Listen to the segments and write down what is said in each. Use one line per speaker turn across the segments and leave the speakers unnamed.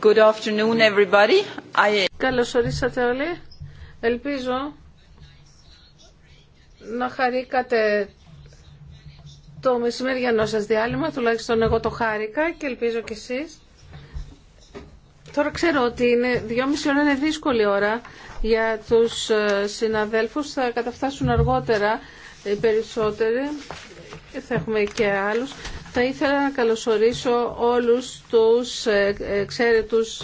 Good
afternoon everybody. Καλώς ορίσατε όλοι. Ελπίζω να χαρήκατε το μεσημεριανό σας διάλειμμα, τουλάχιστον εγώ το χάρηκα και ελπίζω κι εσείς. Τώρα ξέρω ότι είναι δυόμιση ώρα, είναι δύσκολη ώρα για τους ε, συναδέλφους. Θα καταφτάσουν αργότερα οι περισσότεροι. Ε, θα έχουμε και άλλους. Θα ήθελα να καλωσορίσω όλους τους ε, εξαίρετους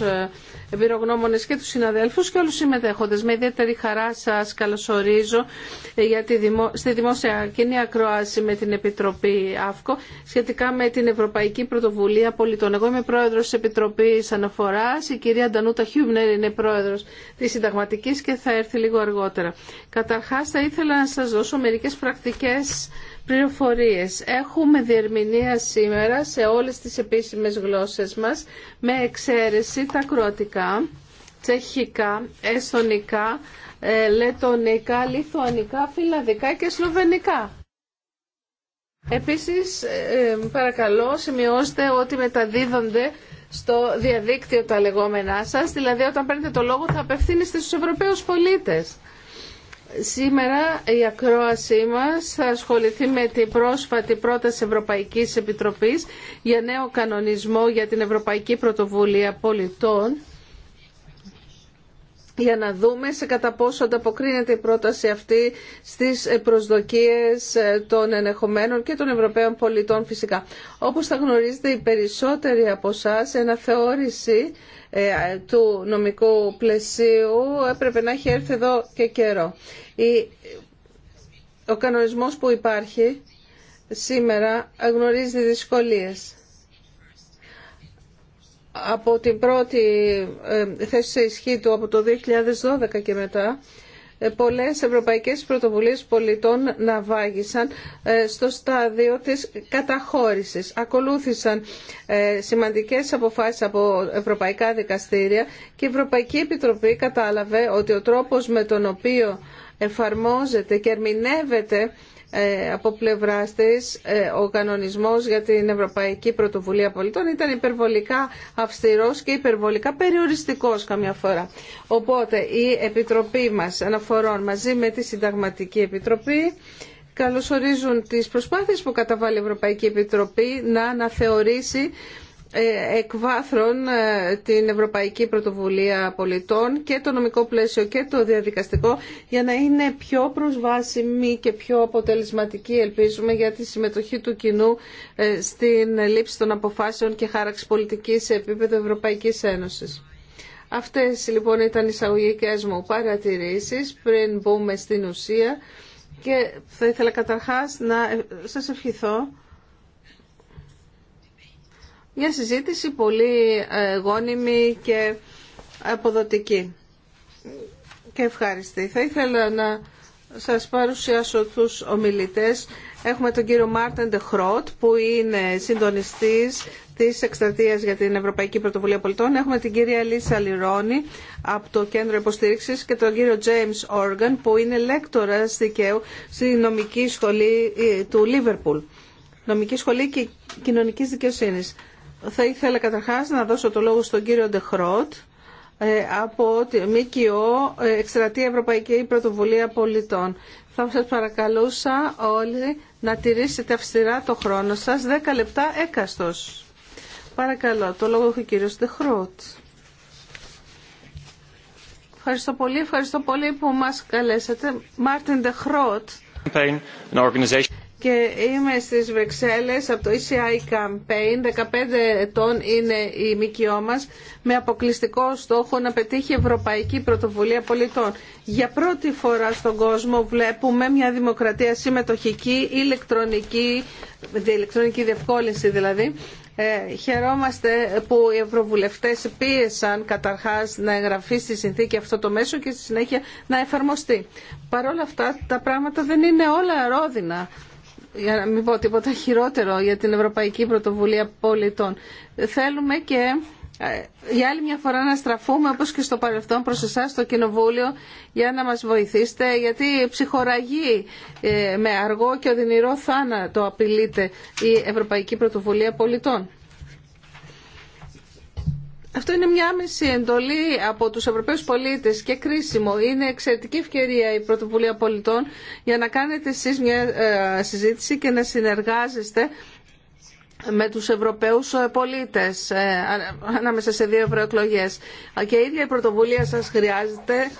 εμπειρογνώμονες και τους συναδέλφους και όλους συμμετέχοντες. Με ιδιαίτερη χαρά σας καλωσορίζω ε, για τη στη δημόσια κοινή ακρόαση με την Επιτροπή ΑΦΚΟ σχετικά με την Ευρωπαϊκή Πρωτοβουλία Πολιτών. Εγώ είμαι πρόεδρος της Επιτροπής Αναφοράς, η κυρία Ντανούτα Χιούμπνερ είναι πρόεδρος της Συνταγματικής και θα έρθει λίγο αργότερα. Καταρχάς θα ήθελα να σας δώσω μερικές πρακτικές πληροφορίες. Έχουμε διερμηνία σήμερα σε όλες τις επίσημες γλώσσες μας, με εξαίρεση τα κροατικά, τσεχικά, εστονικά, ε, λετονικά, λιθουανικά, φιλανδικά και σλοβενικά. Επίσης, ε, ε, παρακαλώ, σημειώστε ότι μεταδίδονται στο διαδίκτυο τα λεγόμενά σας, δηλαδή όταν παίρνετε το λόγο θα απευθύνεστε στους Ευρωπαίους πολίτες. Σήμερα η ακρόασή μας θα ασχοληθεί με την πρόσφατη πρόταση Ευρωπαϊκής Επιτροπής για νέο κανονισμό για την Ευρωπαϊκή Πρωτοβουλία Πολιτών για να δούμε σε κατά πόσο ανταποκρίνεται η πρόταση αυτή στις προσδοκίες των ενεχομένων και των Ευρωπαίων πολιτών φυσικά. Όπως θα γνωρίζετε οι περισσότεροι από εσά, θεώρηση ε, του νομικού πλαισίου έπρεπε να έχει έρθει εδώ και καιρό. Ο κανονισμός που υπάρχει σήμερα γνωρίζει δυσκολίες. Από την πρώτη ε, θέση σε ισχύ του από το 2012 και μετά ε, πολλές ευρωπαϊκές πρωτοβουλίες πολιτών να βάγισαν ε, στο στάδιο της καταχώρησης. Ακολούθησαν ε, σημαντικές αποφάσεις από ευρωπαϊκά δικαστήρια και η Ευρωπαϊκή Επιτροπή κατάλαβε ότι ο τρόπος με τον οποίο εφαρμόζεται και ερμηνεύεται ε, από πλευρά τη ε, ο κανονισμό για την Ευρωπαϊκή Πρωτοβουλία Πολιτών ήταν υπερβολικά αυστηρό και υπερβολικά περιοριστικό καμιά φορά. Οπότε η Επιτροπή μα Αναφορών μαζί με τη Συνταγματική Επιτροπή καλωσορίζουν τις προσπάθειες που καταβάλει η Ευρωπαϊκή Επιτροπή να αναθεωρήσει ε, εκβάθρων ε, την Ευρωπαϊκή Πρωτοβουλία Πολιτών και το νομικό πλαίσιο και το διαδικαστικό για να είναι πιο προσβάσιμη και πιο αποτελεσματική ελπίζουμε για τη συμμετοχή του κοινού ε, στην λήψη των αποφάσεων και χάραξη πολιτικής σε επίπεδο Ευρωπαϊκής Ένωσης. Αυτές λοιπόν ήταν οι εισαγωγικές μου παρατηρήσεις πριν μπούμε στην ουσία και θα ήθελα καταρχάς να σας ευχηθώ μια συζήτηση πολύ ε, γόνιμη και αποδοτική και ευχάριστη. Θα ήθελα να σας παρουσιάσω τους ομιλητές. Έχουμε τον κύριο Μάρτεν Χρότ, που είναι συντονιστής της Εκστρατείας για την Ευρωπαϊκή Πρωτοβουλία Πολιτών. Έχουμε την κυρία Λίσα Λιρόνη από το Κέντρο Υποστήριξης και τον κύριο James Όργαν που είναι λέκτορας δικαίου στη νομική σχολή ε, του Λίβερπουλ. Νομική σχολή και κοινωνικής δικαιοσύνης. Θα ήθελα καταρχάς να δώσω το λόγο στον κύριο Ντεχρότ ε, από τη ΜΚΟ ε, Εκστρατεία Ευρωπαϊκή Πρωτοβουλία Πολιτών. Θα σας παρακαλούσα όλοι να τηρήσετε αυστηρά το χρόνο σας, 10 λεπτά έκαστος. Παρακαλώ, το λόγο έχει ο κύριος Ντεχρότ. Ευχαριστώ πολύ, ευχαριστώ πολύ που μας καλέσατε. Μάρτιν Ντεχρότ και είμαι στις Βρυξέλλες από το ECI Campaign. 15 ετών είναι η ΜΚΟ μας με αποκλειστικό στόχο να πετύχει Ευρωπαϊκή Πρωτοβουλία Πολιτών. Για πρώτη φορά στον κόσμο βλέπουμε μια δημοκρατία συμμετοχική, ηλεκτρονική, ηλεκτρονική διευκόλυνση δηλαδή. Ε, χαιρόμαστε που οι ευρωβουλευτές πίεσαν καταρχάς να εγγραφεί στη συνθήκη αυτό το μέσο και στη συνέχεια να εφαρμοστεί. Παρ' όλα αυτά τα πράγματα δεν είναι όλα ρόδινα για να μην πω τίποτα χειρότερο για την Ευρωπαϊκή Πρωτοβουλία Πολιτών. Θέλουμε και ε, για άλλη μια φορά να στραφούμε όπως και στο παρελθόν προς εσάς στο Κοινοβούλιο για να μας βοηθήσετε γιατί ψυχοραγεί ε, με αργό και οδυνηρό θάνατο απειλείται η Ευρωπαϊκή Πρωτοβουλία Πολιτών. Αυτό είναι μια άμεση εντολή από τους Ευρωπαίους πολίτες και κρίσιμο. Είναι εξαιρετική ευκαιρία η πρωτοβουλία πολιτών για να κάνετε εσείς μια ε, συζήτηση και να συνεργάζεστε με τους Ευρωπαίους ε, πολίτες ε, ανάμεσα σε δύο ευρωεκλογές. Και η ίδια η πρωτοβουλία σας χρειάζεται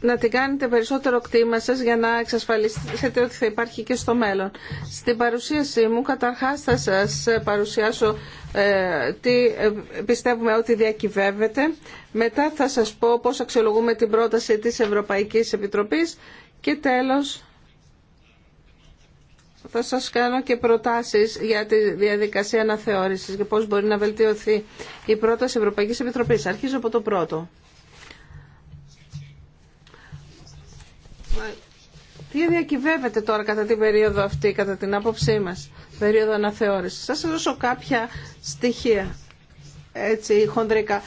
να την κάνετε περισσότερο κτήμα σας για να εξασφαλίσετε ότι θα υπάρχει και στο μέλλον. Στην παρουσίασή μου καταρχάς θα σας παρουσιάσω ε, τι ε, πιστεύουμε ότι διακυβεύεται. Μετά θα σας πω πώς αξιολογούμε την πρόταση της Ευρωπαϊκής Επιτροπής και τέλος θα σας κάνω και προτάσεις για τη διαδικασία αναθεώρησης και πώς μπορεί να βελτιωθεί η πρόταση Ευρωπαϊκής Επιτροπής. Αρχίζω από το πρώτο. Τι διακυβεύεται τώρα κατά την περίοδο αυτή, κατά την άποψή μας, περίοδο αναθεώρησης. Σας δώσω κάποια στοιχεία έτσι χοντρικά.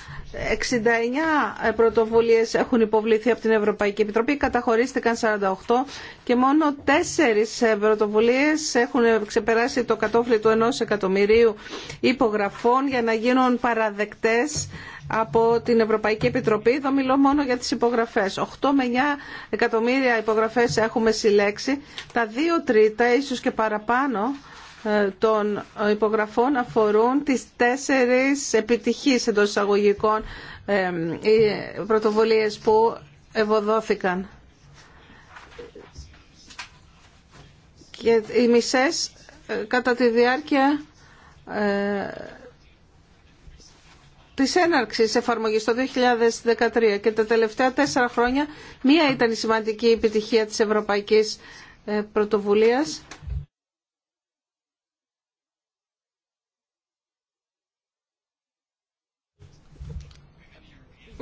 69 πρωτοβουλίες έχουν υποβληθεί από την Ευρωπαϊκή Επιτροπή, καταχωρίστηκαν 48 και μόνο 4 πρωτοβουλίες έχουν ξεπεράσει το κατόφλι του 1 εκατομμυρίου υπογραφών για να γίνουν παραδεκτές από την Ευρωπαϊκή Επιτροπή. Εδώ μιλώ μόνο για τις υπογραφές. 8 με 9 εκατομμύρια υπογραφές έχουμε συλλέξει. Τα 2 τρίτα, ίσως και παραπάνω, ε, των υπογραφών αφορούν τις τέσσερις επιτυχείς εντό εισαγωγικών ε, πρωτοβουλίες που ευωδόθηκαν. Και οι μισές ε, κατά τη διάρκεια της έναρξης εφαρμογής το 2013 και τα τελευταία τέσσερα χρόνια μία ήταν η σημαντική επιτυχία της Ευρωπαϊκής Πρωτοβουλίας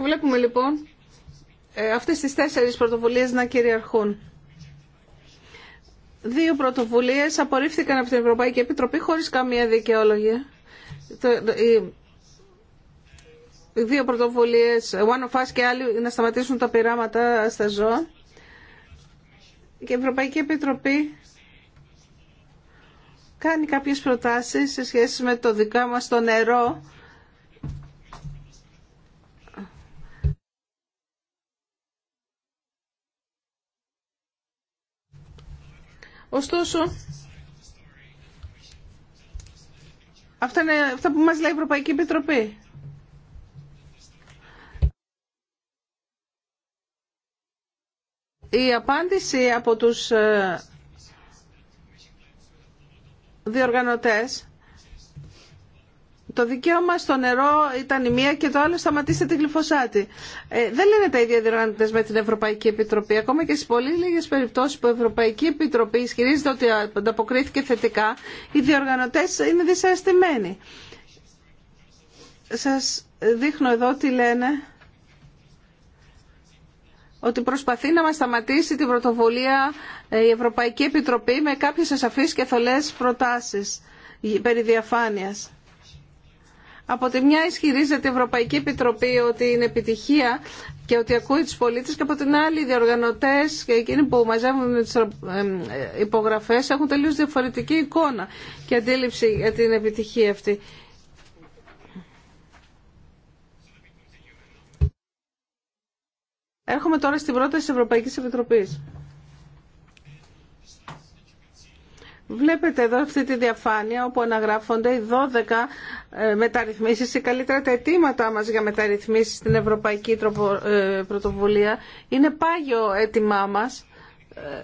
βλέπουμε λοιπόν ε, αυτές τις τέσσερις πρωτοβουλίες να κυριαρχούν. Δύο πρωτοβουλίες απορρίφθηκαν από την Ευρωπαϊκή Επιτροπή χωρίς καμία δικαιολογία. Οι δύο πρωτοβουλίες, One of Us και άλλοι, να σταματήσουν τα πειράματα στα ζώα. Και η Ευρωπαϊκή Επιτροπή κάνει κάποιες προτάσεις σε σχέση με το δικά μας το νερό Ωστόσο, αυτά είναι αυτά που μας λέει η Ευρωπαϊκή Επιτροπή. Η απάντηση από τους ε, διοργανωτές το δικαίωμα στο νερό ήταν η μία και το άλλο σταματήστε τη γλυφοσάτη. Ε, δεν είναι τα ίδια διοργάνωτε με την Ευρωπαϊκή Επιτροπή. Ακόμα και στι πολύ λίγε περιπτώσει που η Ευρωπαϊκή Επιτροπή ισχυρίζεται ότι ανταποκρίθηκε θετικά, οι διοργανωτέ είναι δυσαρεστημένοι. Σα δείχνω εδώ τι λένε ότι προσπαθεί να μας σταματήσει την πρωτοβουλία ε, η Ευρωπαϊκή Επιτροπή με κάποιες ασαφείς και θολές προτάσεις ε, περί διαφάνειας. Από τη μια ισχυρίζεται η Ευρωπαϊκή Επιτροπή ότι είναι επιτυχία και ότι ακούει τους πολίτες και από την άλλη οι διοργανωτές και εκείνοι που μαζεύουν τις ε, υπογραφές έχουν τελείως διαφορετική εικόνα και αντίληψη για την επιτυχία αυτή. Έρχομαι τώρα στην πρόταση της Ευρωπαϊκής Επιτροπής. Βλέπετε εδώ αυτή τη διαφάνεια όπου αναγράφονται οι 12 ε, μεταρρυθμίσεις ή καλύτερα τα αιτήματά μας για μεταρρυθμίσεις στην Ευρωπαϊκή ε, Πρωτοβουλία είναι πάγιο αίτημά μας ε,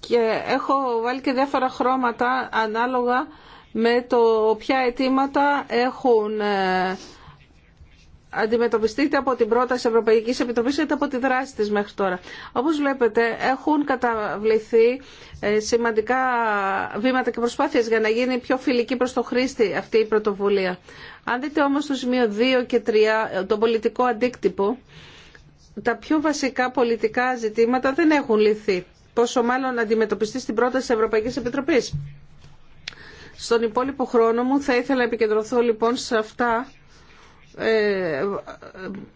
και έχω βάλει και διάφορα χρώματα ανάλογα με το ποια αιτήματα έχουν αντιμετωπιστείτε από την πρόταση Ευρωπαϊκής Επιτροπής είτε από τη δράση της μέχρι τώρα. Όπως βλέπετε έχουν καταβληθεί ε, σημαντικά βήματα και προσπάθειες για να γίνει πιο φιλική προς το χρήστη αυτή η πρωτοβουλία. Αν δείτε όμως το σημείο 2 και 3, ε, τον πολιτικό αντίκτυπο, τα πιο βασικά πολιτικά ζητήματα δεν έχουν λυθεί. Πόσο μάλλον αντιμετωπιστεί στην πρόταση της Ευρωπαϊκής Επιτροπής. Στον υπόλοιπο χρόνο μου θα ήθελα να επικεντρωθώ λοιπόν σε αυτά ε,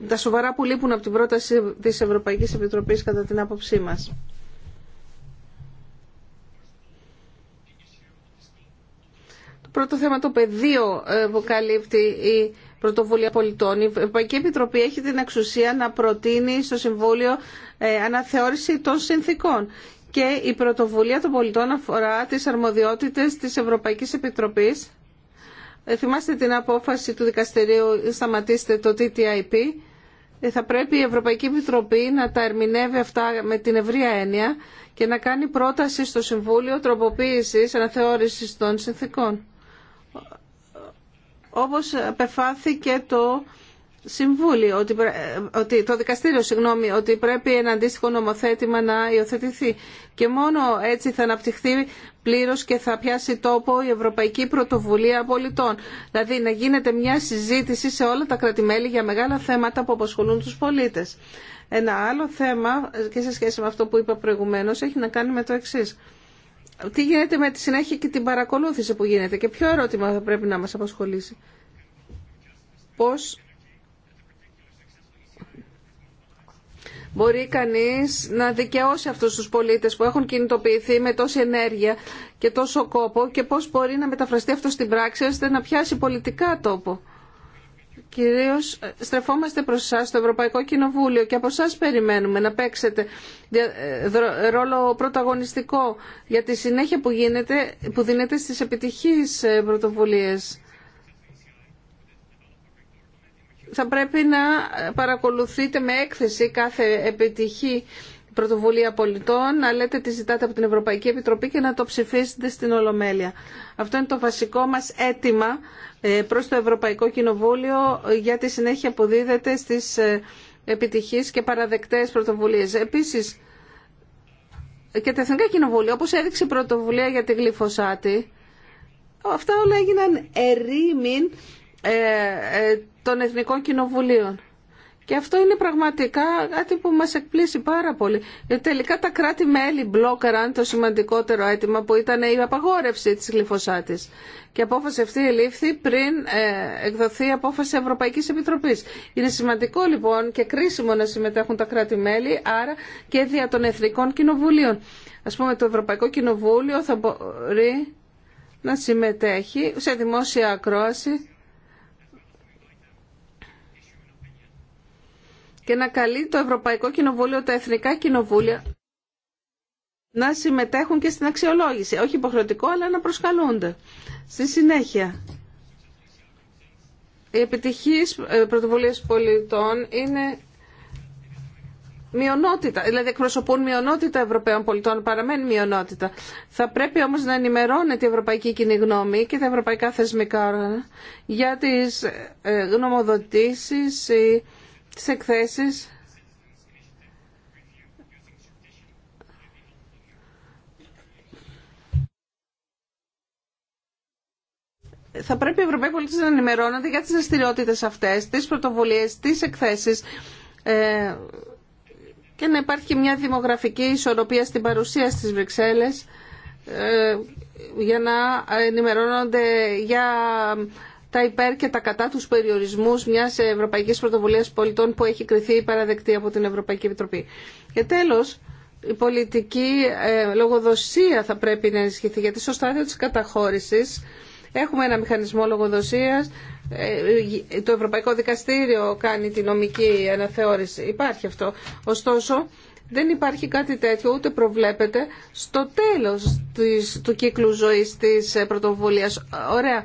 τα σοβαρά που λείπουν από την πρόταση της Ευρωπαϊκής Επιτροπής κατά την άποψή μας. Το πρώτο θέμα το πεδίο που ε, καλύπτει η Πρωτοβουλία Πολιτών. Η Ευρωπαϊκή Επιτροπή έχει την εξουσία να προτείνει στο Συμβούλιο ε, αναθεώρηση των συνθήκων και η Πρωτοβουλία των Πολιτών αφορά τις αρμοδιότητες της Ευρωπαϊκής Επιτροπής ε, θυμάστε την απόφαση του δικαστηρίου σταματήστε το TTIP ε, θα πρέπει η Ευρωπαϊκή Επιτροπή να τα ερμηνεύει αυτά με την ευρία έννοια και να κάνει πρόταση στο Συμβούλιο τροποποίησης αναθεώρησης των συνθήκων. Όπως απεφάθηκε το ότι, ότι, το δικαστήριο, συγγνώμη, ότι πρέπει ένα αντίστοιχο νομοθέτημα να υιοθετηθεί. Και μόνο έτσι θα αναπτυχθεί πλήρως και θα πιάσει τόπο η Ευρωπαϊκή Πρωτοβουλία Πολιτών. Δηλαδή να γίνεται μια συζήτηση σε όλα τα κρατημέλη για μεγάλα θέματα που απασχολούν τους πολίτες. Ένα άλλο θέμα και σε σχέση με αυτό που είπα προηγουμένως έχει να κάνει με το εξή. Τι γίνεται με τη συνέχεια και την παρακολούθηση που γίνεται και ποιο ερώτημα θα πρέπει να μας απασχολήσει. Πώς μπορεί κανείς να δικαιώσει αυτούς τους πολίτες που έχουν κινητοποιηθεί με τόση ενέργεια και τόσο κόπο και πώς μπορεί να μεταφραστεί αυτό στην πράξη ώστε να πιάσει πολιτικά τόπο. Κυρίως ε, στρεφόμαστε προς εσά στο Ευρωπαϊκό Κοινοβούλιο και από εσά περιμένουμε να παίξετε ε, ρόλο πρωταγωνιστικό για τη συνέχεια που, που δίνεται στις επιτυχείς ε, πρωτοβουλίες θα πρέπει να παρακολουθείτε με έκθεση κάθε επιτυχή πρωτοβουλία πολιτών, να λέτε τι ζητάτε από την Ευρωπαϊκή Επιτροπή και να το ψηφίσετε στην Ολομέλεια. Αυτό είναι το βασικό μας αίτημα ε, προς το Ευρωπαϊκό Κοινοβούλιο για τη συνέχεια που δίδεται στις ε, επιτυχείς και παραδεκτές πρωτοβουλίες. Επίσης, και τα Εθνικά Κοινοβούλια, όπως έδειξε η πρωτοβουλία για τη γλυφωσάτη, αυτά όλα έγιναν ερήμην ε, των Εθνικών Κοινοβουλίων. Και αυτό είναι πραγματικά κάτι που μας εκπλήσει πάρα πολύ. Ε, τελικά τα κράτη-μέλη μπλόκαραν το σημαντικότερο αίτημα που ήταν η απαγόρευση της γλυφωσάτης. Και η απόφαση αυτή ελήφθη πριν ε, εκδοθεί η απόφαση Ευρωπαϊκής Επιτροπής. Είναι σημαντικό λοιπόν και κρίσιμο να συμμετέχουν τα κράτη-μέλη, άρα και δια των Εθνικών Κοινοβουλίων. Ας πούμε το Ευρωπαϊκό Κοινοβούλιο θα μπορεί να συμμετέχει σε δημόσια ακρόαση και να καλεί το Ευρωπαϊκό Κοινοβούλιο, τα Εθνικά Κοινοβούλια να συμμετέχουν και στην αξιολόγηση. Όχι υποχρεωτικό, αλλά να προσκαλούνται. Στη συνέχεια, οι επιτυχίες ε, πρωτοβουλίες πολιτών είναι μειονότητα, δηλαδή εκπροσωπούν μειονότητα Ευρωπαίων πολιτών, παραμένει μειονότητα. Θα πρέπει όμως να ενημερώνεται η Ευρωπαϊκή Κοινή Γνώμη και τα ευρωπαϊκά θεσμικά όργανα για τις ε, γνωμοδοτήσεις, τις εκθέσεις θα πρέπει οι Ευρωπαίοι πολίτες να ενημερώνονται για τις δραστηριότητε αυτές, τις πρωτοβουλίες, τις εκθέσεις ε, και να υπάρχει μια δημογραφική ισορροπία στην παρουσία στις Βρυξέλλες ε, για να ενημερώνονται για τα υπέρ και τα κατά τους περιορισμούς μιας Ευρωπαϊκής Πρωτοβουλίας Πολιτών που έχει κριθεί παραδεκτή από την Ευρωπαϊκή Επιτροπή. Και τέλος, η πολιτική ε, λογοδοσία θα πρέπει να ενισχυθεί, γιατί στο στάδιο της καταχώρησης Έχουμε ένα μηχανισμό λογοδοσίας, ε, ε, το Ευρωπαϊκό Δικαστήριο κάνει τη νομική αναθεώρηση, υπάρχει αυτό. Ωστόσο, δεν υπάρχει κάτι τέτοιο, ούτε προβλέπεται, στο τέλος της, του κύκλου ζωής της πρωτοβουλίας. Ωραία,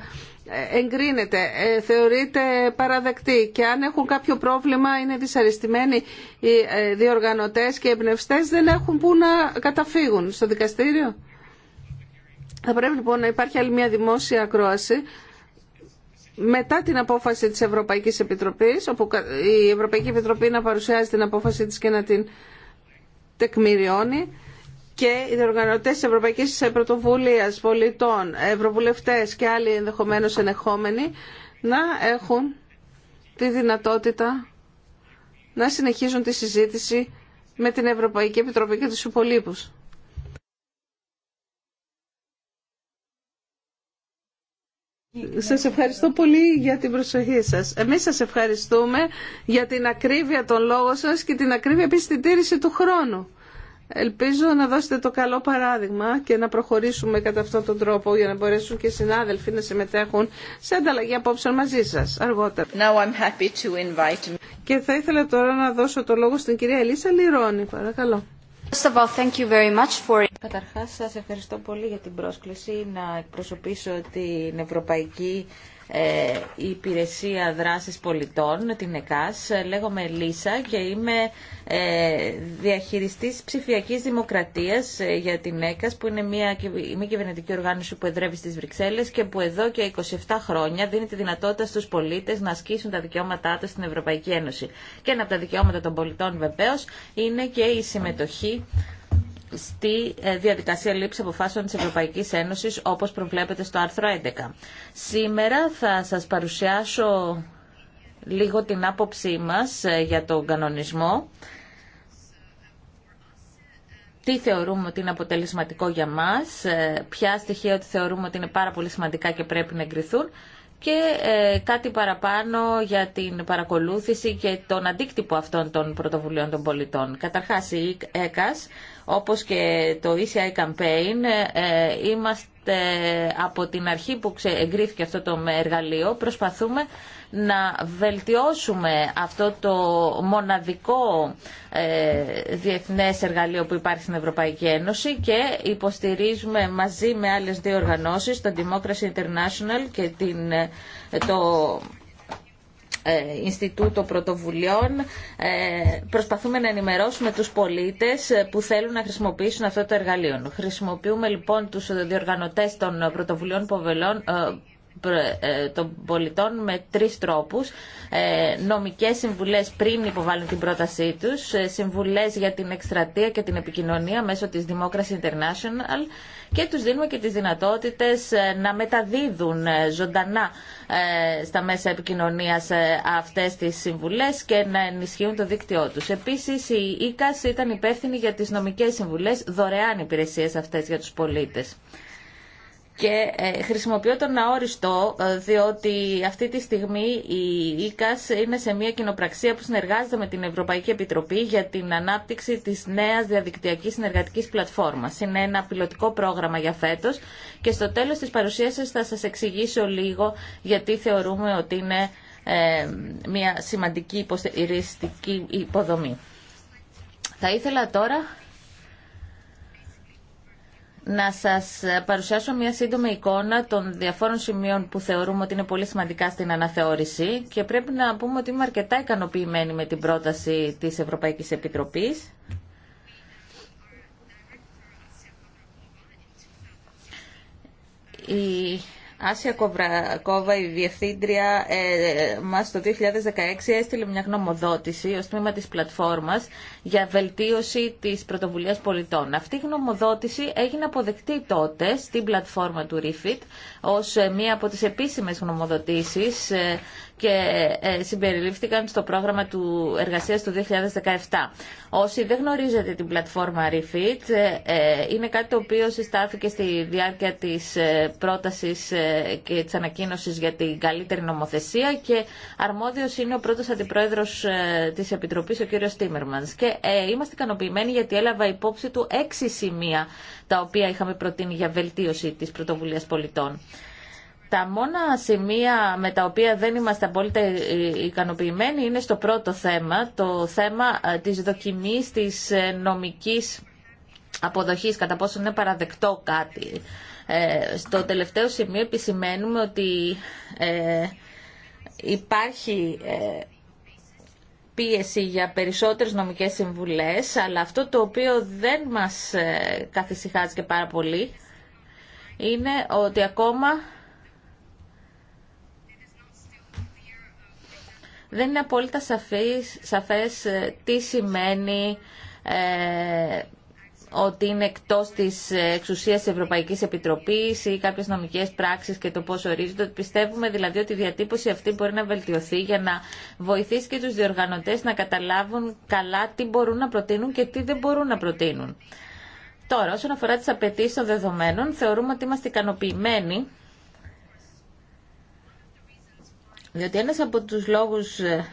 εγκρίνεται, ε, θεωρείται παραδεκτή και αν έχουν κάποιο πρόβλημα είναι δυσαρεστημένοι οι ε, διοργανωτές και οι εμπνευστές δεν έχουν που να καταφύγουν στο δικαστήριο. Θα πρέπει λοιπόν να υπάρχει άλλη μια δημόσια ακρόαση μετά την απόφαση της Ευρωπαϊκής Επιτροπής, όπου η Ευρωπαϊκή Επιτροπή να παρουσιάζει την απόφαση της και να την τεκμηριώνει και οι διοργανωτές της Ευρωπαϊκής Πρωτοβουλίας Πολιτών, Ευρωβουλευτές και άλλοι ενδεχομένως ενεχόμενοι να έχουν τη δυνατότητα να συνεχίζουν τη συζήτηση με την Ευρωπαϊκή Επιτροπή και τους υπολείπους. Σας ευχαριστώ πολύ για την προσοχή σας. Εμείς σας ευχαριστούμε για την ακρίβεια των λόγων σας και την ακρίβεια επίσης του χρόνου. Ελπίζω να δώσετε το καλό παράδειγμα και να προχωρήσουμε κατά αυτόν τον τρόπο για να μπορέσουν και οι συνάδελφοι να συμμετέχουν σε ανταλλαγή απόψεων μαζί σα. αργότερα. Και θα ήθελα τώρα να δώσω το λόγο στην κυρία Ελίσσα
Λιρώνη. Παρακαλώ. ευχαριστώ πολύ για την πρόσκληση να εκπροσωπήσω την Ευρωπαϊκή ε, η Υπηρεσία Δράσης Πολιτών, την ΕΚΑΣ. Λέγομαι Λίσα και είμαι ε, διαχειριστής ψηφιακής δημοκρατίας ε, για την ΕΚΑΣ που είναι μια μη κυβερνητική οργάνωση που εδρεύει στις Βρυξέλλες και που εδώ και 27 χρόνια δίνει τη δυνατότητα στους πολίτες να ασκήσουν τα δικαιώματά τους στην Ευρωπαϊκή Ένωση. Και ένα από τα δικαιώματα των πολιτών βεβαίως είναι και η συμμετοχή στη ε, διαδικασία λήψη αποφάσεων της Ευρωπαϊκής Ένωσης όπως προβλέπεται στο άρθρο 11. Σήμερα θα σας παρουσιάσω λίγο την άποψή μας ε, για τον κανονισμό. Τι θεωρούμε ότι είναι αποτελεσματικό για μας, ε, ποια στοιχεία ότι θεωρούμε ότι είναι πάρα πολύ σημαντικά και πρέπει να εγκριθούν και κάτι παραπάνω για την παρακολούθηση και τον αντίκτυπο αυτών των πρωτοβουλίων των πολιτών. Καταρχάς η ΕΚΑΣ όπως και το ECI Campaign, ε, είμαστε από την αρχή που εγκρίθηκε αυτό το εργαλείο, προσπαθούμε να βελτιώσουμε αυτό το μοναδικό ε, διεθνές εργαλείο που υπάρχει στην Ευρωπαϊκή Ένωση και υποστηρίζουμε μαζί με άλλες δύο οργανώσεις, το Democracy International και την, ε, το ε, Ινστιτούτο Πρωτοβουλειών. Ε, προσπαθούμε να ενημερώσουμε τους πολίτες ε, που θέλουν να χρησιμοποιήσουν αυτό το εργαλείο. Χρησιμοποιούμε λοιπόν τους διοργανωτές των πρωτοβουλειών ε, των πολιτών με τρεις τρόπους. Ε, νομικές συμβουλές πριν υποβάλουν την πρότασή τους, ε, συμβουλές για την εκστρατεία και την επικοινωνία μέσω της Democracy International και τους δίνουμε και τις δυνατότητες να μεταδίδουν ζωντανά στα μέσα επικοινωνίας αυτές τις συμβουλές και να ενισχύουν το δίκτυό τους. Επίσης η ΙΚΑΣ ήταν υπεύθυνη για τις νομικές συμβουλές, δωρεάν υπηρεσίες αυτές για τους πολίτες και ε, χρησιμοποιώ τον αόριστο ε, διότι αυτή τη στιγμή η ΙΚΑΣ είναι σε μια κοινοπραξία που συνεργάζεται με την Ευρωπαϊκή Επιτροπή για την ανάπτυξη της νέας διαδικτυακής συνεργατικής πλατφόρμας. Είναι ένα πιλωτικό πρόγραμμα για φέτος και στο τέλος της παρουσίαση θα σας εξηγήσω λίγο γιατί θεωρούμε ότι είναι ε, μια σημαντική υποστηριστική υποδομή. Θα ήθελα τώρα να σας παρουσιάσω μια σύντομη εικόνα των διαφόρων σημείων που θεωρούμε ότι είναι πολύ σημαντικά στην αναθεώρηση και πρέπει να πούμε ότι είμαι αρκετά ικανοποιημένη με την πρόταση της Ευρωπαϊκής Επιτροπής. Άσια Κοβρακόβα, η Διευθύντρια, ε, μας το 2016 έστειλε μια γνωμοδότηση ως τμήμα της πλατφόρμας για βελτίωση της πρωτοβουλίας πολιτών. Αυτή η γνωμοδότηση έγινε αποδεκτή τότε στην πλατφόρμα του Refit ως ε, μία από τις επίσημες γνωμοδοτήσεις ε, και ε, συμπεριλήφθηκαν στο πρόγραμμα του εργασίας του 2017. Όσοι δεν γνωρίζετε την πλατφόρμα Refit, ε, ε, είναι κάτι το οποίο συστάθηκε στη διάρκεια της πρότασης και της ανακοίνωσης για την καλύτερη νομοθεσία και αρμόδιος είναι ο πρώτος αντιπρόεδρος της Επιτροπής, ο κύριος Τίμερμανς. Και είμαστε ικανοποιημένοι γιατί έλαβα υπόψη του έξι σημεία τα οποία είχαμε προτείνει για βελτίωση της πρωτοβουλίας πολιτών. Τα μόνα σημεία με τα οποία δεν είμαστε απόλυτα ικανοποιημένοι είναι στο πρώτο θέμα, το θέμα ε, της δοκιμής της ε, νομικής αποδοχής, κατά πόσο είναι παραδεκτό κάτι. Ε, στο τελευταίο σημείο επισημαίνουμε ότι υπάρχει πίεση για περισσότερες νομικές συμβουλές, αλλά αυτό το οποίο δεν μας καθησυχάζει και πάρα πολύ είναι ότι ακόμα δεν είναι απόλυτα σαφές, σαφές ε, τι σημαίνει ε, ότι είναι εκτός της ε, εξουσίας της Ευρωπαϊκής Επιτροπής ή κάποιες νομικές πράξεις και το πώς ορίζονται. Πιστεύουμε δηλαδή ότι η διατύπωση αυτή μπορεί να βελτιωθεί για να βοηθήσει και τους διοργανωτές να καταλάβουν καλά τι μπορούν να προτείνουν και τι δεν μπορούν να προτείνουν. Τώρα, όσον αφορά τις απαιτήσει των δεδομένων, θεωρούμε ότι είμαστε ικανοποιημένοι Διότι ένας από τους λόγους ε,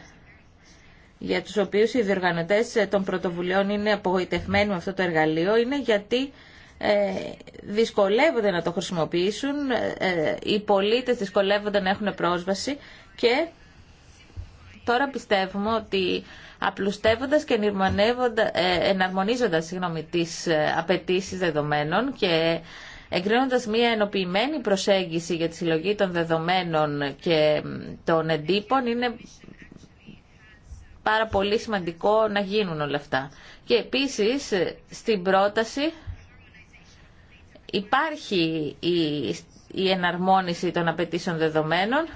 για τους οποίους οι διοργανωτές ε, των πρωτοβουλειών είναι απογοητευμένοι με αυτό το εργαλείο είναι γιατί ε, δυσκολεύονται να το χρησιμοποιήσουν, οι πολίτες δυσκολεύονται να έχουν πρόσβαση και τώρα πιστεύουμε ότι απλουστεύοντας και εναρμονίζοντας τι τις απαιτήσεις δεδομένων και Εγκρίνοντας μια ενοποιημένη προσέγγιση για τη συλλογή των δεδομένων και των εντύπων είναι πάρα πολύ σημαντικό να γίνουν όλα αυτά. Και επίσης στην πρόταση υπάρχει η, η εναρμόνιση των απαιτήσεων δεδομένων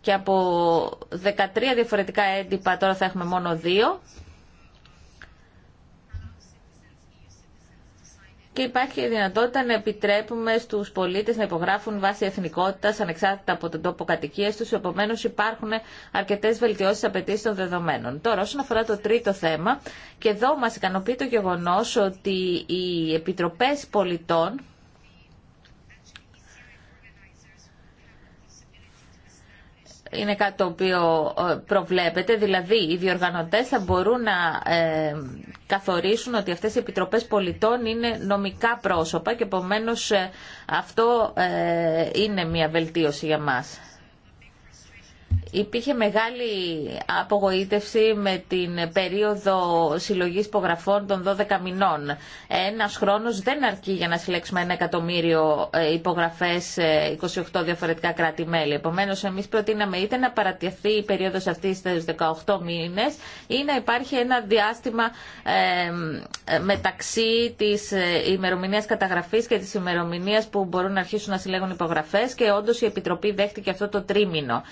και από 13 διαφορετικά έντυπα τώρα θα έχουμε μόνο δύο και υπάρχει η δυνατότητα να επιτρέπουμε στους πολίτες να υπογράφουν βάσει εθνικότητας ανεξάρτητα από τον τόπο κατοικίας τους, επομένως υπάρχουν αρκετές βελτιώσεις απαιτήσει των δεδομένων. Τώρα όσον αφορά το τρίτο θέμα και εδώ μα ικανοποιεί το γεγονός ότι οι επιτροπέ πολιτών είναι κάτι το οποίο ε, προβλέπεται, δηλαδή οι διοργανωτές θα μπορούν να ε, καθορίσουν ότι αυτές οι επιτροπές πολιτών είναι νομικά πρόσωπα και επομένως ε, αυτό είναι μια βελτίωση για μας. Υπήρχε μεγάλη απογοήτευση με την περίοδο συλλογής υπογραφών των 12 μηνών. Ένα χρόνος δεν αρκεί για να συλλέξουμε ένα εκατομμύριο ε, υπογραφές 28 διαφορετικά κράτη-μέλη. Επομένως, εμείς προτείναμε είτε να παρατηθεί η περίοδος αυτή στους 18 μήνες ή να υπάρχει ένα διάστημα ε, μεταξύ της ε, ημερομηνίας καταγραφής και της ημερομηνίας που μπορούν να αρχίσουν να συλλέγουν υπογραφές και όντω η Επιτροπή δέχτηκε αυτό το τρίμηνο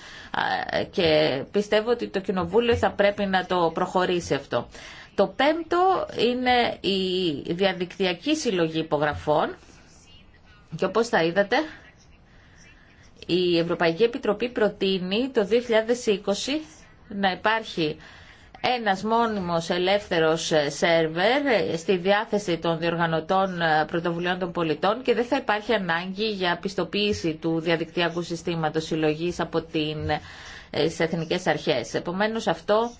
και πιστεύω ότι το Κοινοβούλιο θα πρέπει να το προχωρήσει αυτό. Το πέμπτο είναι η διαδικτυακή συλλογή υπογραφών και όπως θα είδατε η Ευρωπαϊκή Επιτροπή προτείνει το 2020 να υπάρχει ένας μόνιμος ελεύθερος σερβερ στη διάθεση των διοργανωτών πρωτοβουλειών των πολιτών και δεν θα υπάρχει ανάγκη για πιστοποίηση του διαδικτυακού συστήματος συλλογής από την ε, στις εθνικές αρχές. Επομένως αυτό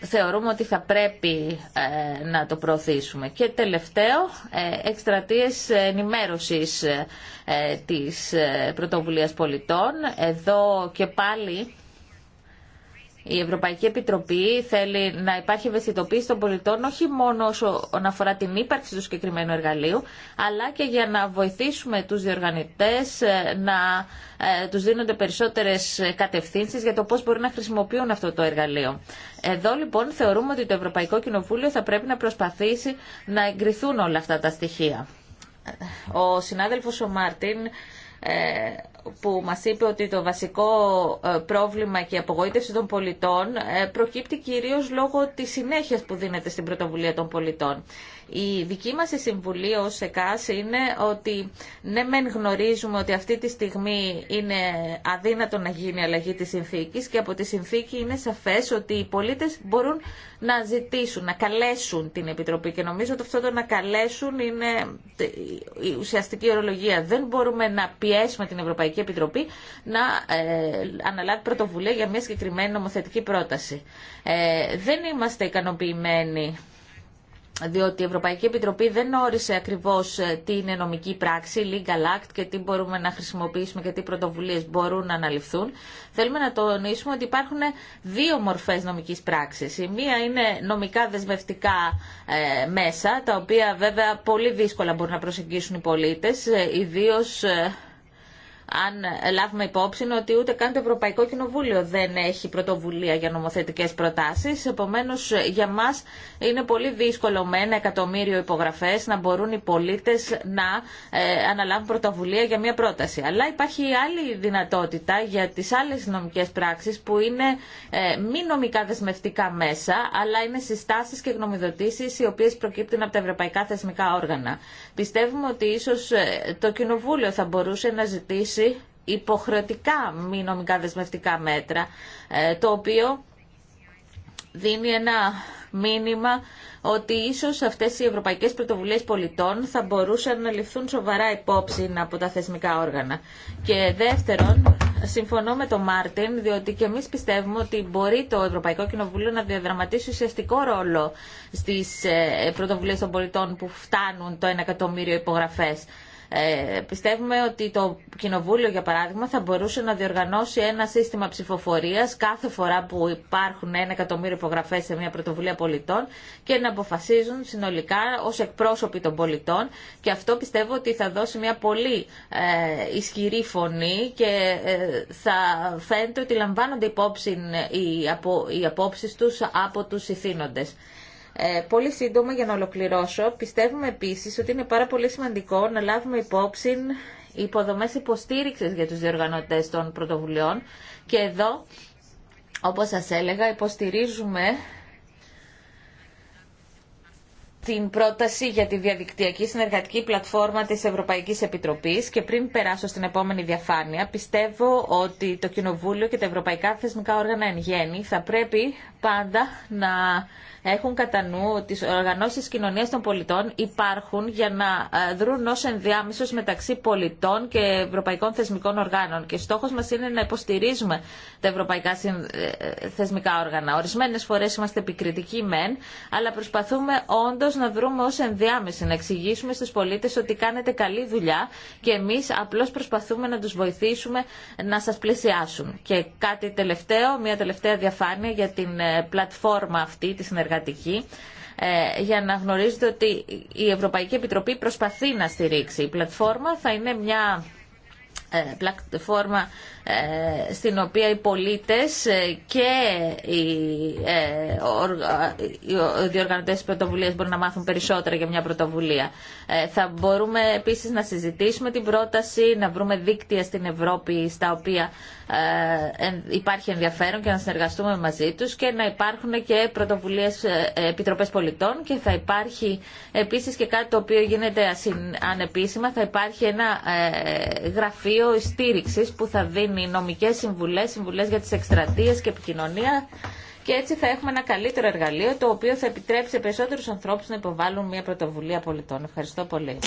θεωρούμε ότι θα πρέπει ε, να το προωθήσουμε. Και τελευταίο, ε, εκστρατείες ενημέρωσης ε, της πρωτοβουλίας πολιτών. Εδώ και πάλι η Ευρωπαϊκή Επιτροπή θέλει να υπάρχει ευαισθητοποίηση των πολιτών όχι μόνο όσον αφορά την ύπαρξη του συγκεκριμένου εργαλείου, αλλά και για να βοηθήσουμε τους διοργανητές ε, να ε, τους δίνονται περισσότερες κατευθύνσεις για το πώς μπορούν να χρησιμοποιούν αυτό το εργαλείο. Εδώ λοιπόν θεωρούμε ότι το Ευρωπαϊκό Κοινοβούλιο θα πρέπει να προσπαθήσει να εγκριθούν όλα αυτά τα στοιχεία. Ο συνάδελφος ο Μάρτιν ε, που μας είπε ότι το βασικό ε, πρόβλημα και η απογοήτευση των πολιτών ε, προκύπτει κυρίως λόγω της συνέχειας που δίνεται στην πρωτοβουλία των πολιτών. Η δική μας η συμβουλή ως ΕΚΑΣ είναι ότι ναι μεν γνωρίζουμε ότι αυτή τη στιγμή είναι αδύνατο να γίνει αλλαγή της συνθήκης και από τη συνθήκη είναι σαφές ότι οι πολίτες μπορούν να ζητήσουν, να καλέσουν την Επιτροπή και νομίζω ότι αυτό το να καλέσουν είναι η ουσιαστική ορολογία. Δεν μπορούμε να πιέσουμε την Ευρωπαϊκή Επιτροπή να ε, αναλάβει πρωτοβουλία για μια συγκεκριμένη νομοθετική πρόταση. Ε, δεν είμαστε ικανοποιημένοι διότι η Ευρωπαϊκή Επιτροπή δεν όρισε ακριβώς ε, τι είναι νομική πράξη, legal act και τι μπορούμε να χρησιμοποιήσουμε και τι πρωτοβουλίες μπορούν να αναλυφθούν. Θέλουμε να τονίσουμε ότι υπάρχουν δύο μορφές νομικής πράξης. Η μία είναι νομικά δεσμευτικά ε, μέσα, τα οποία βέβαια πολύ δύσκολα μπορούν να προσεγγίσουν οι πολίτες, ε, ε αν λάβουμε υπόψη ότι ούτε καν το Ευρωπαϊκό Κοινοβούλιο δεν έχει πρωτοβουλία για νομοθετικές προτάσεις. Επομένως, για μας είναι πολύ δύσκολο με ένα εκατομμύριο υπογραφές να μπορούν οι πολίτες να ε, αναλάβουν πρωτοβουλία για μια πρόταση. Αλλά υπάρχει άλλη δυνατότητα για τις άλλες νομικές πράξεις που είναι ε, μη νομικά δεσμευτικά μέσα, αλλά είναι συστάσεις και γνωμιδοτήσεις οι οποίες προκύπτουν από τα ευρωπαϊκά θεσμικά όργανα. Πιστεύουμε ότι ίσως ε, το Κοινοβούλιο θα μπορούσε να ζητήσει θέσει υποχρεωτικά μη νομικά δεσμευτικά μέτρα, ε, το οποίο δίνει ένα μήνυμα ότι ίσως αυτές οι ευρωπαϊκές πρωτοβουλίες πολιτών θα μπορούσαν να ληφθούν σοβαρά υπόψη από τα θεσμικά όργανα. Και δεύτερον, συμφωνώ με τον Μάρτιν, διότι και εμείς πιστεύουμε ότι μπορεί το Ευρωπαϊκό Κοινοβούλιο να διαδραματίσει ουσιαστικό ρόλο στις ε, πρωτοβουλίε των πολιτών που φτάνουν το 1 εκατομμύριο υπογραφές. Ε, πιστεύουμε ότι το Κοινοβούλιο, για παράδειγμα, θα μπορούσε να διοργανώσει ένα σύστημα ψηφοφορία κάθε φορά που υπάρχουν ένα εκατομμύριο υπογραφέ σε μια πρωτοβουλία πολιτών και να αποφασίζουν συνολικά ω εκπρόσωποι των πολιτών. Και αυτό πιστεύω ότι θα δώσει μια πολύ ε, ισχυρή φωνή και ε, θα φαίνεται ότι λαμβάνονται υπόψη ε, οι, οι απόψει του από του ηθήνοντε. Ε, πολύ σύντομα για να ολοκληρώσω, πιστεύουμε επίσης ότι είναι πάρα πολύ σημαντικό να λάβουμε υπόψη υποδομές υποστήριξης για τους διοργανωτές των πρωτοβουλειών και εδώ, όπως σας έλεγα, υποστηρίζουμε την πρόταση για τη διαδικτυακή συνεργατική πλατφόρμα της Ευρωπαϊκής Επιτροπής και πριν περάσω στην επόμενη διαφάνεια πιστεύω ότι το Κοινοβούλιο και τα ευρωπαϊκά θεσμικά όργανα εν γέννη θα πρέπει πάντα να έχουν κατά νου ότι οι οργανώσει τη κοινωνία των πολιτών υπάρχουν για να ε, δρουν ω ενδιάμεσο μεταξύ πολιτών και ευρωπαϊκών θεσμικών οργάνων. Και στόχο μα είναι να υποστηρίζουμε τα ευρωπαϊκά ε, ε, θεσμικά όργανα. Ορισμένε φορέ είμαστε επικριτικοί μεν, αλλά προσπαθούμε όντω να δρούμε ω ενδιάμεση, να εξηγήσουμε στου πολίτε ότι κάνετε καλή δουλειά και εμεί απλώ προσπαθούμε να του βοηθήσουμε να σα πλησιάσουν. Και κάτι τελευταίο, μια τελευταία διαφάνεια για την πλατφόρμα αυτή τη συνεργασία ε, για να γνωρίζετε ότι η Ευρωπαϊκή Επιτροπή προσπαθεί να στηρίξει. Η πλατφόρμα θα είναι μια ε, πλατφόρμα ε, στην οποία οι πολίτες ε, και οι διοργανωτές της πρωτοβουλίας μπορούν να μάθουν περισσότερα για μια πρωτοβουλία. Θα μπορούμε επίσης να συζητήσουμε την πρόταση, να βρούμε δίκτυα στην Ευρώπη στα οποία υπάρχει ενδιαφέρον και να συνεργαστούμε μαζί τους και να υπάρχουν και πρωτοβουλίες επιτροπές πολιτών και θα υπάρχει επίσης και κάτι το οποίο γίνεται ανεπίσημα, θα υπάρχει ένα γραφείο δίκτυο στήριξη που θα δίνει νομικέ συμβουλέ, συμβουλέ για τι εκστρατείε και επικοινωνία και έτσι θα έχουμε ένα καλύτερο εργαλείο το οποίο θα επιτρέψει σε περισσότερους ανθρώπους να υποβάλουν μια πρωτοβουλία πολιτών. Ευχαριστώ πολύ.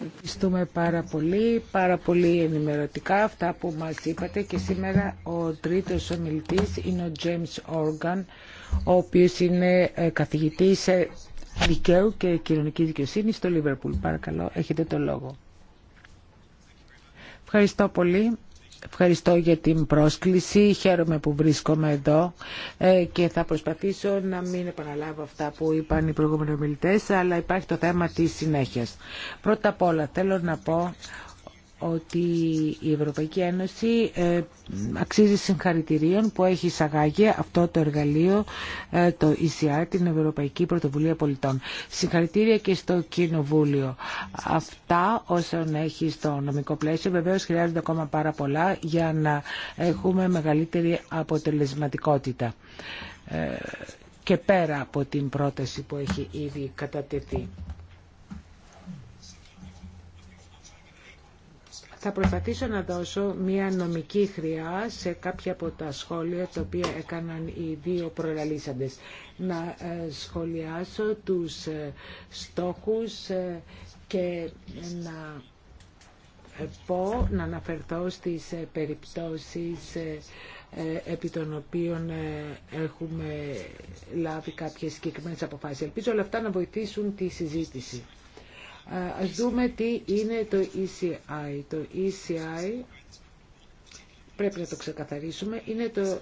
Ευχαριστούμε πάρα πολύ, πάρα πολύ ενημερωτικά αυτά που μας είπατε και σήμερα ο τρίτος ομιλητής είναι ο James Organ ο οποίος είναι ε, καθηγητής ε, δικαίου και κοινωνικής δικαιοσύνης στο Λίβερπουλ. Παρακαλώ, έχετε το λόγο. Ευχαριστώ πολύ. Ευχαριστώ για την πρόσκληση. Χαίρομαι που βρίσκομαι εδώ ε, και θα προσπαθήσω να μην επαναλάβω αυτά που είπαν οι προηγούμενοι ομιλητέ, αλλά υπάρχει το θέμα της συνέχειας. Πρώτα απ' όλα θέλω να πω ότι η Ευρωπαϊκή Ένωση ε, αξίζει συγχαρητηρίων που έχει εισαγάγει αυτό το εργαλείο, ε, το ECR, την Ευρωπαϊκή Πρωτοβουλία Πολιτών. Συγχαρητήρια και στο Κοινοβούλιο. Αυτά όσον έχει στο νομικό πλαίσιο, βεβαίως χρειάζονται ακόμα πάρα πολλά για να έχουμε μεγαλύτερη αποτελεσματικότητα ε, και πέρα από την πρόταση που έχει ήδη κατατεθεί. Θα προσπαθήσω να δώσω μια νομική χρειά σε κάποια από τα σχόλια τα οποία έκαναν οι δύο προλαλήσαντες. Να ε, σχολιάσω τους ε, στόχους ε, και να πω, να αναφερθώ στις περιπτώσεις επί των οποίων έχουμε λάβει κάποιες συγκεκριμένες αποφάσεις. Ελπίζω όλα αυτά να βοηθήσουν τη συζήτηση. Ας δούμε τι είναι το ECI. Το ECI πρέπει να το ξεκαθαρίσουμε, είναι το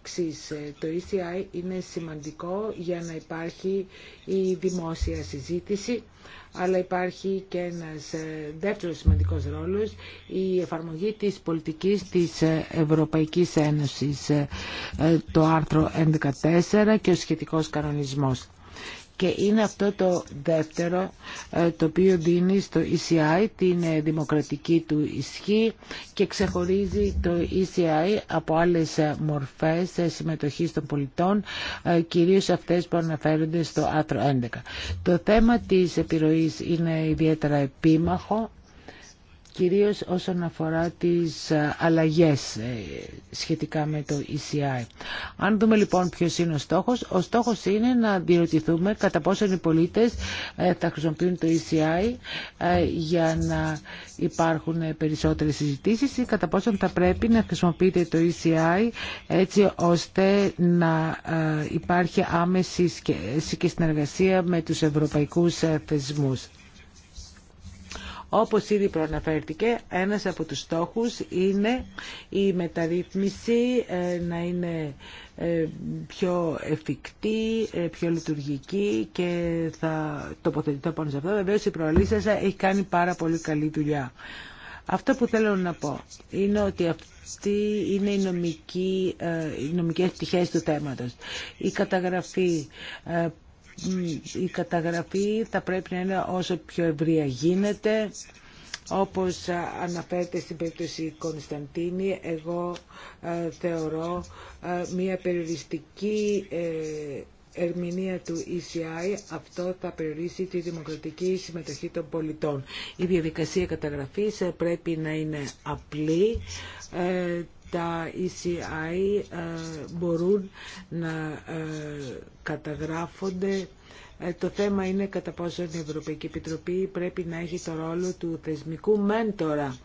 εξή. Το ECI είναι σημαντικό για να υπάρχει η δημόσια συζήτηση, αλλά υπάρχει και ένας ε, δεύτερος σημαντικός ρόλος, η εφαρμογή της πολιτικής της ε, Ευρωπαϊκής Ένωσης, ε, το άρθρο 11.4 και ο σχετικός κανονισμός. Και είναι αυτό το δεύτερο ε, το οποίο δίνει στο ECI την ε, δημοκρατική του ισχύ και ξεχωρίζει το ECI από άλλες ε, μορφές συμμετοχής των πολιτών, κυρίως αυτές που αναφέρονται στο άρθρο 11. Το θέμα της επιρροής είναι ιδιαίτερα επίμαχο κυρίως όσον αφορά τις ε, αλλαγές ε, σχετικά με το ECI. Αν δούμε λοιπόν ποιος είναι ο στόχος, ο στόχος είναι να διερωτηθούμε κατά πόσο οι πολίτες θα ε, χρησιμοποιούν το ECI για να υπάρχουν περισσότερες συζητήσεις ή κατά πόσον θα πρέπει να χρησιμοποιείται το ECI έτσι ώστε να υπάρχει άμεση και συνεργασία με τους ευρωπαϊκούς θεσμούς. Όπως ήδη προαναφέρθηκε, ένας από τους στόχους είναι η μεταρρύθμιση ε, να είναι ε, πιο εφικτή, ε, πιο λειτουργική και θα τοποθετηθώ πάνω σε αυτό. Βεβαίως η έχει κάνει πάρα πολύ καλή δουλειά. Αυτό που θέλω να πω είναι ότι αυτή είναι η νομική, οι νομικές πτυχές του θέματος. Η καταγραφή η καταγραφή θα πρέπει να είναι όσο πιο ευρία γίνεται. Όπως αναφέρεται στην περίπτωση Κωνσταντίνη, εγώ ε, θεωρώ ε, μια περιοριστική ε, ερμηνεία του ECI, αυτό θα περιορίσει τη δημοκρατική συμμετοχή των πολιτών. Η διαδικασία καταγραφής πρέπει να είναι απλή τα ECI ε, μπορούν να ε, καταγράφονται ε, το θέμα είναι κατά πόσο η Ευρωπαϊκή Επιτροπή πρέπει να έχει το ρόλο του θεσμικού μέντορα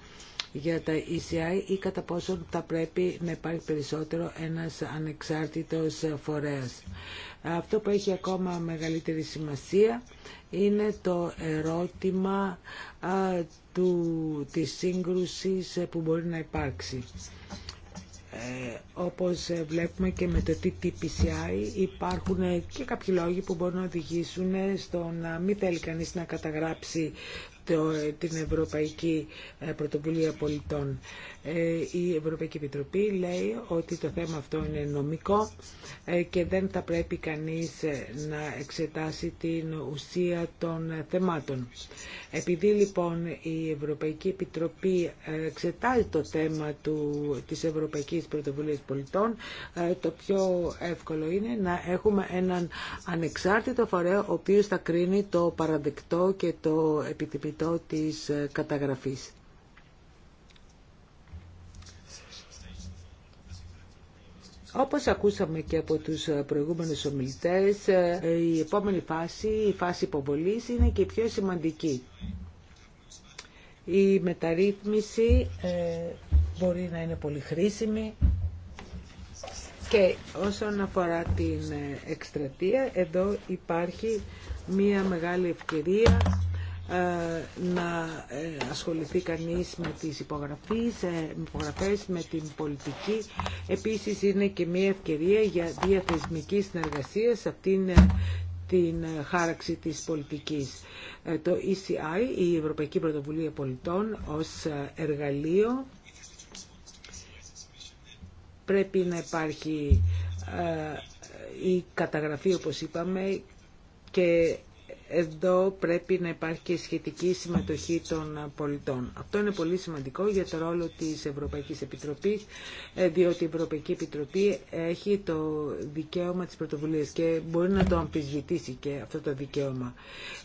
για τα ECI ή κατά πόσο θα πρέπει να υπάρχει περισσότερο ένας ανεξάρτητος φορέας. Αυτό που έχει ακόμα μεγαλύτερη σημασία είναι το ερώτημα του, της σύγκρουσης που μπορεί να υπάρξει. Ε, όπως βλέπουμε και με το TTPCI υπάρχουν και κάποιοι λόγοι που μπορούν να οδηγήσουν στο να μην θέλει κανείς να καταγράψει την Ευρωπαϊκή ε, Πρωτοβουλία Πολιτών. Ε, η Ευρωπαϊκή Επιτροπή λέει ότι το θέμα αυτό είναι νομικό ε, και δεν θα πρέπει κανείς ε, να εξετάσει την ουσία των θεμάτων. Επειδή λοιπόν η Ευρωπαϊκή Επιτροπή εξετάζει το θέμα του, της Ευρωπαϊκής Πρωτοβουλίας Πολιτών, το πιο εύκολο είναι να έχουμε έναν ανεξάρτητο φορέα ο οποίος θα κρίνει το παραδεκτό και το επιτυπητό της καταγραφής. Όπως ακούσαμε και από τους ε, προηγούμενους ομιλητές, ε, η επόμενη φάση, η φάση υποβολής, είναι και η πιο σημαντική. Η μεταρρύθμιση ε, μπορεί να είναι πολύ χρήσιμη και όσον αφορά την εκστρατεία, εδώ υπάρχει μία μεγάλη ευκαιρία ε, να ε, ασχοληθεί κανείς με τις ε, υπογραφές, με την πολιτική. Επίσης είναι και μια ευκαιρία για διαθεσμική συνεργασία σε αυτήν την χάραξη της πολιτικής. Το ECI, η Ευρωπαϊκή Πρωτοβουλία Πολιτών, ως εργαλείο πρέπει να υπάρχει η καταγραφή, όπως είπαμε, και εδώ πρέπει να υπάρχει και σχετική συμμετοχή των πολιτών. Αυτό είναι πολύ σημαντικό για το ρόλο της Ευρωπαϊκής Επιτροπής, ε, διότι η Ευρωπαϊκή Επιτροπή έχει το δικαίωμα της πρωτοβουλίας και μπορεί να το αμφισβητήσει και αυτό το δικαίωμα.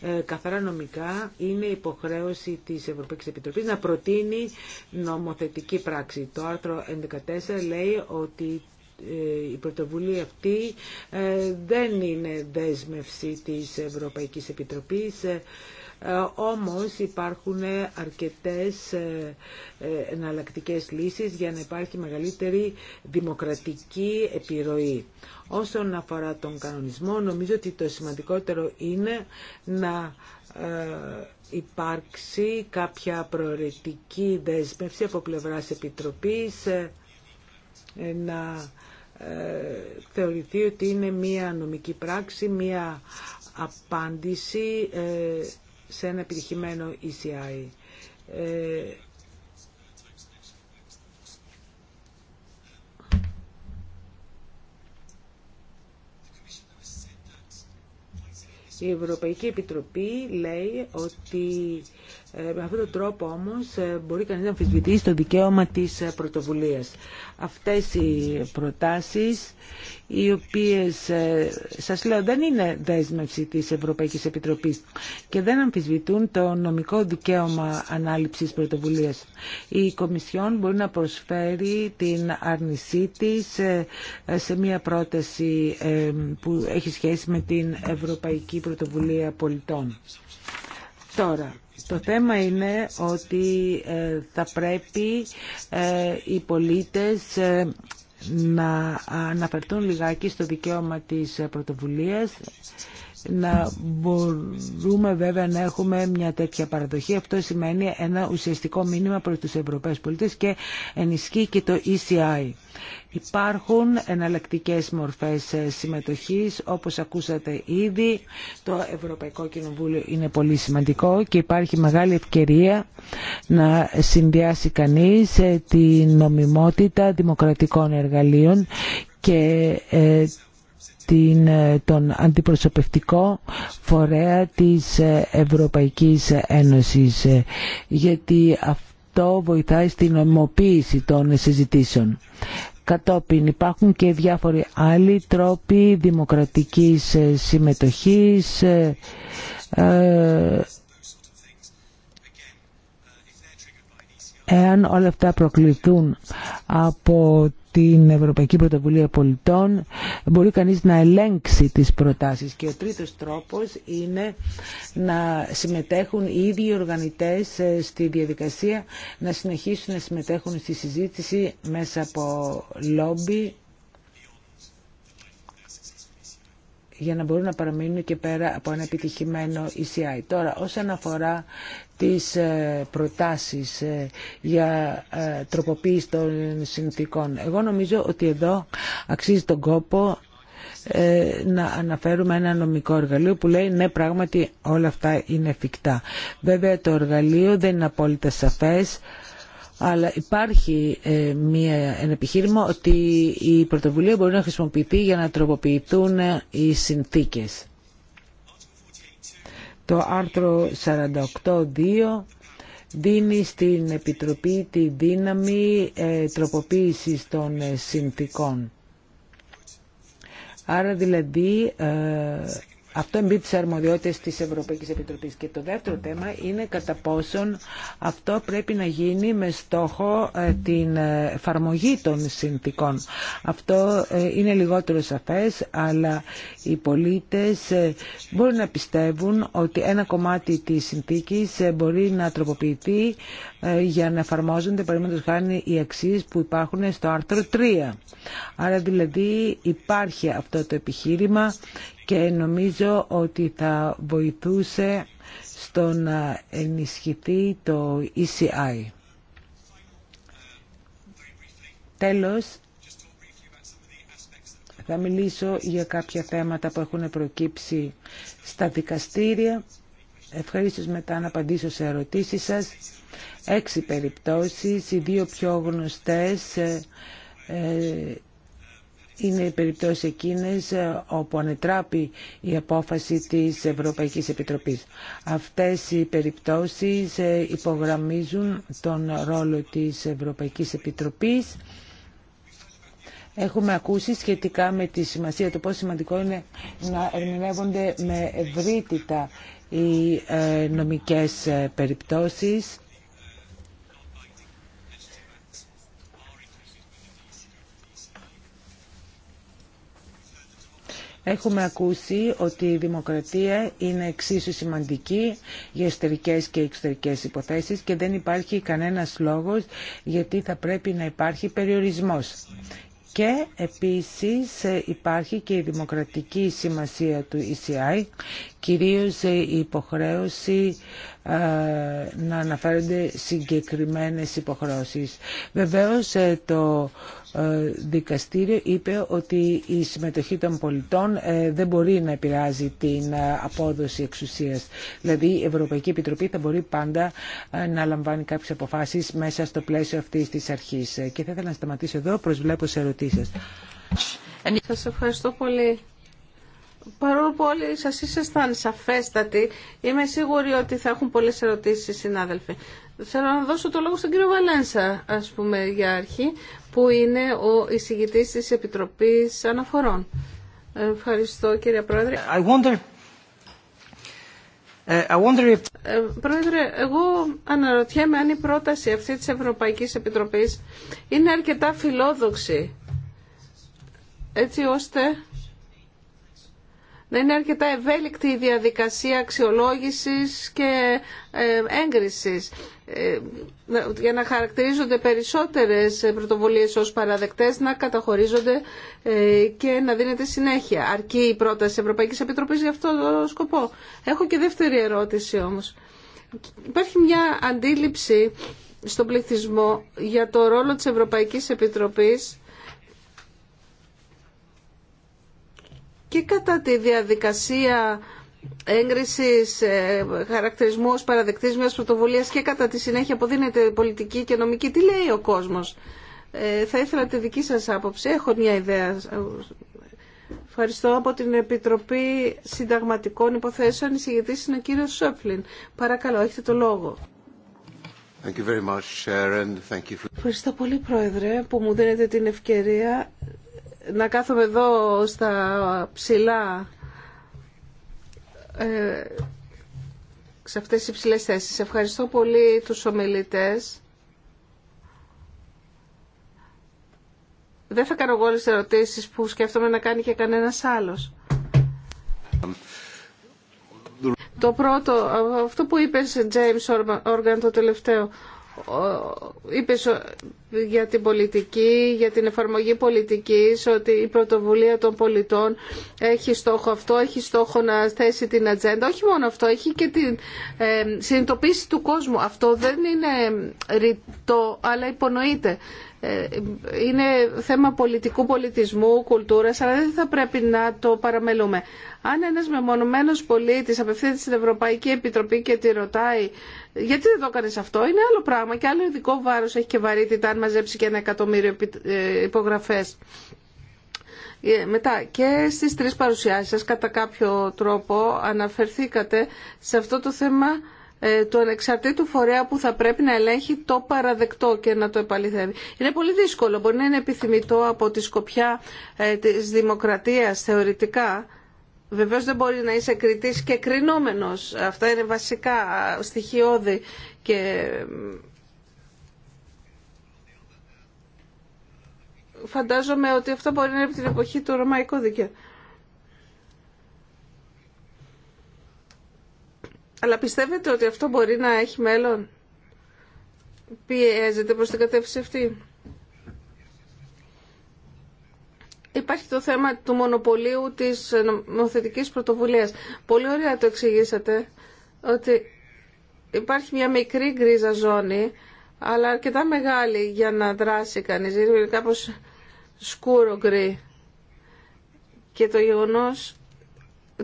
Ε, καθαρά νομικά είναι υποχρέωση της Ευρωπαϊκής Επιτροπής να προτείνει νομοθετική πράξη. Το άρθρο 114 λέει ότι η πρωτοβουλία αυτή ε, δεν είναι δέσμευση της Ευρωπαϊκής Επιτροπής ε, όμως υπάρχουν αρκετές ε, εναλλακτικέ λύσεις για να υπάρχει μεγαλύτερη δημοκρατική επιρροή. Όσον αφορά τον κανονισμό, νομίζω ότι το σημαντικότερο είναι να υπάρξει κάποια προαιρετική δέσμευση από πλευράς Επιτροπής να ε, θεωρηθεί ότι είναι μία νομική πράξη, μία απάντηση ε, σε ένα επιτυχημένο ECI. Ε, η Ευρωπαϊκή Επιτροπή λέει ότι ε, με αυτόν τον τρόπο όμως ε, μπορεί κανείς να αμφισβητήσει το δικαίωμα της ε, πρωτοβουλίας. Αυτές οι προτάσεις οι οποίες σας λέω δεν είναι δέσμευση της Ευρωπαϊκής Επιτροπής και δεν αμφισβητούν το νομικό δικαίωμα ανάληψης πρωτοβουλίας. Η Κομισιόν μπορεί να προσφέρει την αρνησή της σε μια πρόταση που έχει σχέση με την Ευρωπαϊκή Πρωτοβουλία Πολιτών. Τώρα, το θέμα είναι ότι ε, θα πρέπει ε, οι πολίτες ε, να αναφερθούν λιγάκι στο δικαίωμα της πρωτοβουλίας να μπορούμε βέβαια να έχουμε μια τέτοια παραδοχή. Αυτό σημαίνει ένα ουσιαστικό μήνυμα προς τους Ευρωπαίους πολίτες και ενισχύει και το ECI. Υπάρχουν εναλλακτικές μορφές συμμετοχής, όπως ακούσατε ήδη. Το Ευρωπαϊκό Κοινοβούλιο είναι πολύ σημαντικό και υπάρχει μεγάλη ευκαιρία να συνδυάσει κανείς ε, τη νομιμότητα δημοκρατικών εργαλείων και ε, την, ε, τον αντιπροσωπευτικό φορέα της ε, Ευρωπαϊκής Ένωσης ε, γιατί αυτό βοηθάει στην ομοποίηση των συζητήσεων. Κατόπιν υπάρχουν και διάφοροι άλλοι τρόποι δημοκρατικής συμμετοχής, Εάν όλα αυτά προκληθούν από την Ευρωπαϊκή Πρωτοβουλία Πολιτών μπορεί κανείς να ελέγξει τις προτάσεις και ο τρίτος τρόπος είναι να συμμετέχουν οι ίδιοι οργανητές ε, στη διαδικασία να συνεχίσουν να συμμετέχουν στη συζήτηση μέσα από λόμπι για να μπορούν να παραμείνουν και πέρα από ένα επιτυχημένο ECI. Τώρα, όσον αφορά τις ε, προτάσεις ε, για ε, τροποποίηση των συνθήκων. Εγώ νομίζω ότι εδώ αξίζει τον κόπο να αναφέρουμε ένα νομικό εργαλείο που λέει ναι πράγματι όλα αυτά είναι εφικτά. Βέβαια το εργαλείο δεν είναι απόλυτα σαφές αλλά υπάρχει μια, ένα επιχείρημα ότι η πρωτοβουλία μπορεί να χρησιμοποιηθεί για να τροποποιηθούν οι συνθήκες. Το άρθρο 48.2 δίνει στην Επιτροπή τη δύναμη ε, τροποποίησης των ε, συνθήκων. Άρα δηλαδή ε, αυτό εμπίπτει τι αρμοδιότητε της Ευρωπαϊκής Επιτροπής. Και το δεύτερο θέμα είναι κατά πόσον αυτό πρέπει να γίνει με στόχο ε, την ε, εφαρμογή των συνθήκων. Αυτό ε, είναι λιγότερο σαφές, αλλά οι πολίτες μπορούν να πιστεύουν ότι ένα κομμάτι της συνθήκης μπορεί να τροποποιηθεί για να εφαρμόζονται, παραδείγματο χάνει οι αξίε που υπάρχουν στο άρθρο 3. Άρα δηλαδή υπάρχει αυτό το επιχείρημα και νομίζω ότι θα βοηθούσε στο να ενισχυθεί το ECI. Τέλος, θα μιλήσω για κάποια θέματα που έχουν προκύψει στα δικαστήρια. Ευχαριστώ μετά να απαντήσω σε ερωτήσεις σας. Έξι περιπτώσεις, οι δύο πιο γνωστές ε, είναι οι περιπτώσεις εκείνες ε, όπου ανετράπει η απόφαση της Ευρωπαϊκής Επιτροπής. Αυτές οι περιπτώσεις ε, υπογραμμίζουν τον ρόλο της Ευρωπαϊκής Επιτροπής. Έχουμε ακούσει σχετικά με τη σημασία, το πόσο σημαντικό είναι να ερμηνεύονται με ευρύτητα οι ε, νομικές περιπτώσεις Έχουμε ακούσει ότι η δημοκρατία είναι εξίσου σημαντική για εσωτερικές και εξωτερικές υποθέσεις και δεν υπάρχει κανένας λόγος γιατί θα πρέπει να υπάρχει περιορισμός. Και επίσης ε, υπάρχει και η δημοκρατική σημασία του ECI κυρίως ε, η υποχρέωση ε, να αναφέρονται συγκεκριμένες υποχρεώσεις. Βεβαίως ε, το δικαστήριο είπε ότι η συμμετοχή των πολιτών δεν μπορεί να επηρεάζει την απόδοση εξουσίας. Δηλαδή η Ευρωπαϊκή Επιτροπή θα μπορεί πάντα να λαμβάνει κάποιες αποφάσεις μέσα στο πλαίσιο αυτής της αρχής. Και θα ήθελα να σταματήσω εδώ, προσβλέπω σε ερωτήσεις.
Σας ευχαριστώ πολύ παρόλο που όλοι σα ήσασταν σαφέστατοι, είμαι σίγουρη ότι θα έχουν πολλέ ερωτήσει, οι συνάδελφοι. Θέλω να δώσω το λόγο στον κύριο Βαλένσα, α πούμε, για αρχή, που είναι ο εισηγητή τη Επιτροπή Αναφορών. Ευχαριστώ, κύριε Πρόεδρε.
I wonder... Uh, I wonder if...
Ε, πρόεδρε, εγώ αναρωτιέμαι αν η πρόταση αυτή της Ευρωπαϊκής Επιτροπής είναι αρκετά φιλόδοξη, έτσι ώστε να είναι αρκετά ευέλικτη η διαδικασία αξιολόγησης και ε, έγκρισης ε, για να χαρακτηρίζονται περισσότερες πρωτοβολίες ως παραδεκτές, να καταχωρίζονται ε, και να δίνεται συνέχεια. Αρκεί η πρόταση Ευρωπαϊκής Επιτροπής για αυτό το σκοπό. Έχω και δεύτερη ερώτηση όμως. Υπάρχει μια αντίληψη στον πληθυσμό για το ρόλο της Ευρωπαϊκής Επιτροπής και κατά τη διαδικασία έγκρισης ε, χαρακτηρισμού ως παραδεκτής μιας πρωτοβουλίας και κατά τη συνέχεια δίνεται πολιτική και νομική. Τι λέει ο κόσμος. Ε, θα ήθελα τη δική σας άποψη. Έχω μια ιδέα. Ευχαριστώ από την Επιτροπή Συνταγματικών Υποθέσεων. Η συγγετής είναι ο κύριος Σόπφλιν. Παρακαλώ, έχετε το λόγο.
Thank you very much, Sharon. Thank you Ευχαριστώ πολύ,
Πρόεδρε, που μου δίνετε την ευκαιρία να κάθομαι εδώ στα ψηλά ε, σε αυτές τις ψηλές θέσεις. Ευχαριστώ πολύ τους ομιλητές. Δεν θα κάνω εγώ όλες τις ερωτήσεις που σκέφτομαι να κάνει και κανένας άλλος. Το πρώτο, αυτό που είπες, James Organ, το τελευταίο, είπε για την πολιτική, για την εφαρμογή πολιτικής, ότι η πρωτοβουλία των πολιτών έχει στόχο αυτό, έχει στόχο να θέσει την ατζέντα. Όχι μόνο αυτό, έχει και την ε, συνειδητοποίηση του κόσμου. Αυτό δεν είναι ρητό, αλλά υπονοείται. Ε, είναι θέμα πολιτικού πολιτισμού, κουλτούρας, αλλά δεν θα πρέπει να το παραμελούμε. Αν ένας μεμονωμένος πολίτης απευθύνεται στην Ευρωπαϊκή Επιτροπή και τη ρωτάει γιατί δεν το έκανε αυτό, είναι άλλο πράγμα και άλλο ειδικό βάρο έχει και βαρύτητα αν μαζέψει και ένα εκατομμύριο ε, υπογραφές. Ε, μετά και στις τρεις παρουσιάσεις σας κατά κάποιο τρόπο αναφερθήκατε σε αυτό το θέμα ε, του ανεξαρτήτου φορέα που θα πρέπει να ελέγχει το παραδεκτό και να το επαληθεύει. Είναι πολύ δύσκολο, μπορεί να είναι επιθυμητό από τη σκοπιά της δημοκρατίας θεωρητικά Βεβαίως δεν μπορεί να είσαι κριτής και κρινόμενος. Αυτά είναι βασικά στοιχειώδη και φαντάζομαι ότι αυτό μπορεί να είναι από την εποχή του Ρωμαϊκού Δικαίου. Αλλά πιστεύετε ότι αυτό μπορεί να έχει μέλλον. Πιέζεται προς την κατεύθυνση αυτή. υπάρχει το θέμα του μονοπωλίου της νομοθετικής πρωτοβουλίας. Πολύ ωραία το εξηγήσατε ότι υπάρχει μια μικρή γκρίζα ζώνη αλλά αρκετά μεγάλη για να δράσει κανείς, είναι κάπως σκούρο γκρι. Και το γεγονός,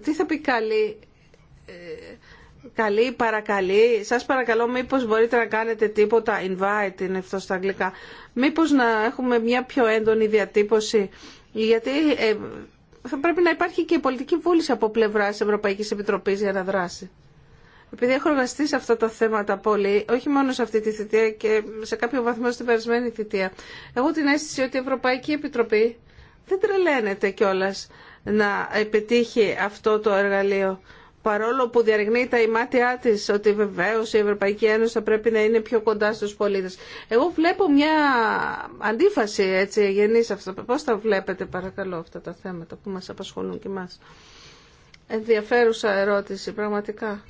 τι θα πει καλή, ε, καλή, παρακαλή, σας παρακαλώ μήπως μπορείτε να κάνετε τίποτα, invite είναι αυτό στα αγγλικά, μήπως να έχουμε μια πιο έντονη διατύπωση γιατί ε, θα πρέπει να υπάρχει και η πολιτική βούληση από πλευρά τη Ευρωπαϊκή Επιτροπή για να δράσει. Επειδή έχω εργαστεί σε αυτά τα θέματα πολύ, όχι μόνο σε αυτή τη θητεία και σε κάποιο βαθμό στην περασμένη θητεία, έχω την αίσθηση ότι η Ευρωπαϊκή Επιτροπή δεν τρελαίνεται κιόλα να επιτύχει αυτό το εργαλείο παρόλο που διαρριγνύει τα ημάτια τη, ότι βεβαίω η Ευρωπαϊκή Ένωση θα πρέπει να είναι πιο κοντά στους πολίτες. Εγώ βλέπω μια αντίφαση έτσι σε αυτό. Πώς τα βλέπετε παρακαλώ αυτά τα θέματα που μας απασχολούν και εμά. Ενδιαφέρουσα ερώτηση πραγματικά.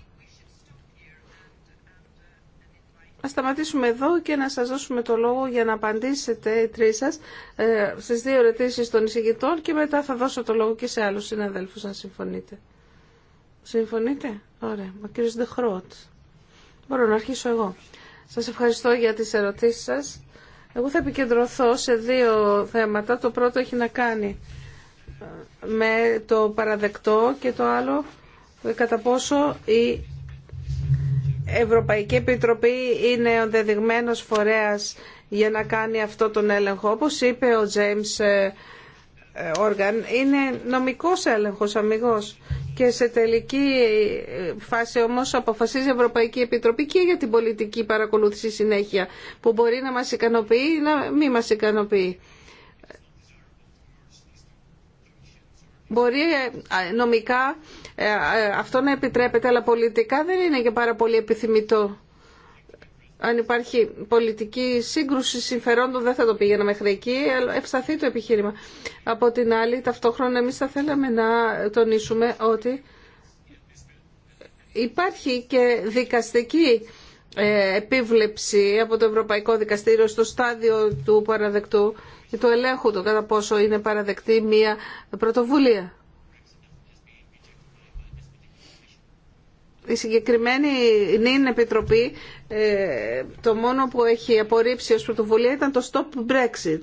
Ας σταματήσουμε εδώ και να σας δώσουμε το λόγο για να απαντήσετε οι τρεις σας ε, στις δύο ερωτήσεις των εισηγητών και μετά θα δώσω το λόγο και σε άλλους συναδέλφους αν συμφωνείτε. Συμφωνείτε? Ωραία. Ο κύριε Σντεχρότ. Μπορώ να αρχίσω εγώ. Σας ευχαριστώ για τις ερωτήσεις σας. Εγώ θα επικεντρωθώ σε δύο θέματα. Το πρώτο έχει να κάνει ε, με το παραδεκτό και το άλλο ε, κατά πόσο η Ευρωπαϊκή Επιτροπή είναι ο δεδειγμένος φορέας για να κάνει αυτό τον έλεγχο. Όπως είπε ο James Όργαν, ε, είναι νομικός έλεγχος αμυγός και σε τελική φάση όμως αποφασίζει η Ευρωπαϊκή Επιτροπή και για την πολιτική παρακολούθηση συνέχεια που μπορεί να μας ικανοποιεί ή να μην μας ικανοποιεί. Μπορεί ε, νομικά ε, ε, αυτό να επιτρέπεται, αλλά πολιτικά δεν είναι και πάρα πολύ επιθυμητό αν υπάρχει πολιτική σύγκρουση συμφερόντων δεν θα το πήγαινα μέχρι εκεί, αλλά ευσταθεί το επιχείρημα. Από την άλλη, ταυτόχρονα εμείς θα θέλαμε να τονίσουμε ότι υπάρχει και δικαστική ε, επίβλεψη από το Ευρωπαϊκό Δικαστήριο στο στάδιο του παραδεκτού και του ελέγχου του κατά πόσο είναι παραδεκτή μία πρωτοβουλία. Η συγκεκριμένη νυν επιτροπή ε, το μόνο που έχει απορρίψει ως πρωτοβουλία ήταν το Stop Brexit.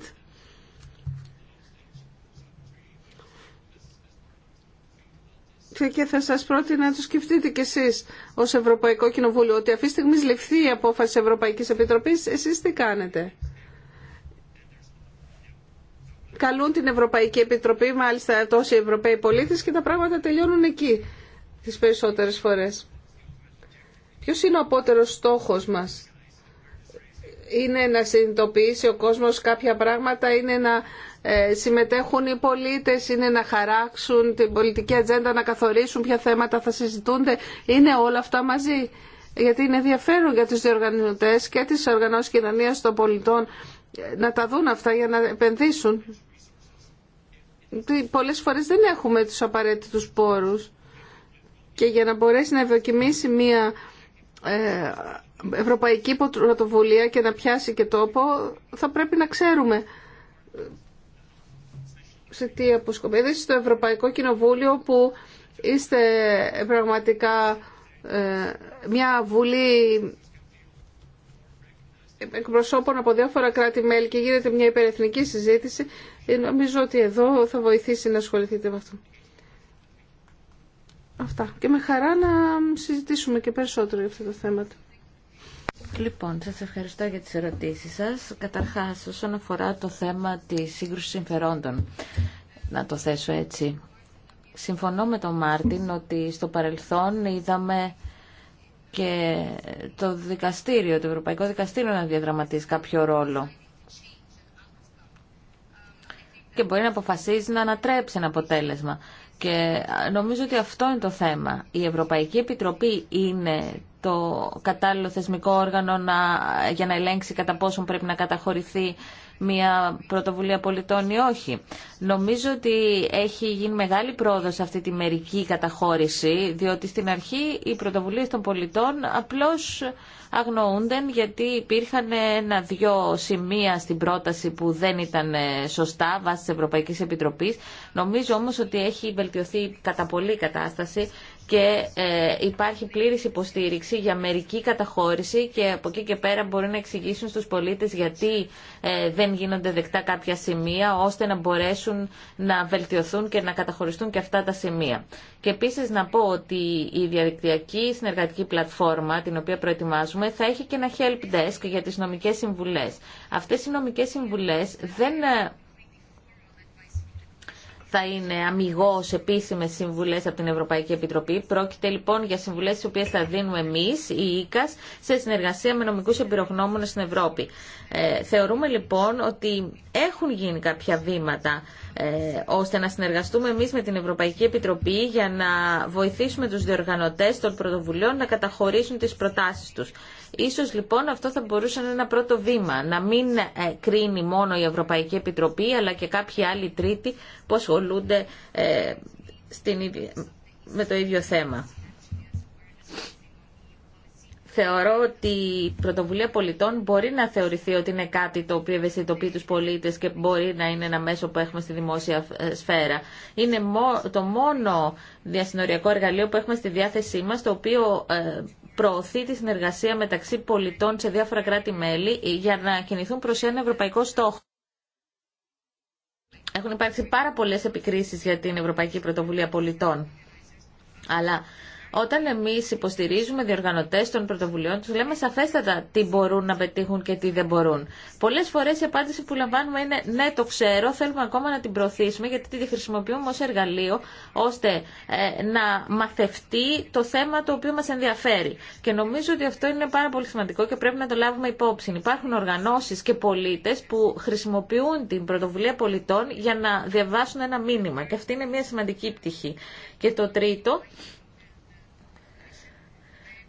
και θα σας πρότεινα να το σκεφτείτε κι εσείς ως Ευρωπαϊκό Κοινοβούλιο ότι αυτή τη στιγμή ληφθεί η απόφαση Ευρωπαϊκής Επιτροπής, εσείς τι κάνετε. Καλούν την Ευρωπαϊκή Επιτροπή, μάλιστα τόσοι Ευρωπαίοι πολίτες και τα πράγματα τελειώνουν εκεί τις περισσότερες φορές. Ποιος είναι ο απότερος στόχος μας. Είναι να συνειδητοποιήσει ο κόσμος κάποια πράγματα, είναι να ε, συμμετέχουν οι πολίτες, είναι να χαράξουν την πολιτική ατζέντα, να καθορίσουν ποια θέματα θα συζητούνται. Είναι όλα αυτά μαζί. Γιατί είναι ενδιαφέρον για τους διοργανωτές και τις οργανώσεις κοινωνίας των πολιτών ε, να τα δουν αυτά για να επενδύσουν. Πολλές φορές δεν έχουμε τους απαραίτητους πόρους και για να μπορέσει να ευδοκιμήσει μία ε, ευρωπαϊκή πρωτοβουλία και να πιάσει και τόπο, θα πρέπει να ξέρουμε σε τι αποσκοπεί. Είδες στο Ευρωπαϊκό Κοινοβούλιο που είστε πραγματικά ε, μια βουλή εκπροσώπων από διάφορα κράτη-μέλη και γίνεται μια υπερεθνική συζήτηση, ε, νομίζω ότι εδώ θα βοηθήσει να ασχοληθείτε με αυτό. Αυτά. Και με χαρά να συζητήσουμε και περισσότερο για αυτά τα θέματα.
Λοιπόν, σας ευχαριστώ για τις ερωτήσεις σας. Καταρχάς, όσον αφορά το θέμα της σύγκρουσης συμφερόντων, να το θέσω έτσι. Συμφωνώ με τον Μάρτιν ότι στο παρελθόν είδαμε και το δικαστήριο, το Ευρωπαϊκό Δικαστήριο να διαδραματίσει κάποιο ρόλο. Και μπορεί να αποφασίζει να ανατρέψει ένα αποτέλεσμα. Και νομίζω ότι αυτό είναι το θέμα. Η Ευρωπαϊκή Επιτροπή είναι το κατάλληλο θεσμικό όργανο να, για να ελέγξει κατά πόσον πρέπει να καταχωρηθεί μια πρωτοβουλία πολιτών ή όχι. Νομίζω ότι έχει γίνει μεγάλη πρόοδο αυτή τη μερική καταχώρηση, διότι στην αρχή οι πρωτοβουλίε των πολιτών απλώς αγνοούνται γιατί υπήρχαν ένα-δυο σημεία στην πρόταση που δεν ήταν σωστά βάσει τη Ευρωπαϊκή Επιτροπή. Νομίζω όμω ότι έχει βελτιωθεί κατά πολύ η κατάσταση και ε, υπάρχει πλήρης υποστήριξη για μερική καταχώρηση και από εκεί και πέρα μπορεί να εξηγήσουν στους πολίτες γιατί ε, δεν γίνονται δεκτά κάποια σημεία ώστε να μπορέσουν να βελτιωθούν και να καταχωριστούν και αυτά τα σημεία. Και επίσης να πω ότι η διαδικτυακή συνεργατική πλατφόρμα την οποία προετοιμάζουμε θα έχει και ένα help desk για τις νομικές συμβουλές. Αυτές οι νομικές συμβουλές δεν ε, θα είναι αμυγό επίσημε συμβουλές από την Ευρωπαϊκή Επιτροπή. Πρόκειται λοιπόν για συμβουλές τι οποίε θα δίνουμε εμείς, η ΙΚΑΣ, σε συνεργασία με νομικού εμπειρογνώμονε στην Ευρώπη. Ε, θεωρούμε λοιπόν ότι έχουν γίνει κάποια βήματα ε, ώστε να συνεργαστούμε εμείς με την Ευρωπαϊκή Επιτροπή για να βοηθήσουμε τους διοργανωτές των πρωτοβουλειών να καταχωρήσουν τις προτάσεις τους. Ίσως λοιπόν αυτό θα μπορούσε να είναι ένα πρώτο βήμα, να μην ε, κρίνει μόνο η Ευρωπαϊκή Επιτροπή αλλά και κάποιοι άλλοι τρίτοι που ασχολούνται στην, με το ίδιο θέμα. Θεωρώ ότι η πρωτοβουλία πολιτών μπορεί να θεωρηθεί ότι είναι κάτι το οποίο ευαισθητοποιεί τους πολίτες και μπορεί να είναι ένα μέσο που έχουμε στη δημόσια ε, σφαίρα. Είναι το μόνο διασυνοριακό εργαλείο που έχουμε στη διάθεσή μας, το οποίο ε, προωθεί τη συνεργασία μεταξύ πολιτών σε διάφορα κράτη-μέλη για να κινηθούν προς ένα ευρωπαϊκό στόχο. Έχουν υπάρξει πάρα πολλές επικρίσεις για την Ευρωπαϊκή Πρωτοβουλία Πολιτών. Αλλά όταν εμεί υποστηρίζουμε διοργανωτέ των πρωτοβουλειών, του λέμε σαφέστατα τι μπορούν να πετύχουν και τι δεν μπορούν. Πολλέ φορέ η απάντηση που λαμβάνουμε είναι ναι το ξέρω, θέλουμε ακόμα να την προωθήσουμε γιατί τη χρησιμοποιούμε ω εργαλείο ώστε ε, να μαθευτεί το θέμα το οποίο μα ενδιαφέρει. Και νομίζω ότι αυτό είναι πάρα πολύ σημαντικό και πρέπει να το λάβουμε υπόψη. Υπάρχουν οργανώσει και πολίτε που χρησιμοποιούν την πρωτοβουλία πολιτών για να διαβάσουν ένα μήνυμα. Και αυτή είναι μια σημαντική πτυχή. Και το τρίτο,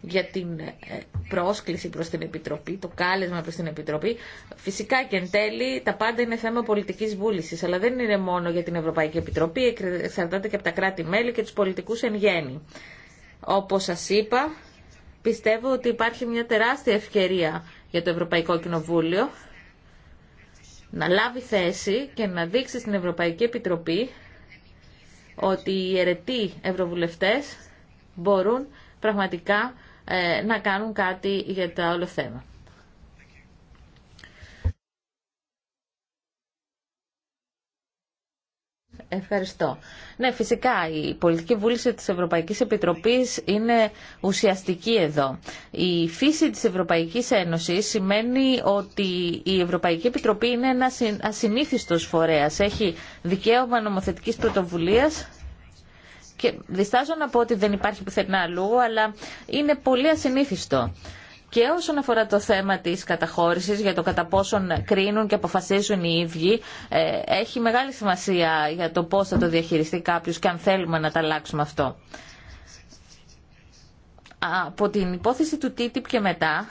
για την ε, πρόσκληση προς την Επιτροπή, το κάλεσμα προς την Επιτροπή. Φυσικά και εν τέλει τα πάντα είναι θέμα πολιτικής βούλησης, αλλά δεν είναι μόνο για την Ευρωπαϊκή Επιτροπή, εξαρτάται και από τα κράτη-μέλη και τους πολιτικούς εν γέννη. Όπως σας είπα, πιστεύω ότι υπάρχει μια τεράστια ευκαιρία για το Ευρωπαϊκό Κοινοβούλιο να λάβει θέση και να δείξει στην Ευρωπαϊκή Επιτροπή ότι οι αιρετοί ευρωβουλευτές μπορούν πραγματικά ε, να κάνουν κάτι για το όλο θέμα. Ευχαριστώ. Ναι, φυσικά η πολιτική βούληση της Ευρωπαϊκής Επιτροπής είναι ουσιαστική εδώ. Η φύση της Ευρωπαϊκής Ένωσης σημαίνει ότι η Ευρωπαϊκή Επιτροπή είναι ένα ασυνήθιστος φορέας. Έχει δικαίωμα νομοθετικής πρωτοβουλίας και διστάζω να πω ότι δεν υπάρχει πουθενά αλλού, αλλά είναι πολύ ασυνήθιστο. Και όσον αφορά το θέμα της καταχώρησης, για το κατά πόσον κρίνουν και αποφασίζουν οι ίδιοι, ε, έχει μεγάλη σημασία για το πώς θα το διαχειριστεί κάποιος και αν θέλουμε να τα αλλάξουμε αυτό. Από την υπόθεση του TTIP και μετά,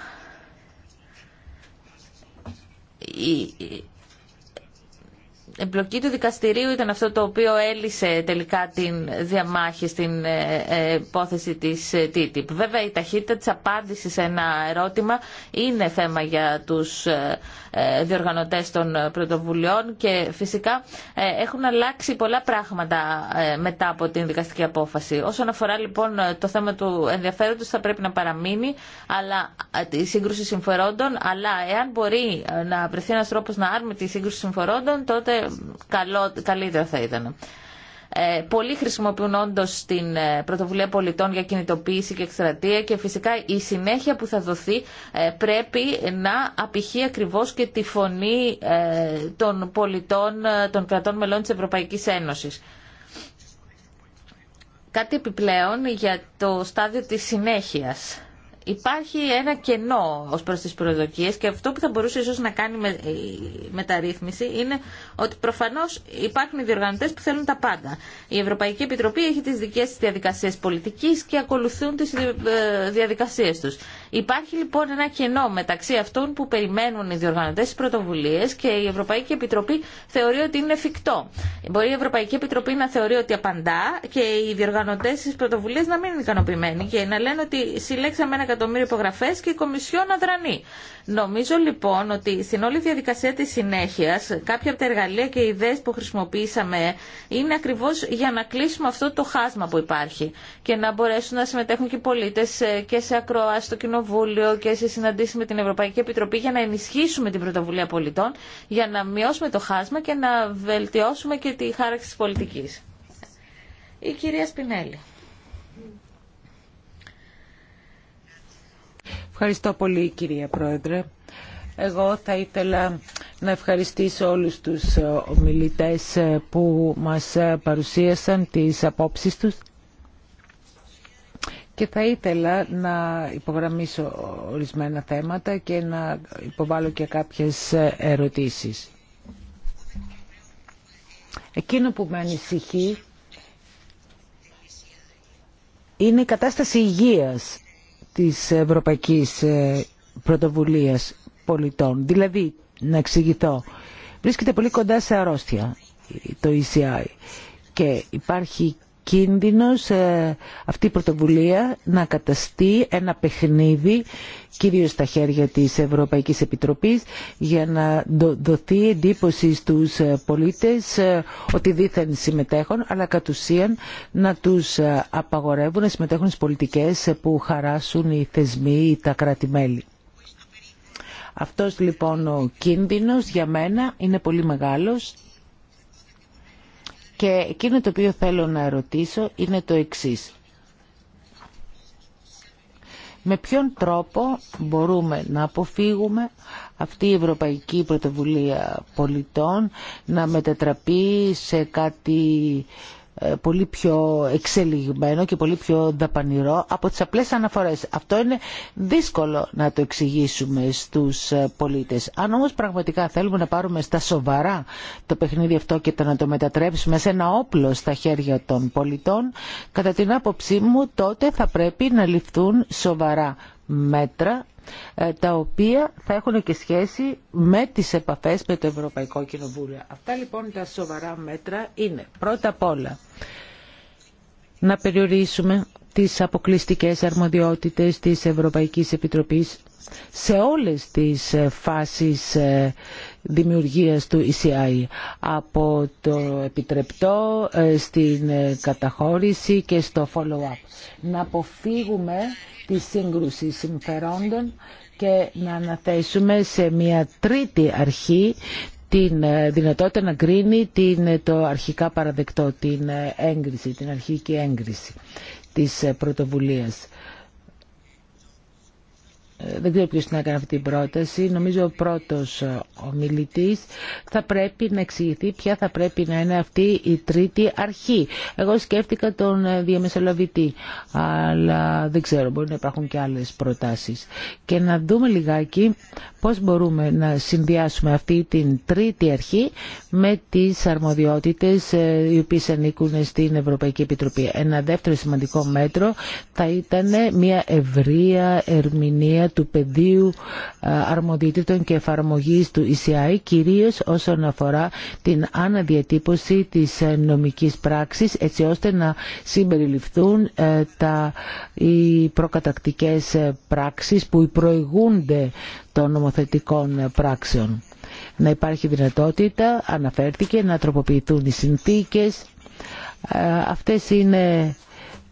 εμπλοκή του δικαστηρίου ήταν αυτό το οποίο έλυσε τελικά την διαμάχη στην ε, ε, υπόθεση της ε, TTIP. Βέβαια η ταχύτητα της απάντησης σε ένα ερώτημα είναι θέμα για τους διοργανωτές των πρωτοβουλειών και φυσικά έχουν αλλάξει πολλά πράγματα μετά από την δικαστική απόφαση. Όσον αφορά λοιπόν το θέμα του ενδιαφέροντος θα πρέπει να παραμείνει αλλά η σύγκρουση συμφερόντων αλλά εάν μπορεί να βρεθεί ένας τρόπος να άρουμε τη σύγκρουση συμφερόντων τότε καλό, καλύτερα θα ήταν. Ε, πολλοί χρησιμοποιούν όντω την ε, πρωτοβουλία πολιτών για κινητοποίηση και εκστρατεία και φυσικά η συνέχεια που θα δοθεί ε, πρέπει να απηχεί ακριβώ και τη φωνή ε, των πολιτών των κρατών μελών τη Ευρωπαϊκή Ένωση. Κάτι επιπλέον για το στάδιο της συνέχειας υπάρχει ένα κενό ως προς τις προδοκίε, και αυτό που θα μπορούσε ίσω να κάνει με, η μεταρρύθμιση είναι ότι προφανώς υπάρχουν διοργανωτέ που θέλουν τα πάντα. Η Ευρωπαϊκή Επιτροπή έχει τις δικές τη διαδικασίες πολιτική και ακολουθούν τις ε, διαδικασίες τους. Υπάρχει λοιπόν ένα κενό μεταξύ αυτών που περιμένουν οι διοργανωτέ τη πρωτοβουλία και η Ευρωπαϊκή Επιτροπή θεωρεί ότι είναι εφικτό. Μπορεί η Ευρωπαϊκή Επιτροπή να θεωρεί ότι απαντά και οι διοργανωτέ τη πρωτοβουλία να μην είναι ικανοποιημένοι και να λένε ότι συλλέξαμε ένα εκατομμύριο υπογραφέ και η Κομισιόν αδρανεί. Νομίζω λοιπόν ότι στην όλη διαδικασία τη συνέχεια κάποια από τα εργαλεία και οι ιδέε που χρησιμοποιήσαμε είναι ακριβώ για να κλείσουμε αυτό το χάσμα που υπάρχει και να μπορέσουν να συμμετέχουν και πολίτε ε, και σε ακροά στο και σε συναντήσει με την Ευρωπαϊκή Επιτροπή για να ενισχύσουμε την πρωτοβουλία πολιτών, για να μειώσουμε το χάσμα και να βελτιώσουμε και τη χάραξη τη πολιτικής. Η κυρία Σπινέλη.
Ευχαριστώ πολύ κυρία Πρόεδρε. Εγώ θα ήθελα να ευχαριστήσω όλους τους ομιλητές που μας παρουσίασαν τις απόψεις τους και θα ήθελα να υπογραμμίσω ορισμένα θέματα και να υποβάλω και κάποιες ερωτήσεις. Εκείνο που με ανησυχεί είναι η κατάσταση υγείας της Ευρωπαϊκής ε, Πρωτοβουλίας Πολιτών. Δηλαδή, να εξηγηθώ, βρίσκεται πολύ κοντά σε αρρώστια το ECI και υπάρχει κίνδυνος ε, αυτή η πρωτοβουλία να καταστεί ένα παιχνίδι κυρίως στα χέρια της Ευρωπαϊκής Επιτροπής για να δοθεί εντύπωση στους ε, πολίτες ε, ότι δήθεν συμμετέχουν αλλά κατ' ουσίαν να τους απαγορεύουν να συμμετέχουν στις πολιτικές που χαράσουν οι θεσμοί ή τα κράτη-μέλη. Αυτός λοιπόν ο κίνδυνος για μένα είναι πολύ μεγάλος και εκείνο το οποίο θέλω να ρωτήσω είναι το εξής. Με ποιον τρόπο μπορούμε να αποφύγουμε αυτή η Ευρωπαϊκή Πρωτοβουλία Πολιτών να μετατραπεί σε κάτι ε, πολύ πιο εξελιγμένο και πολύ πιο δαπανηρό από τις απλές αναφορές. Αυτό είναι δύσκολο να το εξηγήσουμε στους ε, πολίτες. Αν όμως πραγματικά θέλουμε να πάρουμε στα σοβαρά το παιχνίδι αυτό και το να το μετατρέψουμε σε ένα όπλο στα χέρια των πολιτών, κατά την άποψή μου τότε θα πρέπει να ληφθούν σοβαρά μέτρα ε, τα οποία θα έχουν και σχέση με τις επαφές με το Ευρωπαϊκό Κοινοβούλιο. Αυτά λοιπόν τα σοβαρά μέτρα είναι πρώτα απ' όλα να περιορίσουμε τις αποκλειστικές αρμοδιότητες της Ευρωπαϊκής Επιτροπής σε όλες τις ε, φάσεις ε, δημιουργίας του ECI από το επιτρεπτό ε, στην ε, καταχώρηση και στο follow-up. Να αποφύγουμε τη σύγκρουση συμφερόντων και να αναθέσουμε σε μια τρίτη αρχή την ε, δυνατότητα να κρίνει την, το αρχικά παραδεκτό, την έγκριση, την αρχική έγκριση της πρωτοβουλίας. Ε, δεν ξέρω ποιος την έκανε αυτή την πρόταση, νομίζω ο πρώτος ε, ομιλητής, θα πρέπει να εξηγηθεί ποια θα πρέπει να είναι αυτή η τρίτη αρχή. Εγώ σκέφτηκα τον ε, διαμεσολαβητή, αλλά δεν ξέρω, μπορεί να υπάρχουν και άλλες προτάσεις. Και να δούμε λιγάκι πώς μπορούμε να συνδυάσουμε αυτή την τρίτη αρχή με τις αρμοδιότητες οι οποίες ανήκουν στην Ευρωπαϊκή Επιτροπή. Ένα δεύτερο σημαντικό μέτρο θα ήταν μια ευρεία ερμηνεία του πεδίου ε, αρμοδιοτήτων και εφαρμογής του ECI, κυρίως όσον αφορά την αναδιατύπωση της ε, νομικής πράξης, έτσι ώστε να συμπεριληφθούν ε, τα, οι προκατακτικές πράξεις που προηγούνται των νομοθετικών πράξεων. Να υπάρχει δυνατότητα, αναφέρθηκε, να τροποποιηθούν οι συνθήκες. Αυτές είναι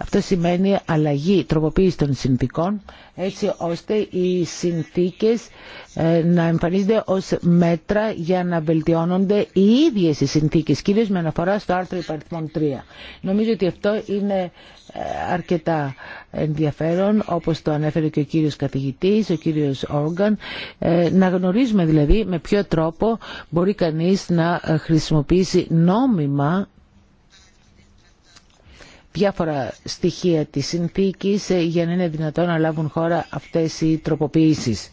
αυτό σημαίνει αλλαγή, τροποποίηση των συνθήκων έτσι ώστε οι συνθήκες ε, να εμφανίζονται ως μέτρα για να βελτιώνονται οι ίδιες οι συνθήκες, κυρίως με αναφορά στο άρθρο υπαριθμών 3. Νομίζω ότι αυτό είναι ε, αρκετά ενδιαφέρον, όπως το ανέφερε και ο κύριος καθηγητής, ο κύριος Όργαν, ε, να γνωρίζουμε δηλαδή με ποιο τρόπο μπορεί κανείς να χρησιμοποιήσει νόμιμα διάφορα στοιχεία της συνθήκης ε, για να είναι δυνατόν να λάβουν χώρα αυτές οι τροποποιήσεις.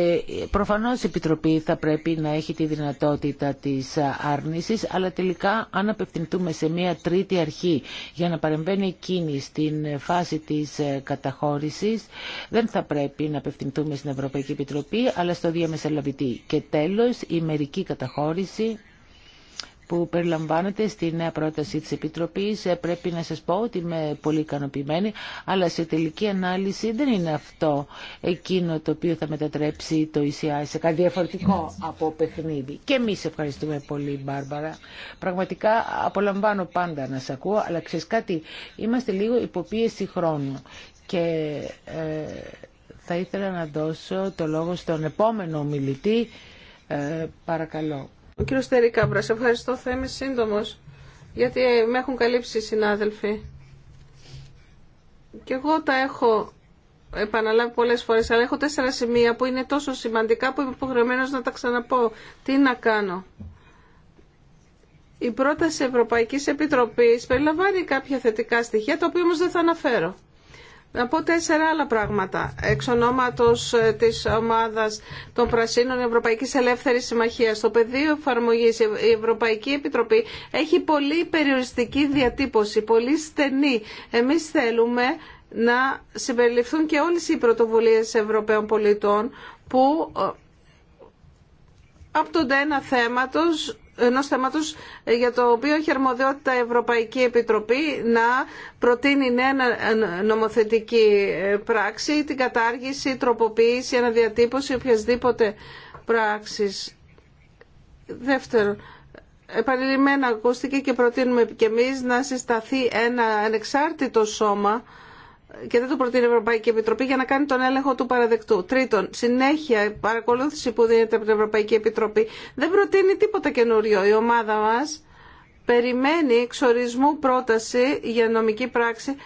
Ε, προφανώς η Επιτροπή θα πρέπει να έχει τη δυνατότητα της άρνησης, αλλά τελικά αν απευθυνθούμε σε μια τρίτη αρχή για να παρεμβαίνει εκείνη στην ε, φάση της ε, καταχώρησης, δεν θα πρέπει να απευθυνθούμε στην Ευρωπαϊκή Επιτροπή, αλλά στο διαμεσολαβητή. Και τέλος, η μερική καταχώρηση που περιλαμβάνεται στη νέα πρόταση της Επιτροπής. Ε, πρέπει να σας πω ότι είμαι πολύ ικανοποιημένη, αλλά σε τελική ανάλυση δεν είναι αυτό εκείνο το οποίο θα μετατρέψει το ECI σε κάτι διαφορετικό από παιχνίδι. Και εμείς ευχαριστούμε πολύ, Μπάρμπαρα. Πραγματικά απολαμβάνω πάντα να σας ακούω, αλλά ξέρεις κάτι, είμαστε λίγο υποπίεση χρόνου. Και ε, θα ήθελα να δώσω το λόγο στον επόμενο ομιλητή. Ε, παρακαλώ. Ο κύριο Τερικάμπρα, ευχαριστώ. Θα είμαι σύντομος,
γιατί με έχουν καλύψει οι συνάδελφοι. Και εγώ τα έχω επαναλάβει πολλές φορές, αλλά έχω τέσσερα σημεία που είναι τόσο σημαντικά που είμαι υποχρεωμένος να τα ξαναπώ. Τι να κάνω. Η πρόταση ευρωπαϊκή Επιτροπής περιλαμβάνει κάποια θετικά στοιχεία, τα οποία όμως δεν θα αναφέρω. Να πω τέσσερα άλλα πράγματα. Εξ ονόματος ε, της ομάδας των Πρασίνων Ευρωπαϊκής Ελεύθερης Συμμαχίας, το πεδίο εφαρμογή η Ευρωπαϊκή Επιτροπή έχει πολύ περιοριστική διατύπωση, πολύ στενή. Εμείς θέλουμε να συμπεριληφθούν και όλες οι πρωτοβουλίες Ευρωπαίων πολιτών που ε, από τον ένα θέματος ενός θέματος ε, για το οποίο έχει αρμοδιότητα η Ευρωπαϊκή Επιτροπή να προτείνει νέα νομοθετική ε, πράξη, την κατάργηση, τροποποίηση, αναδιατύπωση οποιασδήποτε πράξης. Δεύτερον, επανειλημμένα ακούστηκε και προτείνουμε και εμείς να συσταθεί ένα ανεξάρτητο σώμα και δεν το προτείνει η Ευρωπαϊκή Επιτροπή για να κάνει τον έλεγχο του παραδεκτού. Τρίτον, συνέχεια η παρακολούθηση που δίνεται από την Ευρωπαϊκή Επιτροπή δεν προτείνει τίποτα καινούριο. Η ομάδα μας περιμένει εξορισμού πρόταση για νομική πράξη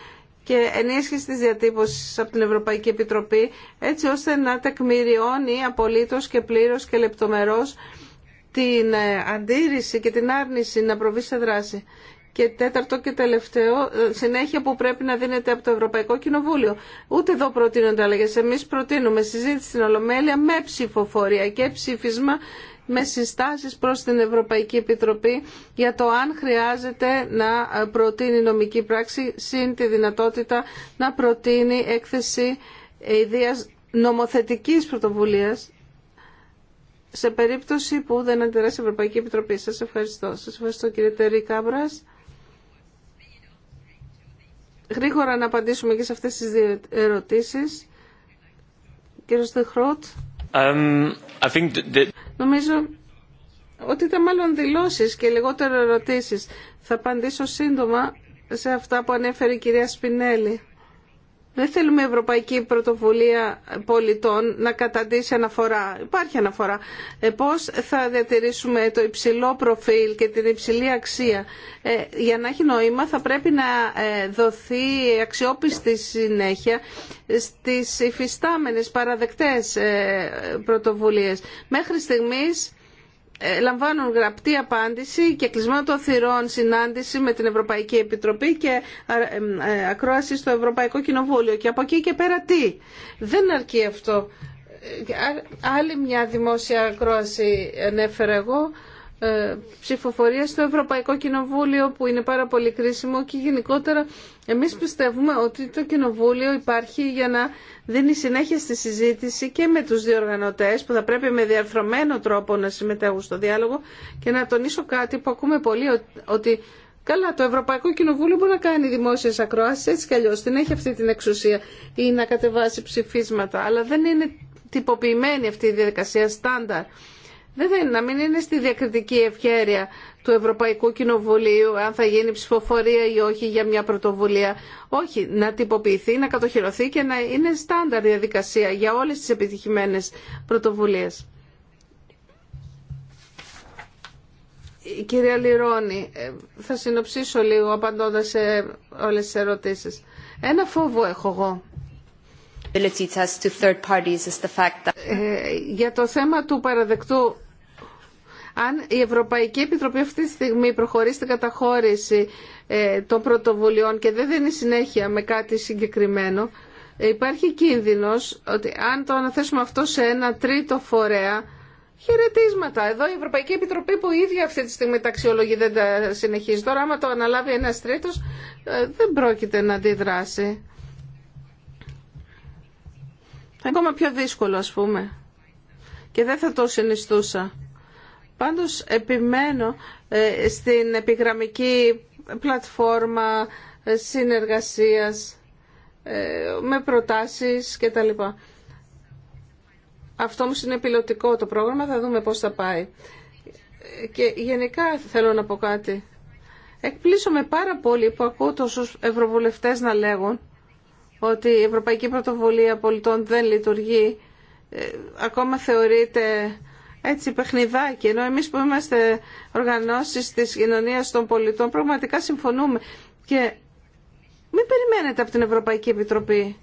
και ενίσχυση της διατύπωσης από την Ευρωπαϊκή Επιτροπή έτσι ώστε να τεκμηριώνει απολύτως και πλήρως και λεπτομερώς την ε, αντίρρηση και την άρνηση να προβεί σε δράση. Και τέταρτο και τελευταίο, ε, συνέχεια που πρέπει να δίνεται από το Ευρωπαϊκό Κοινοβούλιο. Ούτε εδώ προτείνονται αλλαγέ. Εμεί προτείνουμε συζήτηση στην Ολομέλεια με ψηφοφορία και ψήφισμα με συστάσεις προς την Ευρωπαϊκή Επιτροπή για το αν χρειάζεται να ε, προτείνει νομική πράξη συν τη δυνατότητα να προτείνει έκθεση ε, ιδίας νομοθετικής πρωτοβουλίας σε περίπτωση που δεν αντιδράσει η Ευρωπαϊκή Επιτροπή. Σας ευχαριστώ. Σας ευχαριστώ κύριε Τερή Κάμπρας γρήγορα να απαντήσουμε και σε αυτές τις δύο ερωτήσεις. Κύριος Δεχρότ.
Um, I think that...
Νομίζω ότι ήταν μάλλον δηλώσεις και λιγότερο ερωτήσεις. Θα απαντήσω σύντομα σε αυτά που ανέφερε η κυρία Σπινέλη. Δεν θέλουμε η Ευρωπαϊκή Πρωτοβουλία Πολιτών να καταντήσει αναφορά. Υπάρχει αναφορά. Ε, πώς θα διατηρήσουμε το υψηλό προφίλ και την υψηλή αξία. Ε, για να έχει νόημα θα πρέπει να ε, δοθεί αξιόπιστη συνέχεια στις υφιστάμενες παραδεκτές ε, πρωτοβουλίες. Μέχρι στιγμής ε, λαμβάνουν γραπτή απάντηση και κλεισμένο των θυρών συνάντηση με την Ευρωπαϊκή Επιτροπή και ε, ε, ακρόαση στο Ευρωπαϊκό Κοινοβούλιο. Και από εκεί και πέρα τι. Δεν αρκεί αυτό. Άλλη μια δημόσια ακρόαση ενέφερα εγώ ε, ψηφοφορία στο Ευρωπαϊκό Κοινοβούλιο που είναι πάρα πολύ κρίσιμο και γενικότερα εμείς πιστεύουμε ότι το Κοινοβούλιο υπάρχει για να δίνει συνέχεια στη συζήτηση και με τους διοργανωτές που θα πρέπει με διαρθρωμένο τρόπο να συμμετέχουν στο διάλογο και να τονίσω κάτι που ακούμε πολύ ότι Καλά, το Ευρωπαϊκό Κοινοβούλιο μπορεί να κάνει δημόσιες ακροάσεις έτσι κι αλλιώς. Την έχει αυτή την εξουσία ή να κατεβάσει ψηφίσματα. Αλλά δεν είναι τυποποιημένη αυτή η διαδικασία στάνταρ. Βέβαια, να μην είναι στη διακριτική ευχέρεια του Ευρωπαϊκού Κοινοβουλίου αν θα γίνει ψηφοφορία ή όχι για μια πρωτοβουλία. Όχι, να τυποποιηθεί, να κατοχυρωθεί και να είναι στάνταρ διαδικασία για όλες τις επιτυχημένες πρωτοβουλίες. Η κυρία Λιρώνη, ε, θα συνοψίσω λίγο απαντώντας σε όλες τις ερωτήσεις. Ένα φόβο έχω εγώ. Ε, για το θέμα του παραδεκτού αν η Ευρωπαϊκή Επιτροπή αυτή τη στιγμή προχωρεί στην καταχώρηση ε, των πρωτοβουλειών και δεν δίνει συνέχεια με κάτι συγκεκριμένο, ε, υπάρχει κίνδυνος ότι αν το αναθέσουμε αυτό σε ένα τρίτο φορέα, χαιρετίσματα. Εδώ η Ευρωπαϊκή Επιτροπή που η ίδια αυτή τη στιγμή τα δεν τα συνεχίζει. Τώρα άμα το αναλάβει ένας τρίτος, ε, δεν πρόκειται να αντιδράσει. Ακόμα πιο δύσκολο ας πούμε. Και δεν θα το συνιστούσα. Πάντως επιμένω ε, στην επιγραμμική πλατφόρμα ε, συνεργασίας ε, με προτάσεις κτλ. Αυτό όμως είναι πιλωτικό το πρόγραμμα, θα δούμε πώς θα πάει. Και γενικά θέλω να πω κάτι. Εκπλήσωμαι πάρα πολύ που ακούω τόσους ευρωβουλευτές να λέγουν ότι η Ευρωπαϊκή Πρωτοβουλία Πολιτών δεν λειτουργεί. ακόμα θεωρείται έτσι παιχνιδάκι, ενώ εμείς που είμαστε οργανώσεις της κοινωνίας των πολιτών πραγματικά συμφωνούμε και μην περιμένετε από την Ευρωπαϊκή Επιτροπή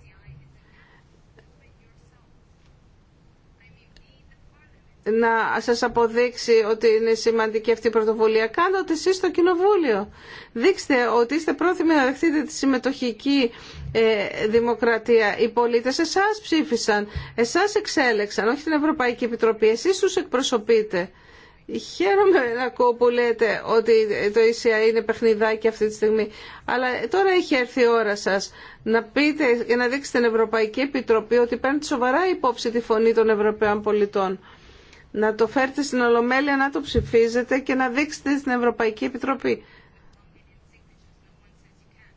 να σας αποδείξει ότι είναι σημαντική αυτή η πρωτοβουλία. Κάντε εσείς στο Κοινοβούλιο. Δείξτε ότι είστε πρόθυμοι να δεχτείτε τη συμμετοχική ε, δημοκρατία. Οι πολίτες εσάς ψήφισαν, εσάς εξέλεξαν, όχι την Ευρωπαϊκή Επιτροπή. Εσείς τους εκπροσωπείτε. Χαίρομαι να ακούω που λέτε ότι το ECI είναι παιχνιδάκι αυτή τη στιγμή. Αλλά τώρα έχει έρθει η ώρα σας να πείτε και να δείξετε την Ευρωπαϊκή Επιτροπή ότι παίρνει σοβαρά υπόψη τη φωνή των Ευρωπαίων πολιτών να το φέρτε στην Ολομέλεια να το ψηφίζετε και να δείξετε στην Ευρωπαϊκή Επιτροπή.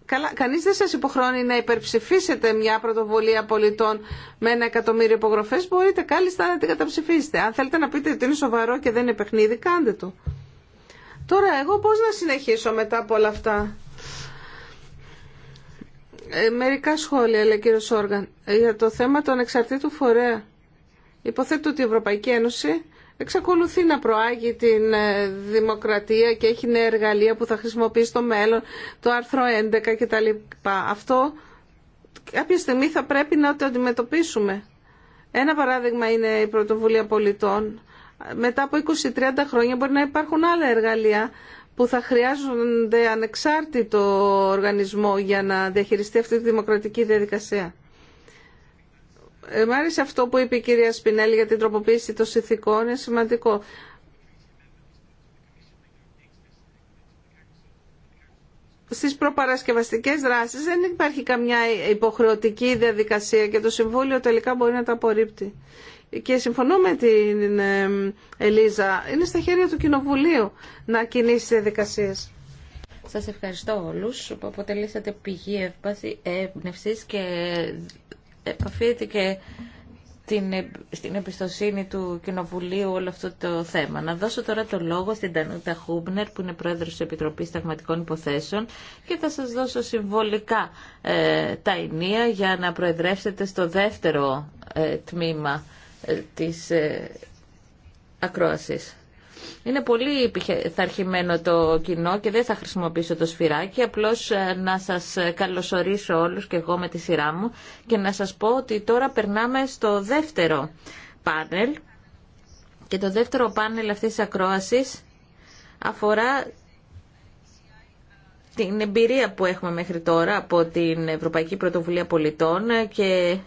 Καλά, κανείς δεν σας υποχρώνει να υπερψηφίσετε μια πρωτοβουλία πολιτών με ένα εκατομμύριο υπογραφέ, μπορείτε κάλλιστα να την καταψηφίσετε. Αν θέλετε να πείτε ότι είναι σοβαρό και δεν είναι παιχνίδι, κάντε το. Τώρα εγώ πώς να συνεχίσω μετά από όλα αυτά. Ε, μερικά σχόλια, λέει κύριο Σόργαν, για το θέμα των εξαρτήτου φορέα. Υποθέτω ότι η Ευρωπαϊκή Ένωση εξακολουθεί να προάγει την ε, δημοκρατία και έχει νέα εργαλεία που θα χρησιμοποιεί στο μέλλον, το άρθρο 11 κτλ. Αυτό κάποια στιγμή θα πρέπει να το αντιμετωπίσουμε. Ένα παράδειγμα είναι η πρωτοβουλία πολιτών. Μετά από 20-30 χρόνια μπορεί να υπάρχουν άλλα εργαλεία που θα χρειάζονται ανεξάρτητο οργανισμό για να διαχειριστεί αυτή τη δημοκρατική διαδικασία. Ε, μ' άρεσε αυτό που είπε η κυρία Σπινέλη για την τροποποίηση των συνθηκών, είναι σημαντικό. Στι προπαρασκευαστικέ δράσει δεν υπάρχει καμιά υποχρεωτική διαδικασία και το Συμβούλιο τελικά μπορεί να τα απορρίπτει. Και συμφωνώ με την ε, Ελίζα, είναι στα χέρια του Κοινοβουλίου να κινήσει διαδικασίε. Σα
ευχαριστώ όλου που αποτελήσατε πηγή έμπνευση και επαφήθηκε την, ε, στην εμπιστοσύνη του Κοινοβουλίου όλο αυτό το θέμα. Να δώσω τώρα το λόγο στην Τανούτα Χούμπνερ που είναι πρόεδρος της Επιτροπής Σταγματικών Υποθέσεων και θα σας δώσω συμβολικά ε, τα ενία για να προεδρεύσετε στο δεύτερο ε, τμήμα ε, της ακρόασης. Είναι πολύ πειθαρχημένο το κοινό και δεν θα χρησιμοποιήσω το σφυράκι, απλώς ε, να σας καλωσορίσω όλους και εγώ με τη σειρά μου και να σας πω ότι τώρα περνάμε στο δεύτερο πάνελ και το δεύτερο πάνελ αυτής τη ακρόαση αφορά την εμπειρία που έχουμε μέχρι τώρα από την Ευρωπαϊκή Πρωτοβουλία Πολιτών και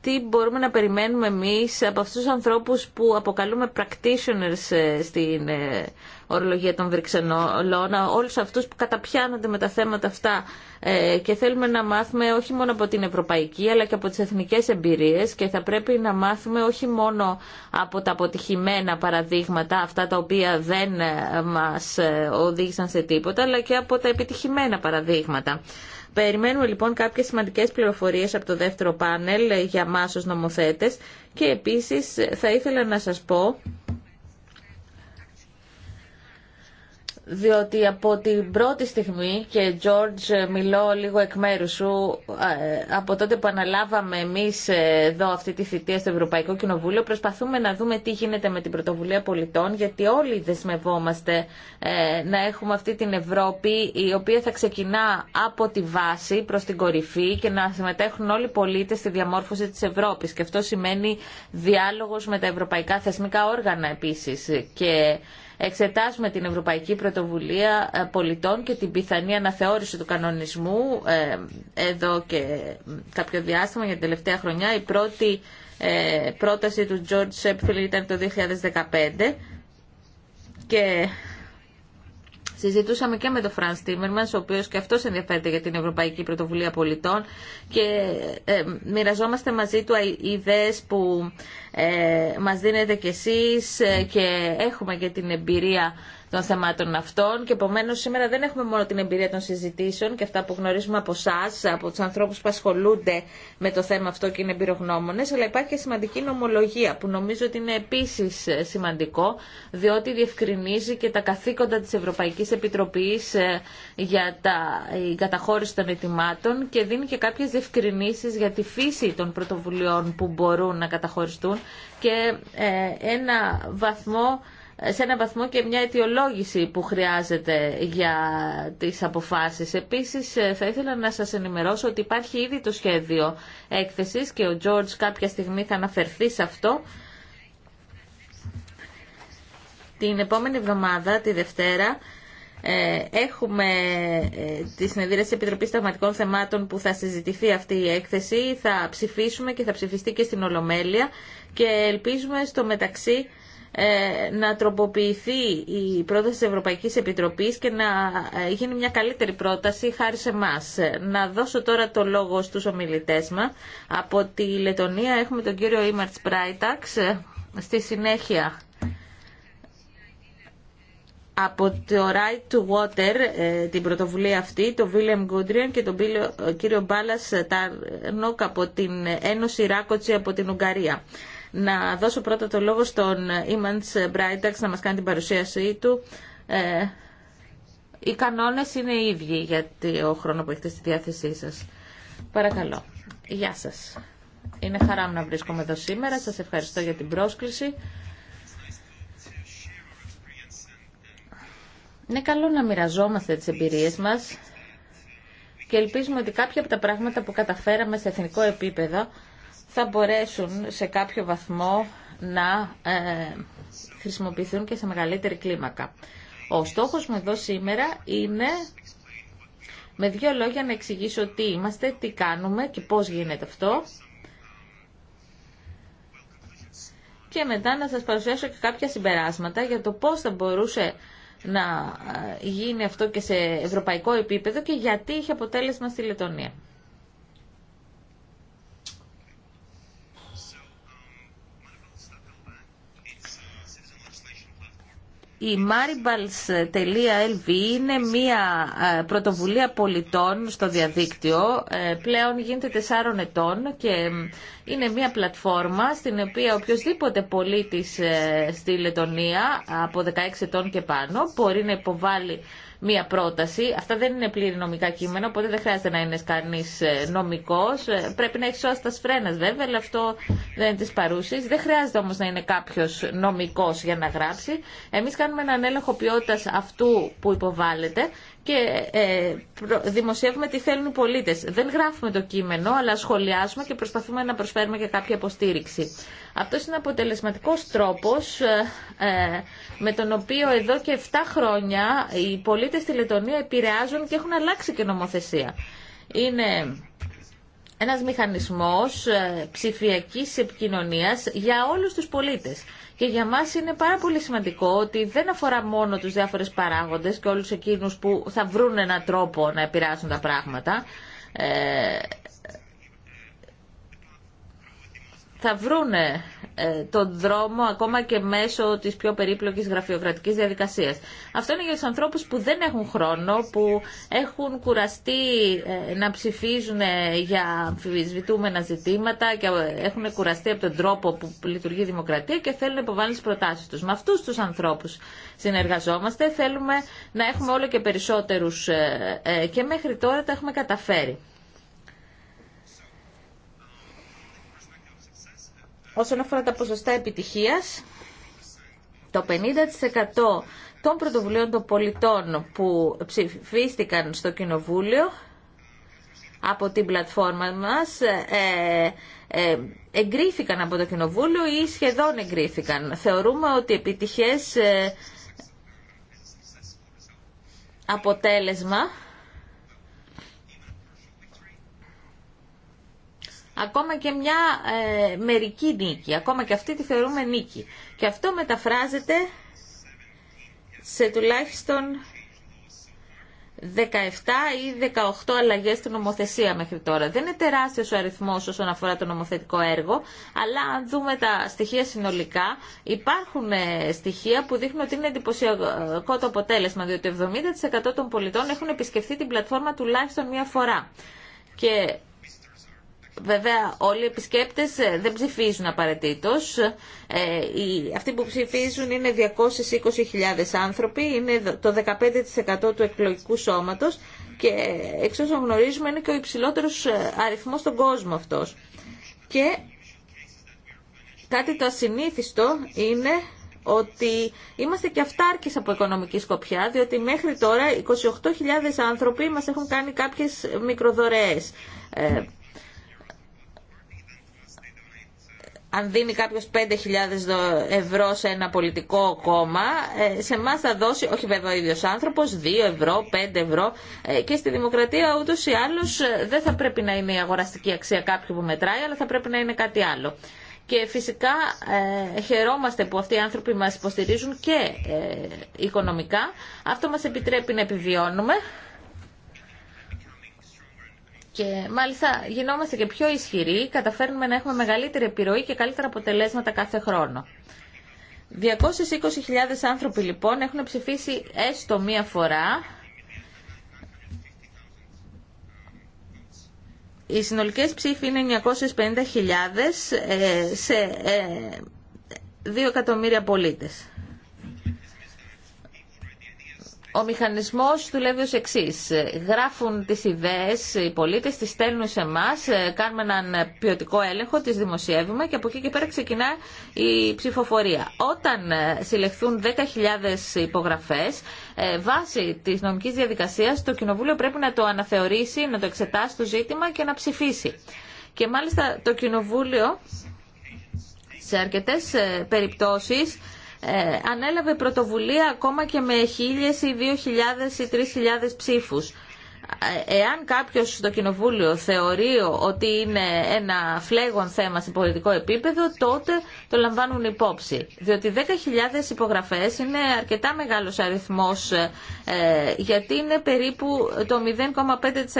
τι μπορούμε να περιμένουμε εμείς από αυτούς τους ανθρώπους που αποκαλούμε practitioners ε, στην ε, ορολογία των Βρυξενών, όλους αυτούς που καταπιάνονται με τα θέματα αυτά ε, και θέλουμε να μάθουμε όχι μόνο από την ευρωπαϊκή αλλά και από τις εθνικές εμπειρίες και θα πρέπει να μάθουμε όχι μόνο από τα αποτυχημένα παραδείγματα, αυτά τα οποία δεν μας οδήγησαν σε τίποτα, αλλά και από τα επιτυχημένα παραδείγματα. Περιμένουμε λοιπόν κάποιες σημαντικές πληροφορίες από το δεύτερο πάνελ για μας ως νομοθέτες και επίσης θα ήθελα να σας πω διότι από την πρώτη στιγμή και Τζόρτζ μιλώ λίγο εκ μέρου σου ε, από τότε που αναλάβαμε εμείς ε, εδώ αυτή τη θητεία στο Ευρωπαϊκό Κοινοβούλιο προσπαθούμε να δούμε τι γίνεται με την πρωτοβουλία πολιτών γιατί όλοι δεσμευόμαστε ε, να έχουμε αυτή την Ευρώπη η οποία θα ξεκινά από τη βάση προς την κορυφή και να συμμετέχουν όλοι οι πολίτες στη διαμόρφωση της Ευρώπης και αυτό σημαίνει διάλογος με τα ευρωπαϊκά θεσμικά όργανα επίσης εξετάζουμε την Ευρωπαϊκή Πρωτοβουλία ε, Πολιτών και την πιθανή αναθεώρηση του κανονισμού ε, εδώ και ε, κάποιο διάστημα για την τελευταία χρονιά. Η πρώτη πρόταση του George Σέπφιλ ήταν το 2015 και Συζητούσαμε και με τον Φραν Τίμερμαν, ο οποίο και αυτό ενδιαφέρεται για την Ευρωπαϊκή Πρωτοβουλία Πολιτών και ε, μοιραζόμαστε μαζί του ιδέε που ε, μα δίνετε κι εσεί ε, και έχουμε και την εμπειρία των θεμάτων αυτών και επομένω σήμερα δεν έχουμε μόνο την εμπειρία των συζητήσεων και αυτά που γνωρίζουμε από εσά, από του ανθρώπου που ασχολούνται με το θέμα αυτό και είναι εμπειρογνώμονε, αλλά υπάρχει και σημαντική νομολογία που νομίζω ότι είναι επίση ε, σημαντικό, διότι διευκρινίζει και τα καθήκοντα τη Ευρωπαϊκή Επιτροπή ε, για τα, η καταχώρηση των ετοιμάτων και δίνει και κάποιε διευκρινήσει για τη φύση των πρωτοβουλειών που μπορούν να καταχωριστούν και ε, ένα βαθμό σε έναν βαθμό και μια αιτιολόγηση που χρειάζεται για τις αποφάσεις. Επίσης ε, θα ήθελα να σας ενημερώσω ότι υπάρχει ήδη το σχέδιο έκθεσης και ο Τζόρτς κάποια στιγμή θα αναφερθεί σε αυτό. Την επόμενη εβδομάδα, τη Δευτέρα, ε, έχουμε ε, τη συνεδρία τη Επιτροπή Σταγματικών Θεμάτων που θα συζητηθεί αυτή η έκθεση. Θα ψηφίσουμε και θα ψηφιστεί και στην Ολομέλεια και ελπίζουμε στο μεταξύ ε, να τροποποιηθεί η πρόταση της Ευρωπαϊκής Επιτροπής και να ε, γίνει μια καλύτερη πρόταση χάρη σε εμά. Να δώσω τώρα το λόγο στους ομιλητές μας. Από τη Λετωνία έχουμε τον κύριο Ήμαρτς Πράιταξ. Στη συνέχεια από το Right to Water, ε, την πρωτοβουλία αυτή, τον Βίλεμ Γκούντριαν και τον κύριο Μπάλας Τάρνοκ από την Ένωση Ράκοτσι από την Ουγγαρία να δώσω πρώτα το λόγο στον Ήμαντς Μπράινταξ να μας κάνει την παρουσίασή του. Ε, οι κανόνες είναι οι ίδιοι για ο χρόνο που έχετε στη διάθεσή σας. Παρακαλώ. Γεια σας. Είναι χαρά μου να βρίσκομαι εδώ σήμερα. Σας ευχαριστώ για την πρόσκληση. Είναι καλό να μοιραζόμαστε τις εμπειρίες μας και ελπίζουμε ότι κάποια από τα πράγματα που καταφέραμε σε εθνικό επίπεδο θα μπορέσουν σε κάποιο βαθμό να ε, χρησιμοποιηθούν και σε μεγαλύτερη κλίμακα. Ο στόχος μου εδώ σήμερα είναι με δύο λόγια να εξηγήσω τι είμαστε, τι κάνουμε και πώς γίνεται αυτό. Και μετά να σας παρουσιάσω και κάποια συμπεράσματα για το πώς θα μπορούσε να ε, γίνει αυτό και σε ευρωπαϊκό επίπεδο και γιατί είχε αποτέλεσμα στη Λετωνία. Η Maribals.lv είναι μια ε, πρωτοβουλία πολιτών στο διαδίκτυο, ε, πλέον γίνεται τεσσάρων ετών και είναι μια πλατφόρμα στην οποία οποιοδήποτε πολίτης ε, στη Λετωνία από 16 ετών και πάνω μπορεί να υποβάλει μία πρόταση. Αυτά δεν είναι πλήρη νομικά κείμενα, οπότε δεν χρειάζεται να είναι κανεί ε, νομικό. Ε, πρέπει να έχει σώσει τα βέβαια, αλλά αυτό δεν είναι τη παρούση. Δεν χρειάζεται όμω να είναι κάποιο νομικό για να γράψει. Εμεί κάνουμε έναν έλεγχο ποιότητα αυτού που υποβάλλεται και ε, δημοσιεύουμε τι θέλουν οι πολίτες. Δεν γράφουμε το κείμενο, αλλά σχολιάζουμε και προσπαθούμε να προσφέρουμε και κάποια υποστήριξη. Αυτό είναι αποτελεσματικός τρόπος ε, ε, με τον οποίο εδώ και 7 χρόνια οι πολίτες στη Λετωνία επηρεάζουν και έχουν αλλάξει και νομοθεσία. Είναι ένας μηχανισμός ψηφιακής επικοινωνίας για όλους τους πολίτες. Και για μα είναι πάρα πολύ σημαντικό ότι δεν αφορά μόνο τους διάφορες παράγοντες και όλους εκείνους που θα βρουν έναν τρόπο να επηρεάσουν τα πράγματα. Ε, θα βρούνε ε, τον δρόμο ακόμα και μέσω της πιο περίπλοκης γραφειοκρατικής διαδικασίας. Αυτό είναι για τους ανθρώπους που δεν έχουν χρόνο, που έχουν κουραστεί ε, να ψηφίζουν ε, για αμφισβητούμενα ζητήματα και έχουν κουραστεί από τον τρόπο που λειτουργεί η δημοκρατία και θέλουν να υποβάλουν τις προτάσεις τους. Με αυτούς τους ανθρώπους συνεργαζόμαστε, θέλουμε να έχουμε όλο και περισσότερους και μέχρι τώρα τα έχουμε καταφέρει. Όσον αφορά τα ποσοστά επιτυχίας, το 50% των πρωτοβουλίων των πολιτών που ψηφίστηκαν στο Κοινοβούλιο από την πλατφόρμα μας ε, ε, εγκρίθηκαν από το Κοινοβούλιο ή σχεδόν εγκρίθηκαν. Θεωρούμε ότι επιτυχές ε, αποτέλεσμα ακόμα και μια ε, μερική νίκη. Ακόμα και αυτή τη θεωρούμε νίκη. Και αυτό μεταφράζεται σε τουλάχιστον 17 ή 18 αλλαγές στην νομοθεσία μέχρι τώρα. Δεν είναι τεράστιος ο αριθμός όσον αφορά το νομοθετικό έργο, αλλά αν δούμε τα στοιχεία συνολικά, υπάρχουν ε, στοιχεία που δείχνουν ότι είναι εντυπωσιακό το αποτέλεσμα, διότι 70% των πολιτών έχουν επισκεφθεί την πλατφόρμα τουλάχιστον μία φορά. Και Βέβαια, όλοι οι επισκέπτες ε, δεν ψηφίζουν απαραίτητο. Ε, αυτοί που ψηφίζουν είναι 220.000 άνθρωποι, είναι το 15% του εκλογικού σώματος και εξ όσων γνωρίζουμε είναι και ο υψηλότερος ε, αριθμός στον κόσμο αυτός. Και κάτι το ασυνήθιστο είναι ότι είμαστε και αυτάρκες από οικονομική σκοπιά, διότι μέχρι τώρα 28.000 άνθρωποι μας έχουν κάνει κάποιες μικροδωρεές. αν δίνει κάποιος 5.000 ευρώ σε ένα πολιτικό κόμμα, ε, σε εμά θα δώσει, όχι βέβαια ο ίδιος άνθρωπος, 2 ευρώ, 5 ευρώ ε, και στη δημοκρατία ούτως ή άλλως ε, δεν θα πρέπει να είναι η αγοραστική αξία κάποιου που μετράει, αλλά θα πρέπει να είναι κάτι άλλο. Και φυσικά ε, χαιρόμαστε που αυτοί οι άνθρωποι μας υποστηρίζουν και οικονομικά. Αυτό μας επιτρέπει να επιβιώνουμε και μάλιστα γινόμαστε και πιο ισχυροί, καταφέρνουμε να έχουμε μεγαλύτερη επιρροή και καλύτερα αποτελέσματα κάθε χρόνο. 220.000 άνθρωποι λοιπόν έχουν ψηφίσει έστω μία φορά. Οι συνολικές ψήφοι είναι 950.000 ε, σε 2 ε, εκατομμύρια πολίτες. Ο μηχανισμός δουλεύει ω εξής. Γράφουν τις ιδέε οι πολίτες, τις στέλνουν σε εμά, ε, κάνουμε έναν ποιοτικό έλεγχο, τι δημοσιεύουμε και από εκεί και πέρα ξεκινά η ψηφοφορία. Όταν ε, συλλεχθούν 10.000 υπογραφές, ε, βάσει τη νομικής διαδικασίας το Κοινοβούλιο πρέπει να το αναθεωρήσει, να το εξετάσει το ζήτημα και να ψηφίσει. Και μάλιστα το Κοινοβούλιο σε αρκετές περιπτώσεις ε, ανέλαβε πρωτοβουλία ακόμα και με χίλιες ή δύο χιλιάδες ή τρεις χιλιάδες ψήφους εάν κάποιος στο Κοινοβούλιο θεωρεί ότι είναι ένα φλέγον θέμα σε πολιτικό επίπεδο, τότε το λαμβάνουν υπόψη. Διότι 10.000 υπογραφέ είναι αρκετά μεγάλος αριθμός, ε, γιατί είναι περίπου το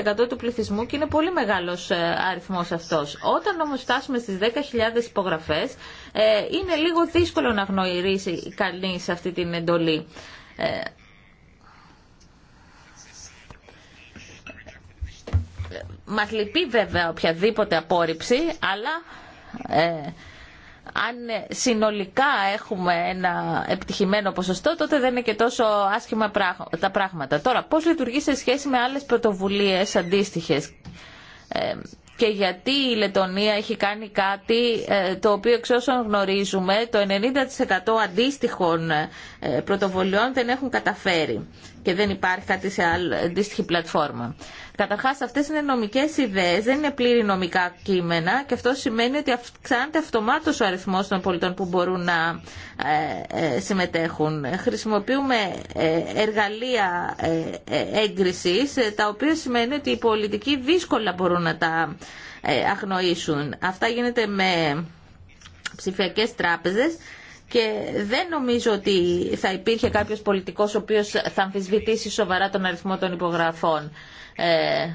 0,5% του πληθυσμού και είναι πολύ μεγάλος ε, αριθμός αυτός. Όταν όμω φτάσουμε στις 10.000 υπογραφές, ε, είναι λίγο δύσκολο να γνωρίσει κανεί αυτή την εντολή. μα λυπεί βέβαια οποιαδήποτε απόρριψη, αλλά ε, αν συνολικά έχουμε ένα επιτυχημένο ποσοστό, τότε δεν είναι και τόσο άσχημα τα πράγματα. Τώρα, πώς λειτουργεί σε σχέση με άλλες πρωτοβουλίες αντίστοιχες ε, και γιατί η Λετωνία έχει κάνει κάτι ε, το οποίο εξ όσων γνωρίζουμε, το 90% αντίστοιχων πρωτοβολιών δεν έχουν καταφέρει και δεν υπάρχει κάτι σε αντίστοιχη πλατφόρμα. Καταρχάς αυτές είναι νομικές ιδέες, δεν είναι πλήρη νομικά κείμενα και αυτό σημαίνει ότι αυξάνεται αυτομάτως ο αριθμός των πολιτών που μπορούν να ε, ε, συμμετέχουν. Χρησιμοποιούμε ε, εργαλεία έγκρισης, τα οποία σημαίνει ότι οι πολιτικοί δύσκολα μπορούν να τα αγνοήσουν. Αυτά γίνεται με ψηφιακές τράπεζες και δεν νομίζω ότι θα υπήρχε κάποιος πολιτικός ο οποίος θα αμφισβητήσει σοβαρά τον αριθμό των υπογραφών. Ε,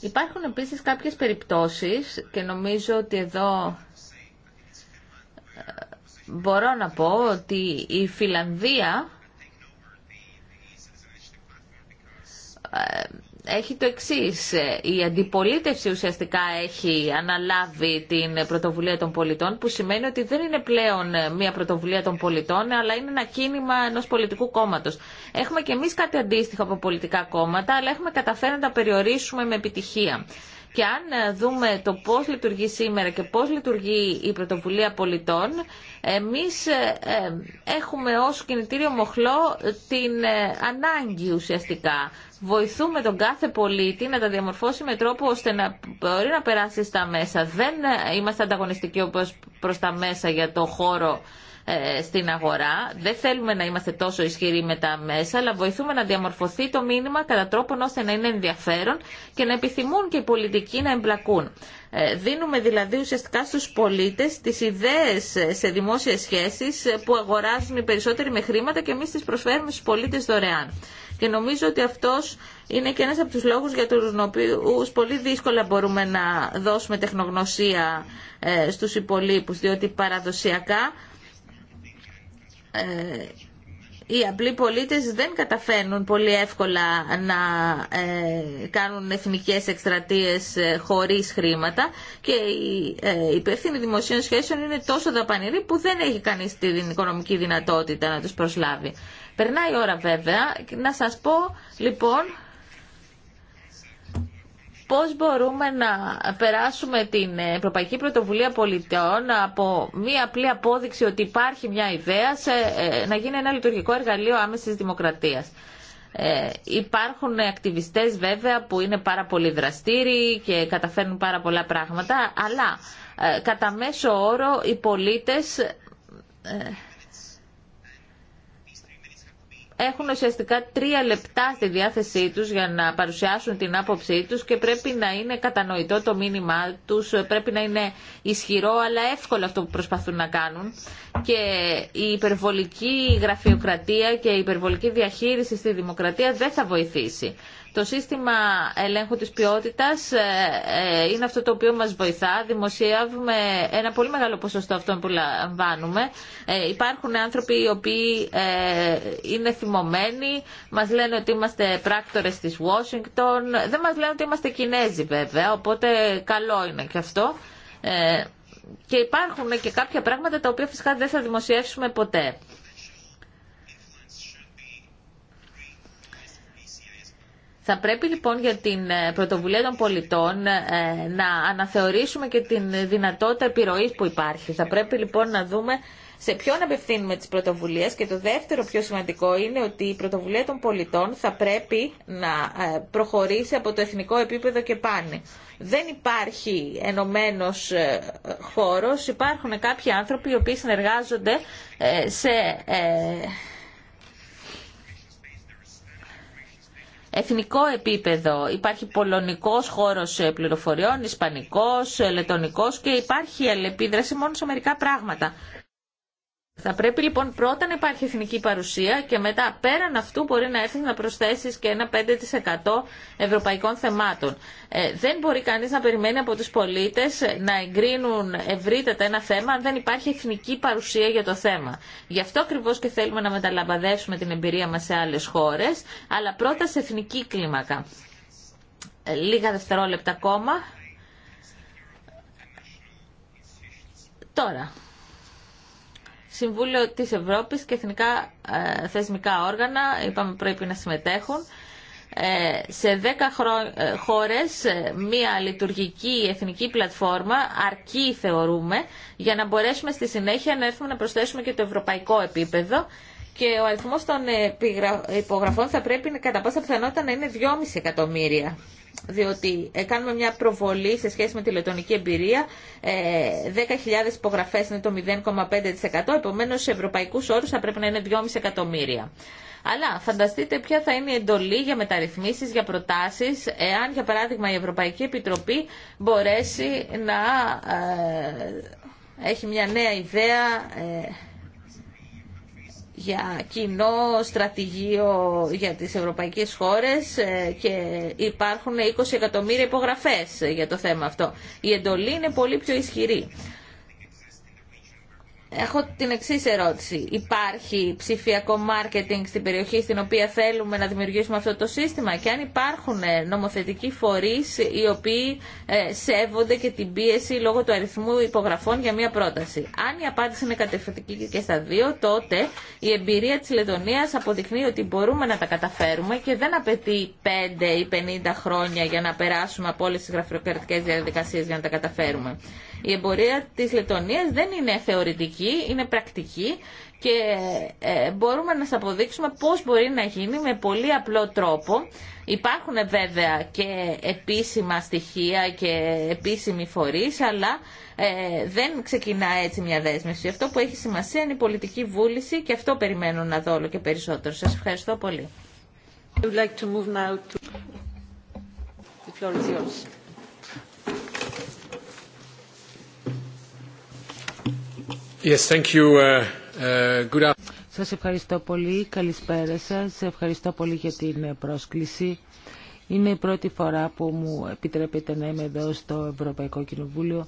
Υπάρχουν επίσης κάποιες περιπτώσεις και νομίζω ότι εδώ ε, μπορώ να πω ότι η Φιλανδία Ε, έχει το εξή. Ε, η αντιπολίτευση ουσιαστικά έχει αναλάβει την πρωτοβουλία των πολιτών, που σημαίνει ότι δεν είναι πλέον μια πρωτοβουλία των πολιτών, αλλά είναι ένα κίνημα ενό πολιτικού κόμματο. Έχουμε και εμεί κάτι αντίστοιχο από πολιτικά κόμματα, αλλά έχουμε καταφέρει να τα περιορίσουμε με επιτυχία. Και αν ε, δούμε το πώς λειτουργεί σήμερα και πώς λειτουργεί η πρωτοβουλία πολιτών, εμείς ε, ε, έχουμε ως κινητήριο μοχλό την ανάγκη ουσιαστικά. Βοηθούμε τον κάθε πολίτη να τα διαμορφώσει με τρόπο ώστε να μπορεί να περάσει στα μέσα. Δεν είμαστε ανταγωνιστικοί όπως προς τα μέσα για το χώρο ε, στην αγορά. Δεν θέλουμε να είμαστε τόσο ισχυροί με τα μέσα, αλλά βοηθούμε να διαμορφωθεί το μήνυμα κατά τρόπον ώστε να είναι ενδιαφέρον και να επιθυμούν και οι πολιτικοί να εμπλακούν. Ε, δίνουμε δηλαδή ουσιαστικά στους πολίτες τις ιδέες ε, σε δημόσιες σχέσεις που αγοράζουν οι περισσότεροι με χρήματα και εμείς τις προσφέρουμε στους πολίτες δωρεάν. Και νομίζω ότι αυτός είναι και ένας από τους λόγους για τους οποίους πολύ δύσκολα μπορούμε να δώσουμε τεχνογνωσία στους υπολείπους, διότι παραδοσιακά ε, οι απλοί πολίτες δεν καταφέρνουν πολύ εύκολα να ε, κάνουν εθνικές εκστρατείες ε, χωρίς χρήματα και η ε, υπεύθυνη δημοσίων σχέσεων είναι τόσο δαπανηρή που δεν έχει κανείς την οικονομική δυνατότητα να τους προσλάβει. Περνάει η ώρα βέβαια. Να σας πω λοιπόν πώς μπορούμε να περάσουμε την Ευρωπαϊκή Πρωτοβουλία Πολιτών από μία απλή απόδειξη ότι υπάρχει μια ιδέα σε, ε, να γίνει ένα λειτουργικό εργαλείο άμεσης δημοκρατίας. Ε, υπάρχουν ακτιβιστές βέβαια που είναι πάρα πολύ δραστήριοι και καταφέρνουν πάρα πολλά πράγματα, αλλά ε, κατά μέσο όρο οι πολίτες... Ε, έχουν ουσιαστικά τρία λεπτά στη διάθεσή τους για να παρουσιάσουν την άποψή τους και πρέπει να είναι κατανοητό το μήνυμά τους, πρέπει να είναι ισχυρό αλλά εύκολο αυτό που προσπαθούν να κάνουν και η υπερβολική γραφειοκρατία και η υπερβολική διαχείριση στη δημοκρατία δεν θα βοηθήσει. Το σύστημα ελέγχου της ποιότητας ε, ε, είναι αυτό το οποίο μας βοηθά. Δημοσιεύουμε ένα πολύ μεγάλο ποσοστό αυτών που λαμβάνουμε. Ε, υπάρχουν άνθρωποι οι οποίοι είναι θυμωμένοι, μας λένε ότι είμαστε πράκτορες της Washington, δεν μας λένε ότι είμαστε Κινέζοι βέβαια, οπότε καλό είναι και αυτό. Και υπάρχουν και κάποια πράγματα τα οποία φυσικά δεν θα δημοσιεύσουμε ποτέ. Θα πρέπει λοιπόν για την ε, πρωτοβουλία των πολιτών ε, να αναθεωρήσουμε και την δυνατότητα επιρροής που υπάρχει. Θα πρέπει λοιπόν να δούμε σε ποιον απευθύνουμε τις πρωτοβουλίες και το δεύτερο πιο σημαντικό είναι ότι η πρωτοβουλία των πολιτών θα πρέπει να ε, προχωρήσει από το εθνικό επίπεδο και πάνε. Δεν υπάρχει ενωμένος χώρος, υπάρχουν κάποιοι άνθρωποι οι οποίοι συνεργάζονται σε εθνικό επίπεδο υπάρχει πολωνικός χώρος ε, πληροφοριών, ισπανικός, ε, λετονικός και υπάρχει αλληλεπίδραση μόνο σε μερικά πράγματα. Θα πρέπει λοιπόν πρώτα να υπάρχει εθνική παρουσία και μετά πέραν αυτού μπορεί να έρθει να προσθέσει και ένα 5% ευρωπαϊκών θεμάτων. Ε, δεν μπορεί κανείς να περιμένει από τους πολίτες να εγκρίνουν ευρύτατα ένα θέμα αν δεν υπάρχει εθνική παρουσία για το θέμα. Γι' αυτό ακριβώ και θέλουμε να μεταλαμπαδεύσουμε την εμπειρία μας σε άλλες χώρες, αλλά πρώτα σε εθνική κλίμακα. Ε, λίγα δευτερόλεπτα ακόμα. Τώρα, Συμβούλιο της Ευρώπης και εθνικά ε, θεσμικά όργανα, είπαμε πρέπει να συμμετέχουν. Ε, σε 10 ε, χώρες μία λειτουργική εθνική πλατφόρμα αρκεί θεωρούμε για να μπορέσουμε στη συνέχεια να έρθουμε να προσθέσουμε και το ευρωπαϊκό επίπεδο και ο αριθμός των υπογραφών θα πρέπει κατά πάσα πιθανότητα να είναι 2,5 εκατομμύρια διότι κάνουμε μια προβολή σε σχέση με τη λετωνική εμπειρία. 10.000 ε, υπογραφέ είναι το 0,5%, επομένω σε ευρωπαϊκού όρου θα πρέπει να είναι 2,5 εκατομμύρια. Αλλά φανταστείτε ποια θα είναι η εντολή για μεταρρυθμίσεις, για προτάσεις, εάν για παράδειγμα η Ευρωπαϊκή Επιτροπή μπορέσει να ε, έχει μια νέα ιδέα ε, για κοινό στρατηγείο για τις ευρωπαϊκές χώρες ε, και υπάρχουν 20 εκατομμύρια υπογραφές για το θέμα αυτό. Η εντολή είναι πολύ πιο ισχυρή. Έχω την εξή ερώτηση. Υπάρχει ψηφιακό μάρκετινγκ στην περιοχή στην οποία θέλουμε να δημιουργήσουμε αυτό το σύστημα και αν υπάρχουν ε, νομοθετικοί φορεί οι οποίοι ε, σέβονται και την πίεση λόγω του αριθμού υπογραφών για μία πρόταση. Αν η απάντηση είναι κατευθυντική και στα δύο, τότε η εμπειρία τη Λετωνία αποδεικνύει ότι μπορούμε να τα καταφέρουμε και δεν απαιτεί 5 ή 50 χρόνια για να περάσουμε από όλε τι γραφειοκρατικέ διαδικασίε για να τα καταφέρουμε. Η εμπορία της Λετωνίας δεν είναι θεωρητική, είναι πρακτική και ε, μπορούμε να σας αποδείξουμε πώς μπορεί να γίνει με πολύ απλό τρόπο. Υπάρχουν βέβαια και επίσημα στοιχεία και επίσημοι φορείς, αλλά ε, δεν ξεκινά έτσι μια δέσμευση. Αυτό που έχει σημασία είναι η πολιτική βούληση και αυτό περιμένω να δω όλο και περισσότερο. Σας ευχαριστώ πολύ.
Yes, uh, uh, σας ευχαριστώ πολύ. Καλησπέρα σας. Ευχαριστώ πολύ για την ε, πρόσκληση. Είναι η πρώτη φορά που μου επιτρέπετε να είμαι εδώ στο Ευρωπαϊκό Κοινοβούλιο.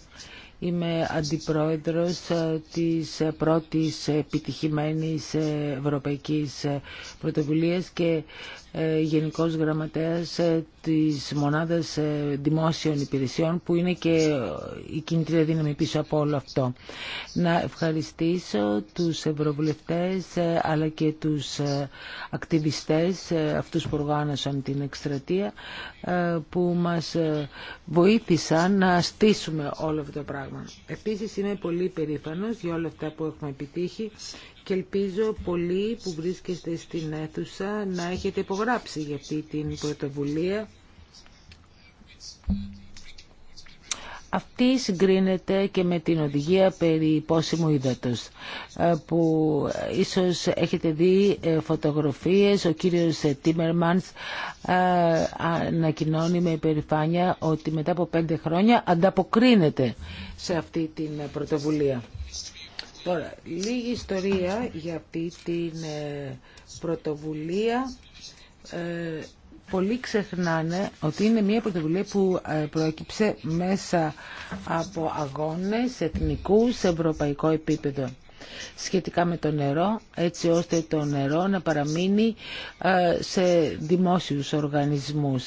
Είμαι αντιπρόεδρος ε, της ε, πρώτης επιτυχημένης ευρωπαϊκής πρωτοβουλίας και ε, Γενικός Γραμματέας ε, της Μονάδας ε, Δημόσιων Υπηρεσιών που είναι και η κινητήρια δύναμη πίσω από όλο αυτό. Να ευχαριστήσω τους ευρωβουλευτές αλλά και τους ακτιβιστές, αυτούς που οργάνωσαν την εκστρατεία που μας βοήθησαν να στήσουμε όλο αυτό το πράγμα. Επίσης είμαι πολύ περήφανος για όλα αυτά που έχουμε επιτύχει και ελπίζω πολλοί που βρίσκεστε στην αίθουσα να έχετε υπογράψει για αυτή την πρωτοβουλία. Αυτή συγκρίνεται και με την οδηγία περί πόσιμου ύδατος ε, που ίσως έχετε δει ε, φωτογραφίες. Ο κύριος ε, Τίμερμανς ανακοινώνει με υπερηφάνεια ότι μετά από πέντε χρόνια ανταποκρίνεται σε αυτή την πρωτοβουλία. Τώρα, λίγη ιστορία για αυτή την ε, πρωτοβουλία. Ε, πολλοί ξεχνάνε ότι είναι μια πρωτοβουλία που ε, προέκυψε μέσα από αγώνες εθνικού σε ευρωπαϊκό επίπεδο σχετικά με το νερό, έτσι ώστε το νερό να παραμείνει σε δημόσιους οργανισμούς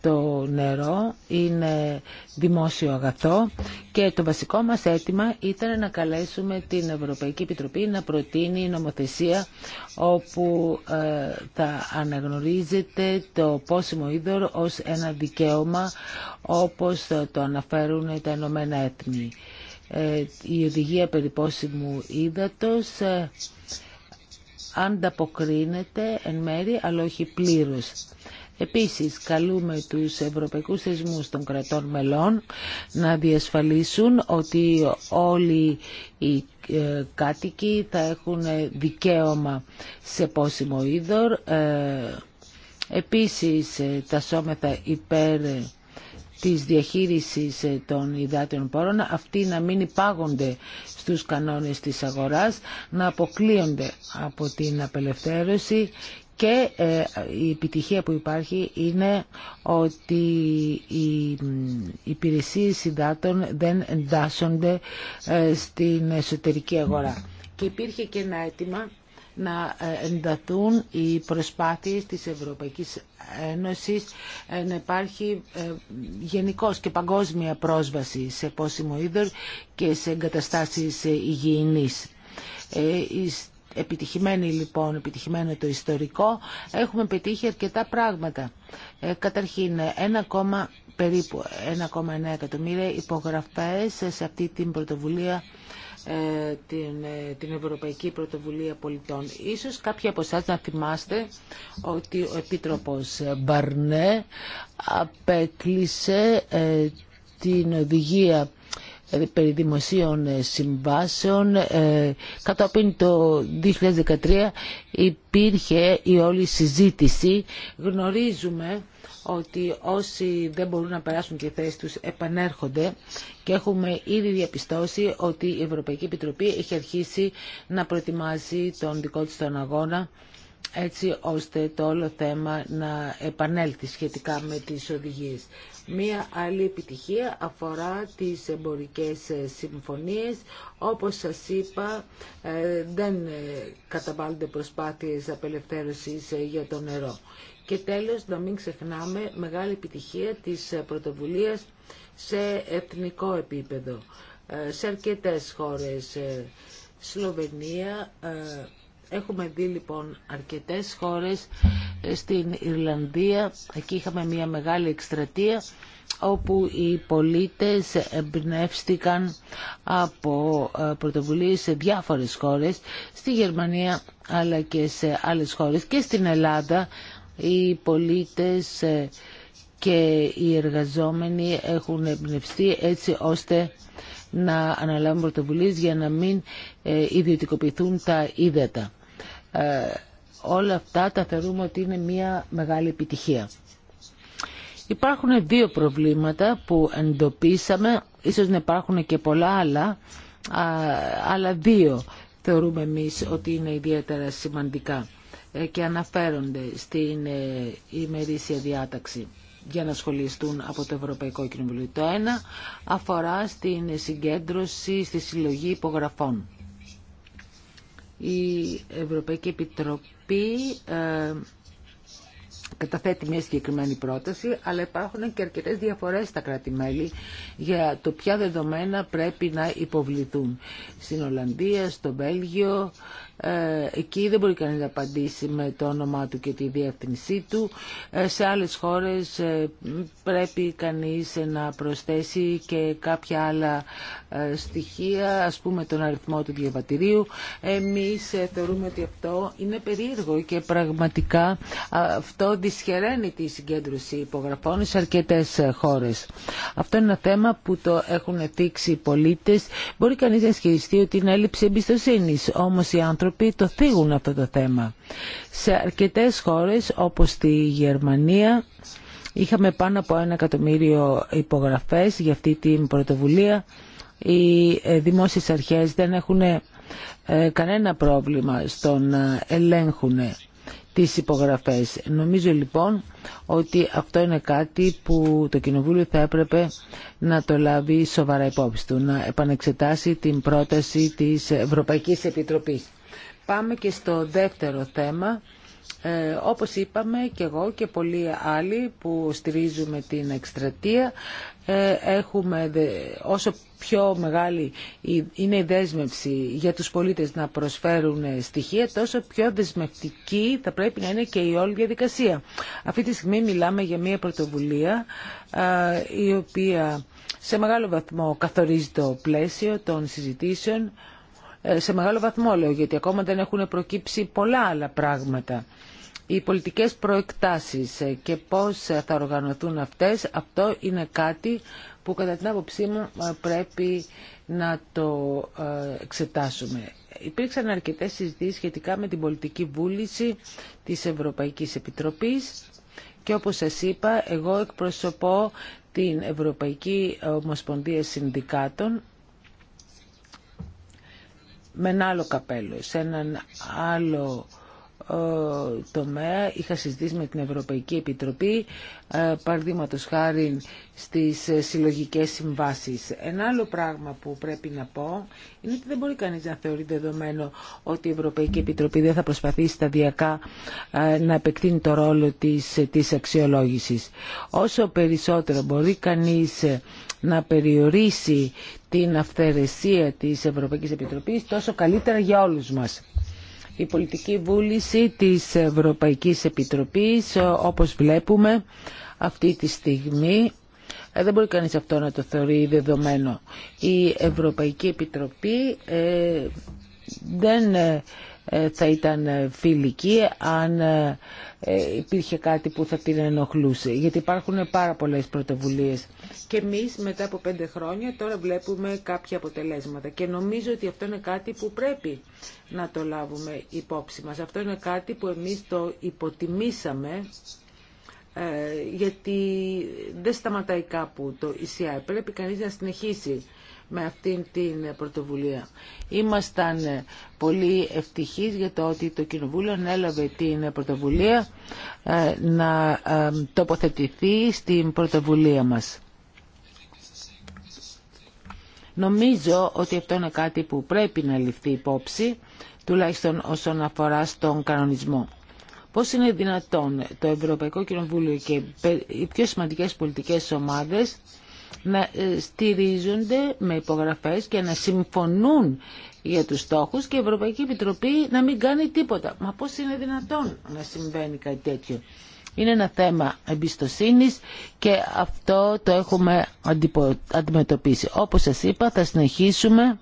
το νερό είναι δημόσιο αγαθό και το βασικό μας αίτημα ήταν να καλέσουμε την Ευρωπαϊκή Επιτροπή να προτείνει νομοθεσία όπου ε, θα αναγνωρίζεται το πόσιμο είδωρο ως ένα δικαίωμα όπως το αναφέρουν τα Ηνωμένα Έθνη. Ε, η οδηγία περί πόσιμου ύδατος ε, ανταποκρίνεται εν μέρη αλλά όχι πλήρως. Επίσης, καλούμε τους ευρωπαϊκούς θεσμούς των κρατών μελών να διασφαλίσουν ότι όλοι οι ε, κάτοικοι θα έχουν δικαίωμα σε πόσιμο είδωρ. Ε, επίσης, ε, τα σώματα υπέρ της διαχείρισης των υδάτιων πόρων, αυτοί να μην υπάγονται στους κανόνες της αγοράς, να αποκλείονται από την απελευθέρωση και ε, η επιτυχία που υπάρχει είναι ότι οι υπηρεσίες συντάτων δεν εντάσσονται ε, στην εσωτερική αγορά. Και υπήρχε και ένα αίτημα να ε, ενταθούν οι προσπάθειες της Ευρωπαϊκής Ένωσης να υπάρχει γενικώ και παγκόσμια πρόσβαση σε πόσιμο είδος και σε εγκαταστάσεις υγιεινής. Επιτυχημένη λοιπόν, επιτυχημένο το ιστορικό, έχουμε πετύχει αρκετά πράγματα. Ε, καταρχήν, ένα κόμμα, περίπου 1,9 εκατομμύρια υπογραφές σε αυτή την πρωτοβουλία ε, ε, την, Ευρωπαϊκή Πρωτοβουλία Πολιτών. Ίσως κάποιοι από εσάς να θυμάστε ότι ο Επίτροπος Μπαρνέ απέκλεισε την οδηγία ε, περί δημοσίων ε, συμβάσεων ε, κατόπιν το 2013 υπήρχε η όλη συζήτηση γνωρίζουμε ότι όσοι δεν μπορούν να περάσουν και θέσει τους επανέρχονται και έχουμε ήδη διαπιστώσει ότι η Ευρωπαϊκή Επιτροπή έχει αρχίσει να προετοιμάζει τον δικό της τον αγώνα έτσι ώστε το όλο θέμα να επανέλθει σχετικά με τις οδηγίες. Μία άλλη επιτυχία αφορά τις εμπορικές ε, συμφωνίες. Όπως σας είπα, ε, δεν ε, καταβάλλονται προσπάθειες απελευθέρωσης για το νερό. Και τέλος, να μην ξεχνάμε μεγάλη επιτυχία της πρωτοβουλίας σε εθνικό επίπεδο. Σε αρκετές χώρες, Σλοβενία, Έχουμε δει λοιπόν αρκετές χώρες ε, στην Ιρλανδία, εκεί είχαμε μια μεγάλη εκστρατεία όπου οι πολίτες εμπνεύστηκαν από ε, πρωτοβουλίες σε διάφορες χώρες, στη Γερμανία αλλά και σε άλλες χώρες και στην Ελλάδα οι πολίτες ε, και οι εργαζόμενοι έχουν εμπνευστεί έτσι ώστε να αναλάβουν πρωτοβουλίες για να μην ιδιωτικοποιηθούν τα ύδατα. Ε, όλα αυτά τα θεωρούμε ότι είναι μια μεγάλη επιτυχία. Υπάρχουν δύο προβλήματα που εντοπίσαμε, ίσως να υπάρχουν και πολλά άλλα, αλλά δύο θεωρούμε εμείς ότι είναι ιδιαίτερα σημαντικά ε, και αναφέρονται στην ε, ημερήσια διάταξη για να σχολιστούν από το Ευρωπαϊκό Κοινοβουλίο. Το ένα αφορά στην συγκέντρωση, στη συλλογή υπογραφών. Η Ευρωπαϊκή Επιτροπή ε, καταθέτει μια συγκεκριμένη πρόταση, αλλά υπάρχουν και αρκετές διαφορές στα κράτη-μέλη για το ποια δεδομένα πρέπει να υποβληθούν. Στην Ολλανδία, στο Βέλγιο, ε, εκεί δεν μπορεί κανείς να απαντήσει με το όνομά του και τη διεύθυνσή του. Ε, σε άλλες χώρες ε, πρέπει κανείς να προσθέσει και κάποια άλλα στοιχεία, ας πούμε τον αριθμό του διαβατηρίου. Εμείς θεωρούμε ότι αυτό είναι περίεργο και πραγματικά αυτό δυσχεραίνει τη συγκέντρωση υπογραφών σε αρκετές χώρες. Αυτό είναι ένα θέμα που το έχουν θίξει οι πολίτες. Μπορεί κανείς να ισχυριστεί ότι είναι έλλειψη εμπιστοσύνης, όμως οι το θίγουν αυτό το θέμα. Σε αρκετές χώρες όπως τη Γερμανία είχαμε πάνω από ένα εκατομμύριο υπογραφές για αυτή την πρωτοβουλία. Οι ε, δημόσιες αρχές δεν έχουν ε, κανένα πρόβλημα στο να ελέγχουν τις υπογραφές. Νομίζω λοιπόν ότι αυτό είναι κάτι που το Κοινοβούλιο θα έπρεπε να το λάβει σοβαρά υπόψη του, να επανεξετάσει την πρόταση της Ευρωπαϊκής Επιτροπής. Πάμε και στο δεύτερο θέμα. Ε, όπως είπαμε και εγώ και πολλοί άλλοι που στηρίζουμε την εκστρατεία, ε, έχουμε όσο πιο μεγάλη είναι η δέσμευση για τους πολίτες να προσφέρουν στοιχεία, τόσο πιο δεσμευτική θα πρέπει να είναι και η όλη διαδικασία. Αυτή τη στιγμή μιλάμε για μια πρωτοβουλία ε, η οποία σε μεγάλο βαθμό καθορίζει το πλαίσιο των συζητήσεων ε, σε μεγάλο βαθμό λέω, γιατί ακόμα δεν έχουν προκύψει πολλά άλλα πράγματα. Οι πολιτικές προεκτάσεις ε, και πώς ε, θα οργανωθούν αυτές, αυτό είναι κάτι που κατά την άποψή μου πρέπει να το εξετάσουμε. Υπήρξαν αρκετές συζητήσεις σχετικά με την πολιτική βούληση της Ευρωπαϊκής Επιτροπής και όπως σας είπα, εγώ εκπροσωπώ την Ευρωπαϊκή Ομοσπονδία Συνδικάτων με ένα άλλο καπέλο, σε έναν άλλο τομέα είχα συζητήσει με την Ευρωπαϊκή Επιτροπή ε, παραδείγματος χάρη στις ε, συλλογικές συμβάσεις. Ένα άλλο πράγμα που πρέπει να πω είναι ότι δεν μπορεί κανείς να θεωρεί δεδομένο ότι η Ευρωπαϊκή Επιτροπή δεν θα προσπαθήσει σταδιακά ε, να επεκτείνει το ρόλο της, της αξιολόγησης. Όσο περισσότερο μπορεί κανείς να περιορίσει την αυθαιρεσία της Ευρωπαϊκής Επιτροπής τόσο καλύτερα για όλους μας. Η πολιτική βούληση της Ευρωπαϊκής Επιτροπής, όπως βλέπουμε αυτή τη στιγμή, ε, δεν μπορεί κανείς αυτό να το θεωρεί δεδομένο. Η Ευρωπαϊκή Επιτροπή ε, δεν ε, ε, θα ήταν ε, φιλική αν ε, υπήρχε κάτι που θα την ενοχλούσε. Γιατί υπάρχουν πάρα πολλές πρωτοβουλίες. Και εμείς μετά από πέντε χρόνια τώρα βλέπουμε κάποια αποτελέσματα. Και νομίζω ότι αυτό είναι κάτι που πρέπει να το λάβουμε υπόψη μας. Αυτό είναι κάτι που εμείς το υποτιμήσαμε γιατί δεν σταματάει κάπου το ECI. Πρέπει κανείς να συνεχίσει με αυτή την πρωτοβουλία. Ήμασταν πολύ ευτυχείς για το ότι το Κοινοβούλιο ανέλαβε την πρωτοβουλία ε, να ε, τοποθετηθεί στην πρωτοβουλία μας. Νομίζω ότι αυτό είναι κάτι που πρέπει να ληφθεί υπόψη, τουλάχιστον όσον αφορά στον κανονισμό. Πώς είναι δυνατόν το Ευρωπαϊκό Κοινοβούλιο και οι πιο σημαντικές πολιτικές ομάδες να ε, στηρίζονται με υπογραφές και να συμφωνούν για τους στόχους και η Ευρωπαϊκή Επιτροπή να μην κάνει τίποτα. Μα πώς είναι δυνατόν να συμβαίνει κάτι τέτοιο. Είναι ένα θέμα εμπιστοσύνης και αυτό το έχουμε αντιμετωπίσει. Όπως σας είπα θα συνεχίσουμε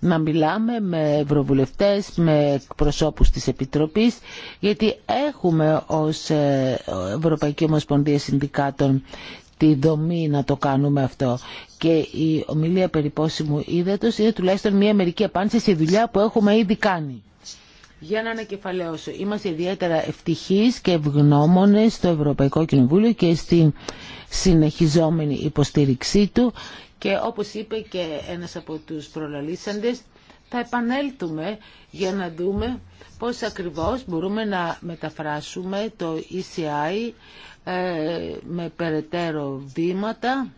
να μιλάμε με ευρωβουλευτές, με προσώπους της Επιτροπής, γιατί έχουμε ως ε, Ευρωπαϊκή Ομοσπονδία Συνδικάτων τη δομή να το κάνουμε αυτό. Και η ομιλία περί πόσιμου ύδατος είναι τουλάχιστον μια μερική απάντηση στη δουλειά που έχουμε ήδη κάνει. Για να ανακεφαλαιώσω, είμαστε ιδιαίτερα ευτυχείς και ευγνώμονες στο Ευρωπαϊκό Κοινοβούλιο και στην συνεχιζόμενη υποστήριξή του και όπως είπε και ένας από τους προλαλήσαντες, θα επανέλθουμε για να δούμε πώς ακριβώς μπορούμε να μεταφράσουμε το ECI ε, με περαιτέρω βήματα.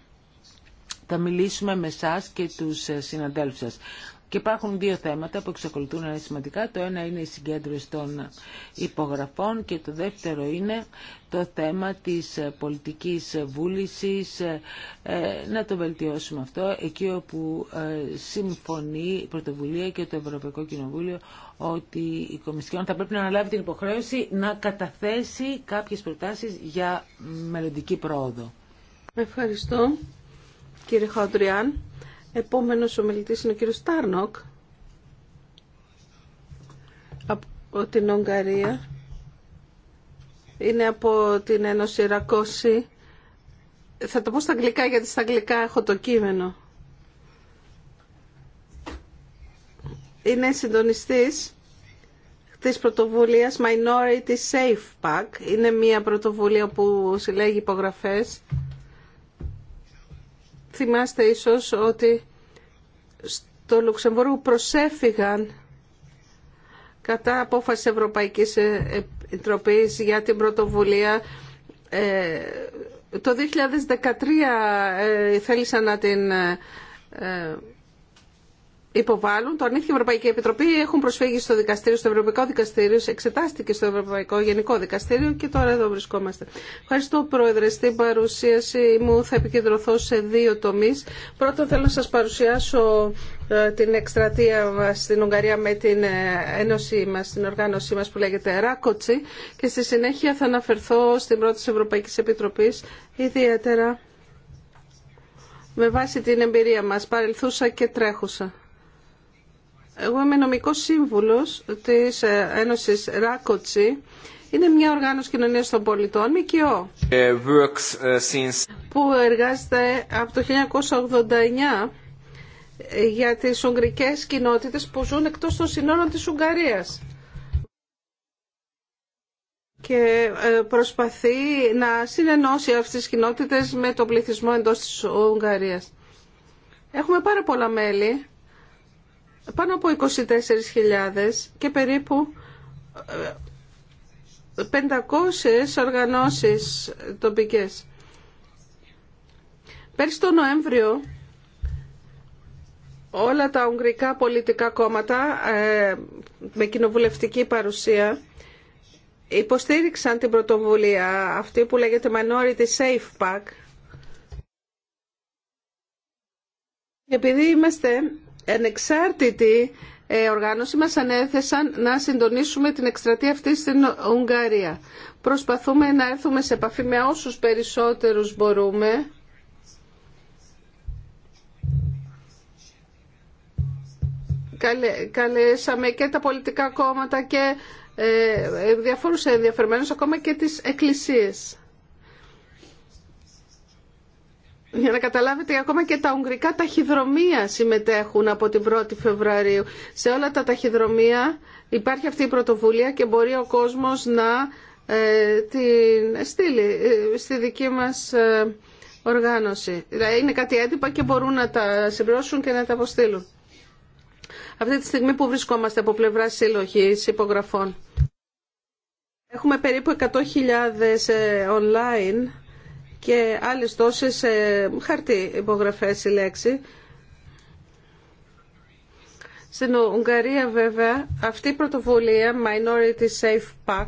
Θα μιλήσουμε με εσά και τους ε, συναντέλφους σας. Και υπάρχουν δύο θέματα που εξακολουθούν να είναι σημαντικά. Το ένα είναι η συγκέντρωση των υπογραφών και το δεύτερο είναι το θέμα της ε, πολιτικής βούλησης. Να το βελτιώσουμε αυτό εκεί όπου συμφωνεί η Πρωτοβουλία και το Ευρωπαϊκό Κοινοβούλιο ότι η Κομισιόν θα πρέπει να αναλάβει την υποχρέωση να καταθέσει κάποιες προτάσεις για μελλοντική πρόοδο. Ευχαριστώ κύριε
Χαοντριάν. Επόμενος ομιλητής είναι ο κύριος Τάρνοκ από την Ουγγαρία. Είναι από την Ένωση Ρακώση. Θα το πω στα αγγλικά γιατί στα αγγλικά έχω το κείμενο. είναι συντονιστής της πρωτοβουλίας Minority Safe Pack. Είναι μια πρωτοβουλία που συλλέγει υπογραφές. Θυμάστε ίσως ότι στο Λουξεμβούργο προσέφηγαν κατά απόφαση Ευρωπαϊκής Επιτροπής για την πρωτοβουλία ε, το 2013 ε, θέλησαν να την ε, υποβάλλουν. Το αρνήθηκε η Ευρωπαϊκή Επιτροπή, έχουν προσφύγει στο δικαστήριο, στο Ευρωπαϊκό Δικαστήριο, εξετάστηκε στο Ευρωπαϊκό Γενικό Δικαστήριο και τώρα εδώ βρισκόμαστε. Ευχαριστώ, Πρόεδρε. Στην παρουσίαση μου θα επικεντρωθώ σε δύο τομεί. Πρώτον, θέλω να σα παρουσιάσω ε, την εκστρατεία μας στην Ουγγαρία με την ε, ένωσή μας, την οργάνωσή μας που λέγεται Ράκοτσι και στη συνέχεια θα αναφερθώ στην πρώτη της Ευρωπαϊκής Επιτροπής ιδιαίτερα με βάση την εμπειρία μας παρελθούσα και τρέχουσα. Εγώ είμαι νομικό σύμβουλος της ε, Ένωσης Ράκοτσι. Είναι μια οργάνωση κοινωνία των πολιτών, ΜΚΟ, ε, ε, που εργάζεται από το 1989 για τι ουγγρικές κοινότητες που ζουν εκτός των συνόρων της Ουγγαρία. και προσπαθεί να συνενώσει αυτές τις κοινότητες με το πληθυσμό εντός της Ουγγαρίας. Έχουμε πάρα πολλά μέλη πάνω από 24.000 και περίπου 500 ε, οργανώσεις τοπικές. Πέρσι το Νοέμβριο όλα τα ουγγρικά πολιτικά κόμματα ε, με κοινοβουλευτική παρουσία υποστήριξαν την πρωτοβουλία αυτή που λέγεται Minority Safe Pack. Επειδή είμαστε ανεξάρτητη ε, οργάνωση μας ανέθεσαν να συντονίσουμε την εκστρατεία αυτή στην Ουγγαρία. Προσπαθούμε να έρθουμε σε επαφή με όσους περισσότερους μπορούμε. Καλέσαμε και τα πολιτικά κόμματα και ε, ε, διαφόρους ενδιαφερμένους, ακόμα και τις εκκλησίες. Για να καταλάβετε, ακόμα και τα ουγγρικά ταχυδρομεία συμμετέχουν από την 1η Φεβρουαρίου. Σε όλα τα ταχυδρομεία υπάρχει αυτή η πρωτοβουλία και μπορεί ο κόσμος να ε, την στείλει ε, στη δική μας ε, οργάνωση. είναι κάτι έντυπα και μπορούν να τα συμπληρώσουν και να τα αποστείλουν. Αυτή τη στιγμή που βρισκόμαστε από πλευρά συλλογή υπογραφών. Έχουμε περίπου 100.000 online και άλλες τόσες ε, χαρτί υπογραφές η λέξη. Στην Ουγγαρία βέβαια αυτή η πρωτοβουλία Minority Safe Pack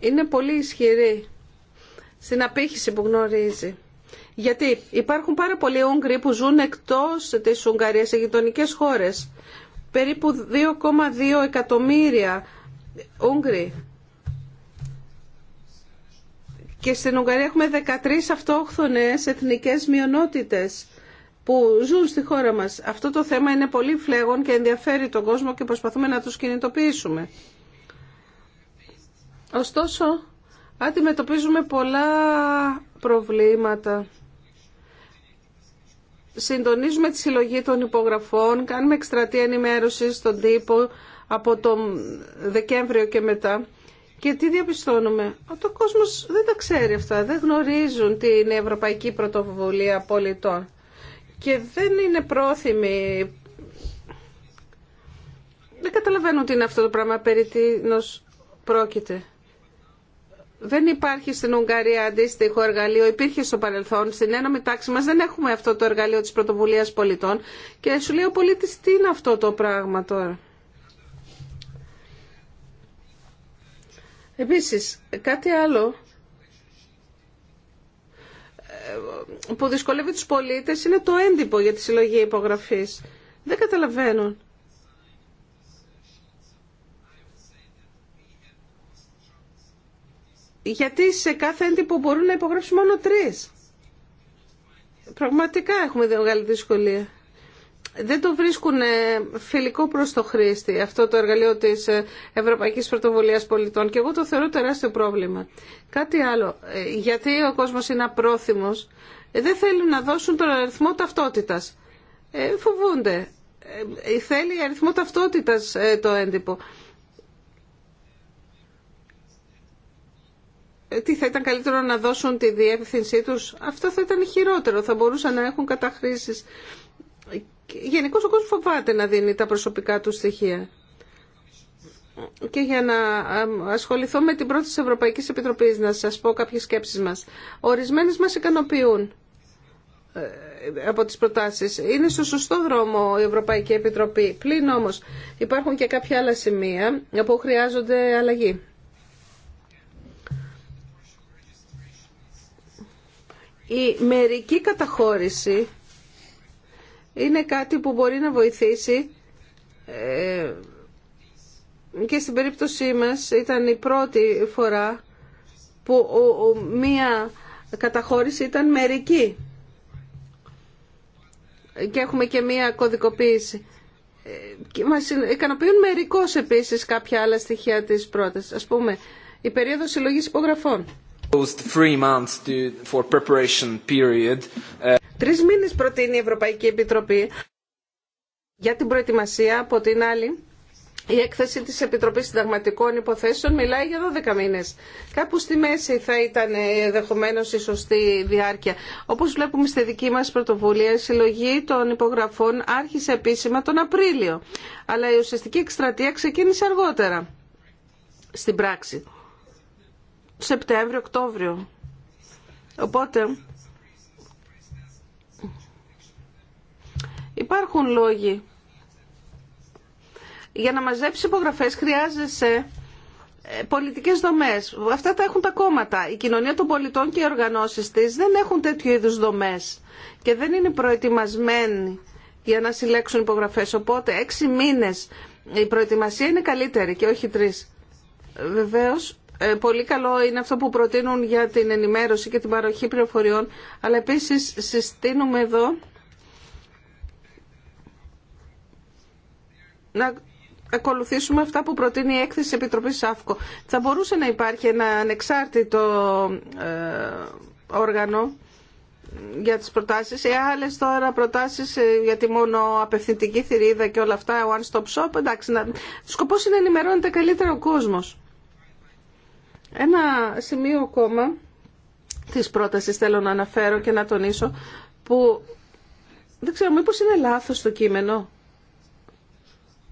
είναι πολύ ισχυρή στην απήχηση που γνωρίζει. Γιατί υπάρχουν πάρα πολλοί Ούγγροι που ζουν εκτός της Ουγγαρίας σε γειτονικέ χώρες. Περίπου 2,2 εκατομμύρια Ούγγροι και στην Ουγγαρία έχουμε 13 αυτόχθονες εθνικές μειονότητες που ζουν στη χώρα μας. Αυτό το θέμα είναι πολύ φλέγον και ενδιαφέρει τον κόσμο και προσπαθούμε να τους κινητοποιήσουμε. Ωστόσο, αντιμετωπίζουμε πολλά προβλήματα. Συντονίζουμε τη συλλογή των υπογραφών, κάνουμε εκστρατεία ενημέρωση στον τύπο από τον Δεκέμβριο και μετά. Και τι διαπιστώνουμε. Ο κόσμος δεν τα ξέρει αυτά, δεν γνωρίζουν την Ευρωπαϊκή Πρωτοβουλία Πολιτών. Και δεν είναι πρόθυμοι. Δεν καταλαβαίνουν τι είναι αυτό το πράγμα, περί τίνος πρόκειται. Δεν υπάρχει στην Ουγγαρία αντίστοιχο εργαλείο, υπήρχε στο παρελθόν. Στην ένωμη τάξη μα δεν έχουμε αυτό το εργαλείο τη πρωτοβουλία πολιτών. Και σου λέει ο πολίτη τι είναι αυτό το πράγμα τώρα. Επίσης, κάτι άλλο ε, που δυσκολεύει τους πολίτες είναι το έντυπο για τη συλλογή υπογραφής. Δεν καταλαβαίνουν. Γιατί σε κάθε έντυπο μπορούν να υπογράψουν μόνο τρεις. Πραγματικά έχουμε μεγάλη δυσκολία δεν το βρίσκουν ε, φιλικό προς το χρήστη αυτό το εργαλείο της ε, Ευρωπαϊκής Πρωτοβουλίας Πολιτών και εγώ το θεωρώ τεράστιο πρόβλημα. Κάτι άλλο, ε, γιατί ο κόσμος είναι απρόθυμος, δεν θέλουν να δώσουν τον αριθμό ταυτότητας. φοβούνται. θέλει αριθμό ταυτότητας το έντυπο. τι θα ήταν καλύτερο να δώσουν τη διεύθυνσή τους. Αυτό θα ήταν χειρότερο. Θα μπορούσαν να έχουν καταχρήσεις Γενικώ ο κόσμος φοβάται να δίνει τα προσωπικά του στοιχεία. Και για να ε, ασχοληθώ με την πρώτη της Ευρωπαϊκής Επιτροπής, να σας πω κάποιες σκέψεις μας. Ορισμένες μας ικανοποιούν ε, από τις προτάσεις. Είναι στο σωστό δρόμο η Ευρωπαϊκή Επιτροπή. Πλην όμως υπάρχουν και κάποια άλλα σημεία που χρειάζονται αλλαγή. Η μερική καταχώρηση είναι κάτι που μπορεί να βοηθήσει ε, και στην περίπτωσή μας ήταν η πρώτη φορά που μία καταχώρηση ήταν μερική και έχουμε και μία κωδικοποίηση. Ε, και μας ικανοποιούν μερικώς επίσης κάποια άλλα στοιχεία της πρώτης. Ας πούμε, η περίοδος συλλογής υπογραφών.
Uh, Τρεις
μήνες προτείνει η Ευρωπαϊκή Επιτροπή για την προετοιμασία. Από την άλλη, η έκθεση της Επιτροπής Συνταγματικών Υποθέσεων μιλάει για 12 μήνες. Κάπου στη μέση θα ήταν ε, ενδεχομένω η σωστή διάρκεια. Όπως βλέπουμε στη δική μας πρωτοβουλία, η συλλογή των υπογραφών άρχισε επίσημα τον Απρίλιο. Αλλά η ουσιαστική εκστρατεία ξεκίνησε αργότερα στην πράξη. Σεπτέμβριο-Οκτώβριο. Οπότε υπάρχουν λόγοι. Για να μαζέψει υπογραφές χρειάζεσαι ε, πολιτικές δομές. Αυτά τα έχουν τα κόμματα. Η κοινωνία των πολιτών και οι οργανώσεις της δεν έχουν τέτοιου είδους δομές και δεν είναι προετοιμασμένοι για να συλλέξουν υπογραφές. Οπότε έξι μήνες η προετοιμασία είναι καλύτερη και όχι τρεις. Βεβαίως ε, πολύ καλό είναι αυτό που προτείνουν για την ενημέρωση και την παροχή πληροφοριών, αλλά επίσης συστήνουμε εδώ να ακολουθήσουμε αυτά που προτείνει η έκθεση της Επιτροπής ΑΦΚΟ. Θα μπορούσε να υπάρχει ένα ανεξάρτητο ε, όργανο για τις προτάσεις. Ή άλλες τώρα προτάσεις ε, για τη μόνο απευθυντική θηρίδα και όλα αυτά, one stop shop, εντάξει, να... σκοπός είναι να ενημερώνεται καλύτερα ο κόσμος. Ένα σημείο ακόμα της πρότασης θέλω να αναφέρω και να τονίσω που δεν ξέρω μήπως είναι λάθος το κείμενο.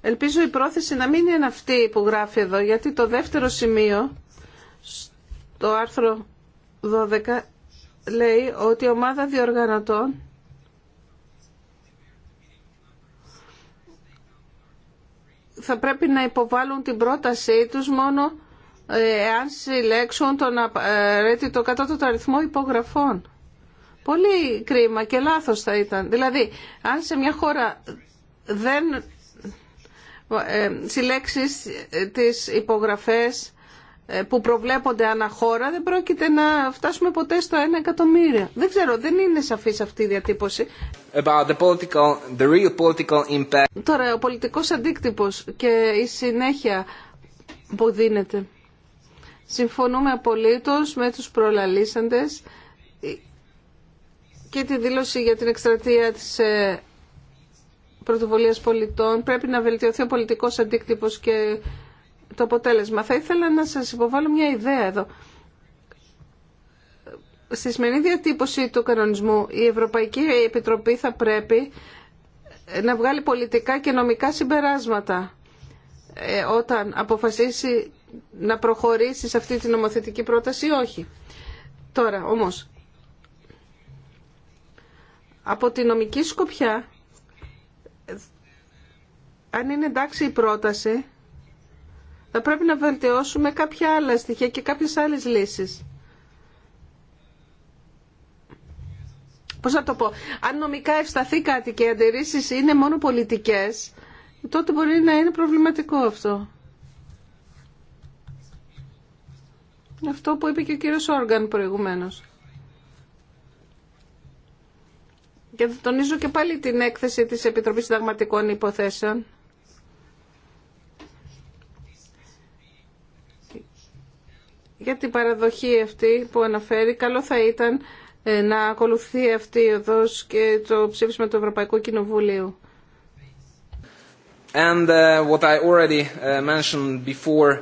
Ελπίζω η πρόθεση να μην είναι αυτή που γράφει εδώ γιατί το δεύτερο σημείο στο άρθρο 12 λέει ότι η ομάδα διοργανωτών θα πρέπει να υποβάλουν την πρότασή τους μόνο εάν συλλέξουν τον απαραίτητο κατώτατο αριθμό υπογραφών. Πολύ κρίμα και λάθος θα ήταν. Δηλαδή, αν σε μια χώρα δεν ε, συλλέξεις τις υπογραφές ε, που προβλέπονται αναχώρα δεν πρόκειται να φτάσουμε ποτέ στο ένα εκατομμύριο. Δεν ξέρω, δεν είναι σαφής αυτή η διατύπωση.
About the political, the real political impact.
Τώρα, ο πολιτικός
αντίκτυπος
και η συνέχεια που δίνεται. Συμφωνούμε απολύτως με τους προλαλήσαντες και τη δήλωση για την εκστρατεία της ε, πρωτοβουλίας πολιτών. Πρέπει να βελτιωθεί ο πολιτικός αντίκτυπος και το αποτέλεσμα. Θα ήθελα να σας υποβάλω μια ιδέα εδώ. Στη σημερινή διατύπωση του κανονισμού η Ευρωπαϊκή Επιτροπή θα πρέπει ε, να βγάλει πολιτικά και νομικά συμπεράσματα ε, όταν αποφασίσει να προχωρήσει σε αυτή την νομοθετική πρόταση ή όχι. Τώρα όμως, από τη νομική σκοπιά, αν είναι εντάξει η πρόταση, θα πρέπει να βελτιώσουμε κάποια άλλα στοιχεία και κάποιες άλλες λύσεις. Πώς θα το πω, αν νομικά ευσταθεί κάτι και οι αντιρρήσεις είναι μόνο πολιτικές, τότε μπορεί να είναι προβληματικό αυτό. Αυτό που είπε και ο κύριος Όργαν προηγουμένως. Και θα τονίζω και πάλι την έκθεση της Επιτροπής Συνταγματικών Υποθέσεων. Για την παραδοχή αυτή που αναφέρει, καλό θα ήταν ε, να ακολουθεί αυτή η και το ψήφισμα του Ευρωπαϊκού Κοινοβουλίου.
And uh, what I already uh, mentioned before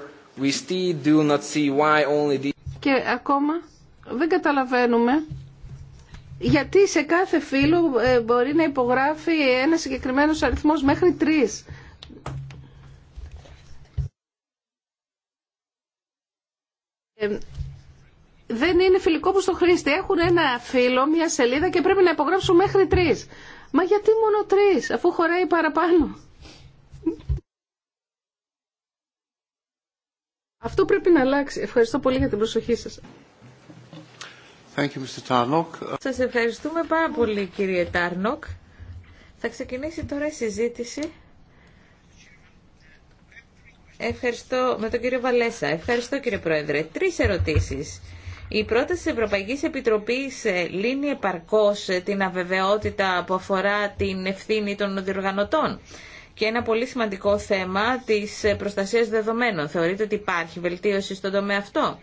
και ακόμα δεν καταλαβαίνουμε γιατί σε κάθε φύλλο ε, μπορεί να υπογράφει ένα συγκεκριμένο αριθμό μέχρι τρεις. Ε, δεν είναι φιλικό προ το χρήστη. Έχουν ένα φύλλο, μια σελίδα και πρέπει να υπογράψουν μέχρι τρει. Μα γιατί μόνο τρει, αφού χωράει παραπάνω. Αυτό πρέπει να αλλάξει. Ευχαριστώ πολύ για την προσοχή σας.
Thank
Σας ευχαριστούμε πάρα πολύ κύριε Τάρνοκ. Θα ξεκινήσει τώρα η συζήτηση. Ευχαριστώ με τον κύριο Βαλέσα. Ευχαριστώ κύριε Πρόεδρε. Τρεις ερωτήσεις. Η πρόταση της Ευρωπαϊκής Επιτροπής ε, λύνει επαρκώς ε, την αβεβαιότητα που αφορά την ευθύνη των διοργανωτών και ένα πολύ σημαντικό θέμα της προστασίας δεδομένων. Θεωρείτε ότι υπάρχει βελτίωση στον τομέα αυτό.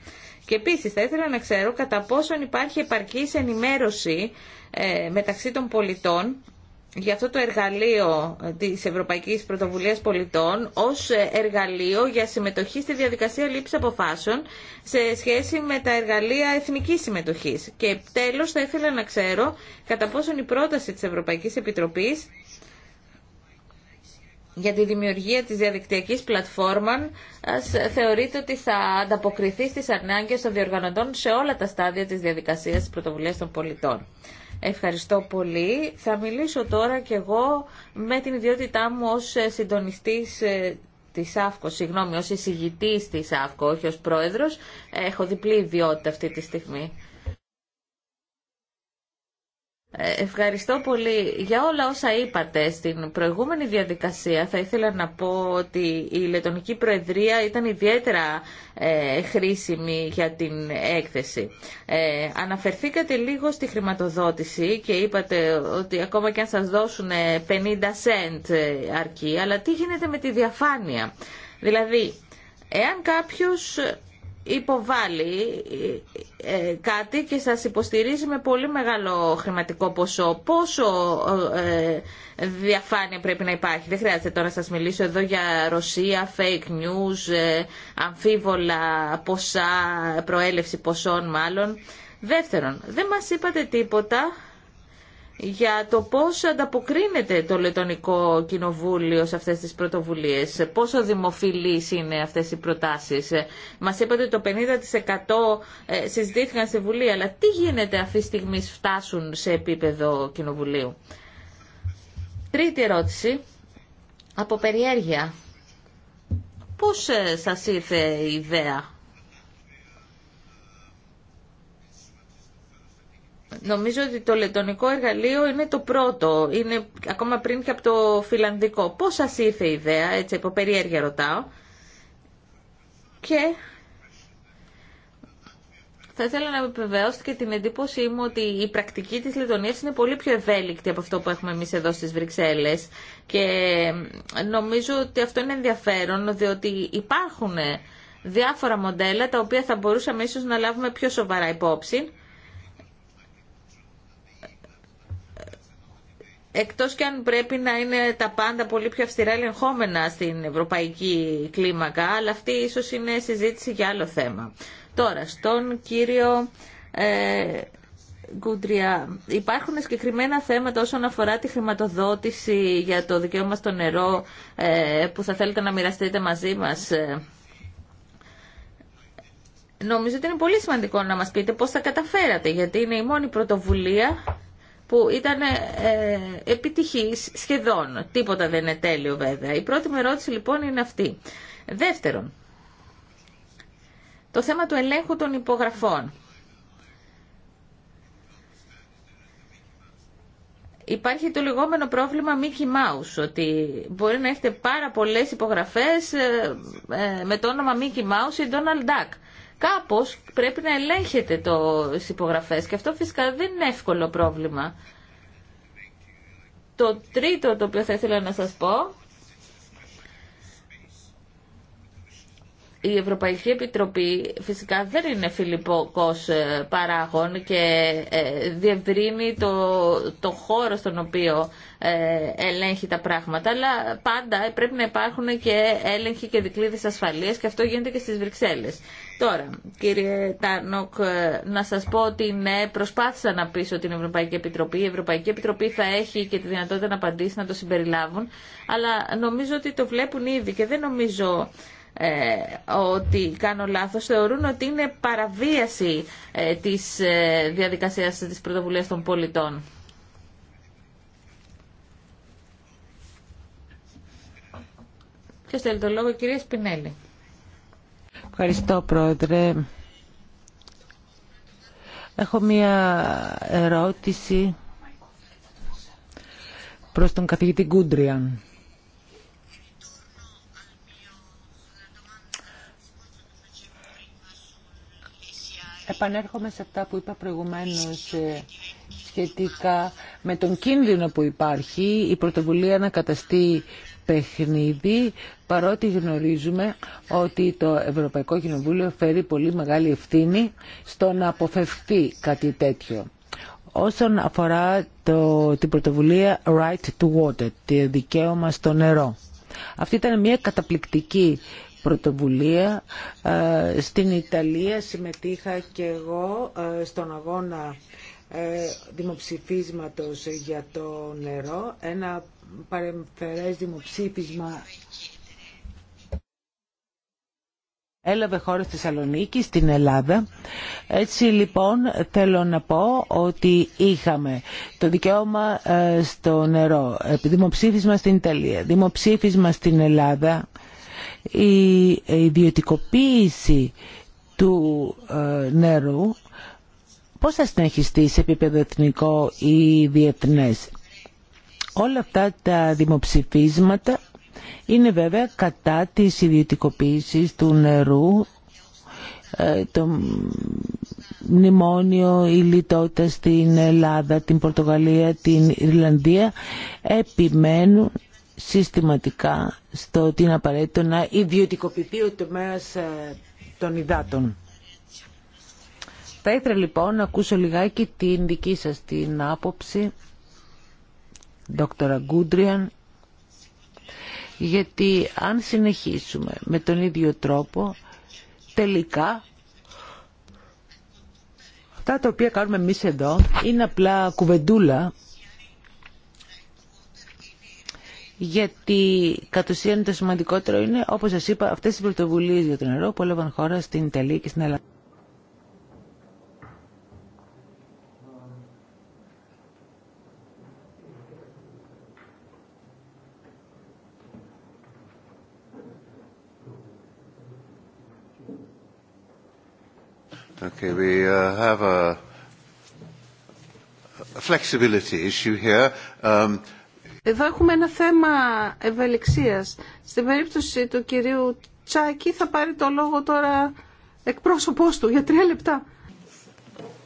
Και επίσης θα ήθελα να ξέρω κατά πόσον υπάρχει επαρκής ενημέρωση ε, μεταξύ των πολιτών για αυτό το εργαλείο της Ευρωπαϊκής Πρωτοβουλίας Πολιτών ως ε, εργαλείο για συμμετοχή στη διαδικασία λήψης αποφάσεων σε σχέση με τα εργαλεία εθνικής συμμετοχής. Και τέλος θα ήθελα να ξέρω κατά πόσον η πρόταση της Ευρωπαϊκής Επιτροπής για τη δημιουργία της διαδικτυακής πλατφόρμας θεωρείται ότι θα ανταποκριθεί στις ανάγκες των διοργανωτών σε όλα τα στάδια της διαδικασίας της πρωτοβουλίας των πολιτών. Ευχαριστώ πολύ. Θα μιλήσω τώρα και εγώ με την ιδιότητά μου ως ε, συντονιστής ε, της ΑΦΚΟ, συγγνώμη, ως εισηγητής της ΑΦΚΟ, όχι ως πρόεδρος. Έχω διπλή ιδιότητα αυτή τη στιγμή. Ε, ευχαριστώ πολύ για όλα όσα είπατε στην προηγούμενη διαδικασία. Θα ήθελα να πω ότι η Λετωνική Προεδρία ήταν ιδιαίτερα ε, χρήσιμη για την έκθεση. Ε, αναφερθήκατε λίγο στη χρηματοδότηση και είπατε ότι ακόμα και αν σας δώσουν 50 cent αρκεί, αλλά τι γίνεται με τη διαφάνεια. Δηλαδή, εάν κάποιος υποβάλει ε, κάτι και σας υποστηρίζει με πολύ μεγάλο χρηματικό ποσό. Πόσο ε, διαφάνεια πρέπει να υπάρχει. Δεν χρειάζεται τώρα να σας μιλήσω εδώ για Ρωσία, fake news, ε, αμφίβολα ποσά, προέλευση ποσών μάλλον. Δεύτερον, δεν μας είπατε τίποτα για το πώς ανταποκρίνεται το Λετωνικό Κοινοβούλιο σε αυτές τις πρωτοβουλίες. Πόσο δημοφιλείς είναι αυτές οι προτάσεις. Μας είπατε ότι το 50% ε, συζητήθηκαν στη Βουλή, αλλά τι γίνεται αυτή τη στιγμή φτάσουν σε επίπεδο Κοινοβουλίου. Τρίτη ερώτηση, από περιέργεια. Πώς ε, σας ήρθε η ιδέα Νομίζω ότι το λετονικό εργαλείο είναι το πρώτο, είναι ακόμα πριν και από το φιλανδικό. Πώς σας ήρθε η ιδέα, έτσι από περιέργεια ρωτάω. Και θα ήθελα να επιβεβαιώσω και την εντύπωσή μου ότι η πρακτική της Λετωνίας είναι πολύ πιο ευέλικτη από αυτό που έχουμε εμείς εδώ στις Βρυξέλλες και νομίζω ότι αυτό είναι ενδιαφέρον διότι υπάρχουν διάφορα μοντέλα τα οποία θα μπορούσαμε ίσως να λάβουμε πιο σοβαρά υπόψη εκτός και αν πρέπει να είναι τα πάντα πολύ πιο αυστηρά ελεγχόμενα στην ευρωπαϊκή κλίμακα, αλλά αυτή ίσως είναι συζήτηση για άλλο θέμα. Τώρα, στον κύριο ε, Γκούντρια, υπάρχουν συγκεκριμένα θέματα όσον αφορά τη χρηματοδότηση για το δικαίωμα στο νερό ε, που θα θέλετε να μοιραστείτε μαζί μας. Ε. Νομίζω ότι είναι πολύ σημαντικό να μας πείτε πώς θα καταφέρατε, γιατί είναι η μόνη πρωτοβουλία που ήταν ε, επιτυχής σχεδόν. Τίποτα δεν είναι τέλειο βέβαια. Η πρώτη μου ερώτηση λοιπόν είναι αυτή. Δεύτερον, το θέμα του ελέγχου των υπογραφών. Υπάρχει το λεγόμενο πρόβλημα Mickey Mouse, ότι μπορεί να έχετε πάρα πολλές υπογραφές ε, ε, με το όνομα Mickey Mouse ή Donald Duck. Κάπω πρέπει να ελέγχετε το υπογραφέ. και αυτό φυσικά δεν είναι εύκολο πρόβλημα. Το τρίτο το οποίο θα ήθελα να σας πω, η Ευρωπαϊκή Επιτροπή φυσικά δεν είναι φιλιππόκος ε, παράγων και ε, διευρύνει το, το χώρο στον οποίο ε, ελέγχει τα πράγματα, αλλά πάντα πρέπει να υπάρχουν και έλεγχοι και δικλείδες ασφαλείας και αυτό γίνεται και στις Βρυξέλλες. Τώρα, κύριε Τάρνοκ, ε, να σα πω ότι ναι, προσπάθησα να πείσω την Ευρωπαϊκή Επιτροπή. Η Ευρωπαϊκή Επιτροπή θα έχει και τη δυνατότητα να απαντήσει, να το συμπεριλάβουν. Αλλά νομίζω ότι το βλέπουν ήδη και δεν νομίζω ε, ότι κάνω λάθος. Θεωρούν ότι είναι παραβίαση ε, της ε, διαδικασίας της πρωτοβουλίας των πολιτών. Ποιο θέλει το λόγο, κυρία Σπινέλη.
Ευχαριστώ, Πρόεδρε. Έχω μία ερώτηση προς τον καθηγητή Κούντριαν. Επανέρχομαι σε αυτά που είπα προηγουμένως ε, σχετικά με τον κίνδυνο που υπάρχει η πρωτοβουλία να καταστεί παιχνίδι παρότι γνωρίζουμε ότι το Ευρωπαϊκό Κοινοβούλιο φέρει πολύ μεγάλη ευθύνη στο να αποφευθεί κάτι τέτοιο. Όσον αφορά την πρωτοβουλία Right to Water, το δικαίωμα στο νερό. Αυτή ήταν μια καταπληκτική πρωτοβουλία. Ε, στην Ιταλία συμμετείχα και εγώ ε, στον αγώνα ε, δημοψηφίσματος για το νερό. Ένα παρεμφερές δημοψήφισμα έλαβε χώρα στη Θεσσαλονίκη, στην Ελλάδα. Έτσι λοιπόν θέλω να πω ότι είχαμε το δικαίωμα ε, στο νερό, ε, δημοψήφισμα στην Ιταλία, δημοψήφισμα στην Ελλάδα, η ιδιωτικοποίηση του ε, νερού πώς θα συνεχιστεί σε επίπεδο εθνικό ή διεθνές. Όλα αυτά τα δημοψηφίσματα είναι βέβαια κατά της ιδιωτικοποίησης του νερού, ε, το μνημόνιο, η λιτότητα στην Ελλάδα, την Πορτογαλία, την Ιρλανδία επιμένουν συστηματικά στο ότι είναι απαραίτητο να ιδιωτικοποιηθεί ο τομέας ε, των υδάτων. Θα ήθελα λοιπόν να ακούσω λιγάκι την δική σας την άποψη δόκτωρα Γκούντριαν γιατί αν συνεχίσουμε με τον ίδιο τρόπο τελικά αυτά τα οποία κάνουμε εμείς εδώ είναι απλά κουβεντούλα γιατί κατ' ουσίαν το σημαντικότερο είναι όπως σας είπα αυτές οι πρωτοβουλίες για το νερό που έλαβαν χώρα στην Ιταλία και στην Ελλάδα.
Εδώ έχουμε ένα θέμα ευελιξίας. Στην περίπτωση του κυρίου Τσάκη θα πάρει το λόγο τώρα εκπρόσωπός του για τρία λεπτά.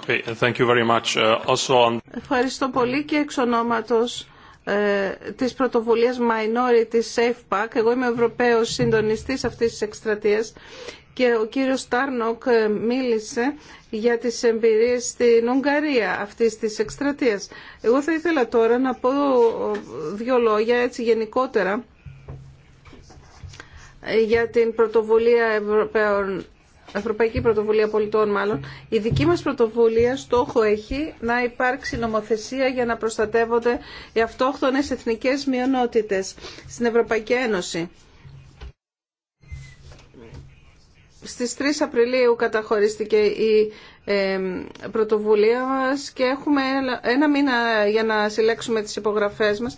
Uh, Ευχαριστώ πολύ και εξ ονόματος ε, της πρωτοβουλίας Minority Safe Pack. Εγώ είμαι Ευρωπαίος συντονιστής αυτής της εκστρατείας και ο κύριος Τάρνοκ ε, μίλησε για τις εμπειρίες στην Ουγγαρία αυτής της εκστρατείας. Εγώ θα ήθελα τώρα να πω ε, δύο λόγια έτσι γενικότερα ε, για την πρωτοβουλία Ευρωπαϊκή Πρωτοβουλία Πολιτών μάλλον, η δική μας πρωτοβουλία στόχο έχει να υπάρξει νομοθεσία για να προστατεύονται οι αυτόχθονες εθνικές μειονότητες στην Ευρωπαϊκή Ένωση. στις 3 Απριλίου καταχωρίστηκε η πρωτοβουλία μας και έχουμε ένα μήνα για να συλλέξουμε τις υπογραφές μας.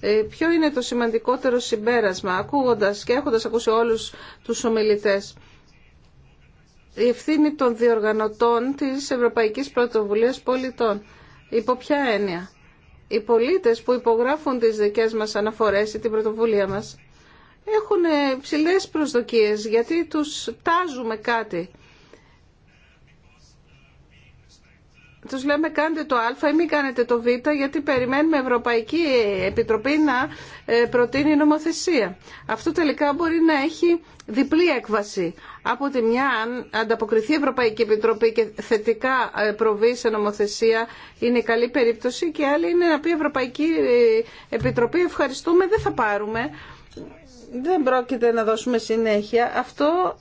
Ε, ποιο είναι το σημαντικότερο συμπέρασμα, ακούγοντας και έχοντας ακούσει όλους τους ομιλητές. Η ευθύνη των διοργανωτών της Ευρωπαϊκής Πρωτοβουλίας Πολιτών. Υπό ποια έννοια. Οι πολίτες που υπογράφουν τις δικές μας αναφορές ή την πρωτοβουλία μας έχουν ψηλές προσδοκίες γιατί τους τάζουμε κάτι. Τους λέμε κάντε το α ή μην κάνετε το β γιατί περιμένουμε Ευρωπαϊκή Επιτροπή να ε, προτείνει νομοθεσία. Αυτό τελικά μπορεί να έχει διπλή έκβαση. Από τη μια αν ανταποκριθεί η Ευρωπαϊκή Επιτροπή και θετικά ε, προβεί σε νομοθεσία είναι η καλή περίπτωση και άλλη είναι να πει η Ευρωπαϊκή ε, Επιτροπή ευχαριστούμε δεν θα πάρουμε δεν πρόκειται να δώσουμε συνέχεια. Αυτό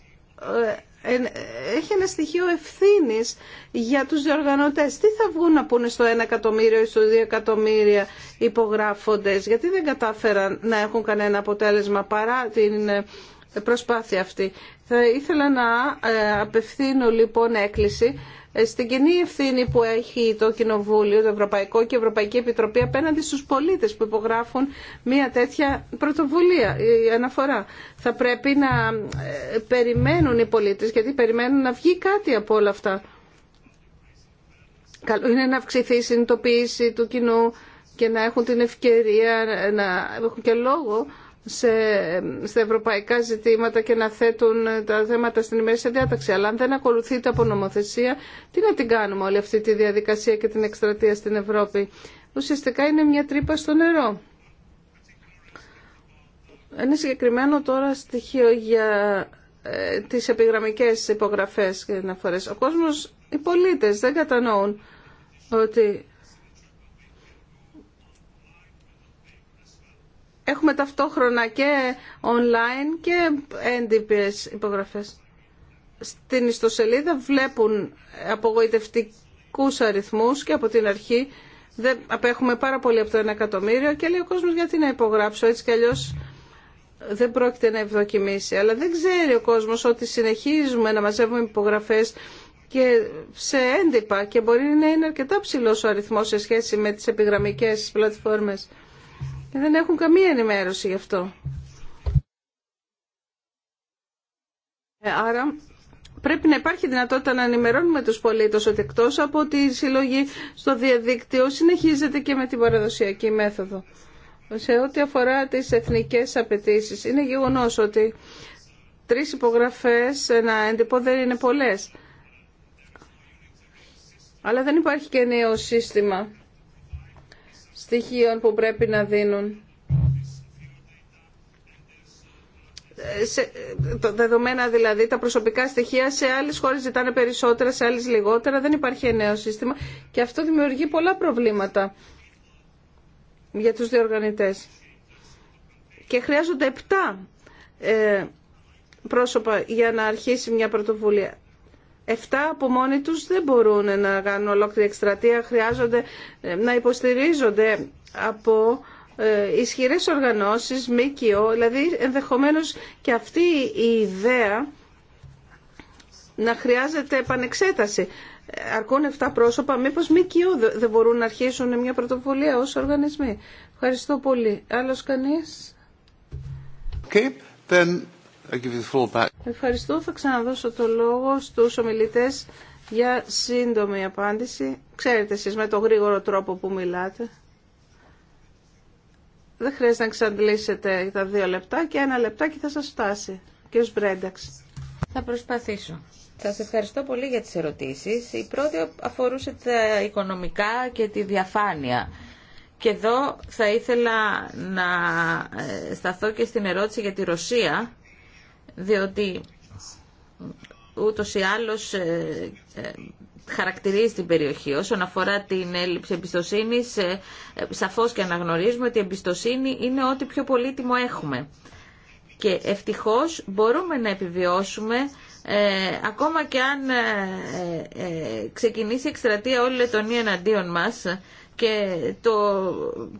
ε, έχει ένα στοιχείο ευθύνη για τους διοργανωτές. Τι θα βγουν να πούνε στο 1 εκατομμύριο ή στο 2 εκατομμύρια υπογράφοντες, γιατί δεν κατάφεραν να έχουν κανένα αποτέλεσμα παρά την ε, προσπάθεια αυτή. Θα ήθελα να ε, απευθύνω λοιπόν έκκληση ε, στην κοινή ευθύνη που έχει το Κοινοβούλιο, το Ευρωπαϊκό και η Ευρωπαϊκή Επιτροπή απέναντι στους πολίτες που υπογράφουν μια τέτοια πρωτοβουλία, η αναφορά. Θα πρέπει να ε, περιμένουν οι πολίτες, γιατί περιμένουν να βγει κάτι από όλα αυτά. Καλό είναι να αυξηθεί η συνειδητοποίηση του κοινού και να έχουν την ευκαιρία να έχουν και λόγο σε, στα ευρωπαϊκά ζητήματα και να θέτουν τα θέματα στην ημέρα διάταξη. Αλλά αν δεν ακολουθείται από νομοθεσία, τι να την κάνουμε όλη αυτή τη διαδικασία και την εκστρατεία στην Ευρώπη. Ουσιαστικά είναι μια τρύπα στο νερό. Ένα συγκεκριμένο τώρα στοιχείο για ε, τις επιγραμμικές υπογραφές και αναφορές. Ο κόσμος, οι πολίτες δεν κατανοούν ότι Έχουμε ταυτόχρονα και online και έντυπες υπογραφές. Στην ιστοσελίδα βλέπουν απογοητευτικούς αριθμούς και από την αρχή δεν απέχουμε πάρα πολύ από το 1 εκατομμύριο και λέει ο κόσμος γιατί να υπογράψω έτσι κι αλλιώς δεν πρόκειται να ευδοκιμήσει. Αλλά δεν ξέρει ο κόσμος ότι συνεχίζουμε να μαζεύουμε υπογραφές και σε έντυπα και μπορεί να είναι αρκετά ψηλός ο αριθμός σε σχέση με τις επιγραμμικές πλατφόρμες. Δεν έχουν καμία ενημέρωση γι' αυτό. Ε, άρα πρέπει να υπάρχει δυνατότητα να ενημερώνουμε τους πολίτες ότι εκτός από τη συλλογή στο διαδίκτυο συνεχίζεται και με την παραδοσιακή μέθοδο. Σε ό,τι αφορά τις εθνικές απαιτήσει, είναι γεγονός ότι τρεις υπογραφές να εντυπώ δεν είναι πολλές. Αλλά δεν υπάρχει και νέο σύστημα στοιχείων που πρέπει να δίνουν. το, δεδομένα δηλαδή τα προσωπικά στοιχεία σε άλλες χώρες ζητάνε περισσότερα, σε άλλες λιγότερα, δεν υπάρχει νέο σύστημα και αυτό δημιουργεί πολλά προβλήματα για τους διοργανητές. Και χρειάζονται 7 ε, πρόσωπα για να αρχίσει μια πρωτοβουλία. Εφτά από μόνοι τους δεν μπορούν να κάνουν ολόκληρη εκστρατεία, χρειάζονται ε, να υποστηρίζονται από ε, ισχυρές οργανώσεις, ΜΚΟ, δηλαδή ενδεχομένως και αυτή η ιδέα να χρειάζεται επανεξέταση. Αρκούν 7 πρόσωπα, μήπως ΜΚΟ δεν μπορούν να αρχίσουν μια πρωτοβουλία ως οργανισμοί. Ευχαριστώ πολύ. Άλλος κανείς? Okay, Ευχαριστώ. Θα ξαναδώσω το λόγο στους ομιλητές για σύντομη απάντηση. Ξέρετε εσείς με τον γρήγορο τρόπο που μιλάτε. Δεν χρειάζεται να εξαντλήσετε τα δύο λεπτά και ένα και θα σας φτάσει.
Κύριος Μπρένταξ. Θα προσπαθήσω. Σας ευχαριστώ πολύ για τις ερωτήσεις. Η πρώτη αφορούσε τα οικονομικά και τη διαφάνεια. Και εδώ θα ήθελα να ε, σταθώ και στην ερώτηση για τη Ρωσία διότι ούτως ή άλλως ε, ε, χαρακτηρίζει την περιοχή. Όσον αφορά την έλλειψη εμπιστοσύνης, ε, σαφώς και αναγνωρίζουμε ότι η εμπιστοσύνη είναι ό,τι πιο πολύτιμο έχουμε. Και ευτυχώς μπορούμε να επιβιώσουμε ακόμα και αν ξεκινήσει η εκστρατεία όλη η Λετωνία εναντίον μας και το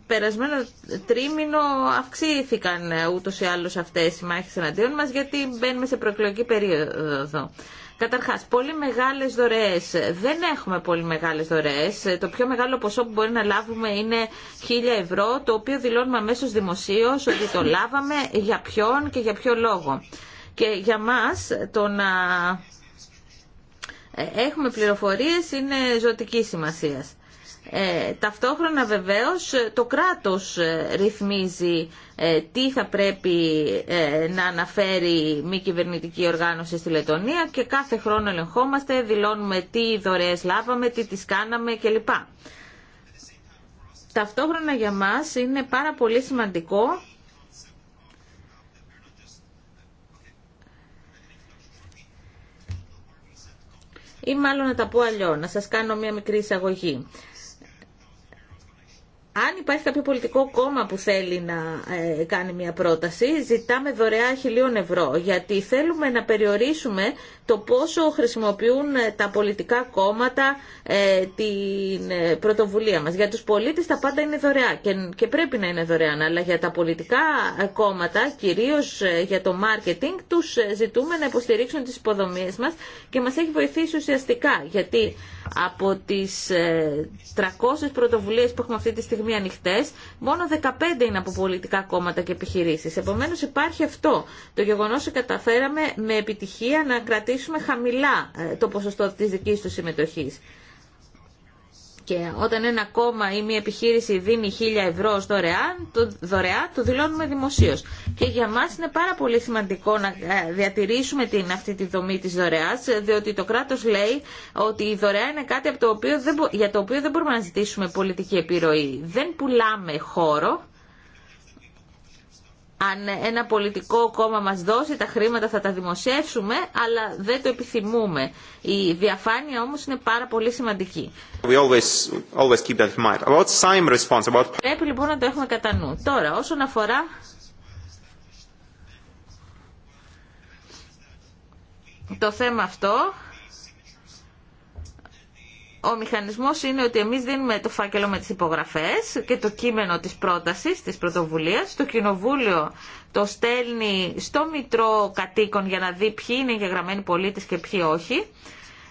περασμένο τρίμηνο αυξήθηκαν ούτως ή άλλως αυτές οι μάχες εναντίον μας γιατί μπαίνουμε σε προεκλογική περίοδο. Καταρχάς, πολύ μεγάλες δωρεές. Δεν έχουμε πολύ μεγάλες δωρεές. Το πιο μεγάλο ποσό που μπορεί να λάβουμε είναι χίλια ευρώ, το οποίο δηλώνουμε αμέσω δημοσίως ότι το λάβαμε, για ποιον και για ποιο λόγο. Και για μας το να έχουμε πληροφορίες είναι ζωτική σημασίας. Ε, ταυτόχρονα βεβαίως ε, το κράτος ε, ρυθμίζει τι θα πρέπει να αναφέρει μη κυβερνητική οργάνωση στη Λετωνία και κάθε χρόνο ελεγχόμαστε, δηλώνουμε τι δωρεές λάβαμε, τι τις κάναμε κλπ. Ταυτόχρονα για μας είναι πάρα πολύ σημαντικό ή μάλλον να τα πω αλλιώς, να σας κάνω μια μικρή εισαγωγή αν υπάρχει κάποιο πολιτικό κόμμα που θέλει να ε, κάνει μια πρόταση, ζητάμε δωρεά χιλίων ευρώ, γιατί θέλουμε να περιορίσουμε το πόσο χρησιμοποιούν ε, τα πολιτικά κόμματα ε, την πρωτοβουλία μας. Για τους πολίτες τα πάντα είναι δωρεά και πρέπει να είναι δωρεάν, αλλά για τα πολιτικά κόμματα, κυρίως για το μάρκετινγκ, τους ζητούμε να υποστηρίξουν τις υποδομίες μας και μας έχει βοηθήσει ουσιαστικά, γιατί από τις 300 πρωτοβουλίες που έχουμε αυτή τη στιγμή, στιγμή ανοιχτέ, μόνο 15 είναι από πολιτικά κόμματα και επιχειρήσει. Επομένω υπάρχει αυτό. Το γεγονό ότι καταφέραμε με επιτυχία να κρατήσουμε χαμηλά ε, το ποσοστό τη δική του συμμετοχή. Όταν ένα κόμμα ή μια επιχείρηση δίνει χίλια ευρώ ως δωρεάν, το, δωρεά, το δηλώνουμε δημοσίως. Και για μας είναι πάρα πολύ σημαντικό να ε, διατηρήσουμε την, αυτή τη δομή της δωρεάς, διότι το κράτος λέει ότι η δωρεά είναι κάτι δεν, για το οποίο δεν μπορούμε να ζητήσουμε πολιτική επιρροή. Δεν πουλάμε χώρο, αν ένα πολιτικό κόμμα μας δώσει τα χρήματα θα τα δημοσιεύσουμε, αλλά δεν το επιθυμούμε. Η διαφάνεια όμως είναι πάρα πολύ σημαντική. Πρέπει λοιπόν να το έχουμε κατά νου. Τώρα, όσον αφορά το θέμα αυτό, ο μηχανισμός είναι ότι εμείς δίνουμε το φάκελο με τις υπογραφές και το κείμενο της πρότασης, της πρωτοβουλίας. Το κοινοβούλιο το στέλνει στο Μητρό Κατοίκων για να δει ποιοι είναι εγγεγραμμένοι πολίτες και ποιοι όχι.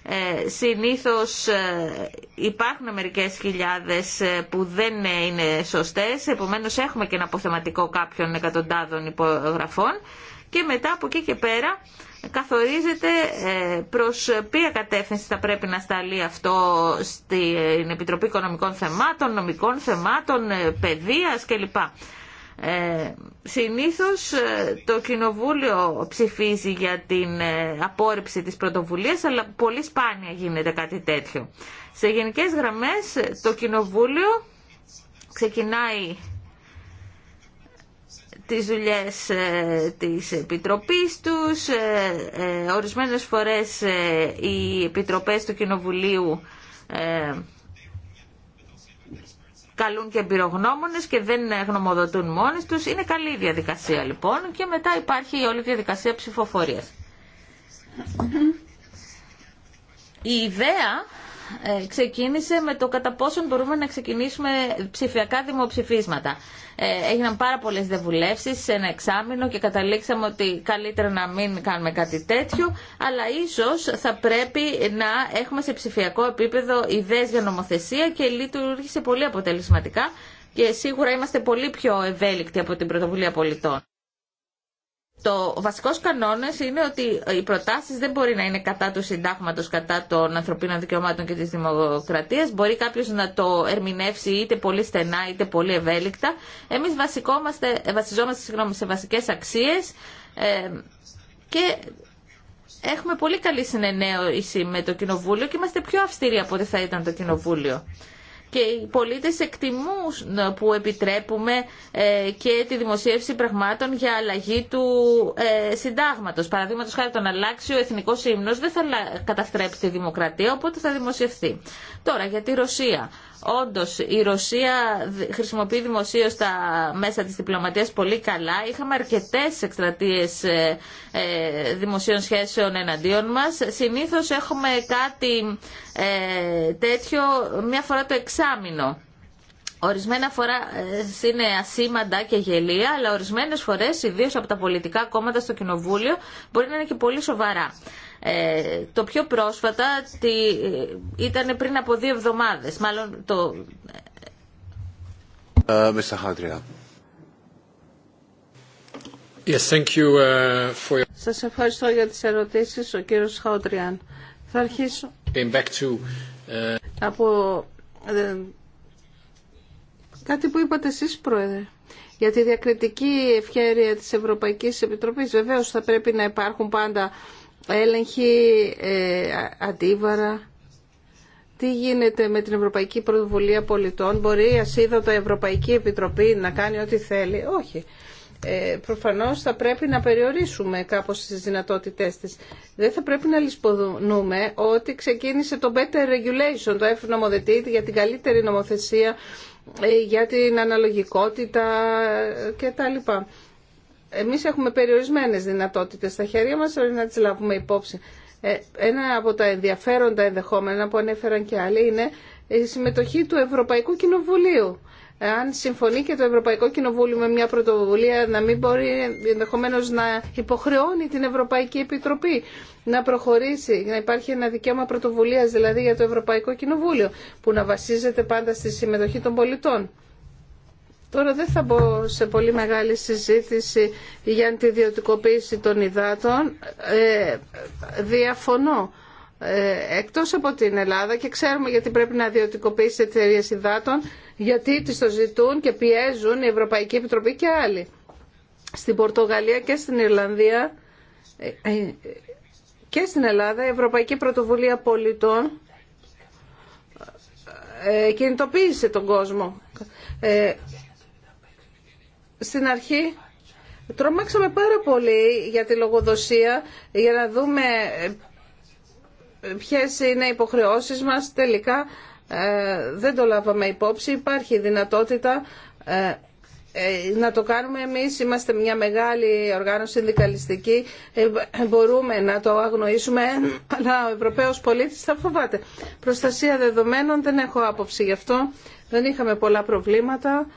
Ε, συνήθως ε, υπάρχουν μερικές χιλιάδες ε, που δεν είναι σωστές, επομένως έχουμε και ένα αποθεματικό κάποιων εκατοντάδων υπογραφών και μετά από εκεί και πέρα καθορίζεται ε, προς ποια κατεύθυνση θα πρέπει να σταλεί αυτό στην Επιτροπή Οικονομικών Θεμάτων, Νομικών Θεμάτων, ε, Παιδείας κλπ. Ε, συνήθως ε, το Κοινοβούλιο ψηφίζει για την απόρριψη της πρωτοβουλίας αλλά πολύ σπάνια γίνεται κάτι τέτοιο. Σε γενικές γραμμές το Κοινοβούλιο ξεκινάει τις δουλειές ε, της Επιτροπής τους. Ε, ε, ορισμένες φορές οι Επιτροπές του Κοινοβουλίου καλούν και εμπειρογνώμονε και δεν γνωμοδοτούν μόνες τους. Είναι καλή διαδικασία λοιπόν και μετά υπάρχει η όλη διαδικασία ψηφοφορίας. Η ιδέα ε, ξεκίνησε με το κατά πόσον μπορούμε να ξεκινήσουμε ψηφιακά δημοψηφίσματα. Ε, έγιναν πάρα πολλές δεβουλεύσεις σε ένα εξάμεινο και καταλήξαμε ότι καλύτερα να μην κάνουμε κάτι τέτοιο, αλλά ίσως θα πρέπει να έχουμε σε ψηφιακό επίπεδο ιδέες για νομοθεσία και λειτουργήσε πολύ αποτελεσματικά και σίγουρα είμαστε πολύ πιο ευέλικτοι από την πρωτοβουλία πολιτών. Το βασικό κανόνας είναι ότι οι προτάσει δεν μπορεί να είναι κατά του συντάγματο κατά των ανθρωπίνων δικαιωμάτων και της δημοκρατίας. Μπορεί κάποιο να το ερμηνεύσει είτε πολύ στενά είτε πολύ ευέλικτα. Εμείς βασιζόμαστε συγγνώμη, σε βασικές αξίες ε, και έχουμε πολύ καλή συνεννόηση με το Κοινοβούλιο και είμαστε πιο αυστηροί από ό,τι θα ήταν το Κοινοβούλιο και οι πολίτες εκτιμούν ε, που επιτρέπουμε ε, και τη δημοσίευση πραγμάτων για αλλαγή του ε, συντάγματος. Παραδείγματος χάρη τον αλλάξει ο εθνικός ύμνος δεν θα καταστρέψει τη δημοκρατία οπότε θα δημοσιευθεί. Τώρα για τη Ρωσία. Όντω η Ρωσία χρησιμοποιεί δημοσίω τα μέσα της διπλωματία πολύ καλά. Είχαμε αρκετές ε, ε, δημοσίων σχέσεων εναντίον μας. Συνήθως έχουμε κάτι ε, τέτοιο μια φορά το εξάμεινο. Ορισμένα φορά ε, είναι ασήμαντα και γελία, αλλά ορισμένε φορέ, ιδίω από τα πολιτικά κόμματα στο Κοινοβούλιο, μπορεί να είναι και πολύ σοβαρά. Ε, το πιο πρόσφατα ε, ήταν πριν από δύο εβδομάδες, μάλλον το...
Ε, yes, thank you uh, for Σας
ευχαριστώ για τις ερωτήσεις, ο κύριος Χαουτριάν. Θα αρχίσω
back to... Uh,
από κάτι που είπατε εσείς, Πρόεδρε για τη διακριτική ευχέρεια της Ευρωπαϊκής Επιτροπής. Βεβαίως θα πρέπει να υπάρχουν πάντα έλεγχοι, ε, αντίβαρα. Τι γίνεται με την Ευρωπαϊκή Πρωτοβουλία Πολιτών. Μπορεί η ασίδωτα Ευρωπαϊκή Επιτροπή να κάνει ό,τι θέλει. Όχι. Ε, προφανώς θα πρέπει να περιορίσουμε κάπως τις δυνατότητές της. Δεν θα πρέπει να λησποδονούμε ότι ξεκίνησε το Better Regulation, το F για την καλύτερη νομοθεσία, ε, για την αναλογικότητα κτλ. Εμείς έχουμε περιορισμένες δυνατότητες στα χέρια μας, όλοι να τις λάβουμε υπόψη. Ε, ένα από τα ενδιαφέροντα ενδεχόμενα που ανέφεραν και άλλοι είναι η συμμετοχή του Ευρωπαϊκού Κοινοβουλίου. Αν συμφωνεί και το Ευρωπαϊκό Κοινοβούλιο με μια πρωτοβουλία να μην μπορεί ενδεχομένω να υποχρεώνει την Ευρωπαϊκή Επιτροπή να προχωρήσει, να υπάρχει ένα δικαίωμα πρωτοβουλία δηλαδή για το Ευρωπαϊκό Κοινοβούλιο που να βασίζεται πάντα στη συμμετοχή των πολιτών. Τώρα δεν θα μπω σε πολύ μεγάλη συζήτηση για τη ιδιωτικοποίηση των υδάτων. Ε, διαφωνώ. Ε, εκτός από την Ελλάδα και ξέρουμε γιατί πρέπει να ιδιωτικοποιήσει εταιρείε υδάτων, γιατί τις το ζητούν και πιέζουν η Ευρωπαϊκή Επιτροπή και άλλοι. Στην Πορτογαλία και στην Ιρλανδία ε, ε, και στην Ελλάδα η Ευρωπαϊκή Πρωτοβουλία Πολιτών ε, κινητοποίησε τον κόσμο στην αρχή τρομάξαμε πάρα πολύ για τη λογοδοσία, για να δούμε ε, ποιες είναι οι υποχρεώσεις μας. Τελικά ε, δεν το λάβαμε υπόψη. Υπάρχει δυνατότητα ε, να το κάνουμε εμείς. Είμαστε μια μεγάλη οργάνωση συνδικαλιστική. Μπορούμε να το αγνοήσουμε, αλλά ο Ευρωπαίος πολίτης θα φοβάται. Προστασία δεδομένων δεν έχω άποψη γι' αυτό. Δεν είχαμε πολλά προβλήματα.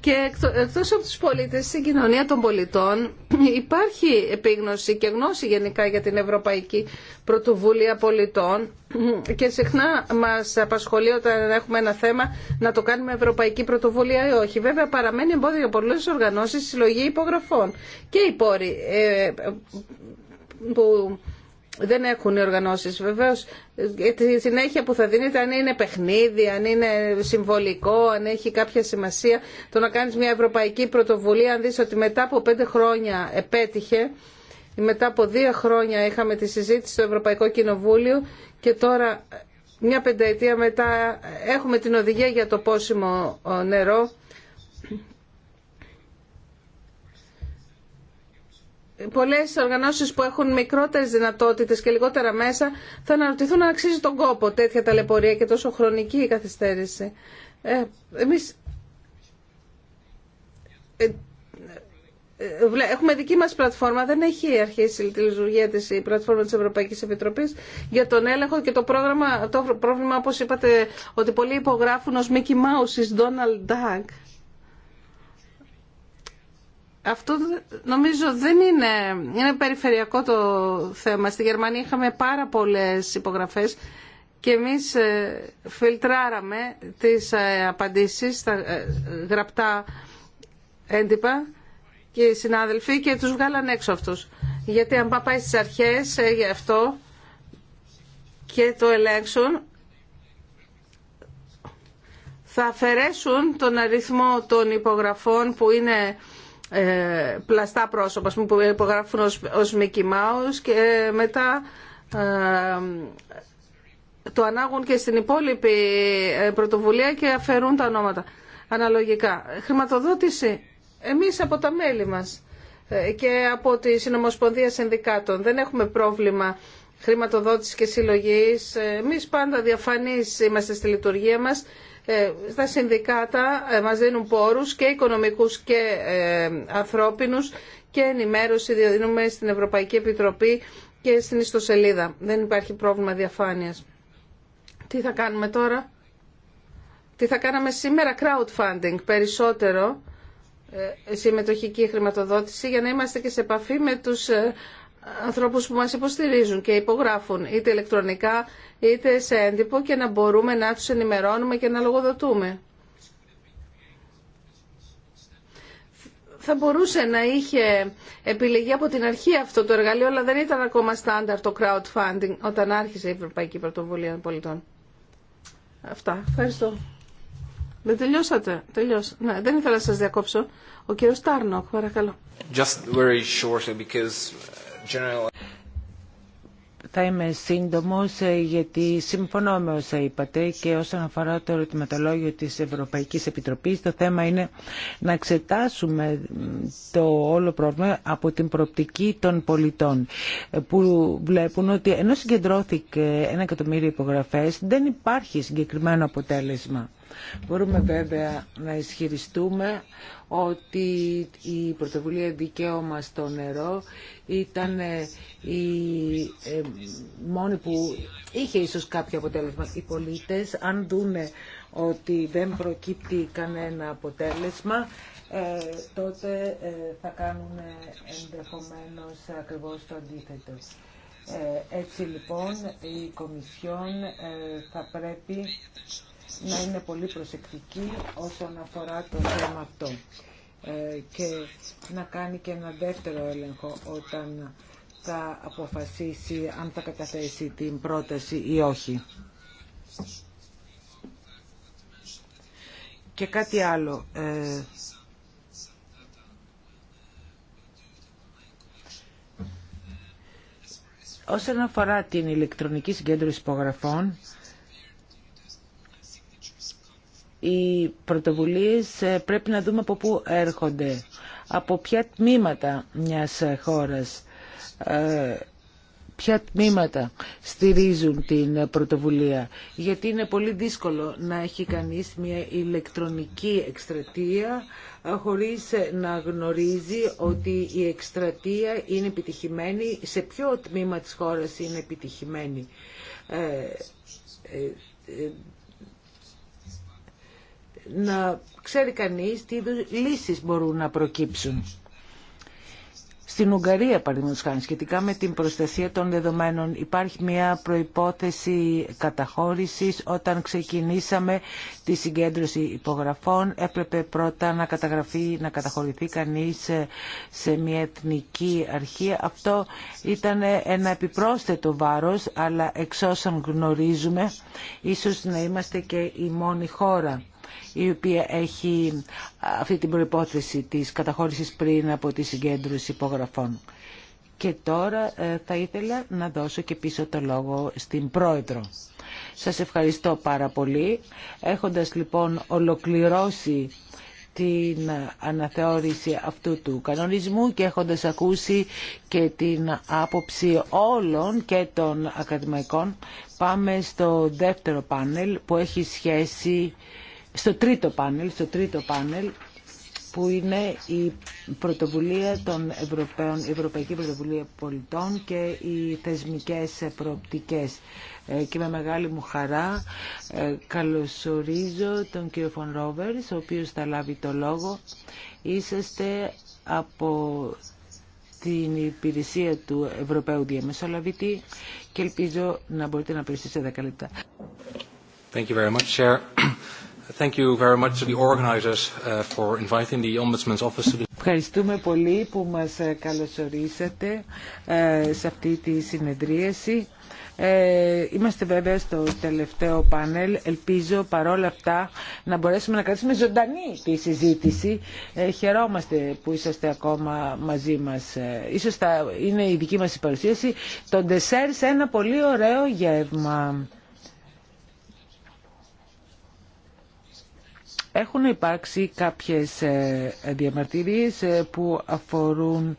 Και εκτός από τους πολίτες, στην κοινωνία των πολιτών υπάρχει επίγνωση και γνώση γενικά για την Ευρωπαϊκή Πρωτοβουλία Πολιτών και συχνά μας απασχολεί όταν έχουμε ένα θέμα να το κάνουμε Ευρωπαϊκή Πρωτοβουλία ή όχι. Βέβαια παραμένει εμπόδιο για πολλές οργανώσεις συλλογή υπογραφών και οι πόροι ε, που δεν έχουν οι οργανώσει. Βεβαίως, ε, τη συνέχεια που θα δίνεται, αν είναι παιχνίδι, αν είναι συμβολικό, αν έχει κάποια σημασία, το να κάνει μια ευρωπαϊκή πρωτοβουλία, αν δεις ότι μετά από πέντε χρόνια επέτυχε, μετά από δύο χρόνια είχαμε τη συζήτηση στο Ευρωπαϊκό Κοινοβούλιο και τώρα μια πενταετία μετά έχουμε την οδηγία για το πόσιμο ε, νερό Πολλέ οργανώσεις που έχουν μικρότερες δυνατότητες και λιγότερα μέσα θα αναρωτηθούν αν αξίζει τον κόπο τέτοια ταλαιπωρία και τόσο χρονική η καθυστέρηση. Ε, εμείς ε, ε, Έχουμε δική μας πλατφόρμα, δεν έχει αρχίσει τη λειτουργία της η πλατφόρμα της Ευρωπαϊκής Επιτροπής για τον έλεγχο και το, πρόγραμμα, το πρόβλημα όπως είπατε ότι πολλοί υπογράφουν ως Mickey Mouse, Donald Duck αυτό νομίζω δεν είναι, είναι περιφερειακό το θέμα. Στη Γερμανία είχαμε πάρα πολλές υπογραφές και εμείς ε, φιλτράραμε τις ε, απαντήσεις, τα ε, γραπτά έντυπα και οι συνάδελφοι και τους βγάλαν έξω αυτούς. Γιατί αν πάει στις αρχές γι' αυτό και το ελέγξουν, θα αφαιρέσουν τον αριθμό των υπογραφών που είναι ε, πλαστά πρόσωπα που υπογράφουν ως, ως Mickey και μετά ε, το ανάγουν και στην υπόλοιπη ε, πρωτοβουλία και αφαιρούν τα ονόματα αναλογικά. Χρηματοδότηση εμείς από τα μέλη μας ε, και από τη Συνομοσπονδία Συνδικάτων δεν έχουμε πρόβλημα χρηματοδότηση και συλλογής. Εμείς πάντα διαφανείς είμαστε στη λειτουργία μας ε, στα συνδικάτα ε, μας δίνουν πόρους και οικονομικούς και ε, ανθρώπινους και ενημέρωση διαδίνουμε στην Ευρωπαϊκή Επιτροπή και στην ιστοσελίδα. Δεν υπάρχει πρόβλημα διαφάνειας. Τι θα κάνουμε τώρα? Τι θα κάναμε σήμερα crowdfunding περισσότερο συμμετοχική χρηματοδότηση για να είμαστε και σε επαφή με τους ανθρώπους που μας υποστηρίζουν και υπογράφουν είτε ηλεκτρονικά είτε σε έντυπο και να μπορούμε να τους ενημερώνουμε και να λογοδοτούμε. Θα μπορούσε να είχε επιλεγεί από την αρχή αυτό το εργαλείο, αλλά δεν ήταν ακόμα στάνταρ το crowdfunding όταν άρχισε η Ευρωπαϊκή Πρωτοβουλία των Πολιτών. Αυτά. Ευχαριστώ. Δεν τελειώσατε. Τελειώσα. Ναι, δεν ήθελα να σας διακόψω. Ο κύριος Τάρνοκ, παρακαλώ.
Just very short because
θα είμαι σύντομος ε, γιατί συμφωνώ με όσα είπατε και όσον αφορά το ερωτηματολόγιο της Ευρωπαϊκής Επιτροπής το θέμα είναι να εξετάσουμε το όλο πρόβλημα από την προοπτική των πολιτών ε, που βλέπουν ότι ενώ συγκεντρώθηκε ένα εκατομμύριο υπογραφές δεν υπάρχει συγκεκριμένο αποτέλεσμα. Μπορούμε βέβαια να ισχυριστούμε ότι η πρωτοβουλία δικαίωμα στο νερό ήταν ε, η ε, μόνη που είχε ίσως κάποιο αποτέλεσμα. Οι πολίτες αν δούνε ότι δεν προκύπτει κανένα αποτέλεσμα ε, τότε θα κάνουν ενδεχομένως ακριβώς το αντίθετο. Έτσι λοιπόν η Κομισιόν θα πρέπει να είναι πολύ προσεκτική όσον αφορά το θέμα αυτό ε, και να κάνει και ένα δεύτερο έλεγχο όταν θα αποφασίσει αν θα καταθέσει την πρόταση ή όχι. Και κάτι άλλο. Ε, όσον αφορά την ηλεκτρονική συγκέντρωση υπογραφών, οι πρωτοβουλίες ε, πρέπει να δούμε από πού έρχονται, από ποια τμήματα μιας χώρας, ε, ποια τμήματα στηρίζουν την πρωτοβουλία. Γιατί είναι πολύ δύσκολο να έχει κανείς μια ηλεκτρονική εκστρατεία ε, χωρίς να γνωρίζει ότι η εκστρατεία είναι επιτυχημένη, σε ποιο τμήμα της χώρας είναι επιτυχημένη να ξέρει κανείς τι είδους λύσεις μπορούν να προκύψουν. Στην Ουγγαρία, παραδείγματος χάρη, σχετικά με την προστασία των δεδομένων, υπάρχει μια προϋπόθεση καταχώρησης. Όταν ξεκινήσαμε τη συγκέντρωση υπογραφών, έπρεπε πρώτα να, καταγραφεί, να καταχωρηθεί κανείς σε μια εθνική αρχή. Αυτό ήταν ένα επιπρόσθετο βάρος, αλλά εξ όσων γνωρίζουμε, ίσως να είμαστε και η μόνη χώρα η οποία έχει αυτή την προϋπόθεση της καταχώρησης πριν από τη συγκέντρωση υπογραφών. Και τώρα ε, θα ήθελα να δώσω και πίσω το λόγο στην Πρόεδρο. Σας ευχαριστώ πάρα πολύ. Έχοντας λοιπόν ολοκληρώσει την αναθεώρηση αυτού του κανονισμού και έχοντας ακούσει και την άποψη όλων και των ακαδημαϊκών, πάμε στο δεύτερο πάνελ που έχει σχέση στο τρίτο πάνελ, στο τρίτο πάνελ που είναι η πρωτοβουλία των Ευρωπαίων, Ευρωπαϊκή Πρωτοβουλία Πολιτών και οι θεσμικές προοπτικές. Ε, και με μεγάλη μου χαρά ε, καλωσορίζω τον κύριο Φων Ρόβερς, ο οποίος θα λάβει το λόγο. Είσαστε από την υπηρεσία του Ευρωπαίου Διαμεσολαβητή και ελπίζω να μπορείτε να περισσείτε 10 λεπτά.
Thank Thank
Ευχαριστούμε πολύ που μας ε, καλωσορίσατε ε, σε αυτή τη συνεδρίαση. Ε, είμαστε βέβαια στο τελευταίο πάνελ. Ελπίζω παρόλα αυτά να μπορέσουμε να κρατήσουμε ζωντανή τη συζήτηση. Χαιρόμαστε που είσαστε ακόμα μαζί μας. Ίσως θα είναι η δική μας παρουσίαση. Το ντεσέρ σε ένα πολύ ωραίο γεύμα. Έχουν υπάρξει κάποιες ε, διαμαρτυρίες ε, που αφορούν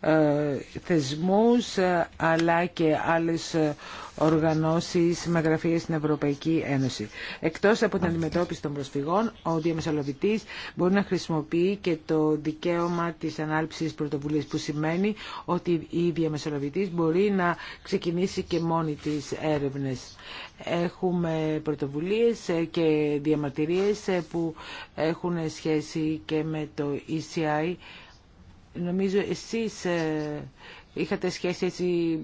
ε, θεσμούς ε, αλλά και άλλες ε, οργανώσεις με γραφεία στην Ευρωπαϊκή Ένωση. Εκτός από την αντιμετώπιση των προσφυγών, ο διαμεσολαβητής μπορεί να χρησιμοποιεί και το δικαίωμα της ανάλυσης πρωτοβουλίας που σημαίνει ότι η διαμεσολαβητής μπορεί να ξεκινήσει και μόνη της έρευνες. Έχουμε πρωτοβουλίες και διαμαρτυρίες που έχουν σχέση και με το ECI νομίζω εσείς ε, είχατε σχέση έτσι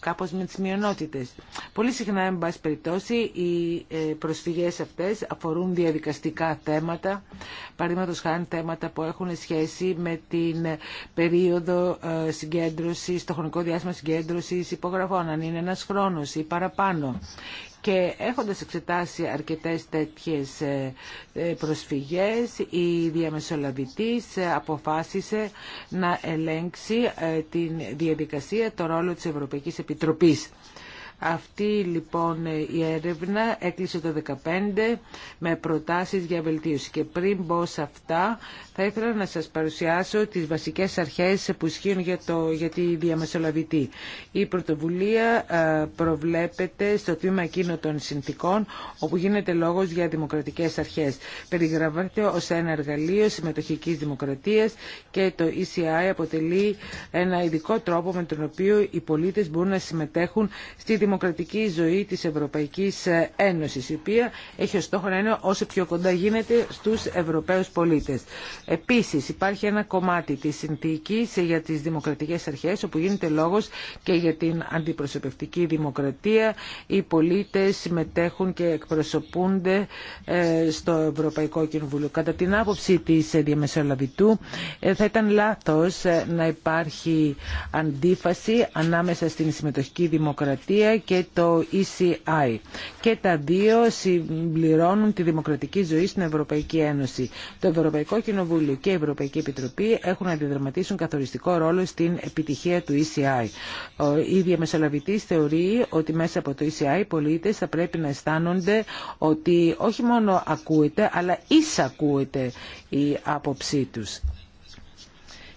κάπως με τις μειονότητες. Πολύ συχνά, εν πάση περιπτώσει, οι ε, προσφυγές αυτές αφορούν διαδικαστικά θέματα, παραδείγματος χάνει θέματα που έχουν σχέση με την ε, περίοδο συγκέντρωσης, το χρονικό διάστημα συγκέντρωσης υπογραφών, αν είναι ένας χρόνος ή παραπάνω. Και έχοντας εξετάσει αρκετές τέτοιες ε, ε, προσφυγές, η διαμεσολαβητής ε, αποφάσισε να ελέγξει την διαδικασία, το ρόλο της Ευρωπαϊκής Επιτροπής. Αυτή λοιπόν η έρευνα έκλεισε το 2015 με προτάσεις για βελτίωση. Και πριν μπω σε αυτά θα ήθελα να σας παρουσιάσω τις βασικές αρχές που ισχύουν για, το, τη διαμεσολαβητή. Η πρωτοβουλία ε, προβλέπεται στο τμήμα εκείνο των συνθήκων όπου γίνεται λόγος για δημοκρατικές αρχές. Περιγραφείται ως ένα εργαλείο συμμετοχικής δημοκρατίας και το ECI αποτελεί ένα ειδικό τρόπο με τον οποίο οι πολίτες μπορούν να συμμετέχουν στη δημοκρατία δημοκρατική ζωή της Ευρωπαϊκής Ένωσης, η οποία έχει ως στόχο να είναι όσο πιο κοντά γίνεται στους Ευρωπαίους πολίτες. Επίσης υπάρχει ένα κομμάτι της συνθήκης για τις δημοκρατικές αρχές, όπου γίνεται λόγος και για την αντιπροσωπευτική δημοκρατία. Οι πολίτες συμμετέχουν και εκπροσωπούνται ε, στο Ευρωπαϊκό Κοινοβούλιο. Κατά την άποψη της διαμεσολαβητού ε, θα ήταν λάθος ε, να υπάρχει αντίφαση ανάμεσα στην συμμετοχική δημοκρατία και το ECI. Και τα δύο συμπληρώνουν τη δημοκρατική ζωή στην Ευρωπαϊκή Ένωση. Το Ευρωπαϊκό Κοινοβούλιο και η Ευρωπαϊκή Επιτροπή έχουν να καθοριστικό ρόλο στην επιτυχία του ECI. Η διαμεσολαβητή θεωρεί ότι μέσα από το ECI οι πολίτε θα πρέπει να αισθάνονται ότι όχι μόνο ακούεται, αλλά εισακούεται η άποψή τους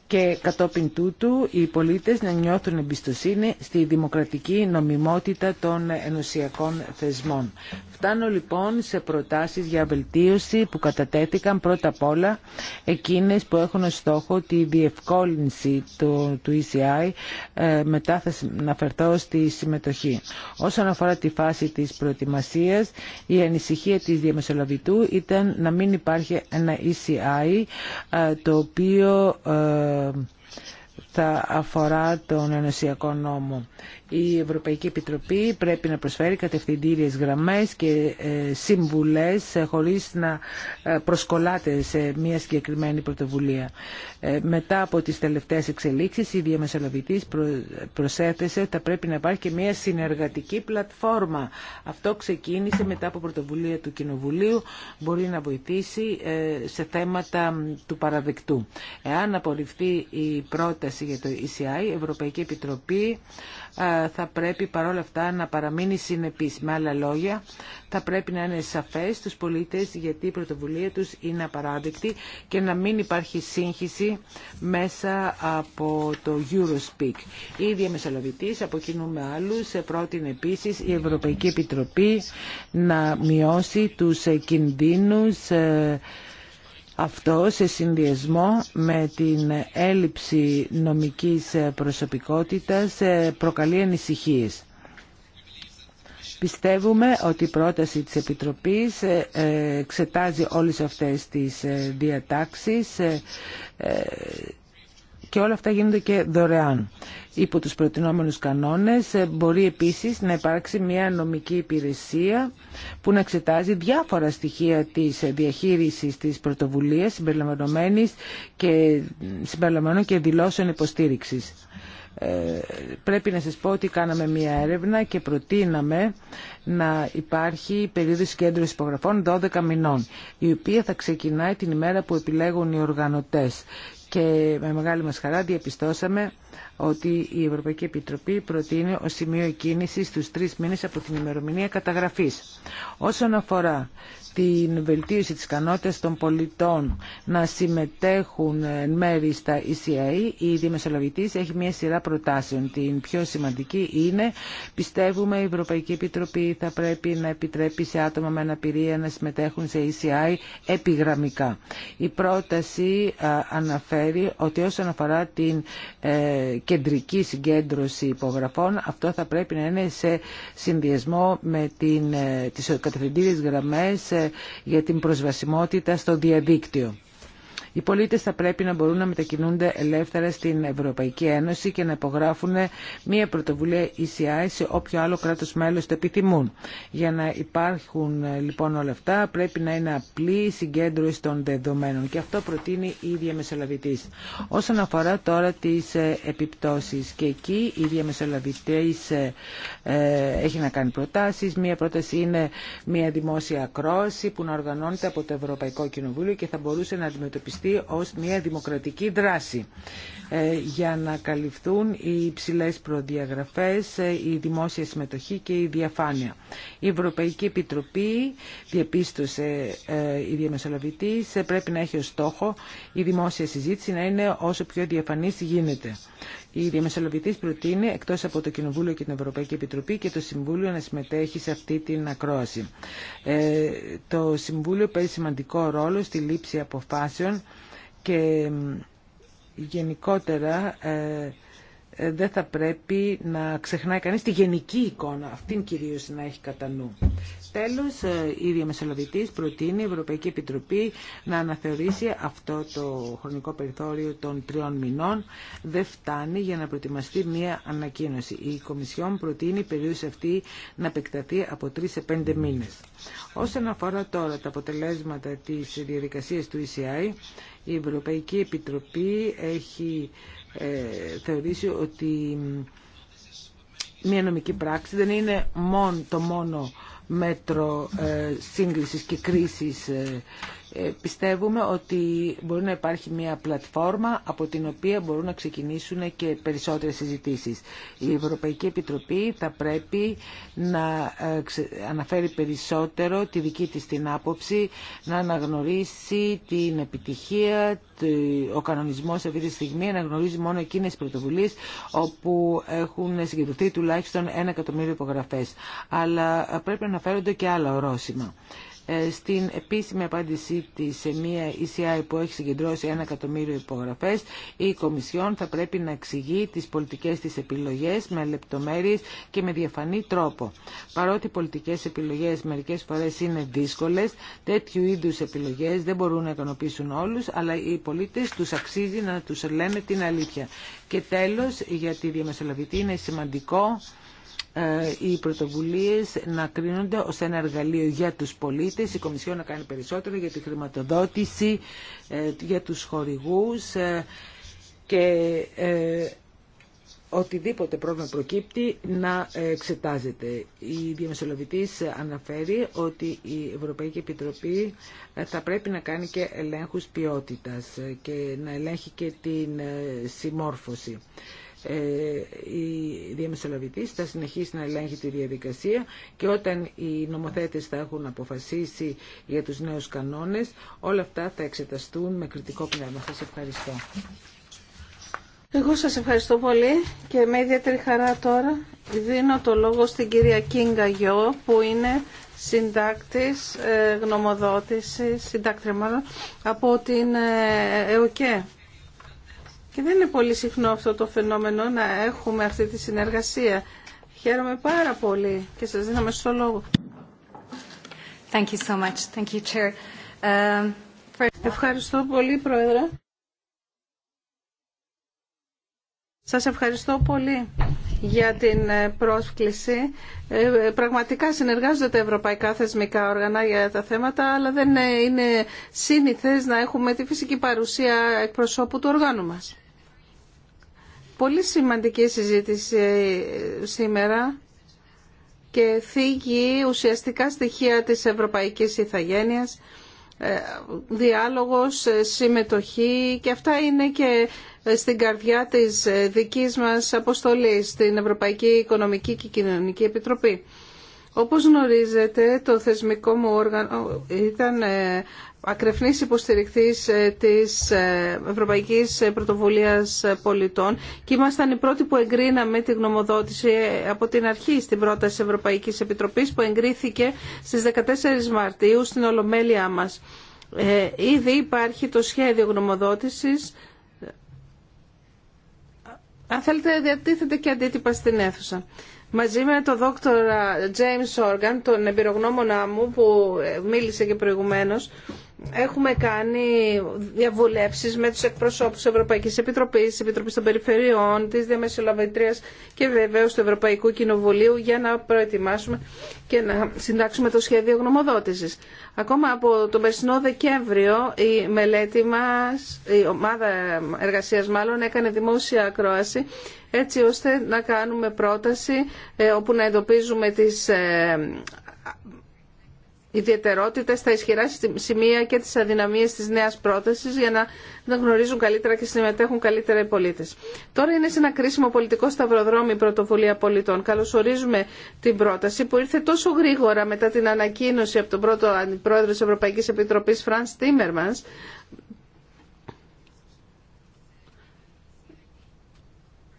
και κατόπιν τούτου οι πολίτες να νιώθουν εμπιστοσύνη στη δημοκρατική νομιμότητα των ενωσιακών θεσμών. Φτάνω λοιπόν σε προτάσεις για βελτίωση που κατατέθηκαν πρώτα απ' όλα εκείνες που έχουν στόχο τη διευκόλυνση του, του ECI, ε, μετά θα αναφερθώ στη συμμετοχή. Όσον αφορά τη φάση της προετοιμασίας, η ανησυχία της διαμεσολαβητού ήταν να μην υπάρχει ένα ECI ε, το οποίο ε, uh, θα αφορά τον ενωσιακό νόμο. Η Ευρωπαϊκή Επιτροπή πρέπει να προσφέρει κατευθυντήριες γραμμές και ε, συμβουλές ε, χωρίς να ε, προσκολάται σε μια συγκεκριμένη πρωτοβουλία. Μετά από τις τελευταίες εξελίξεις η διαμεσολαβητής προσέθεσε θα πρέπει να υπάρχει και μια συνεργατική πλατφόρμα. Αυτό ξεκίνησε μετά από πρωτοβουλία του Κοινοβουλίου μπορεί να βοηθήσει σε θέματα του παραδεκτού. Εάν απορριφθεί η πρώτη πρόταση για το ECI, η Ευρωπαϊκή Επιτροπή θα πρέπει παρόλα αυτά να παραμείνει συνεπής. Με άλλα λόγια, θα πρέπει να είναι σαφές στους πολίτες γιατί η πρωτοβουλία τους είναι απαράδεκτη και να μην υπάρχει σύγχυση μέσα από το Eurospeak. Η μεσολαβητής, από κοινού με άλλους πρότεινε επίσης η Ευρωπαϊκή Επιτροπή να μειώσει τους κινδύνους ε, αυτό σε συνδυασμό με την έλλειψη νομικής προσωπικότητας ε, προκαλεί ανησυχίες. Πιστεύουμε ότι η πρόταση της Επιτροπής ε, ε, εξετάζει όλες αυτές τις διατάξεις και όλα αυτά γίνονται και δωρεάν. Υπό τους προτινόμενους κανόνες ε, μπορεί επίσης να υπάρξει μια νομική υπηρεσία που να εξετάζει διάφορα στοιχεία της διαχείρισης της πρωτοβουλίας συμπεριλαμβανομένης και και δηλώσεων υποστήριξης. Ε, πρέπει να σας πω ότι κάναμε μια έρευνα και προτείναμε να υπάρχει περίοδος κέντρωση υπογραφών 12 μηνών, η οποία θα ξεκινάει την ημέρα που επιλέγουν οι οργανωτές και με μεγάλη μας χαρά διαπιστώσαμε ότι η Ευρωπαϊκή Επιτροπή προτείνει ως σημείο κίνησης στους τρεις μήνες από την ημερομηνία καταγραφής. Όσον αφορά την βελτίωση της ικανότητας των πολιτών να συμμετέχουν εν μέρη στα ECA, η Δήμεσολαβητή έχει μια σειρά προτάσεων. Την πιο σημαντική είναι, πιστεύουμε, η Ευρωπαϊκή Επιτροπή θα πρέπει να επιτρέπει σε άτομα με αναπηρία να συμμετέχουν σε ECI επιγραμμικά. Η πρόταση αναφέρει ότι όσον αφορά την ε, κεντρική συγκέντρωση υπογραφών, αυτό θα πρέπει να είναι σε συνδυασμό με την, ε, τις κατευθυντήριες γραμμές ε, για την προσβασιμότητα στο διαδίκτυο. Οι πολίτες θα πρέπει να μπορούν να μετακινούνται ελεύθερα στην Ευρωπαϊκή Ένωση και να υπογράφουν μια πρωτοβουλία ECI σε όποιο άλλο κράτος μέλος το επιθυμούν. Για να υπάρχουν λοιπόν όλα αυτά πρέπει να είναι απλή συγκέντρωση των δεδομένων και αυτό προτείνει η ίδια Μεσολαβητής. Όσον αφορά τώρα τις ε, επιπτώσεις και εκεί η ίδια Μεσολαβητής ε, ε, έχει να κάνει προτάσεις. Μία πρόταση είναι μια δημόσια ακρόαση που να οργανώνεται από το Ευρωπαϊκό Κοινοβούλιο και θα μπορούσε να αντιμετωπιστεί αυτή ως μια δημοκρατική δράση ε, για να καλυφθούν οι υψηλέ προδιαγραφές, ε, η δημόσια συμμετοχή και η διαφάνεια. Η Ευρωπαϊκή Επιτροπή διαπίστωσε ε, η διαμεσολαβητή πρέπει να έχει ως στόχο η δημόσια συζήτηση να είναι όσο πιο διαφανής γίνεται. Η διαμεσολαβητή προτείνει εκτό από το Κοινοβούλιο και την Ευρωπαϊκή Επιτροπή και το Συμβούλιο να συμμετέχει σε αυτή την ακρόαση. Ε, το Συμβούλιο παίζει σημαντικό ρόλο στη λήψη αποφάσεων και γενικότερα ε, ε, δεν θα πρέπει να ξεχνάει κανείς τη γενική εικόνα, αυτήν κυρίως να έχει κατά νου. Τέλος, ε, η Μεσολαβητής προτείνει η Ευρωπαϊκή Επιτροπή να αναθεωρήσει αυτό το χρονικό περιθώριο των τριών μηνών. Δεν φτάνει για να προετοιμαστεί μία ανακοίνωση. Η Κομισιόν προτείνει η περίοδος αυτή να επεκταθεί από τρεις σε πέντε μήνες. Όσον αφορά τώρα τα αποτελέσματα της διαδικασίας του ECI, η Ευρωπαϊκή Επιτροπή έχει ε, θεωρήσει ότι μια νομική πράξη δεν είναι μόνο, το μόνο μέτρο ε, σύγκλησης και κρίσης ε, ε, πιστεύουμε ότι μπορεί να υπάρχει μια πλατφόρμα από την οποία μπορούν να ξεκινήσουν και περισσότερες συζητήσεις. Η Ευρωπαϊκή Επιτροπή θα πρέπει να ε, αναφέρει περισσότερο τη δική της την άποψη, να αναγνωρίσει την επιτυχία, ο κανονισμός αυτή τη στιγμή γνωρίζει μόνο εκείνες τις πρωτοβουλίες όπου έχουν συγκεντρωθεί τουλάχιστον ένα εκατομμύριο υπογραφές. Αλλά ε, πρέπει να αναφέρονται και άλλα ορόσημα. Ε, στην επίσημη απάντησή τη σε μια ECI που έχει συγκεντρώσει ένα εκατομμύριο υπογραφέ, η Κομισιόν θα πρέπει να εξηγεί τι πολιτικέ τη επιλογέ με λεπτομέρειε και με διαφανή τρόπο. Παρότι οι πολιτικέ επιλογέ μερικέ φορέ είναι δύσκολε, τέτοιου είδου επιλογέ, δεν μπορούν να ικανοποιήσουν όλου, αλλά οι πολίτε του αξίζει να του λένε την αλήθεια. Και τέλο, για τη διαμεσολαβητή είναι σημαντικό ε, οι πρωτοβουλίες να κρίνονται ως ένα εργαλείο για τους πολίτες, η Κομισιόν να κάνει περισσότερο για τη χρηματοδότηση, ε, για τους χορηγούς ε, και οτιδήποτε πρόβλημα προκύπτει να εξετάζεται. Η διαμεσολαβητής αναφέρει ότι η Ευρωπαϊκή Επιτροπή θα πρέπει να κάνει και ελέγχους ποιότητας και να ελέγχει και την συμμόρφωση. Ε, η διαμεσολαβητή θα συνεχίσει να ελέγχει τη διαδικασία και όταν οι νομοθέτες θα έχουν αποφασίσει για τους νέους κανόνες, όλα αυτά θα εξεταστούν με κριτικό πνεύμα. Σας ευχαριστώ.
Εγώ σας ευχαριστώ πολύ και με ιδιαίτερη χαρά τώρα δίνω το λόγο στην κυρία Κίνγκα Γιώ που είναι συντάκτης, ε, γνωμοδότησης, συντάκτρια από την ε, ΕΟΚΕ. Και δεν είναι πολύ συχνό αυτό το φαινόμενο να έχουμε αυτή τη συνεργασία. Χαίρομαι πάρα πολύ και σας δίνω μέσα στο λόγο. Thank you so much. Thank you, Chair. Um, ευχαριστώ πολύ, Πρόεδρε. Σας ευχαριστώ πολύ για την ε, πρόσκληση. Ε, πραγματικά συνεργάζονται τα ευρωπαϊκά θεσμικά όργανα για τα θέματα, αλλά δεν ε, είναι σύνηθες να έχουμε τη φυσική παρουσία εκπροσώπου του οργάνου μας. Πολύ σημαντική συζήτηση ε, σήμερα και θίγει ουσιαστικά στοιχεία της ευρωπαϊκής ιθαγένειας ε, διάλογος, ε, συμμετοχή και αυτά είναι και στην καρδιά της δικής μας αποστολής στην Ευρωπαϊκή Οικονομική και Κοινωνική Επιτροπή. Όπως γνωρίζετε, το θεσμικό μου όργανο ήταν ε, ακρεφνής υποστηρικτής ε, της ε, Ευρωπαϊκής Πρωτοβουλίας Πολιτών και ήμασταν οι πρώτοι που εγκρίναμε τη γνωμοδότηση από την αρχή στην πρόταση Ευρωπαϊκής Επιτροπής που εγκρίθηκε στις 14 Μαρτίου στην Ολομέλειά μας. Ήδη υπάρχει το σχέδιο γνωμοδότησης. Αν θέλετε, διατίθεται και αντίτυπα στην αίθουσα μαζί με τον δόκτωρα Τζέιμς Όργαν, τον εμπειρογνώμονα μου που μίλησε και προηγουμένως, Έχουμε κάνει διαβουλεύσεις με τους εκπροσώπους της Ευρωπαϊκής Επιτροπής, Επιτροπής των Περιφερειών, της Διαμεσολαβητρίας και βεβαίως του Ευρωπαϊκού Κοινοβουλίου για να προετοιμάσουμε και να συντάξουμε το σχέδιο γνωμοδότησης. Ακόμα από τον περσινό Δεκέμβριο η μελέτη μας, η ομάδα εργασίας μάλλον, έκανε δημόσια ακρόαση έτσι ώστε να κάνουμε πρόταση ε, όπου να εντοπίζουμε τις ε, ιδιαιτερότητε, τα ισχυρά σημεία και τι αδυναμίες τη νέα πρόταση, για να, γνωρίζουν καλύτερα και συμμετέχουν καλύτερα οι πολίτε. Τώρα είναι σε ένα κρίσιμο πολιτικό σταυροδρόμι η πρωτοβουλία πολιτών. Καλωσορίζουμε την πρόταση που ήρθε τόσο γρήγορα μετά την ανακοίνωση από τον πρώτο αντιπρόεδρο τη Ευρωπαϊκή Επιτροπή, Φραν Τίμερμαν,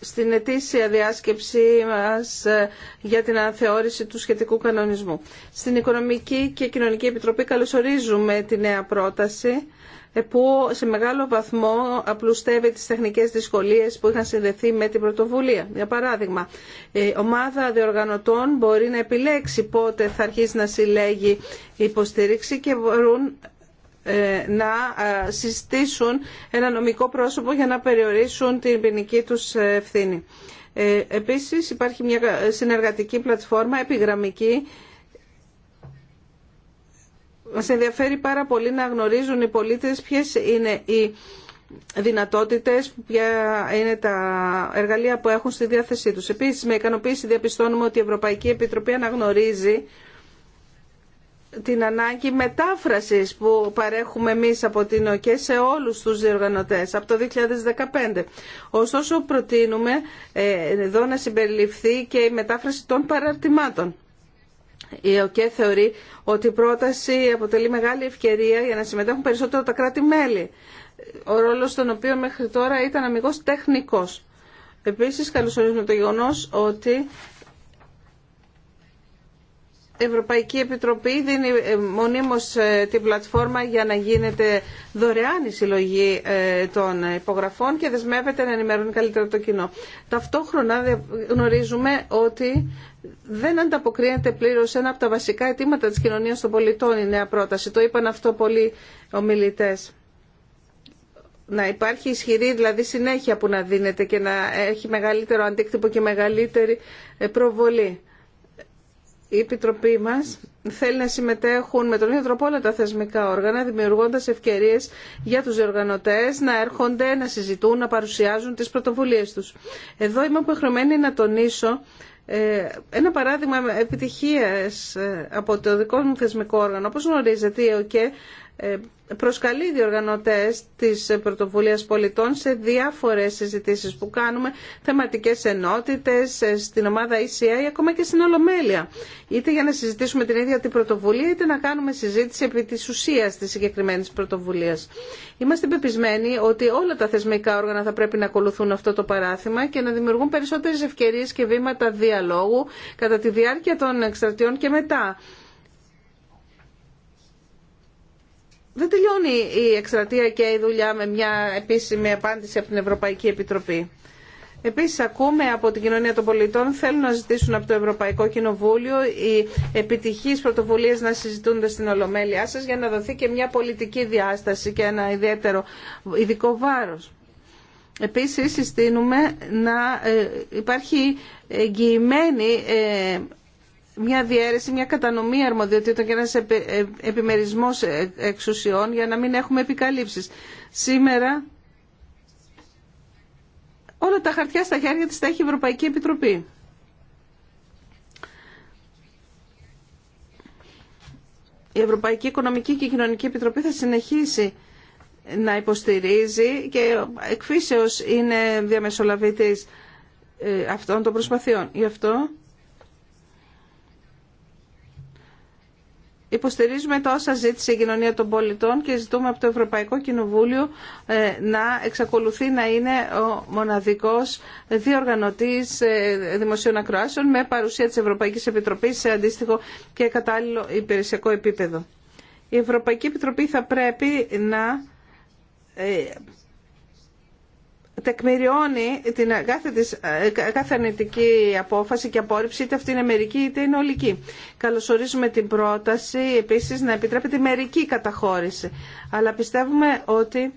στην ετήσια διάσκεψή μας ε, για την αναθεώρηση του σχετικού κανονισμού. Στην Οικονομική και Κοινωνική Επιτροπή καλωσορίζουμε τη νέα πρόταση ε, που σε μεγάλο βαθμό απλουστεύει τις τεχνικές δυσκολίες που είχαν συνδεθεί με την πρωτοβουλία. Για παράδειγμα, η ε, ομάδα διοργανωτών μπορεί να επιλέξει πότε θα αρχίσει να συλλέγει υποστήριξη και μπορούν ε, να ε, συστήσουν ένα νομικό πρόσωπο για να περιορίσουν την ποινική τους ευθύνη. Ε, επίσης υπάρχει μια συνεργατική πλατφόρμα επιγραμμική μας ενδιαφέρει πάρα πολύ να γνωρίζουν οι πολίτες ποιες είναι οι δυνατότητες, ποια είναι τα εργαλεία που έχουν στη διάθεσή τους. Επίσης, με ικανοποίηση διαπιστώνουμε ότι η Ευρωπαϊκή Επιτροπή αναγνωρίζει την ανάγκη μετάφρασης που παρέχουμε εμείς από την ΟΚΕ σε όλους τους διοργανωτές από το 2015. Ωστόσο προτείνουμε ε, εδώ να συμπεριληφθεί και η μετάφραση των παραρτημάτων. Η ΟΚΕ θεωρεί ότι η πρόταση αποτελεί μεγάλη ευκαιρία για να συμμετέχουν περισσότερο τα κράτη-μέλη, ο ρόλος των οποίων μέχρι τώρα ήταν αμυγός τεχνικός. Επίσης, καλωσορίζουμε το γεγονός ότι Ευρωπαϊκή Επιτροπή δίνει ε, μονίμως ε, την πλατφόρμα για να γίνεται δωρεάν η συλλογή ε, των υπογραφών και δεσμεύεται να ενημερώνει καλύτερα το κοινό. Ταυτόχρονα γνωρίζουμε ότι δεν ανταποκρίνεται πλήρως ένα από τα βασικά αιτήματα της κοινωνίας των πολιτών η νέα πρόταση. Το είπαν αυτό πολλοί ομιλητές. Να υπάρχει ισχυρή δηλαδή συνέχεια που να δίνεται και να έχει μεγαλύτερο αντίκτυπο και μεγαλύτερη προβολή η Επιτροπή μας θέλει να συμμετέχουν με τον ίδιο τρόπο όλα τα θεσμικά όργανα, δημιουργώντας ευκαιρίες για τους διοργανωτέ, να έρχονται, να συζητούν, να παρουσιάζουν τις πρωτοβουλίε τους. Εδώ είμαι αποχρεωμένη να τονίσω ε, ένα παράδειγμα επιτυχίας ε, από το δικό μου θεσμικό όργανο. Όπως γνωρίζετε, η ΕΟΚΕ. Ε, προσκαλεί διοργανωτές της πρωτοβουλίας πολιτών σε διάφορες συζητήσεις που κάνουμε, θεματικές ενότητες, ε, στην ομάδα ECA, ακόμα και στην Ολομέλεια. Είτε για να συζητήσουμε την ίδια την πρωτοβουλία, είτε να κάνουμε συζήτηση επί της ουσίας της συγκεκριμένης πρωτοβουλίας. Είμαστε πεπισμένοι ότι όλα τα θεσμικά όργανα θα πρέπει να ακολουθούν αυτό το παράθυμα και να δημιουργούν περισσότερες ευκαιρίες και βήματα διαλόγου κατά τη διάρκεια των εξτρατιών και μετά Δεν τελειώνει η εκστρατεία και η δουλειά με μια επίσημη απάντηση από την Ευρωπαϊκή Επιτροπή. Επίσης ακούμε από την κοινωνία των πολιτών θέλουν να ζητήσουν από το Ευρωπαϊκό Κοινοβούλιο οι επιτυχεί πρωτοβουλίε να συζητούνται στην Ολομέλειά σας για να δοθεί και μια πολιτική διάσταση και ένα ιδιαίτερο ειδικό βάρο. Επίση, συστήνουμε να ε, υπάρχει εγγυημένη ε, μια διαίρεση, μια κατανομή αρμοδιοτήτων και ένας ε, επιμερισμός ε, εξουσιών για να μην έχουμε επικαλύψεις. Σήμερα όλα τα χαρτιά στα χέρια της τα έχει η Ευρωπαϊκή Επιτροπή. Η Ευρωπαϊκή Οικονομική και Κοινωνική Επιτροπή θα συνεχίσει να υποστηρίζει και εκφύσεως είναι διαμεσολαβητής ε, αυτών των προσπαθειών. Γι' αυτό Υποστηρίζουμε τόσα όσα ζήτησε η κοινωνία των πολιτών και ζητούμε από το Ευρωπαϊκό Κοινοβούλιο ε, να εξακολουθεί να είναι ο μοναδικός διοργανωτής ε, δημοσίων ακροάσεων με παρουσία της Ευρωπαϊκής Επιτροπής σε αντίστοιχο και κατάλληλο υπηρεσιακό επίπεδο. Η Ευρωπαϊκή Επιτροπή θα πρέπει να ε, τεκμηριώνει την κάθε, της, ε, αρνητική απόφαση και απόρριψη, είτε αυτή είναι μερική είτε είναι ολική. Καλωσορίζουμε την πρόταση επίσης να επιτρέπεται μερική καταχώρηση. Αλλά πιστεύουμε ότι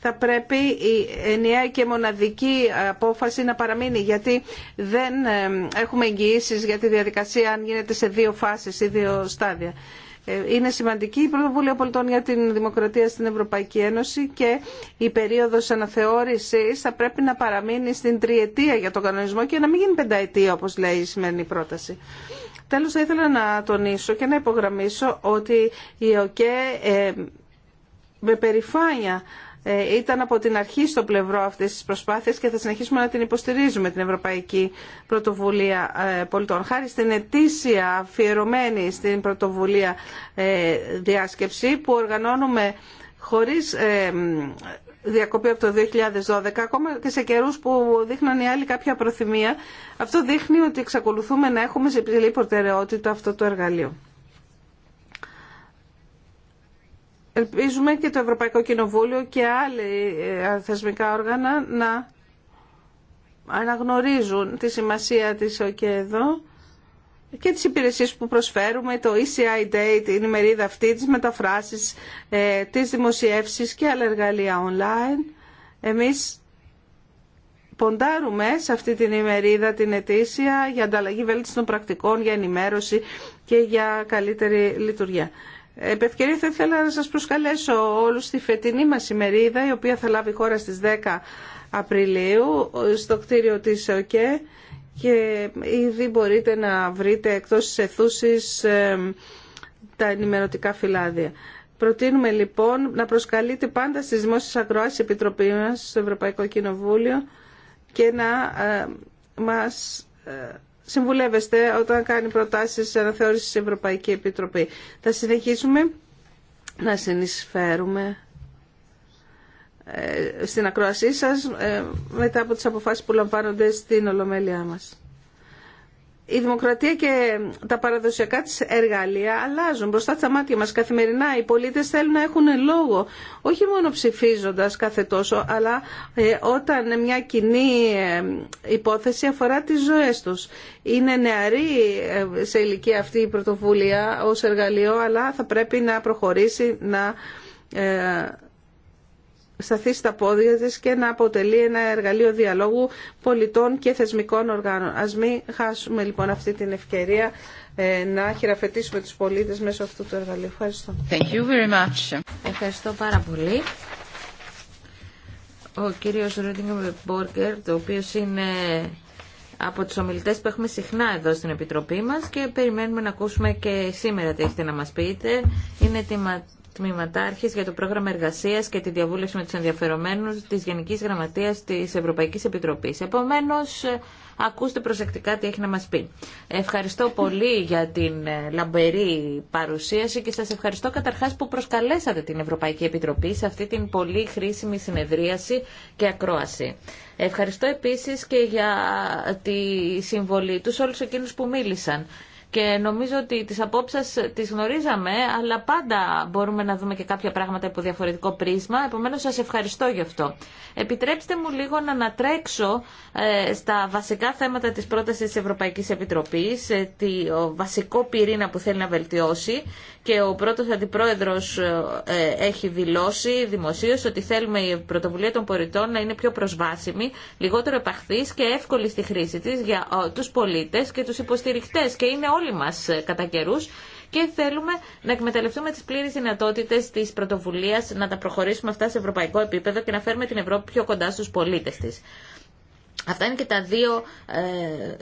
θα πρέπει η ενιαία και μοναδική απόφαση να παραμείνει γιατί δεν ε, έχουμε εγγυήσεις για τη διαδικασία αν γίνεται σε δύο φάσεις ή δύο στάδια. Είναι σημαντική η πρωτοβουλία πολιτών για την δημοκρατία στην Ευρωπαϊκή Ένωση και η περίοδος αναθεώρησης θα πρέπει να παραμείνει στην τριετία για τον κανονισμό και να μην γίνει πενταετία όπως λέει η σημερινή πρόταση. Τέλος θα ήθελα να τονίσω και να υπογραμμίσω ότι η ΟΚΕ ε, με περηφάνεια ε, ήταν από την αρχή στο πλευρό αυτής της προσπάθειας και θα συνεχίσουμε να την υποστηρίζουμε την Ευρωπαϊκή Πρωτοβουλία ε, Πολιτών. Χάρη στην ετήσια αφιερωμένη στην πρωτοβουλία ε, διάσκεψη που οργανώνουμε χωρίς διακοπή από το 2012, ακόμα και σε καιρούς που δείχναν οι άλλοι κάποια προθυμία, αυτό δείχνει ότι εξακολουθούμε να έχουμε σε υψηλή προτεραιότητα αυτό το εργαλείο. Ελπίζουμε και το Ευρωπαϊκό Κοινοβούλιο και άλλοι ε, θεσμικά όργανα να αναγνωρίζουν τη σημασία της ΟΚΕΔΟ και τις υπηρεσίες που προσφέρουμε, το ECI Day, την ημερίδα αυτή, τις μεταφράσεις, ε, τις δημοσιεύσεις και άλλα εργαλεία online. Εμείς ποντάρουμε σε αυτή την ημερίδα την ετήσια για ανταλλαγή βέλτιστων πρακτικών, για ενημέρωση και για καλύτερη λειτουργία. Επ' θα ήθελα να σας προσκαλέσω όλους στη φετινή μας ημερίδα, η οποία θα λάβει χώρα στις 10 Απριλίου στο κτίριο της ΟΚΕ και ήδη μπορείτε να βρείτε εκτός της αιθούσης ε, τα ενημερωτικά φυλάδια. Προτείνουμε λοιπόν να προσκαλείτε πάντα στις δημόσιες ακροάσεις Επιτροπή μας στο Ευρωπαϊκό Κοινοβούλιο και να ε, μας ε, συμβουλεύεστε όταν κάνει προτάσεις αναθεώρηση της Ευρωπαϊκή Επιτροπή. Θα συνεχίσουμε να συνεισφέρουμε ε, στην ακροασή σας ε, μετά από τις αποφάσεις που λαμβάνονται στην Ολομέλειά μας η δημοκρατία και τα παραδοσιακά της εργαλεία αλλάζουν μπροστά στα μάτια μας καθημερινά. Οι πολίτες θέλουν να έχουν λόγο, όχι μόνο ψηφίζοντας κάθε τόσο, αλλά ε, όταν μια κοινή ε, υπόθεση αφορά τις ζωές τους. Είναι νεαρή ε, σε ηλικία αυτή η πρωτοβουλία ως εργαλείο, αλλά θα πρέπει να προχωρήσει να σταθεί στα πόδια της και να αποτελεί ένα εργαλείο διαλόγου πολιτών και θεσμικών οργάνων. Ας μην χάσουμε λοιπόν αυτή την ευκαιρία ε, να χειραφετήσουμε τους πολίτες μέσω αυτού του εργαλείου. Ευχαριστώ.
Thank you very much. Ευχαριστώ πάρα πολύ. Ο κύριος Ρούντινγκ Μπόρκερ, το οποίο είναι από τους ομιλητές που έχουμε συχνά εδώ στην Επιτροπή μας και περιμένουμε να ακούσουμε και σήμερα τι έχετε να μας πείτε. Είναι τμήματάρχης για το πρόγραμμα εργασίας και τη διαβούλευση με τους ενδιαφερομένους της Γενικής Γραμματείας της Ευρωπαϊκής Επιτροπής. Επομένως, ε, ακούστε προσεκτικά τι έχει να μας πει. Ευχαριστώ πολύ για την ε, λαμπερή παρουσίαση και σας ευχαριστώ καταρχάς που προσκαλέσατε την Ευρωπαϊκή Επιτροπή σε αυτή την πολύ χρήσιμη συνεδρίαση και ακρόαση. Ευχαριστώ επίσης και για τη συμβολή τους όλους εκείνους που μίλησαν και νομίζω ότι τις απόψεις τις γνωρίζαμε, αλλά πάντα μπορούμε να δούμε και κάποια πράγματα από διαφορετικό πρίσμα, επομένως σας ευχαριστώ γι' αυτό. Επιτρέψτε μου λίγο να ανατρέξω ε, στα βασικά θέματα της πρότασης της Ευρωπαϊκής Επιτροπής, ε, το βασικό πυρήνα που θέλει να βελτιώσει και ο πρώτος αντιπρόεδρος ε, έχει δηλώσει δημοσίως ότι θέλουμε η πρωτοβουλία των πολιτών να είναι πιο προσβάσιμη, λιγότερο επαχθής και εύκολη στη χρήση της για τους πολίτες και τους υποστηρικτές και είναι όλοι μα ε, κατά καιρού και θέλουμε να εκμεταλλευτούμε τις πλήρε δυνατότητε τη πρωτοβουλία να τα προχωρήσουμε αυτά σε ευρωπαϊκό επίπεδο και να φέρουμε την Ευρώπη πιο κοντά στους πολίτες της. Αυτά είναι και τα δύο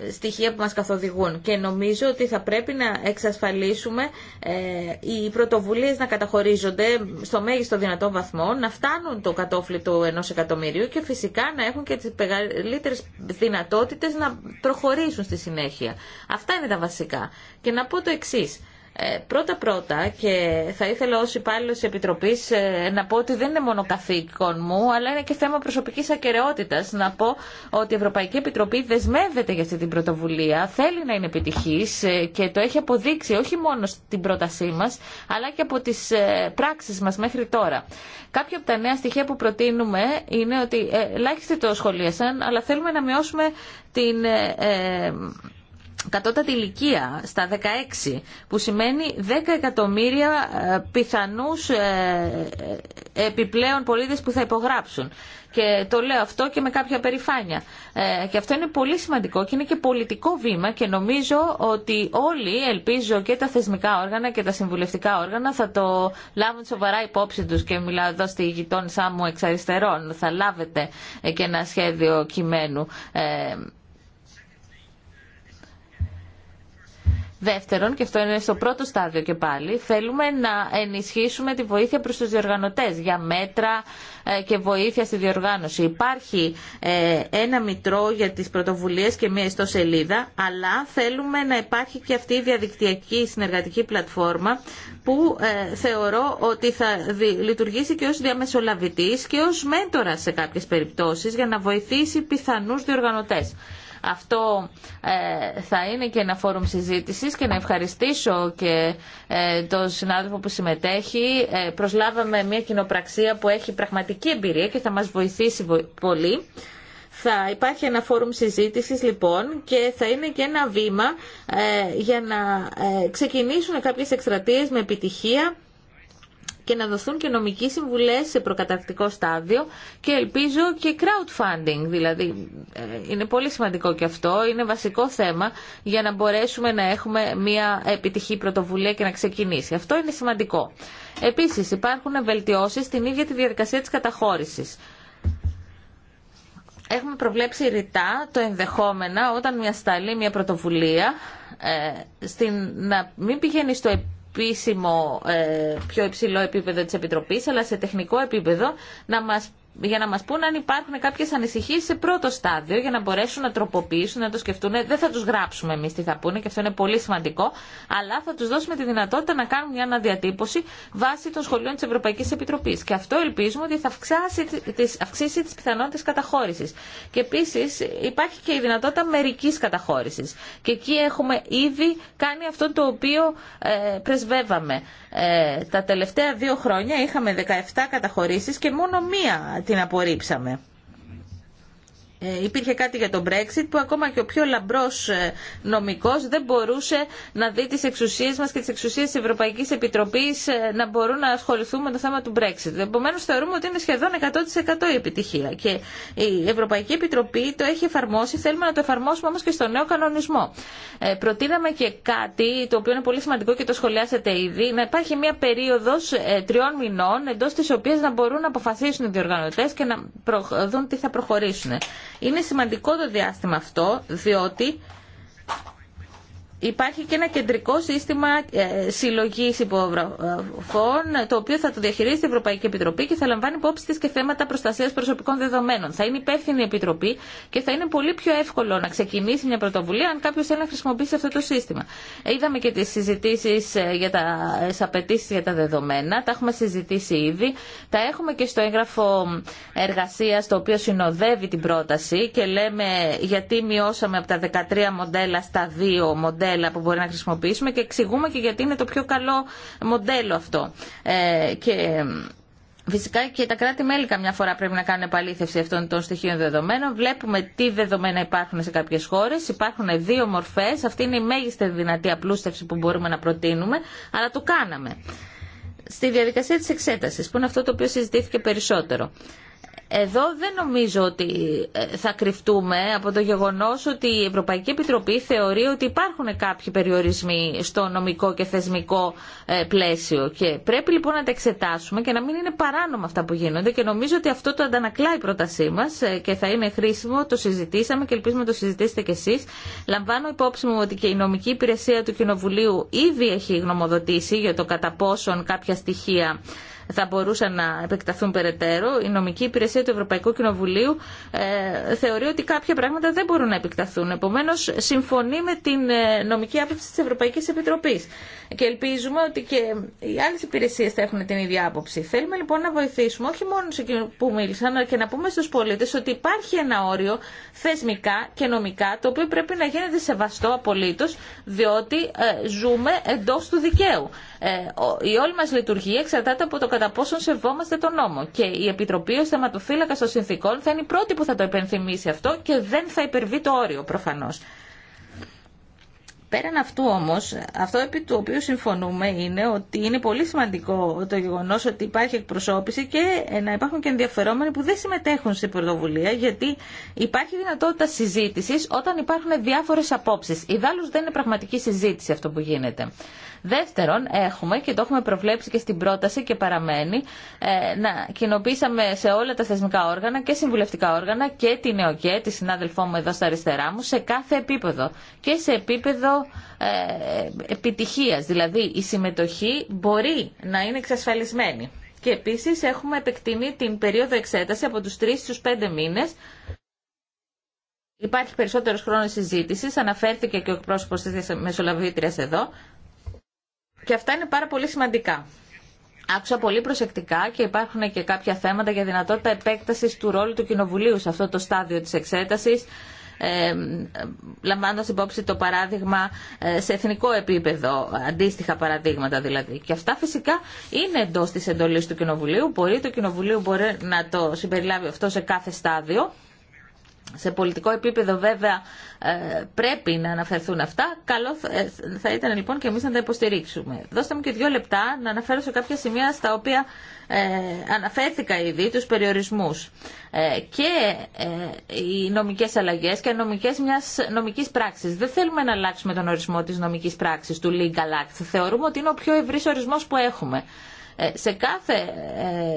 ε, στοιχεία που μας καθοδηγούν και νομίζω ότι θα πρέπει να εξασφαλίσουμε ε, οι πρωτοβουλίες να καταχωρίζονται στο μέγιστο δυνατό βαθμό, να φτάνουν το κατόφλι του ενός εκατομμυρίου και φυσικά να έχουν και τις μεγαλύτερες δυνατότητες να προχωρήσουν στη συνέχεια. Αυτά είναι τα βασικά. Και να πω το εξής. Πρώτα-πρώτα ε, και θα ήθελα ως υπάλληλο τη Επιτροπής ε, να πω ότι δεν είναι μόνο καθήκον μου αλλά είναι και θέμα προσωπικής ακεραιότητας να πω ότι η Ευρωπαϊκή Επιτροπή δεσμεύεται για αυτή την πρωτοβουλία, θέλει να είναι επιτυχής ε, και το έχει αποδείξει όχι μόνο στην πρότασή μας αλλά και από τις πράξεις μας μέχρι τώρα. Κάποια από τα νέα στοιχεία που προτείνουμε είναι ότι ελάχιστοι το σχολίασαν αλλά θέλουμε να μειώσουμε την κατώτατη ηλικία στα 16 που σημαίνει 10 εκατομμύρια ε, πιθανούς ε, ε, επιπλέον πολίτες που θα υπογράψουν. Και το λέω αυτό και με κάποια περηφάνεια. Και αυτό είναι πολύ σημαντικό και είναι και πολιτικό βήμα και νομίζω ότι όλοι, ελπίζω και τα θεσμικά όργανα και τα συμβουλευτικά όργανα θα το λάβουν σοβαρά υπόψη τους και μιλάω εδώ στη γειτόνισά μου εξ αριστερών. Θα λάβετε και ένα σχέδιο κειμένου Δεύτερον, και αυτό είναι στο πρώτο στάδιο και πάλι, θέλουμε να ενισχύσουμε τη βοήθεια προς τους διοργανωτές για μέτρα ε, και βοήθεια στη διοργάνωση. Υπάρχει ε, ένα μητρό για τις πρωτοβουλίες και μια ιστοσελίδα, αλλά θέλουμε να υπάρχει και αυτή η διαδικτυακή συνεργατική πλατφόρμα που ε, θεωρώ ότι θα λειτουργήσει και ως διαμεσολαβητής και ως μέντορα σε κάποιες περιπτώσεις για να βοηθήσει πιθανούς διοργανωτές. Αυτό ε, θα είναι και ένα φόρουμ συζήτησης και να ευχαριστήσω και ε, τον συνάδελφο που συμμετέχει. Ε, προσλάβαμε μια κοινοπραξία που έχει πραγματική εμπειρία και θα μας βοηθήσει πολύ. Θα υπάρχει ένα φόρουμ συζήτησης λοιπόν και θα είναι και ένα βήμα για να ξεκινήσουν κάποιες εκστρατείες με επιτυχία και να δοθούν και νομικοί συμβουλές σε προκαταρκτικό στάδιο και ελπίζω και crowdfunding, δηλαδή ε, είναι πολύ σημαντικό και αυτό, είναι βασικό θέμα για να μπορέσουμε να έχουμε μια επιτυχή πρωτοβουλία και να ξεκινήσει. Αυτό είναι σημαντικό. Επίσης υπάρχουν βελτιώσεις στην ίδια τη διαδικασία της καταχώρησης. Έχουμε προβλέψει ρητά το ενδεχόμενα όταν μια σταλή, μια πρωτοβουλία ε, στην, να μην πηγαίνει στο επίσημο, ε, πιο υψηλό επίπεδο της Επιτροπής, αλλά σε τεχνικό επίπεδο να μας για να μας πούν αν υπάρχουν κάποιες ανησυχίες σε πρώτο στάδιο για να μπορέσουν να τροποποιήσουν, να το σκεφτούν. Ε, δεν θα τους γράψουμε εμείς τι θα πούνε και αυτό είναι πολύ σημαντικό, αλλά θα τους δώσουμε τη δυνατότητα να κάνουν μια αναδιατύπωση βάσει των σχολείων της Ευρωπαϊκής Επιτροπής. Και αυτό ελπίζουμε ότι θα αυξήσει τις, αυξήσει τις πιθανότητες καταχώρησης. Και επίσης υπάρχει και η δυνατότητα μερικής καταχώρησης. Και εκεί έχουμε ήδη κάνει αυτό το οποίο ε, πρεσβεύαμε. Ε, τα τελευταία δύο χρόνια είχαμε 17 καταχωρήσει και μόνο μία την απορρίψαμε. Ε, υπήρχε κάτι για τον Brexit που ακόμα και ο πιο λαμπρός ε, νομικός δεν μπορούσε να δει τις εξουσίες μας και τις εξουσίες της Ευρωπαϊκής Επιτροπής ε, να μπορούν να ασχοληθούν με το θέμα του Brexit. Επομένως θεωρούμε ότι είναι σχεδόν 100% η επιτυχία και η Ευρωπαϊκή Επιτροπή το έχει εφαρμόσει, θέλουμε να το εφαρμόσουμε όμως και στο νέο κανονισμό. Ε, προτείναμε και κάτι το οποίο είναι πολύ σημαντικό και το σχολιάσατε ήδη, να υπάρχει μια περίοδος ε, τριών μηνών εντός της οποίας να μπορούν να αποφασίσουν οι διοργανωτές και να δουν τι θα προχωρήσουν. Είναι σημαντικό το διάστημα αυτό διότι υπάρχει και ένα κεντρικό σύστημα ε, συλλογής υπογραφών, ε, το οποίο θα το διαχειρίζει η Ευρωπαϊκή Επιτροπή και θα λαμβάνει υπόψη της και θέματα προστασίας προσωπικών δεδομένων. Θα είναι υπεύθυνη η Επιτροπή και θα είναι πολύ πιο εύκολο να ξεκινήσει μια πρωτοβουλία αν κάποιο θέλει να χρησιμοποιήσει αυτό το σύστημα. Ε, είδαμε και τις συζητήσεις για τα απαιτήσει για τα δεδομένα, τα έχουμε συζητήσει ήδη, τα έχουμε και στο έγγραφο εργασίας το οποίο συνοδεύει την πρόταση και λέμε γιατί μειώσαμε από τα 13 μοντέλα στα 2 μοντέλα μοντέλα που μπορεί να χρησιμοποιήσουμε και εξηγούμε και γιατί είναι το πιο καλό μοντέλο αυτό. Ε, και Φυσικά και τα κράτη-μέλη καμιά φορά πρέπει να κάνουν επαλήθευση αυτών των στοιχείων δεδομένων. Βλέπουμε τι δεδομένα υπάρχουν σε κάποιε χώρε. Υπάρχουν δύο μορφέ. Αυτή είναι η μέγιστη δυνατή απλούστευση που μπορούμε να προτείνουμε, αλλά το κάναμε. Στη διαδικασία τη εξέταση, που είναι αυτό το οποίο συζητήθηκε περισσότερο. Εδώ δεν νομίζω ότι ε, θα κρυφτούμε από το γεγονός ότι η Ευρωπαϊκή Επιτροπή θεωρεί ότι υπάρχουν κάποιοι περιορισμοί στο νομικό και θεσμικό ε, πλαίσιο και πρέπει λοιπόν να τα εξετάσουμε και να μην είναι παράνομα αυτά που γίνονται και νομίζω ότι αυτό το αντανακλά η πρότασή μας ε, και θα είναι χρήσιμο, το συζητήσαμε και ελπίζουμε να το συζητήσετε κι εσείς. Λαμβάνω υπόψη μου ότι και η νομική υπηρεσία του Κοινοβουλίου ήδη έχει γνωμοδοτήσει για το κατά πόσον κάποια στοιχεία θα μπορούσαν να επεκταθούν περαιτέρω. Η νομική υπηρεσία του Ευρωπαϊκού Κοινοβουλίου ε, θεωρεί ότι κάποια πράγματα δεν μπορούν να επεκταθούν. Επομένω, συμφωνεί με την ε, νομική άποψη τη Ευρωπαϊκή Επιτροπή. Και ελπίζουμε ότι και οι άλλε υπηρεσίε θα έχουν την ίδια άποψη. Θέλουμε λοιπόν να βοηθήσουμε όχι μόνο σε εκείνου που μίλησαν, αλλά και να πούμε στου πολίτε ότι υπάρχει ένα όριο θεσμικά και νομικά, το οποίο πρέπει να γίνεται σεβαστό απολύτω, διότι ε, ζούμε εντό του δικαίου. Ε, η όλη μα λειτουργία εξαρτάται από το κατά πόσον σεβόμαστε τον νόμο. Και η Επιτροπή ω θεματοφύλακα των συνθήκων θα είναι η πρώτη που θα το υπενθυμίσει αυτό και δεν θα υπερβεί το όριο προφανώ. Πέραν αυτού όμω, αυτό επί του οποίου συμφωνούμε είναι ότι είναι πολύ σημαντικό το γεγονό ότι υπάρχει εκπροσώπηση και να υπάρχουν και ενδιαφερόμενοι που δεν συμμετέχουν στην πρωτοβουλία γιατί υπάρχει δυνατότητα συζήτηση όταν υπάρχουν διάφορες απόψεις. Ιδάλω δεν είναι πραγματική συζήτηση αυτό που γίνεται. Δεύτερον, έχουμε και το έχουμε προβλέψει και στην πρόταση και παραμένει ε, να κοινοποίησαμε σε όλα τα θεσμικά όργανα και συμβουλευτικά όργανα και την ΕΟΚΕ, τη συνάδελφό μου εδώ στα αριστερά μου, σε κάθε επίπεδο και σε επίπεδο ε, επιτυχίας. Δηλαδή η συμμετοχή μπορεί να είναι εξασφαλισμένη. Και επίσης έχουμε επεκτείνει την περίοδο εξέταση από τους 3 στους 5 μήνες. Υπάρχει περισσότερος χρόνος συζήτησης, αναφέρθηκε και ο εκπρόσωπος της Μεσολαβήτριας εδώ, και αυτά είναι πάρα πολύ σημαντικά. Άκουσα πολύ προσεκτικά και υπάρχουν και κάποια θέματα για δυνατότητα επέκτασης του ρόλου του Κοινοβουλίου σε αυτό το στάδιο της εξέτασης, ε, λαμβάνοντας υπόψη το παράδειγμα ε, σε εθνικό επίπεδο, αντίστοιχα παραδείγματα δηλαδή. Και αυτά φυσικά είναι εντό τη εντολή του Κοινοβουλίου, μπορεί το Κοινοβουλίο μπορεί να το συμπεριλάβει αυτό σε κάθε στάδιο, σε πολιτικό επίπεδο βέβαια ε, πρέπει να αναφερθούν αυτά. Καλό ε, θα ήταν λοιπόν και εμείς να τα υποστηρίξουμε. Δώστε μου και δύο λεπτά να αναφέρω σε κάποια σημεία στα οποία ε, αναφέρθηκα ήδη τους περιορισμούς και οι νομικές αλλαγές και νομικές μιας νομικής πράξης. Δεν θέλουμε να αλλάξουμε τον ορισμό της νομικής πράξης του Legal Act. Θεωρούμε ότι είναι ο πιο ευρύς ορισμός που έχουμε. Ε, σε κάθε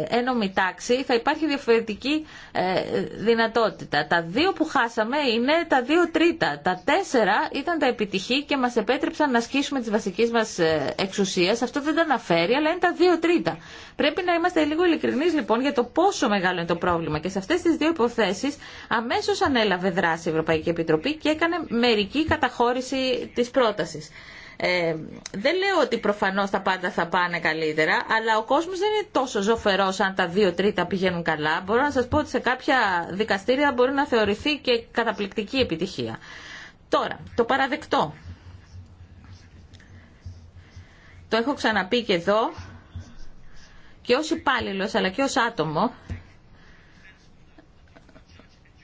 ε, ένομη τάξη θα υπάρχει διαφορετική ε, δυνατότητα. Τα δύο που χάσαμε είναι τα δύο τρίτα. Τα τέσσερα ήταν τα επιτυχή και μας επέτρεψαν να ασκήσουμε τις βασικές μας εξουσίες. Αυτό δεν τα αναφέρει, αλλά είναι τα δύο τρίτα. Πρέπει να είμαστε λίγο ειλικρινείς λοιπόν για το πόσο μεγάλο είναι το πρόβλημα. Και σε αυτές τις δύο υποθέσεις αμέσως ανέλαβε δράση η Ευρωπαϊκή Επιτροπή και έκανε μερική καταχώρηση της πρότασης. Ε, δεν λέω ότι προφανώς τα πάντα θα πάνε καλύτερα, αλλά ο κόσμος δεν είναι τόσο ζωφερό αν τα δύο τρίτα πηγαίνουν καλά. Μπορώ να σας πω ότι σε κάποια δικαστήρια μπορεί να θεωρηθεί και καταπληκτική επιτυχία. Τώρα, το παραδεκτό. Το έχω ξαναπεί και εδώ, και ως υπάλληλο αλλά και ως άτομο,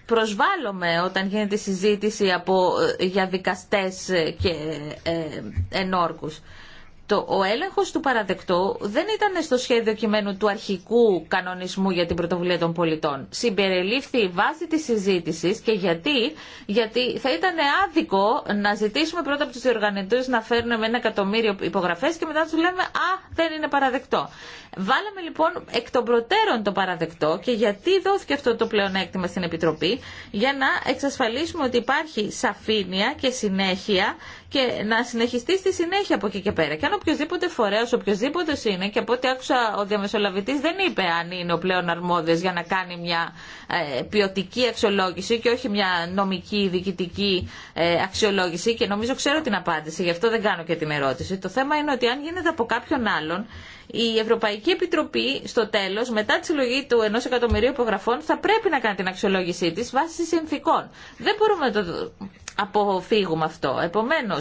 προσβάλλομαι όταν γίνεται συζήτηση από, ε, για δικαστές και ε, ε ενόρκους το, ο έλεγχος του παραδεκτού δεν ήταν στο σχέδιο κειμένου του αρχικού κανονισμού για την πρωτοβουλία των πολιτών. Συμπεριλήφθη η βάση της συζήτησης και γιατί, γιατί θα ήταν άδικο να ζητήσουμε πρώτα από τους διοργανωτές να φέρουν με ένα εκατομμύριο υπογραφές και μετά τους λέμε «Α, δεν είναι παραδεκτό». Βάλαμε λοιπόν εκ των προτέρων το παραδεκτό και γιατί δόθηκε αυτό το πλεονέκτημα στην Επιτροπή για να εξασφαλίσουμε ότι υπάρχει σαφήνεια και συνέχεια και να συνεχιστεί στη συνέχεια από εκεί και πέρα. Και αν οποιοδήποτε φορέα, οποιοδήποτε είναι, και από ό,τι άκουσα ο διαμεσολαβητή δεν είπε αν είναι ο πλέον αρμόδιο για να κάνει μια ε, ποιοτική αξιολόγηση και όχι μια νομική διοικητική ε, αξιολόγηση. Και νομίζω ξέρω την απάντηση, γι' αυτό δεν κάνω και την ερώτηση. Το θέμα είναι ότι αν γίνεται από κάποιον άλλον, η Ευρωπαϊκή Επιτροπή στο τέλο, μετά τη συλλογή του ενό εκατομμυρίου υπογραφών, θα πρέπει να κάνει την αξιολόγησή τη βάσει συνθήκων. Δεν μπορούμε να το αποφύγουμε αυτό. Επομένω,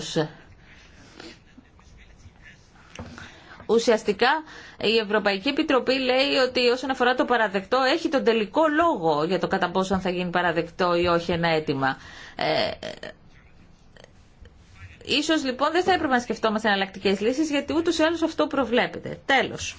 ουσιαστικά η Ευρωπαϊκή Επιτροπή λέει ότι όσον αφορά το παραδεκτό έχει τον τελικό λόγο για το κατά πόσο θα γίνει παραδεκτό ή όχι ένα αίτημα. Ε, Ίσως λοιπόν δεν θα έπρεπε να σκεφτόμαστε εναλλακτικέ λύσεις γιατί ούτως ή άλλως αυτό προβλέπεται. Τέλος.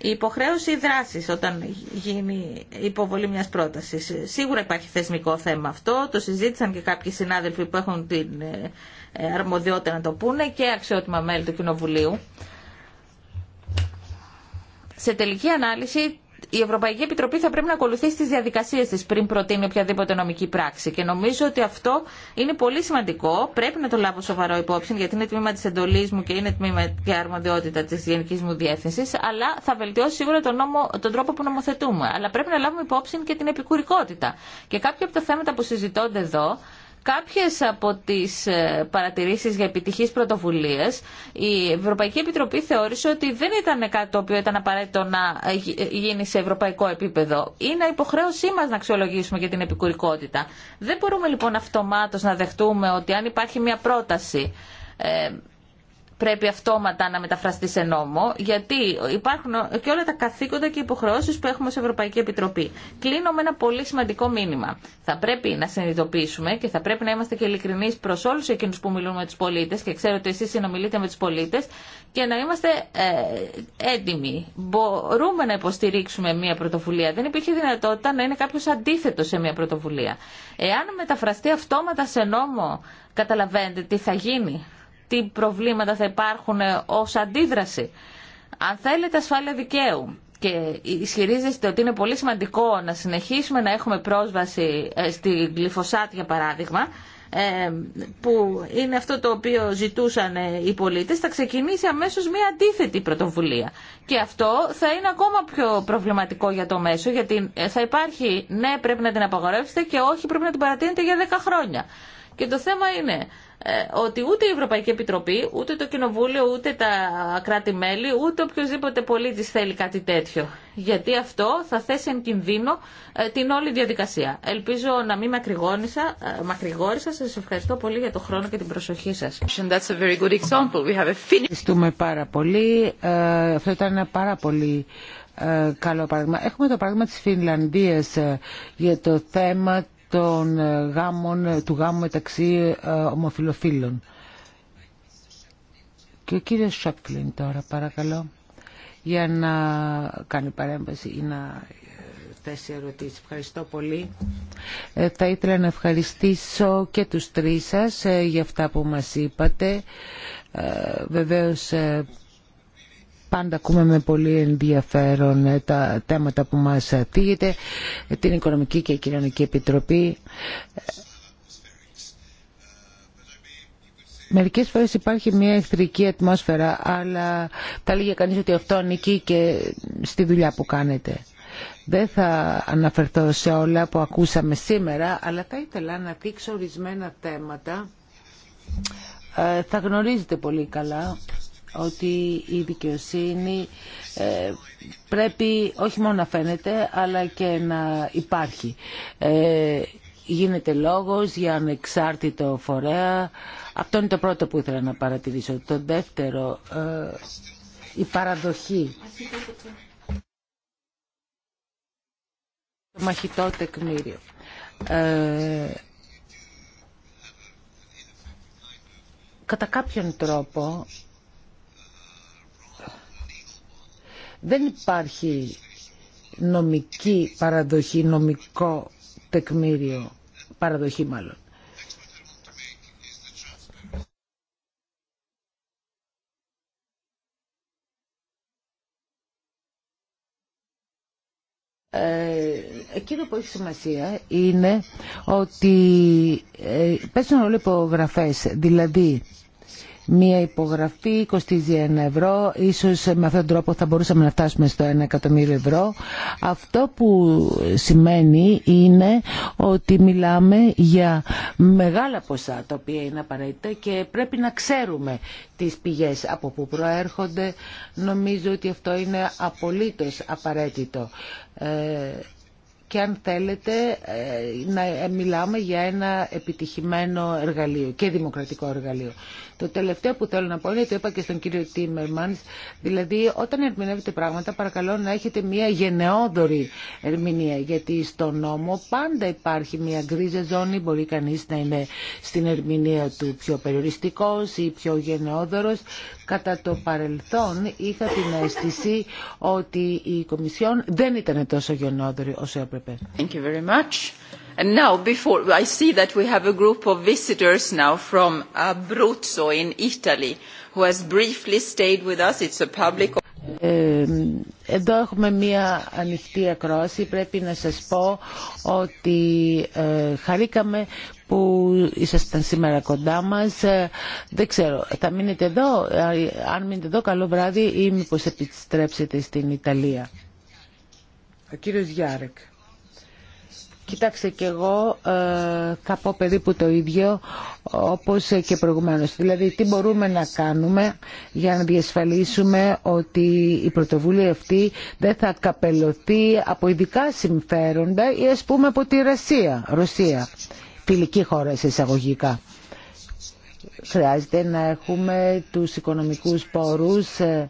Η υποχρέωση δράσης όταν γίνει υποβολή μιας πρότασης. Σίγουρα υπάρχει θεσμικό θέμα αυτό. Το συζήτησαν και κάποιοι συνάδελφοι που έχουν την ε, ε, αρμοδιότητα να το πούνε και αξιότιμα μέλη του Κοινοβουλίου. Σε τελική ανάλυση η Ευρωπαϊκή Επιτροπή θα πρέπει να ακολουθήσει τι διαδικασίε τη πριν προτείνει οποιαδήποτε νομική πράξη. Και νομίζω ότι αυτό είναι πολύ σημαντικό. Πρέπει να το λάβω σοβαρό υπόψη, γιατί είναι τμήμα τη εντολή μου και είναι τμήμα και αρμοδιότητα τη γενική μου διεύθυνση, αλλά θα βελτιώσει σίγουρα τον, νόμο, τον τρόπο που νομοθετούμε. Αλλά πρέπει να λάβουμε υπόψη και την επικουρικότητα. Και κάποια από τα θέματα που συζητώνται εδώ κάποιες από τις ε, παρατηρήσεις για επιτυχείς πρωτοβουλίες η Ευρωπαϊκή Επιτροπή θεώρησε ότι δεν ήταν κάτι το οποίο ήταν απαραίτητο να ε, ε, γίνει σε ευρωπαϊκό επίπεδο. Είναι υποχρέωσή μας να αξιολογήσουμε για την επικουρικότητα. Δεν μπορούμε λοιπόν αυτομάτως να δεχτούμε ότι αν υπάρχει μια πρόταση πρέπει αυτόματα να μεταφραστεί σε νόμο, γιατί υπάρχουν και όλα τα καθήκοντα και υποχρεώσει που έχουμε σε Ευρωπαϊκή Επιτροπή. Κλείνω με ένα πολύ σημαντικό μήνυμα. Θα πρέπει να συνειδητοποιήσουμε και θα πρέπει να είμαστε και ειλικρινεί προ όλου εκείνου που μιλούν με του πολίτε και ξέρω ότι εσεί συνομιλείτε με του πολίτε και να είμαστε ε, έτοιμοι. Μπορούμε να υποστηρίξουμε μια πρωτοβουλία. Δεν υπήρχε δυνατότητα να είναι κάποιο αντίθετο σε μια πρωτοβουλία. Εάν μεταφραστεί αυτόματα σε νόμο, καταλαβαίνετε τι θα γίνει τι προβλήματα θα υπάρχουν ε, ως αντίδραση. Αν θέλετε ασφάλεια δικαίου και ισχυρίζεστε ότι είναι πολύ σημαντικό να συνεχίσουμε να έχουμε πρόσβαση ε, στη γλυφοσάτ για παράδειγμα, ε, που είναι αυτό το οποίο ζητούσαν οι πολίτες, θα ξεκινήσει αμέσως μια αντίθετη πρωτοβουλία. Και αυτό θα είναι ακόμα πιο προβληματικό για το μέσο, γιατί θα υπάρχει ναι πρέπει να την απαγορεύσετε και όχι πρέπει να την παρατείνετε για 10 χρόνια. Και το θέμα είναι ε, ότι ούτε η Ευρωπαϊκή Επιτροπή, ούτε το Κοινοβούλιο, ούτε τα κράτη-μέλη, ούτε οποιοδήποτε πολίτη θέλει κάτι τέτοιο. Γιατί αυτό θα θέσει εν κινδύνο ε, την όλη διαδικασία. Ελπίζω να μην μακρηγόρησα. Ε, μακρηγόρησα. Σας ευχαριστώ πολύ για τον χρόνο και την προσοχή σας. Ευχαριστούμε
πάρα πολύ. αυτό ήταν ένα πάρα πολύ καλό παράδειγμα. Έχουμε το παράδειγμα της Φινλανδίας για το θέμα των ε, γάμων, ε, του γάμου μεταξύ ε, ομοφιλοφίλων. Και ο κύριος Σόπφλιν τώρα παρακαλώ για να κάνει παρέμβαση ή να θέσει ερωτήσεις. Ευχαριστώ πολύ. Ε, θα ήθελα να ευχαριστήσω και τους τρεις σας για αυτά που μας είπατε. βεβαίως Πάντα ακούμε με πολύ ενδιαφέρον ε, τα θέματα που μας θίγεται, ε, την Οικονομική και Κοινωνική Επιτροπή. Ε, μερικές φορές υπάρχει μια εχθρική ατμόσφαιρα, αλλά θα λέγει κανείς ότι αυτό ανήκει και στη δουλειά που κάνετε. Δεν θα αναφερθώ σε όλα που ακούσαμε σήμερα, αλλά θα ήθελα να δείξω ορισμένα θέματα. θα γνωρίζετε πολύ καλά ότι η δικαιοσύνη ε, πρέπει όχι μόνο να φαίνεται αλλά και να υπάρχει. Ε, γίνεται λόγος για ανεξάρτητο φορέα. Αυτό είναι το πρώτο που ήθελα να παρατηρήσω. Το δεύτερο, ε, η παραδοχή. Το μαχητό τεκμήριο. Κατά κάποιον τρόπο Δεν υπάρχει νομική παραδοχή, νομικό τεκμήριο, παραδοχή μάλλον. Ε, εκείνο που έχει σημασία είναι ότι ε, πέσουν όλοι υπογραφές, δηλαδή Μία υπογραφή κοστίζει 1 ευρώ, ίσως με αυτόν τον τρόπο θα μπορούσαμε να φτάσουμε στο 1 εκατομμύριο ευρώ. Αυτό που σημαίνει είναι ότι μιλάμε για μεγάλα ποσά τα οποία είναι απαραίτητα και πρέπει να ξέρουμε τις πηγές από που προέρχονται. Νομίζω ότι αυτό είναι απολύτως απαραίτητο. Ε, και αν θέλετε ε, να ε, μιλάμε για ένα επιτυχημένο εργαλείο και δημοκρατικό εργαλείο. Το τελευταίο που θέλω να πω είναι, το είπα και στον κύριο Τίμερμαν, δηλαδή όταν ερμηνεύετε πράγματα παρακαλώ να έχετε μια γενναιόδορη ερμηνεία, γιατί στο νόμο πάντα υπάρχει μια γκρίζα ζώνη, μπορεί κανείς να είναι στην ερμηνεία του πιο περιοριστικός ή πιο γενναιόδορος. Κατά το παρελθόν είχα την αίσθηση ότι η Κομισιόν δεν ήταν τόσο γενναιόδορη όσο έπρεπε. Εδώ έχουμε μία ανοιχτή ακρόαση. Πρέπει να σας πω ότι ε, χαρήκαμε που ήσασταν σήμερα κοντά μας. Ε, δεν ξέρω, θα μείνετε εδώ. Ε, αν μείνετε εδώ, καλό βράδυ ή μήπως επιστρέψετε στην Ιταλία. Ο κύριος Γιάρεκ. Κοιτάξτε και εγώ ε, θα πω περίπου το ίδιο όπως και προηγουμένως. Δηλαδή τι μπορούμε να κάνουμε για να διασφαλίσουμε ότι η πρωτοβουλία αυτή δεν θα καπελωθεί από ειδικά συμφέροντα ή ας πούμε από τη Ρωσία, Ρωσία φιλική χώρα σε εισαγωγικά. Χρειάζεται να έχουμε τους οικονομικούς πόρους ε,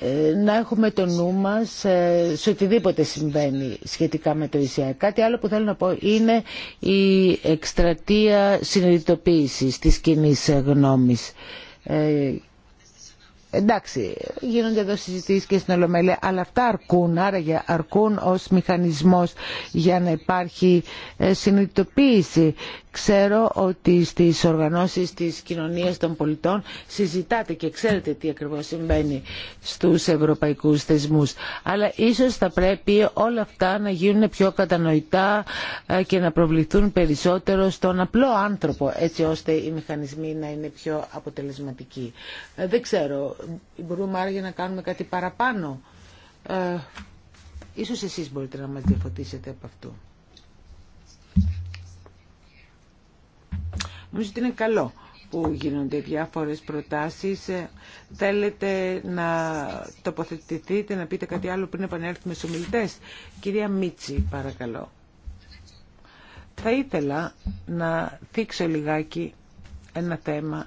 Ε, να έχουμε το νου μας ε, σε οτιδήποτε συμβαίνει σχετικά με το ΙΣΙΑ. Κάτι άλλο που θέλω να πω είναι η εκστρατεία συνειδητοποίησης της κοινή γνώμης ε, Εντάξει, γίνονται εδώ συζητήσει και στην Ολομέλεια, αλλά αυτά αρκούν, άραγε αρκούν ως μηχανισμός για να υπάρχει ε, συνειδητοποίηση. Ξέρω ότι στις οργανώσεις της κοινωνίας των πολιτών συζητάτε και ξέρετε τι ακριβώς συμβαίνει στους ευρωπαϊκούς θεσμούς. Αλλά ίσως θα πρέπει όλα αυτά να γίνουν πιο κατανοητά ε, και να προβληθούν περισσότερο στον απλό άνθρωπο, έτσι ώστε οι μηχανισμοί να είναι πιο αποτελεσματικοί. Ε, δεν ξέρω μπορούμε άραγε να κάνουμε κάτι παραπάνω. Ε, ίσως εσείς μπορείτε να μας διαφωτίσετε από αυτό. Νομίζω ότι είναι καλό που γίνονται διάφορες προτάσεις. Ε, θέλετε να τοποθετηθείτε, να πείτε κάτι άλλο πριν επανέλθουμε στους μιλητές. Κυρία Μίτσι, παρακαλώ. Θα ήθελα να θίξω λιγάκι ένα θέμα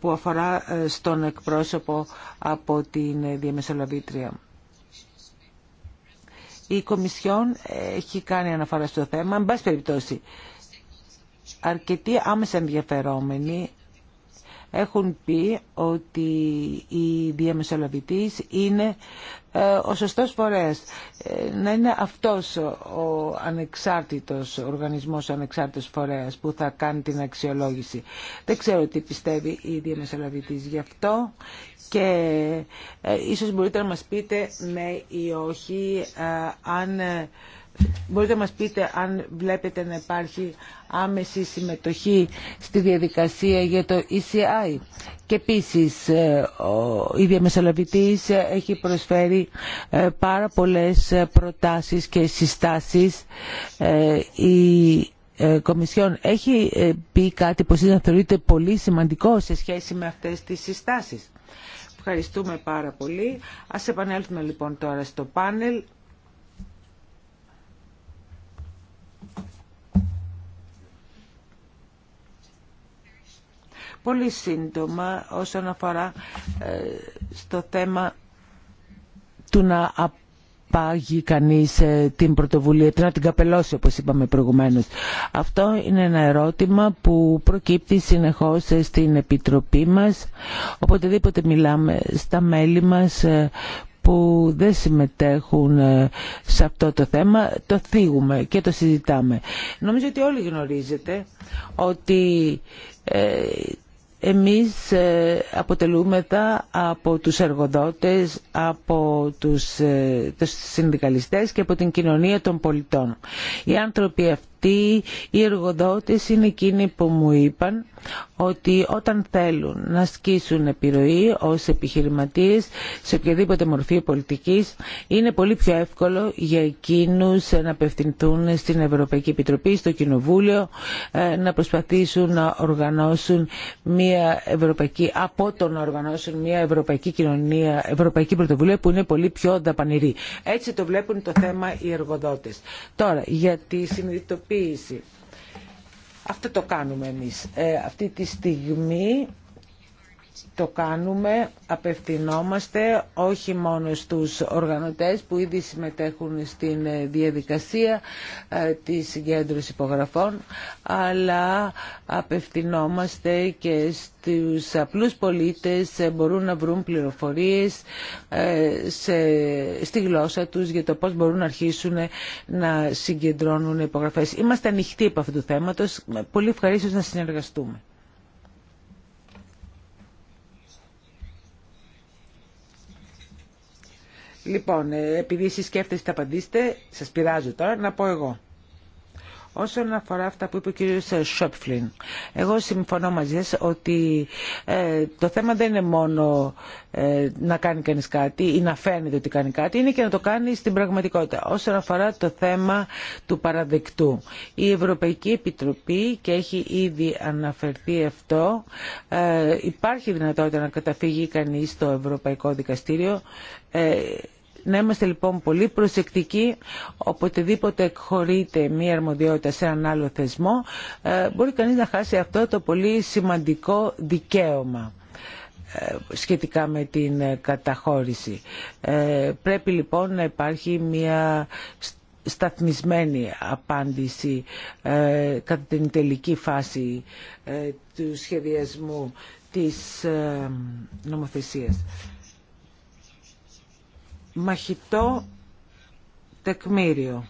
που αφορά ε, στον εκπρόσωπο από την διαμεσολαβήτρια. Η Κομισιόν έχει κάνει αναφορά στο θέμα. Εν πάση περιπτώσει, αρκετοί άμεσα ενδιαφερόμενοι έχουν πει ότι η διαμεσολαβητής είναι ε, ο σωστός φορέας. Ε, να είναι αυτός ο ανεξάρτητος οργανισμός, ο ανεξάρτητος φορέας που θα κάνει την αξιολόγηση. Δεν ξέρω τι πιστεύει η διαμεσολαβητής γι' αυτό και ε, ίσως μπορείτε να μας πείτε με ναι ή όχι αν Μπορείτε να μας πείτε αν βλέπετε να υπάρχει άμεση συμμετοχή στη διαδικασία για το ECI. Και επίσης ε, η διαμεσολαβητής έχει προσφέρει ε, πάρα πολλές ε, προτάσεις και συστάσεις. Η Κομισιόν έχει πει κάτι που εσείς να πολύ σημαντικό σε σχέση με αυτές τις συστάσεις. Ευχαριστούμε πάρα πολύ. Ας επανέλθουμε λοιπόν τώρα στο πάνελ. Πολύ σύντομα όσον αφορά ε, στο θέμα του να απάγει κανείς ε, την πρωτοβουλία του, να την καπελώσει όπως είπαμε προηγουμένως. Αυτό είναι ένα ερώτημα που προκύπτει συνεχώς ε, στην Επιτροπή μας. Οποτεδήποτε μιλάμε στα μέλη μας που δεν συμμετέχουν σε αυτό το θέμα, το θίγουμε και το συζητάμε. Νομίζω ότι όλοι γνωρίζετε ότι εμείς ε, αποτελούμεθα από τους εργοδότες, από τους, ε, τους συνδικαλιστές και από την κοινωνία των πολιτών. Οι άνθρωποι αυτοί γιατί οι εργοδότες είναι εκείνοι που μου είπαν ότι όταν θέλουν να σκίσουν επιρροή ως επιχειρηματίες σε οποιαδήποτε μορφή πολιτικής είναι πολύ πιο εύκολο για εκείνους να απευθυνθούν στην Ευρωπαϊκή Επιτροπή, στο Κοινοβούλιο ε, να προσπαθήσουν να οργανώσουν μια ευρωπαϊκή από το να οργανώσουν μια ευρωπαϊκή κοινωνία, ευρωπαϊκή πρωτοβουλία που είναι πολύ πιο δαπανηρή. Έτσι το βλέπουν το θέμα οι εργοδότες. Τώρα, για τη συνειδητοποίηση αυτό το κάνουμε εμείς. Ε, αυτή τη στιγμή το κάνουμε, απευθυνόμαστε όχι μόνο στους οργανωτές που ήδη συμμετέχουν στην ε, διαδικασία ε, της συγκέντρωσης υπογραφών, αλλά απευθυνόμαστε και στους απλούς πολίτες ε, μπορούν να βρουν πληροφορίες σε, στη γλώσσα τους για το πώς μπορούν να αρχίσουν να συγκεντρώνουν υπογραφές. Είμαστε ανοιχτοί από αυτού του θέματος. Πολύ ευχαρίστως να συνεργαστούμε. Λοιπόν, ε, επειδή εσεί σκέφτεστε τα απαντήσετε, σα πειράζω τώρα να πω εγώ. Όσον αφορά αυτά που είπε ο κύριος ε, Σόπφλιν, εγώ συμφωνώ μαζί σας ότι ε, το θέμα δεν είναι μόνο να κάνει κανείς κάτι ή να φαίνεται ότι κάνει κάτι, είναι και να το κάνει στην πραγματικότητα. Όσον αφορά το θέμα του παραδεκτού, η Ευρωπαϊκή Επιτροπή, και έχει ήδη αναφερθεί αυτό, υπάρχει δυνατότητα να καταφύγει κανεί στο Ευρωπαϊκό Δικαστήριο να είμαστε λοιπόν πολύ προσεκτικοί οποτεδήποτε εκχωρείται μία αρμοδιότητα σε έναν άλλο θεσμό ε, μπορεί κανείς να χάσει αυτό το πολύ σημαντικό δικαίωμα ε, σχετικά με την ε, καταχώρηση. Πρέπει λοιπόν να υπάρχει μία σταθμισμένη απάντηση κατά την τελική φάση του σχεδιασμού της νομοθεσίας μαχητό τεκμήριο.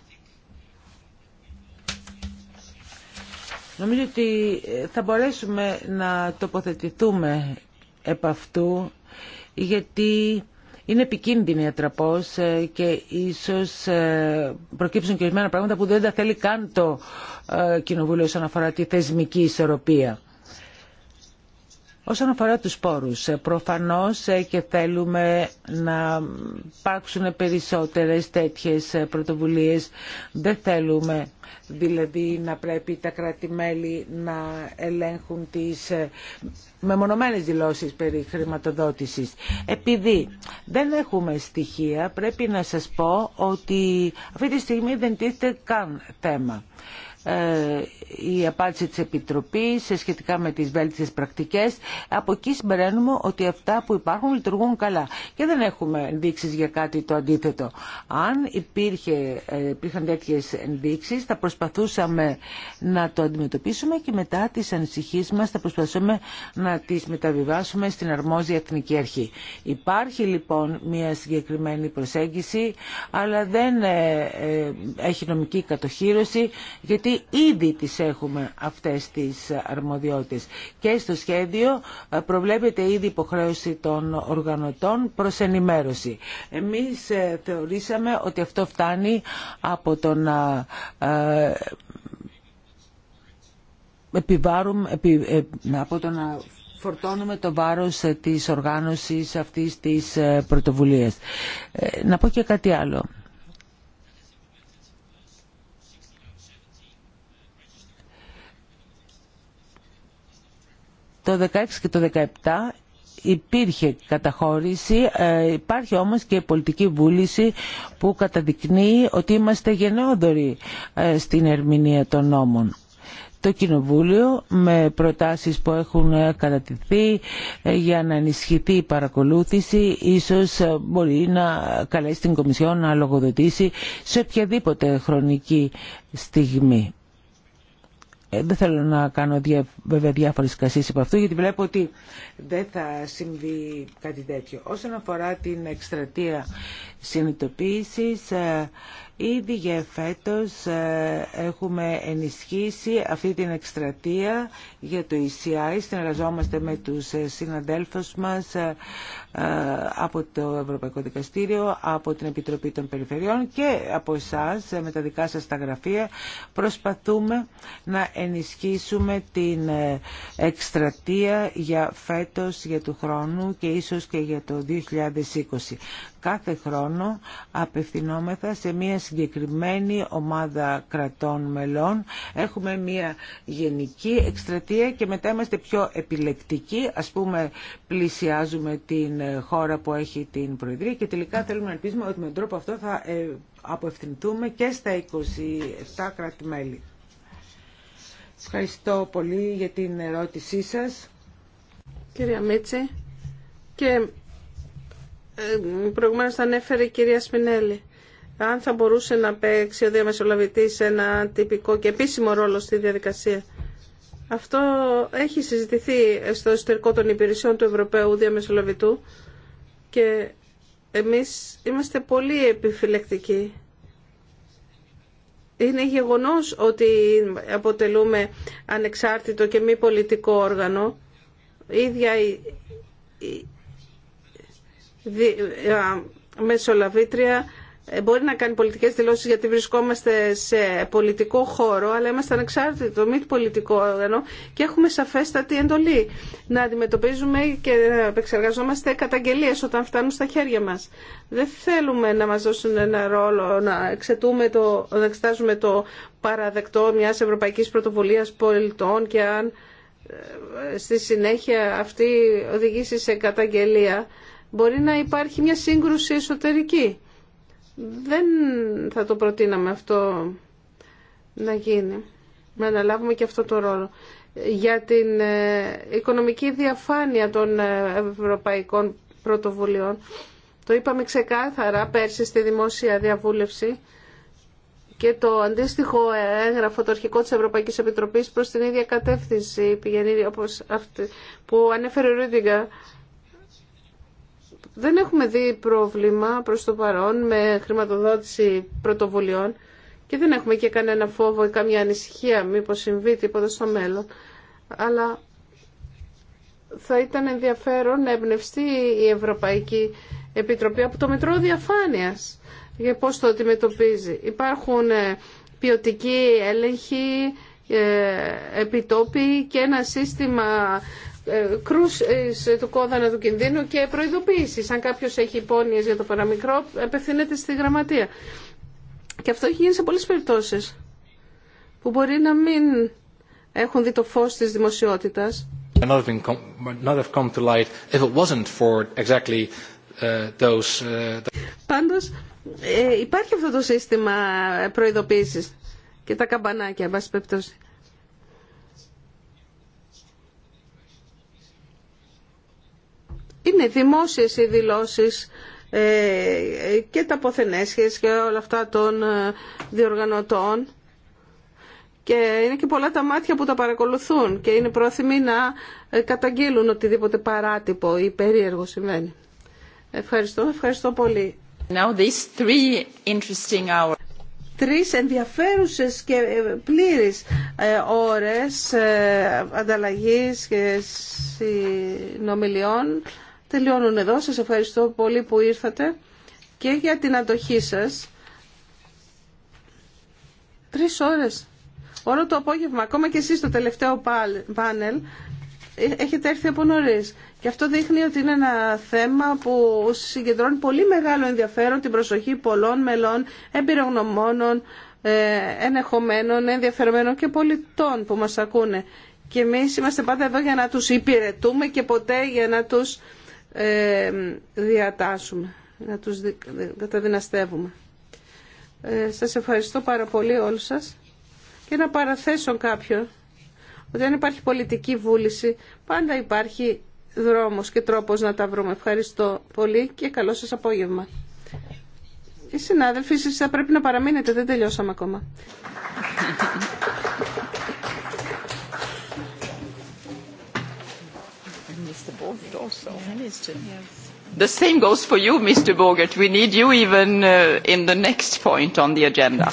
Νομίζω ότι ε, θα μπορέσουμε να τοποθετηθούμε επ' αυτού γιατί είναι επικίνδυνη ατραπός ε, και ίσως ε, προκύψουν και ορισμένα πράγματα που δεν τα θέλει καν το Κοινοβούλιο όσον αφορά τη θεσμική ισορροπία. Όσον αφορά τους πόρου. Ε, προφανώς ε, και θέλουμε να υπάρξουν περισσότερες τέτοιες ε, πρωτοβουλίες. Δεν θέλουμε δηλαδή να πρέπει τα κράτη-μέλη να ελέγχουν τις μεμονωμένες δηλώσεις περί χρηματοδότησης. Επειδή δεν έχουμε στοιχεία, πρέπει να σας πω ότι αυτή τη στιγμή δεν τίθεται καν θέμα η απάντηση της Επιτροπής σε σχετικά με τις βέλτιστες πρακτικές. Από εκεί συμπεραίνουμε ότι αυτά που υπάρχουν λειτουργούν καλά και δεν έχουμε ενδείξεις για κάτι το αντίθετο. Αν υπήρχε, ε, υπήρχαν τέτοιες ενδείξεις θα προσπαθούσαμε να το αντιμετωπίσουμε και μετά τις ανησυχίες μας θα προσπαθούμε να τις μεταβιβάσουμε στην αρμόζια Εθνική Αρχή. Υπάρχει λοιπόν μια συγκεκριμένη προσέγγιση αλλά δεν ε, ε, έχει νομική κατοχήρωση γιατί ήδη τις έχουμε αυτές τις αρμοδιότητες. Και στο σχέδιο ε, προβλέπεται ήδη υποχρέωση των οργανωτών προς ενημέρωση. Εμείς ε, θεωρήσαμε ότι αυτό φτάνει από το να ε, από το να φορτώνουμε το βάρος της οργάνωσης αυτής της πρωτοβουλίας. Να πω και κάτι άλλο. Το 16 και το 17 υπήρχε καταχώρηση, ε, υπάρχει όμως και πολιτική βούληση που καταδεικνύει ότι είμαστε γενναιόδοροι ε, στην ερμηνεία των νόμων. Το Κοινοβούλιο με προτάσεις που έχουν κατατηθεί ε, για να ενισχυθεί η παρακολούθηση ίσως μπορεί να καλέσει την Κομισιόν να λογοδοτήσει σε οποιαδήποτε χρονική στιγμή. Ε, δεν θέλω να κάνω βέβαια διάφορες κασίες από αυτό γιατί βλέπω ότι δεν θα συμβεί κάτι τέτοιο. Όσον αφορά την εκστρατεία συνειδητοποίησης. Ε, ήδη για φέτος ε, έχουμε ενισχύσει αυτή την εκστρατεία για το ECI. Συνεργαζόμαστε με τους ε, συναδέλφους μας από το Ευρωπαϊκό Δικαστήριο, από την Επιτροπή των Περιφερειών και από εσάς με τα δικά σας τα γραφεία. Προσπαθούμε να ενισχύσουμε την εκστρατεία για φέτος, για του χρόνου και ίσως και για το 2020. Κάθε χρόνο χρόνο απευθυνόμεθα σε μια συγκεκριμένη ομάδα κρατών μελών. Έχουμε μια γενική εκστρατεία και μετά είμαστε πιο επιλεκτικοί. Ας πούμε πλησιάζουμε την χώρα που έχει την Προεδρία και τελικά θέλουμε να ελπίζουμε ότι με τον τρόπο αυτό θα ε, απευθυνθούμε και στα 27 κράτη-μέλη. Ευχαριστώ πολύ για την ερώτησή σας. Κυρία Μίτση, και
ε, προηγουμένως τα ανέφερε η κυρία Σπινέλη. Αν θα μπορούσε να παίξει ο διαμεσολαβητής ένα τυπικό και επίσημο ρόλο στη διαδικασία. Αυτό έχει συζητηθεί στο εσωτερικό των υπηρεσιών του Ευρωπαίου Διαμεσολαβητού και εμείς είμαστε πολύ επιφυλεκτικοί. Είναι γεγονός ότι αποτελούμε ανεξάρτητο και μη πολιτικό όργανο. ίδια ε, μεσολαβήτρια ε, μπορεί να κάνει πολιτικές δηλώσεις γιατί βρισκόμαστε σε πολιτικό χώρο, αλλά είμαστε ανεξάρτητοι το μη πολιτικό όργανο και έχουμε σαφέστατη εντολή να αντιμετωπίζουμε και να επεξεργαζόμαστε καταγγελίες όταν φτάνουν στα χέρια μας. Δεν θέλουμε να μας δώσουν ένα ρόλο, να, εξετούμε το, να εξετάζουμε το παραδεκτό μιας ευρωπαϊκής πρωτοβουλίας πολιτών και αν ε, στη συνέχεια αυτή οδηγήσει σε καταγγελία μπορεί να υπάρχει μια σύγκρουση εσωτερική. Δεν θα το προτείναμε αυτό να γίνει. Να αναλάβουμε και αυτό το ρόλο. Για την ε, οικονομική διαφάνεια των ε, ευρωπαϊκών πρωτοβουλειών, το είπαμε ξεκάθαρα πέρσι στη δημόσια διαβούλευση και το αντίστοιχο έγγραφο το αρχικό της Ευρωπαϊκής Επιτροπής προς την ίδια κατεύθυνση πηγαίνει όπως αυτή που ανέφερε ο δεν έχουμε δει πρόβλημα προς το παρόν με χρηματοδότηση πρωτοβουλειών και δεν έχουμε και κανένα φόβο ή καμία ανησυχία μήπως συμβεί τίποτα στο μέλλον. Αλλά θα ήταν ενδιαφέρον να εμπνευστεί η Ευρωπαϊκή Επιτροπή από το Μητρό Διαφάνειας για πώς το αντιμετωπίζει. Υπάρχουν ε, ποιοτικοί έλεγχοι, ε, επιτόπιοι και ένα σύστημα ε, κρούσεις του κόδωνα του κινδύνου και προειδοποίησης. Αν κάποιος έχει υπόνοιες για το παραμικρό, απευθύνεται στη γραμματεία. Και αυτό έχει γίνει σε πολλές περιπτώσεις που μπορεί να μην έχουν δει το φως της δημοσιότητας. Πάντως υπάρχει αυτό το σύστημα προειδοποίησης και τα καμπανάκια, εν πάση περιπτώσει. είναι δημόσιες οι δηλώσεις ε, και τα ποθενέσχες και όλα αυτά των ε, διοργανωτών και είναι και πολλά τα μάτια που τα παρακολουθούν και είναι πρόθυμοι να ε, καταγγείλουν οτιδήποτε παράτυπο ή περίεργο συμβαίνει. Ευχαριστώ, ευχαριστώ πολύ. Now these three interesting hours. Τρεις ενδιαφέρουσες και πλήρεις ώρες ανταλλαγής και συνομιλιών τελειώνουν εδώ. Σας ευχαριστώ πολύ που ήρθατε και για την αντοχή σας. Τρεις ώρες. Όλο το απόγευμα, ακόμα και εσείς το τελευταίο πάνελ, ε, έχετε έρθει από νωρί. Και αυτό δείχνει ότι είναι ένα θέμα που συγκεντρώνει πολύ μεγάλο ενδιαφέρον την προσοχή πολλών μελών, εμπειρογνωμόνων, ε, ενεχομένων, ενδιαφερμένων και πολιτών που μας ακούνε. Και εμείς είμαστε πάντα εδώ για να τους υπηρετούμε και ποτέ για να τους ε, διατάσσουμε, να τους καταδυναστεύουμε. Ε, σας ευχαριστώ πάρα πολύ όλους σας και να παραθέσω κάποιον ότι αν υπάρχει πολιτική βούληση πάντα υπάρχει δρόμος και τρόπος να τα βρούμε. Ευχαριστώ πολύ και καλό σας απόγευμα. Οι συνάδελφοι, εσείς θα πρέπει να παραμείνετε, δεν τελειώσαμε ακόμα. important also.
The same goes for you,
Mr. Bogert. We need you even in the next point on the agenda.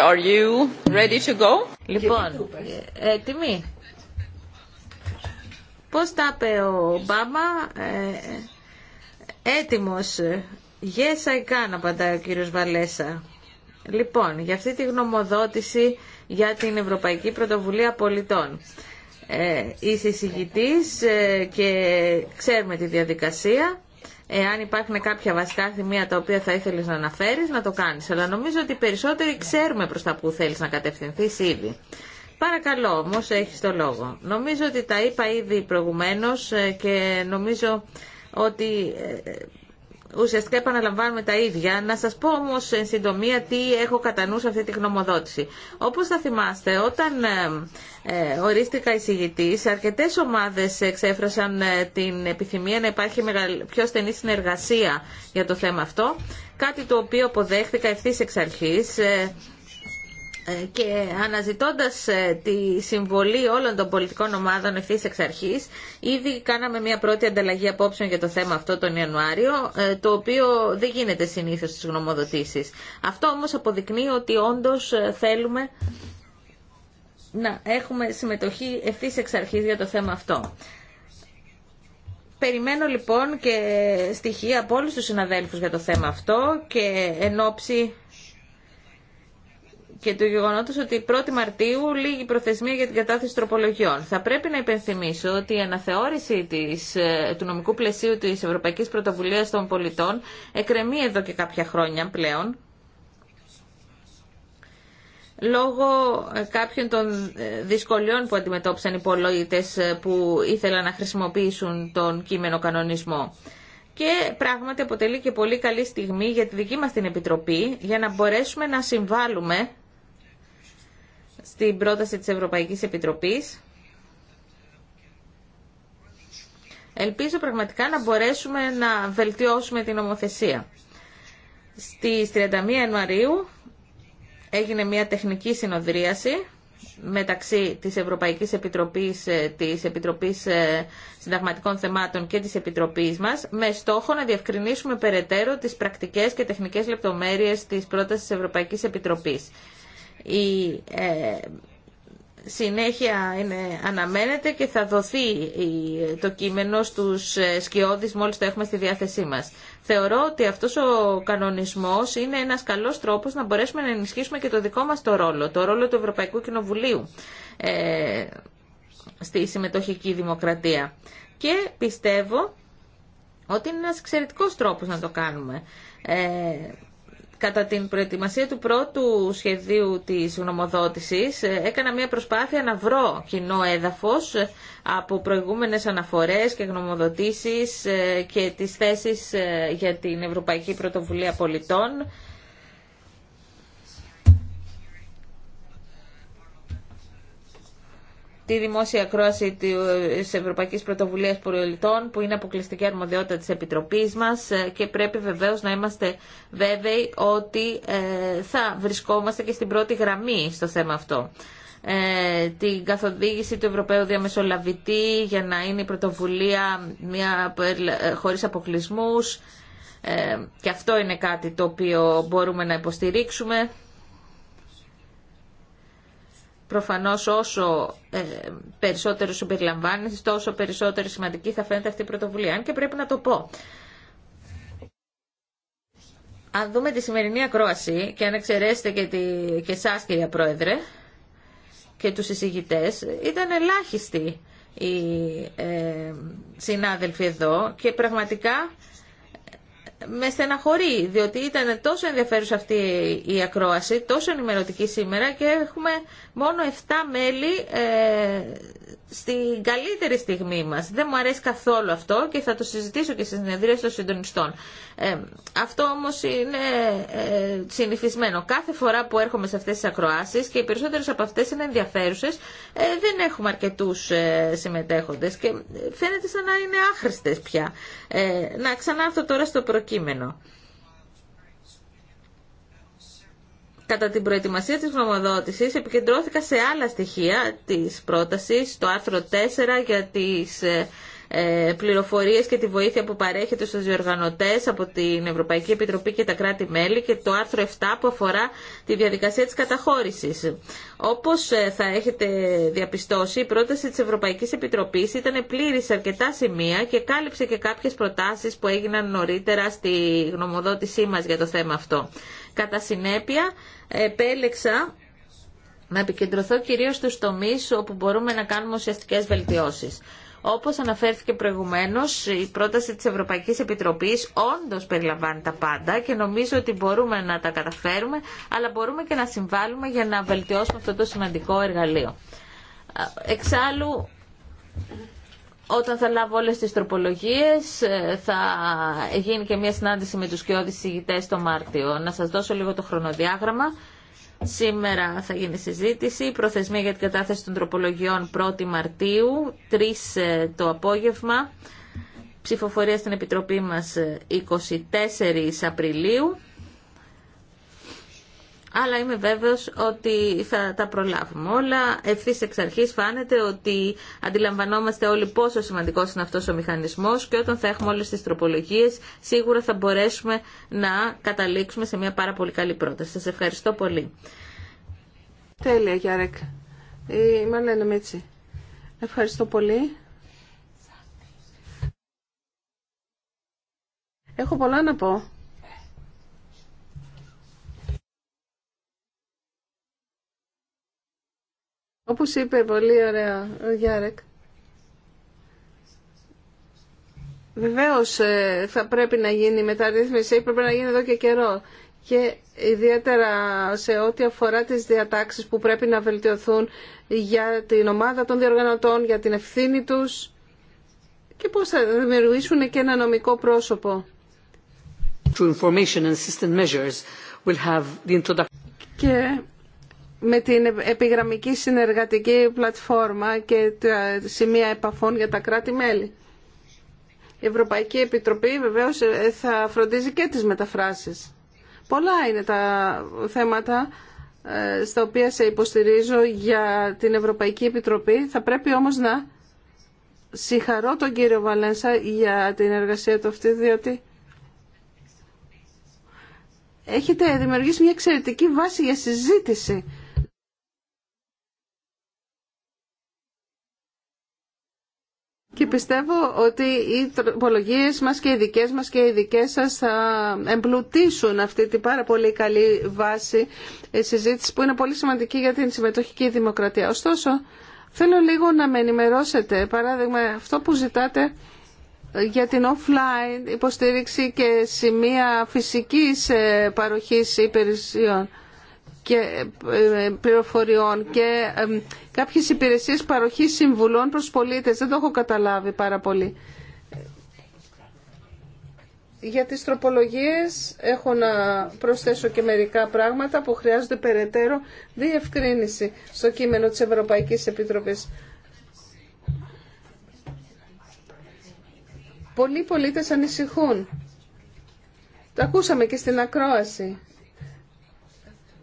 are you ready to go? Λοιπόν, έτοιμοι. Πώς τα είπε ο Ομπάμα, έτοιμο, ε, έτοιμος. Yes, I can, απαντάει ο κύριος Βαλέσα. Λοιπόν, για αυτή τη γνωμοδότηση για την Ευρωπαϊκή Πρωτοβουλία Πολιτών. Ε, είσαι ε, και ξέρουμε τη διαδικασία εάν υπάρχουν κάποια βασικά θυμία τα οποία θα ήθελες να αναφέρεις, να το κάνεις. Αλλά νομίζω ότι περισσότεροι ξέρουμε προς τα που θέλεις να κατευθυνθείς ήδη. Παρακαλώ όμω έχεις το λόγο. Νομίζω ότι τα είπα ήδη προηγουμένως ε, και νομίζω ότι ε, ουσιαστικά επαναλαμβάνουμε τα ίδια. Να σας πω όμως εν συντομία τι έχω κατά νου σε αυτή τη γνωμοδότηση. Όπως θα θυμάστε, όταν ε, ε ορίστηκα εισηγητής, αρκετές ομάδες εξέφρασαν ε, την επιθυμία να υπάρχει πιο στενή συνεργασία για το θέμα αυτό, κάτι το οποίο αποδέχθηκα ευθύ εξ αρχής ε, ε, και αναζητώντας ε, τη συμβολή όλων των πολιτικών ομάδων ευθύ εξ αρχής, ήδη κάναμε μια πρώτη ανταλλαγή απόψεων για το θέμα αυτό τον Ιανουάριο, ε, το οποίο δεν γίνεται συνήθως στις γνωμοδοτήσεις. Αυτό όμως αποδεικνύει ότι όντως θέλουμε να έχουμε συμμετοχή ευθύ εξ αρχής για το θέμα αυτό. Περιμένω λοιπόν και στοιχεία από όλους τους συναδέλφους για το θέμα αυτό και εν ώψη και του γεγονότος ότι 1η Μαρτίου λήγει η προθεσμία για την κατάθεση τροπολογιών. Θα πρέπει να υπενθυμίσω ότι η αναθεώρηση της, ε, του νομικού πλαισίου της Ευρωπαϊκής Πρωτοβουλία των Πολιτών εκρεμεί εδώ και κάποια χρόνια πλέον λόγω ε, κάποιων των ε, δυσκολιών που αντιμετώπισαν οι πολίτε που ήθελαν να χρησιμοποιήσουν τον κείμενο κανονισμό. Και πράγματι αποτελεί και πολύ καλή στιγμή για τη δική μας την Επιτροπή για να μπορέσουμε να συμβάλλουμε στην πρόταση της Ευρωπαϊκής Επιτροπής. Ελπίζω πραγματικά να μπορέσουμε να βελτιώσουμε την νομοθεσία. Στις 31 Ιανουαρίου έγινε μια τεχνική συνοδρίαση μεταξύ της Ευρωπαϊκής Επιτροπής, ε, της Επιτροπής ε, Συνταγματικών Θεμάτων και της Επιτροπής μας, με στόχο να διευκρινίσουμε περαιτέρω τις πρακτικές και τεχνικές λεπτομέρειες της πρότασης της Ευρωπαϊκής Επιτροπής η ε, συνέχεια είναι, αναμένεται και θα δοθεί το κείμενο στους ε, σκιώδεις μόλις το έχουμε στη διάθεσή μας. Θεωρώ ότι αυτός ο κανονισμός είναι ένας καλός τρόπος να μπορέσουμε να ενισχύσουμε και το δικό μας το ρόλο, το ρόλο του Ευρωπαϊκού Κοινοβουλίου ε, στη συμμετοχική δημοκρατία. Και πιστεύω ότι είναι ένας εξαιρετικός τρόπος να το κάνουμε. Ε, Κατά την προετοιμασία του πρώτου σχεδίου της γνωμοδότησης ε, έκανα μια προσπάθεια να βρω κοινό έδαφος ε, από προηγούμενες αναφορές και γνωμοδοτήσεις ε, και τις θέσεις για την Ευρωπαϊκή Πρωτοβουλία Πολιτών τη δημόσια ακρόαση της Ευρωπαϊκής Πρωτοβουλίας Πολιτών που είναι αποκλειστική αρμοδιότητα της Επιτροπής μας ε, και πρέπει βεβαίως να είμαστε βέβαιοι ότι ε, θα βρισκόμαστε και στην πρώτη γραμμή στο θέμα αυτό ε, την καθοδήγηση του Ευρωπαίου Διαμεσολαβητή για να είναι η πρωτοβουλία μια, χωρίς αποκλεισμούς και αυτό είναι κάτι το οποίο μπορούμε να υποστηρίξουμε. Προφανώς όσο ε, περισσότερο συμπεριλαμβάνει, τόσο περισσότερο σημαντική θα φαίνεται αυτή η πρωτοβουλία. Αν και πρέπει να το πω. Αν δούμε τη σημερινή ακρόαση και αν εξαιρέσετε και, τη, και εσάς κυρία Πρόεδρε και τους εισηγητές, ήταν ελάχιστοι οι ε, συνάδελφοι εδώ και πραγματικά με στεναχωρεί, διότι ήταν τόσο ενδιαφέρουσα αυτή η ακρόαση, τόσο ενημερωτική σήμερα και έχουμε μόνο 7 μέλη ε, στην καλύτερη στιγμή μας. Δεν μου αρέσει καθόλου αυτό και θα το συζητήσω και στις συνεδρίες των συντονιστών. Ε, αυτό όμως είναι ε, συνηθισμένο. Κάθε φορά που έρχομαι σε αυτές τις ακροάσεις και οι περισσότερες από αυτές είναι ενδιαφέρουσες, ε, δεν έχουμε αρκετούς ε, συμμετέχοντες και φαίνεται σαν να είναι άχρηστες πια. Ε, να ξανάρθω τώρα στο προκείμενο. Κατά την προετοιμασία της γνωμοδότησης επικεντρώθηκα σε άλλα στοιχεία της πρότασης, το άρθρο 4 για τις ε, ε, πληροφορίες και τη βοήθεια που παρέχεται στους διοργανωτές από την Ευρωπαϊκή Επιτροπή και τα κράτη-μέλη και το άρθρο 7 που αφορά τη διαδικασία της καταχώρησης. Όπως ε, θα έχετε διαπιστώσει, η πρόταση της Ευρωπαϊκής Επιτροπής ήταν πλήρη σε αρκετά σημεία και κάλυψε και κάποιες προτάσεις που έγιναν νωρίτερα στη γνωμοδότησή μας για το θέμα αυτό. Κατά συνέπεια, επέλεξα να επικεντρωθώ κυρίως στους τομείς όπου μπορούμε να κάνουμε ουσιαστικές βελτιώσεις. Όπως αναφέρθηκε προηγουμένως, η πρόταση της Ευρωπαϊκής Επιτροπής όντως περιλαμβάνει τα πάντα και νομίζω ότι μπορούμε να τα καταφέρουμε, αλλά μπορούμε και να συμβάλλουμε για να βελτιώσουμε αυτό το σημαντικό εργαλείο. Εξάλλου, όταν θα λάβω όλες τις τροπολογίες ε, θα γίνει και μια συνάντηση με τους κοιόδης συγητές το Μάρτιο. Να σας δώσω λίγο το χρονοδιάγραμμα. Σήμερα θα γίνει συζήτηση. προθεσμία για την κατάθεση των τροπολογιών 1η Μαρτίου, 3 ε, το απόγευμα. Ψηφοφορία στην Επιτροπή μας 24 ε, Απριλίου αλλά είμαι βέβαιος ότι θα τα προλάβουμε όλα. Ευθύς εξ αρχής φάνεται ότι αντιλαμβανόμαστε όλοι πόσο σημαντικός είναι αυτός ο μηχανισμός και όταν θα έχουμε όλες τις τροπολογίες σίγουρα θα μπορέσουμε να καταλήξουμε σε μια πάρα πολύ καλή πρόταση. Σας ευχαριστώ πολύ.
Τέλεια Γιάρεκ. Η Μαλένα Μίτσι. Ευχαριστώ πολύ. Έχω πολλά να πω. Όπως είπε πολύ ωραία ο Γιάρεκ, βεβαίως ε, θα πρέπει να γίνει μεταρρύθμιση, πρέπει να γίνει εδώ και καιρό και ιδιαίτερα σε ό,τι αφορά τις διατάξεις που πρέπει να βελτιωθούν για την ομάδα των διοργανωτών, για την ευθύνη τους και πώς θα δημιουργήσουν και ένα νομικό πρόσωπο. Και με την επιγραμμική συνεργατική πλατφόρμα και τα σημεία επαφών για τα κράτη-μέλη. Η Ευρωπαϊκή Επιτροπή βεβαίως ε, θα φροντίζει και τις μεταφράσεις. Πολλά είναι τα θέματα ε, στα οποία σε υποστηρίζω για την Ευρωπαϊκή Επιτροπή. Θα πρέπει όμως να συγχαρώ τον κύριο Βαλένσα για την εργασία του αυτή, διότι έχετε δημιουργήσει μια εξαιρετική βάση για συζήτηση Και πιστεύω ότι οι τροπολογίε μας και οι δικέ μας και οι δικές σας θα εμπλουτίσουν αυτή την πάρα πολύ καλή βάση ε, συζήτηση που είναι πολύ σημαντική για την συμμετοχική δημοκρατία. Ωστόσο, θέλω λίγο να με ενημερώσετε, παράδειγμα, αυτό που ζητάτε ε, για την offline υποστήριξη και σημεία φυσικής ε, παροχής υπηρεσιών και ε, ε, πληροφοριών και ε, κάποιες υπηρεσίες παροχής συμβουλών προς πολίτες. Δεν το έχω καταλάβει πάρα πολύ. Για τις τροπολογίες έχω να προσθέσω και μερικά πράγματα που χρειάζονται περαιτέρω διευκρίνηση στο κείμενο της Ευρωπαϊκής Επιτροπής. Πολλοί πολίτες ανησυχούν. Το ακούσαμε και στην ακρόαση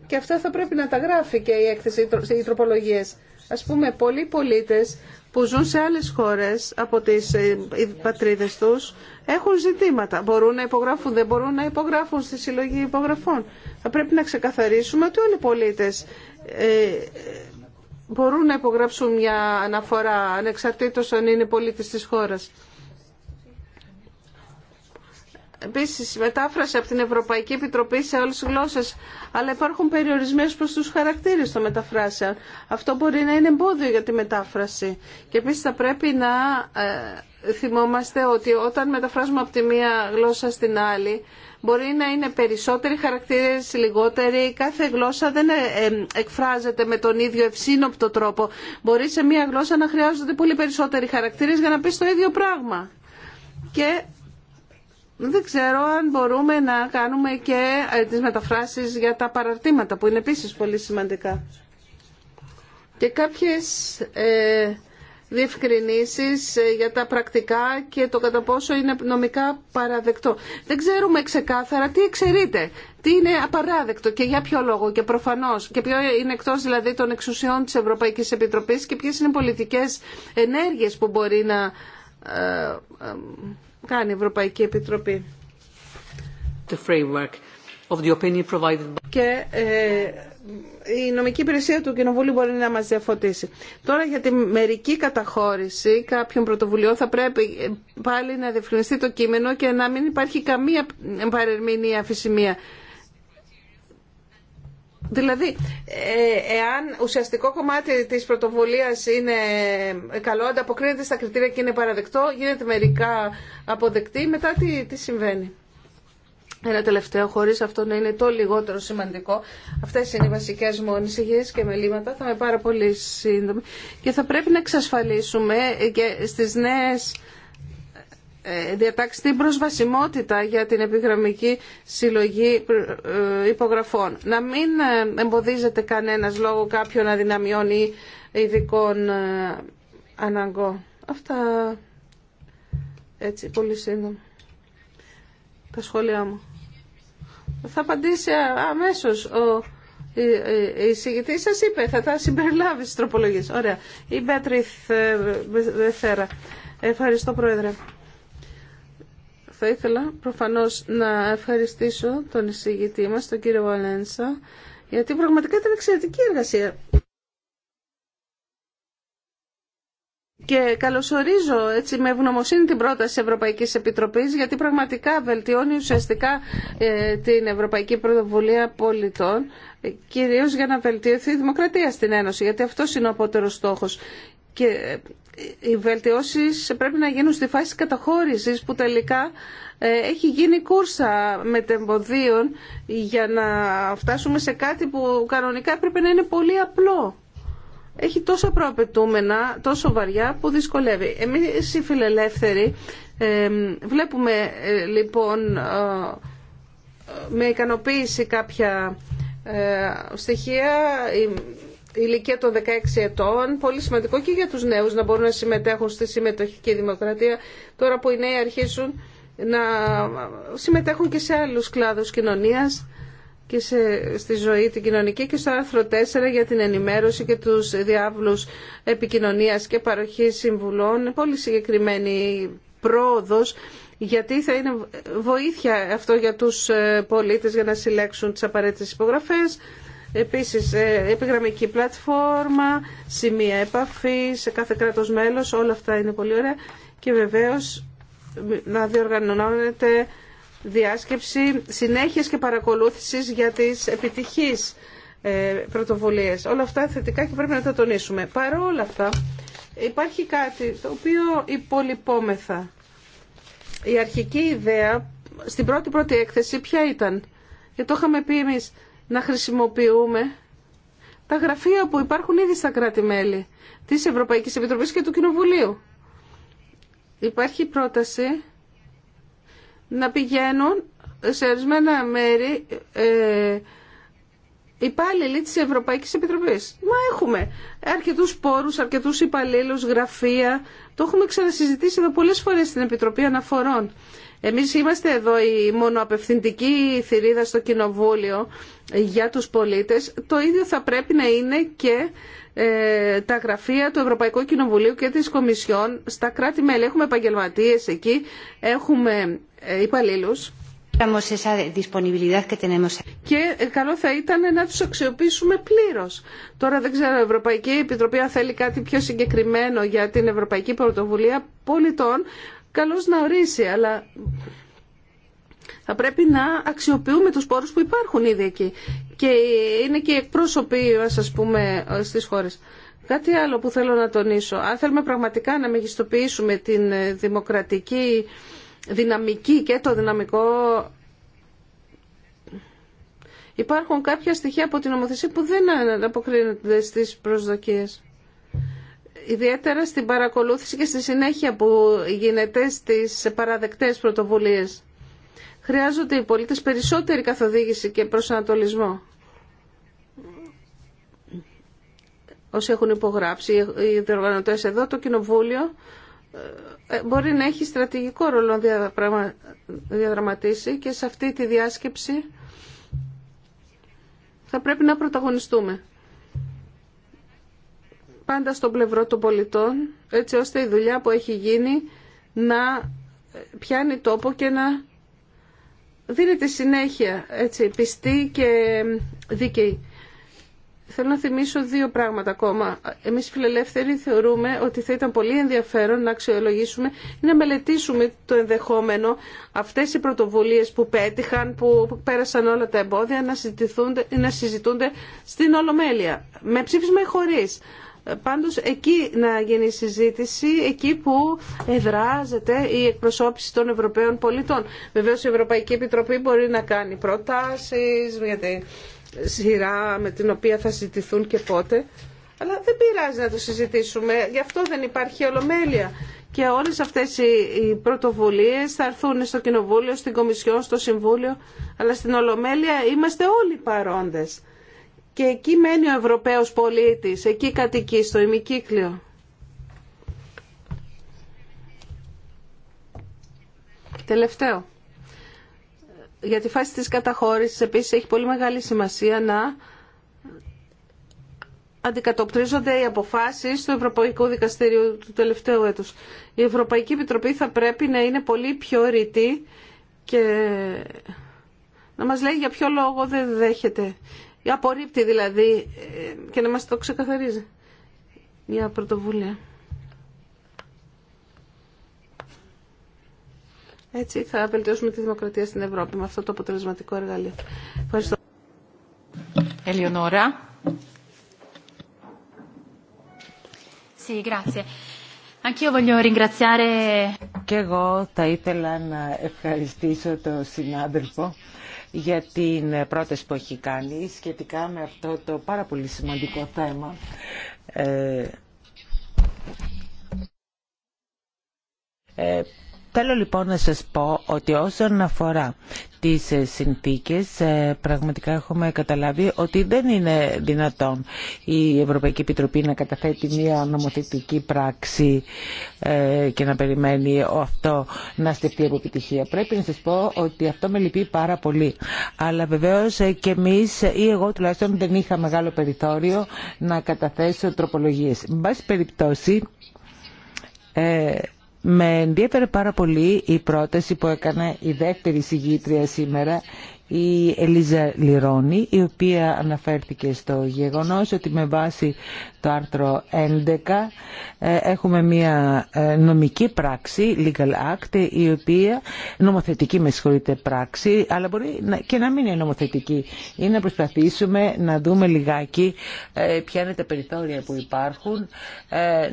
και αυτά θα πρέπει να τα γράφει και η έκθεση, οι τροπολογίες. Ας πούμε, πολλοί πολίτες που ζουν σε άλλες χώρες από τις ε, πατρίδες τους έχουν ζητήματα. Μπορούν να υπογράφουν, δεν μπορούν να υπογράφουν στη συλλογή υπογραφών. Θα πρέπει να ξεκαθαρίσουμε ότι όλοι οι πολίτες ε, μπορούν να υπογράψουν μια αναφορά ανεξαρτήτως αν είναι πολίτες της χώρας επίσης μετάφραση από την Ευρωπαϊκή Επιτροπή σε όλε τι γλώσσε, αλλά υπάρχουν περιορισμοί προ του χαρακτήρε των μεταφράσεων. Αυτό μπορεί να είναι εμπόδιο για τη μετάφραση. Και επίση θα πρέπει να ε, θυμόμαστε ότι όταν μεταφράζουμε από τη μία γλώσσα στην άλλη, μπορεί να είναι περισσότεροι χαρακτήρε, λιγότεροι. Κάθε γλώσσα δεν ε, ε, εκφράζεται με τον ίδιο ευσύνοπτο τρόπο. Μπορεί σε μία γλώσσα να χρειάζονται πολύ περισσότεροι χαρακτήρε για να πει το ίδιο πράγμα. Και δεν ξέρω αν μπορούμε να κάνουμε και ε, τις μεταφράσεις για τα παραρτήματα που είναι επίσης πολύ σημαντικά. Και κάποιες ε, διευκρινήσεις ε, για τα πρακτικά και το κατά πόσο είναι νομικά παραδεκτό. Δεν ξέρουμε ξεκάθαρα τι εξαιρείται, τι είναι απαράδεκτο και για ποιο λόγο και προφανώς και ποιο είναι εκτός δηλαδή των εξουσιών της Ευρωπαϊκής Επιτροπής και ποιες είναι πολιτικές ενέργειες που μπορεί να... Ε, κάνει η Ευρωπαϊκή Επιτροπή.
The framework of the opinion provided
Και ε, η νομική υπηρεσία του Κοινοβούλου μπορεί να μας διαφωτίσει. Τώρα για τη μερική καταχώρηση κάποιων πρωτοβουλειών θα πρέπει ε, πάλι να διευκρινιστεί το κείμενο και να μην υπάρχει καμία παρερμηνία αφησημία. Δηλαδή, ε, εάν ουσιαστικό κομμάτι της πρωτοβουλία είναι καλό, ανταποκρίνεται στα κριτήρια και είναι παραδεκτό, γίνεται μερικά αποδεκτή, μετά τι, τι συμβαίνει. Ένα τελευταίο, χωρί αυτό να είναι το λιγότερο σημαντικό. Αυτέ είναι οι βασικέ μου ανησυχίε και μελήματα. Θα είμαι πάρα πολύ σύντομη. Και θα πρέπει να εξασφαλίσουμε και στι νέε ε, διατάξει την προσβασιμότητα για την επιγραμμική συλλογή ε, υπογραφών. Να μην ε, εμποδίζεται κανένας λόγω κάποιων αδυναμιών ή ειδικών αναγκών. Αυτά έτσι πολύ σύντομα. Τα σχόλιά μου. Θα απαντήσει αμέσως ο η συγκεκριτή σας είπε, θα τα συμπεριλάβει στι τροπολογίε. Ωραία. Η Μπέτριθ Βεθέρα. Ευχαριστώ Πρόεδρε. Θα ήθελα προφανώς να ευχαριστήσω τον εισηγητή μας, τον κύριο Βαλένσα, γιατί πραγματικά ήταν εξαιρετική εργασία. Και καλωσορίζω έτσι, με ευγνωμοσύνη την πρόταση Ευρωπαϊκής Επιτροπής γιατί πραγματικά βελτιώνει ουσιαστικά ε, την Ευρωπαϊκή Πρωτοβουλία Πολιτών κυρίως για να βελτιωθεί η δημοκρατία στην Ένωση γιατί αυτό είναι ο απότερος στόχος. Και οι βελτιώσεις πρέπει να γίνουν στη φάση καταχώρησης που τελικά ε, έχει γίνει κούρσα με τεμποδίων για να φτάσουμε σε κάτι που κανονικά έπρεπε να είναι πολύ απλό. Έχει τόσα προαπαιτούμενα, τόσο βαριά που δυσκολεύει. Εμείς οι φιλελεύθεροι ε, βλέπουμε ε, λοιπόν με ικανοποίηση κάποια στοιχεία ηλικία των 16 ετών, πολύ σημαντικό και για τους νέους να μπορούν να συμμετέχουν στη συμμετοχική δημοκρατία, τώρα που οι νέοι αρχίζουν να συμμετέχουν και σε άλλους κλάδους κοινωνίας και σε, στη ζωή την κοινωνική και στο άρθρο 4 για την ενημέρωση και τους διάβλους επικοινωνίας και παροχή συμβουλών. Πολύ συγκεκριμένη πρόοδος γιατί θα είναι βοήθεια αυτό για τους ε, πολίτες για να συλλέξουν τις απαραίτητες υπογραφές. Επίσης, ε, επιγραμμική πλατφόρμα, σημεία επαφή σε κάθε κράτος μέλος, όλα αυτά είναι πολύ ωραία. Και βεβαίως να διοργανώνεται διάσκεψη συνέχειας και παρακολούθησης για τις επιτυχείς ε, πρωτοβουλίες. Όλα αυτά θετικά και πρέπει να τα τονίσουμε. Παρ' όλα αυτά υπάρχει κάτι το οποίο υπολοιπόμεθα. Η αρχική ιδέα στην πρώτη πρώτη έκθεση ποια ήταν. Και το είχαμε πει εμείς να χρησιμοποιούμε τα γραφεία που υπάρχουν ήδη στα κράτη-μέλη της Ευρωπαϊκής Επιτροπής και του Κοινοβουλίου. Υπάρχει πρόταση να πηγαίνουν σε ορισμένα μέρη ε, υπάλληλοι της Ευρωπαϊκής Επιτροπής. Μα έχουμε αρκετούς πόρους, αρκετούς υπαλλήλους, γραφεία. Το έχουμε ξανασυζητήσει εδώ πολλές φορές στην Επιτροπή Αναφορών. Εμείς είμαστε εδώ η μονοαπευθυντική θηρίδα στο Κοινοβούλιο για τους πολίτες. Το ίδιο θα πρέπει να είναι και ε, τα γραφεία του Ευρωπαϊκού Κοινοβουλίου και της Κομισιόν στα κράτη-μέλη. Έχουμε επαγγελματίε εκεί, έχουμε ε, υπαλλήλου. Και ε, καλό θα ήταν να τους αξιοποιήσουμε πλήρως. Τώρα δεν ξέρω, η Ευρωπαϊκή Επιτροπή θέλει κάτι πιο συγκεκριμένο για την Ευρωπαϊκή Πρωτοβουλία Πολιτών, καλώς να ορίσει, αλλά θα πρέπει να αξιοποιούμε τους πόρους που υπάρχουν ήδη εκεί. Και είναι και εκπρόσωποι, ας πούμε, στις χώρες. Κάτι άλλο που θέλω να τονίσω. Αν θέλουμε πραγματικά να μεγιστοποιήσουμε την δημοκρατική δυναμική και το δυναμικό υπάρχουν κάποια στοιχεία από την νομοθεσία που δεν αποκρίνονται στις προσδοκίες ιδιαίτερα στην παρακολούθηση και στη συνέχεια που γίνεται στις παραδεκτές πρωτοβουλίες. Χρειάζονται οι πολίτες περισσότερη καθοδήγηση και προσανατολισμό. Όσοι έχουν υπογράψει οι διοργανωτές εδώ, το Κοινοβούλιο ε, μπορεί να έχει στρατηγικό ρόλο να διαδραματίσει και σε αυτή τη διάσκεψη θα πρέπει να πρωταγωνιστούμε πάντα στον πλευρό των πολιτών, έτσι ώστε η δουλειά που έχει γίνει να πιάνει τόπο και να δίνεται συνέχεια, έτσι, πιστή και δίκαιη. Θέλω να θυμίσω δύο πράγματα ακόμα. Εμείς οι φιλελεύθεροι θεωρούμε ότι θα ήταν πολύ ενδιαφέρον να αξιολογήσουμε ή να μελετήσουμε το ενδεχόμενο αυτές οι πρωτοβουλίες που πέτυχαν, που πέρασαν όλα τα εμπόδια να, συζητούνται, να συζητούνται στην Ολομέλεια. Με ψήφισμα ή χωρίς. Πάντως εκεί να γίνει συζήτηση, εκεί που εδράζεται η εκπροσώπηση των Ευρωπαίων πολιτών. Βεβαίως η Ευρωπαϊκή Επιτροπή μπορεί να κάνει προτάσεις για τη σειρά με την οποία θα συζητηθούν και πότε. Αλλά δεν πειράζει να το συζητήσουμε, γι' αυτό δεν υπάρχει ολομέλεια. Και όλες αυτές οι πρωτοβουλίες θα έρθουν στο Κοινοβούλιο, στην Κομισιόν, στο Συμβούλιο, αλλά στην Ολομέλεια είμαστε όλοι παρόντες και εκεί μένει ο Ευρωπαίος πολίτης, εκεί κατοικεί στο ημικύκλιο. Τελευταίο. Για τη φάση της καταχώρησης επίσης έχει πολύ μεγάλη σημασία να αντικατοπτρίζονται οι αποφάσεις του Ευρωπαϊκού Δικαστηρίου του τελευταίου έτους. Η Ευρωπαϊκή Επιτροπή θα πρέπει να είναι πολύ πιο ρητή και να μας λέει για ποιο λόγο δεν δέχεται απορρίπτει δηλαδή ε, και να μας το ξεκαθαρίζει μια πρωτοβουλία. Έτσι θα βελτιώσουμε τη δημοκρατία στην Ευρώπη με αυτό το αποτελεσματικό εργαλείο. Ευχαριστώ. Ελιονόρα.
Και εγώ θα ήθελα να ευχαριστήσω τον συνάδελφο για την πρόταση που έχει κάνει σχετικά με αυτό το πάρα πολύ σημαντικό θέμα. Ε, ε, Θέλω λοιπόν να σας πω ότι όσον αφορά τις ε, συνθήκες ε, πραγματικά έχουμε καταλάβει ότι δεν είναι δυνατόν η Ευρωπαϊκή Επιτροπή να καταθέτει μια νομοθετική πράξη ε, και να περιμένει αυτό να στεφτεί από επιτυχία. Πρέπει να σας πω ότι αυτό με λυπεί πάρα πολύ. Αλλά βεβαίως και εμείς ή εγώ τουλάχιστον δεν είχα μεγάλο περιθώριο να καταθέσω τροπολογίες. Μπας περιπτώσει με ενδιαφέρει πάρα πολύ η πρόταση που έκανε η δεύτερη συγγήτρια σήμερα η Ελίζα Λιρώνη, η οποία αναφέρθηκε στο γεγονός ότι με βάση το άρθρο 11 ε, έχουμε μια ε, νομική πράξη, legal act, η οποία νομοθετική με συγχωρείτε πράξη, αλλά μπορεί και να μην είναι νομοθετική. Είναι να προσπαθήσουμε να δούμε λιγάκι ε, ποια είναι τα περιθώρια που υπάρχουν,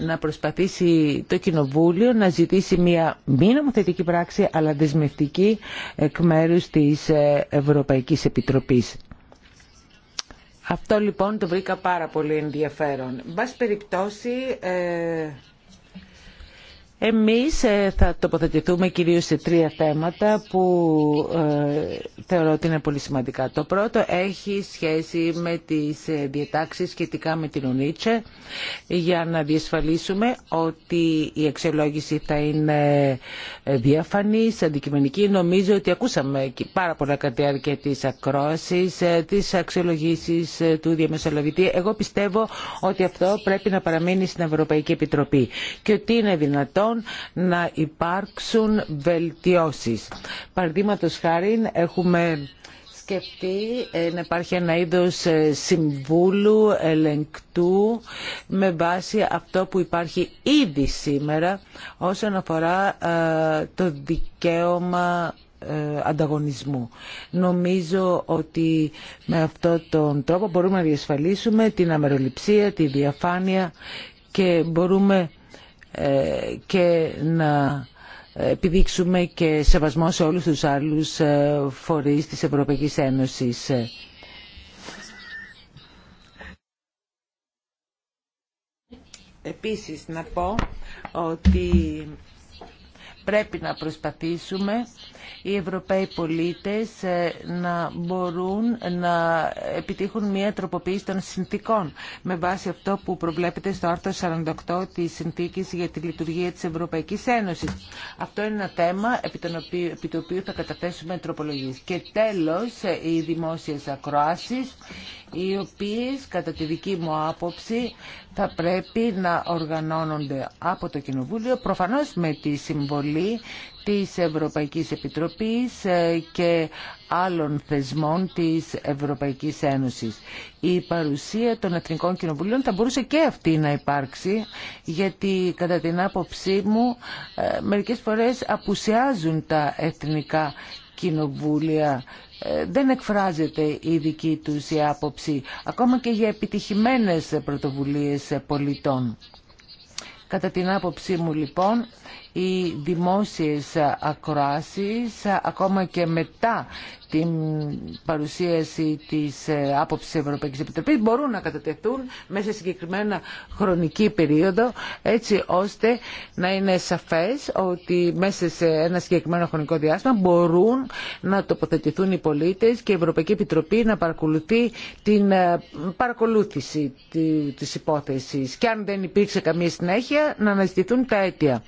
να προσπαθήσει το Κοινοβούλιο να ζητήσει μια μη νομοθετική πράξη, αλλά δεσμευτική εκ μέρους της Ευρωπαϊκής Επιτροπής. Αυτό λοιπόν το βρήκα πάρα πολύ ενδιαφέρον. Μπας περιπτώσει... Ε... Εμείς ε, θα τοποθετηθούμε κυρίως σε τρία θέματα που ε, θεωρώ ότι είναι πολύ σημαντικά. Το πρώτο έχει σχέση με τις ε, διατάξεις σχετικά με την ΟΝΙΤΣΕ για να διασφαλίσουμε ότι η αξιολόγηση θα είναι διαφανής, αντικειμενική. Νομίζω ότι ακούσαμε πάρα πολλά κατά τη ακρόαση της ακρόασης, του διαμεσολαβητή. Εγώ πιστεύω ότι αυτό πρέπει να παραμείνει στην Ευρωπαϊκή Επιτροπή και ότι είναι δυνατό να υπάρξουν βελτιώσεις. Παραδείγματο χάρη έχουμε σκεφτεί ε, να υπάρχει ένα είδος ε, συμβούλου ελεγκτού με βάση αυτό που υπάρχει ήδη σήμερα όσον αφορά ε, το δικαίωμα ανταγωνισμού. Νομίζω ότι με αυτόν τον τρόπο μπορούμε να διασφαλίσουμε την αμεροληψία, τη διαφάνεια και μπορούμε ε, και να ε, επιδείξουμε και σεβασμό σε όλους τους άλλους ε, φορείς της Ευρωπαϊκής Ένωσης. Επίσης να πω ότι πρέπει να προσπαθήσουμε οι Ευρωπαίοι πολίτες ε, να μπορούν να επιτύχουν μια τροποποίηση των συνθήκων με βάση αυτό που προβλέπεται στο άρθρο 48 της Συνθήκης για τη Λειτουργία της Ευρωπαϊκής Ένωσης. Αυτό είναι ένα θέμα επί το οποίο θα καταθέσουμε τροπολογίες. Και τέλος, ε, οι δημόσιες ακροάσεις οι οποίες κατά τη δική μου άποψη θα πρέπει να οργανώνονται από το Κοινοβούλιο, προφανώς με τη συμβολή της Ευρωπαϊκής Επιτροπής ε, και άλλων θεσμών της Ευρωπαϊκής Ένωσης. Η παρουσία των Εθνικών Κοινοβουλίων θα μπορούσε και αυτή να υπάρξει, γιατί κατά την άποψή μου ε, μερικές φορές απουσιάζουν τα Εθνικά Κοινοβούλια ε, δεν εκφράζεται η δική τους η άποψη, ακόμα και για επιτυχημένες πρωτοβουλίες πολιτών. Κατά την άποψή μου λοιπόν οι δημόσιες ακροάσεις ακόμα και μετά την παρουσίαση της ε, άποψης της Ευρωπαϊκής Επιτροπής μπορούν να κατατεθούν μέσα σε συγκεκριμένα χρονική περίοδο έτσι ώστε να είναι σαφές ότι μέσα σε ένα συγκεκριμένο χρονικό διάστημα μπορούν να τοποθετηθούν οι πολίτες και η Ευρωπαϊκή Επιτροπή να παρακολουθεί την ε, παρακολούθηση της υπόθεσης και αν δεν υπήρξε καμία συνέχεια να αναζητηθούν τα αίτια.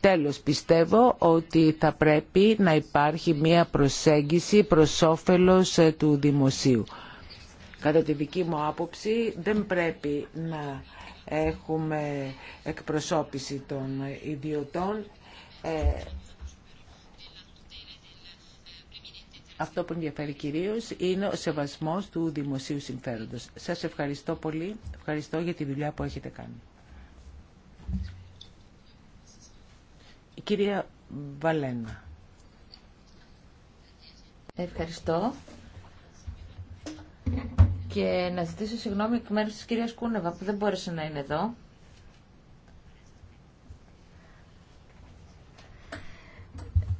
Τέλος, πιστεύω ότι θα πρέπει να υπάρχει μία προσέγγιση προς όφελος ε, του δημοσίου. Κατά τη δική μου άποψη δεν πρέπει να έχουμε εκπροσώπηση των ιδιωτών. Ε, αυτό που ενδιαφέρει κυρίω είναι ο σεβασμός του δημοσίου συμφέροντος. Σας ευχαριστώ πολύ. Ευχαριστώ για τη δουλειά που έχετε κάνει.
Η κυρία Βαλένα. Ευχαριστώ. Και να ζητήσω συγγνώμη εκ μέρους της κυρίας Κούνεβα που δεν μπόρεσε να είναι εδώ.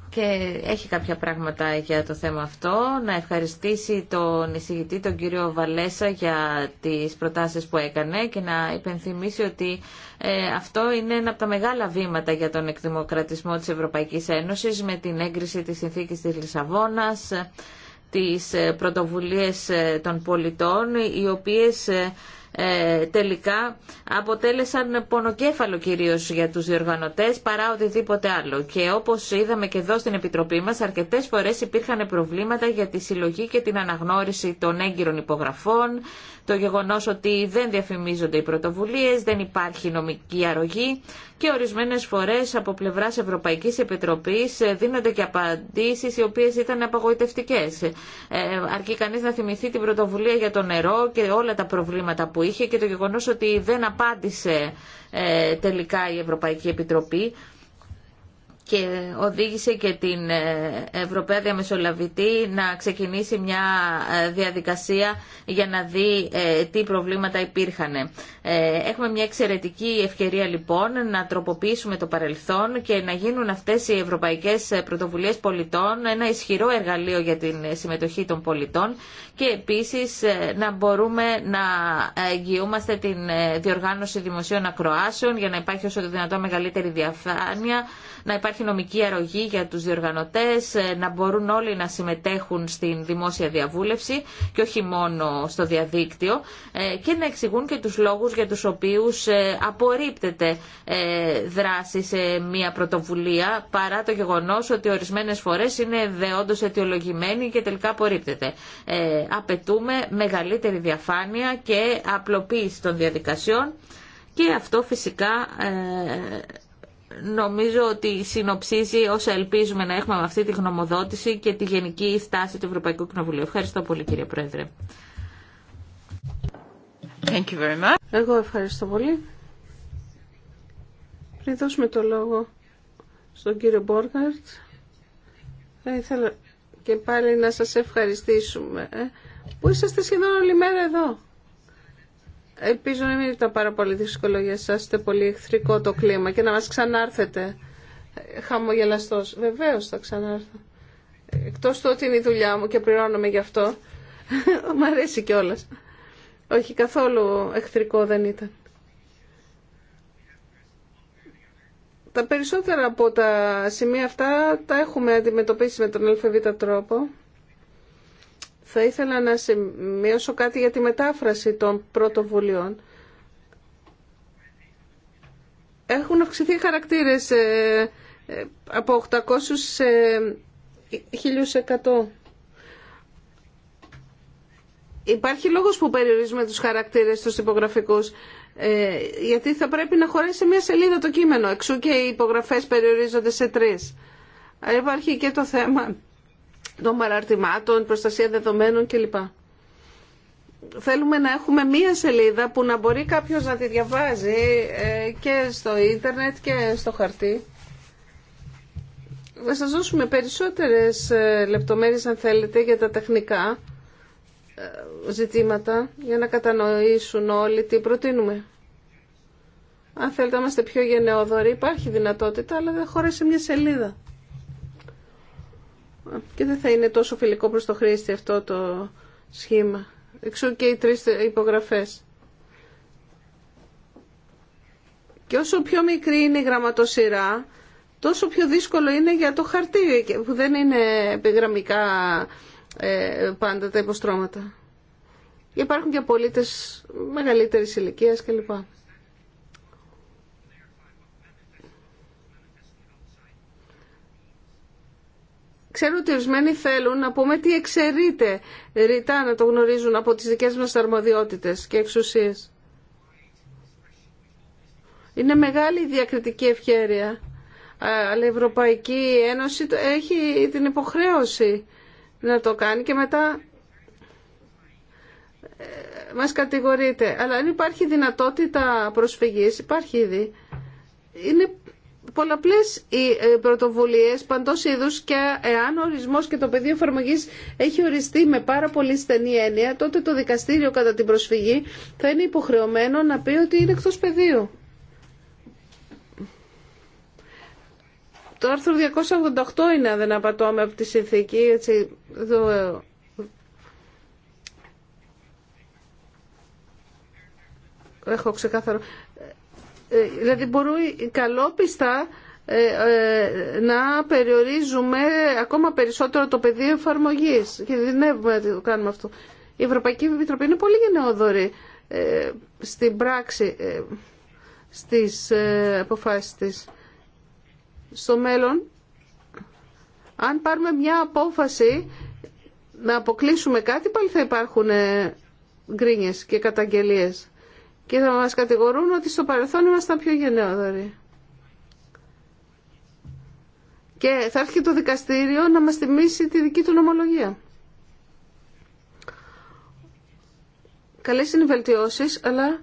και έχει κάποια πράγματα για το θέμα αυτό. Να ευχαριστήσει τον εισηγητή, τον κύριο Βαλέσα, για τις προτάσεις που έκανε και να υπενθυμίσει ότι ε, αυτό είναι ένα από τα μεγάλα βήματα για τον εκδημοκρατισμό της Ευρωπαϊκής Ένωσης με την έγκριση της συνθήκης της Λισαβόνας, τις πρωτοβουλίες ε, των πολιτών, οι οποίες ε, ε, τελικά αποτέλεσαν πονοκέφαλο κυρίως για τους διοργανωτές παρά οτιδήποτε άλλο. Και όπως είδαμε και εδώ στην Επιτροπή μας, αρκετές φορές υπήρχαν προβλήματα για τη συλλογή και την αναγνώριση των έγκυρων υπογραφών, το γεγονός ότι δεν διαφημίζονται οι πρωτοβουλίες, δεν υπάρχει νομική αρρωγή και ορισμένες φορές από πλευράς Ευρωπαϊκής Επιτροπής ε, δίνονται και απαντήσεις οι οποίες ήταν απαγοητευτικές. Ε, αρκεί κανείς να θυμηθεί την πρωτοβουλία για το νερό και όλα τα προβλήματα που είχε και το γεγονός ότι δεν απάντησε ε, τελικά η Ευρωπαϊκή Επιτροπή και οδήγησε και την ε, Ευρωπαία Διαμεσολαβητή να ξεκινήσει μια ε, διαδικασία για να δει ε, τι προβλήματα υπήρχαν. Έχουμε μια εξαιρετική ευκαιρία λοιπόν να τροποποιήσουμε το παρελθόν και να γίνουν αυτές οι ευρωπαϊκές πρωτοβουλίες πολιτών ένα ισχυρό εργαλείο για την συμμετοχή των πολιτών και επίσης να μπορούμε να εγγυούμαστε την διοργάνωση δημοσίων ακροάσεων για να υπάρχει όσο το δυνατόν μεγαλύτερη διαφάνεια, υπάρχει νομική αρρωγή για τους διοργανωτές, ε, να μπορούν όλοι να συμμετέχουν στην δημόσια διαβούλευση και όχι μόνο στο διαδίκτυο ε, και να εξηγούν και τους λόγους για τους οποίους ε, απορρίπτεται δράση σε μια πρωτοβουλία παρά το γεγονός ότι ορισμένες φορές είναι δεόντως αιτιολογημένη και τελικά απορρίπτεται. Απαιτούμε μεγαλύτερη διαφάνεια και απλοποίηση των διαδικασιών και αυτό φυσικά νομίζω ότι συνοψίζει όσα ελπίζουμε να έχουμε με αυτή τη γνωμοδότηση και τη γενική στάση του Ευρωπαϊκού Κοινοβουλίου. Ευχαριστώ πολύ κύριε Πρόεδρε. Εγώ ευχαριστώ πολύ. Πριν δώσουμε το
λόγο στον κύριο Μπόργαρτ, θα ήθελα και πάλι να σας ευχαριστήσουμε ε, που είσαστε σχεδόν όλη μέρα εδώ. Ελπίζω να μην ήταν πάρα πολύ δύσκολο για σας, είστε πολύ εχθρικό το κλίμα και να μας ξανάρθετε χαμογελαστό. Βεβαίω θα ξανάρθω. Εκτός του ότι είναι η δουλειά μου και πληρώνομαι γι' αυτό. Μ' αρέσει κιόλα. Όχι καθόλου εχθρικό δεν ήταν. Τα περισσότερα από τα σημεία αυτά τα έχουμε αντιμετωπίσει με τον αλφαβήτα τρόπο. Θα ήθελα να σημειώσω κάτι για τη μετάφραση των πρωτοβουλειών. Έχουν αυξηθεί οι χαρακτήρες ε, ε, από 800 σε 1100. Υπάρχει λόγος που περιορίζουμε τους χαρακτήρες τους υπογραφικού. Ε, γιατί θα πρέπει να χωρέσει μία σελίδα το κείμενο. Εξού και οι υπογραφές περιορίζονται σε τρεις. Υπάρχει και το θέμα των παραρτημάτων, προστασία δεδομένων κλπ. Θέλουμε να έχουμε μία σελίδα που να μπορεί κάποιος να τη διαβάζει ε, και στο ίντερνετ και στο χαρτί. Θα σας δώσουμε περισσότερες ε, λεπτομέρειες αν θέλετε για τα τεχνικά ε, ζητήματα για να κατανοήσουν όλοι τι προτείνουμε. Αν θέλετε να είμαστε πιο γενναιόδοροι υπάρχει δυνατότητα αλλά δεν χωράει σε μια σελίδα και δεν θα είναι τόσο φιλικό προς το χρήστη αυτό το σχήμα. Εξού και οι τρεις υπογραφές. Και όσο πιο μικρή είναι η γραμματοσυρά, τόσο πιο δύσκολο είναι για το χαρτί, που δεν είναι επιγραμμικά ε, πάντα τα υποστρώματα. Υπάρχουν και πολίτες μεγαλύτερης ηλικίας κλπ. Ξέρω ότι ορισμένοι θέλουν να πούμε τι εξαιρείται ρητά να το γνωρίζουν από τις δικές μας αρμοδιότητες και εξουσίες. Είναι μεγάλη διακριτική ευχέρεια, αλλά η Ευρωπαϊκή Ένωση έχει την υποχρέωση να το κάνει και μετά ε, μας κατηγορείται. Αλλά αν υπάρχει δυνατότητα προσφυγής, υπάρχει ήδη. Είναι πολλαπλές οι ε, πρωτοβουλίες παντός είδους και εάν ο ορισμός και το πεδίο εφαρμογή έχει οριστεί με πάρα πολύ στενή έννοια, τότε το δικαστήριο κατά την προσφυγή θα είναι υποχρεωμένο να πει ότι είναι εκτός πεδίου. Το άρθρο 288 είναι, αν δεν απατώμε από τη συνθήκη, έτσι, εδώ, ε, έχω ξεκάθαρο
δηλαδή μπορούμε
καλόπιστα ε, ε, να περιορίζουμε ακόμα περισσότερο το πεδίο και Κινδυνεύουμε να το κάνουμε αυτό. Η Ευρωπαϊκή Επιτροπή είναι πολύ γενναιόδορη ε, στην πράξη στις αποφάσεις της. Στο μέλλον, αν πάρουμε μια απόφαση να αποκλείσουμε κάτι, πάλι θα υπάρχουν γκρίνιες και καταγγελίες και θα μας κατηγορούν ότι στο παρελθόν ήμασταν πιο γενναιόδοροι. Και θα έρχεται το δικαστήριο να μας θυμίσει τη δική του νομολογία. Καλές είναι οι βελτιώσεις, αλλά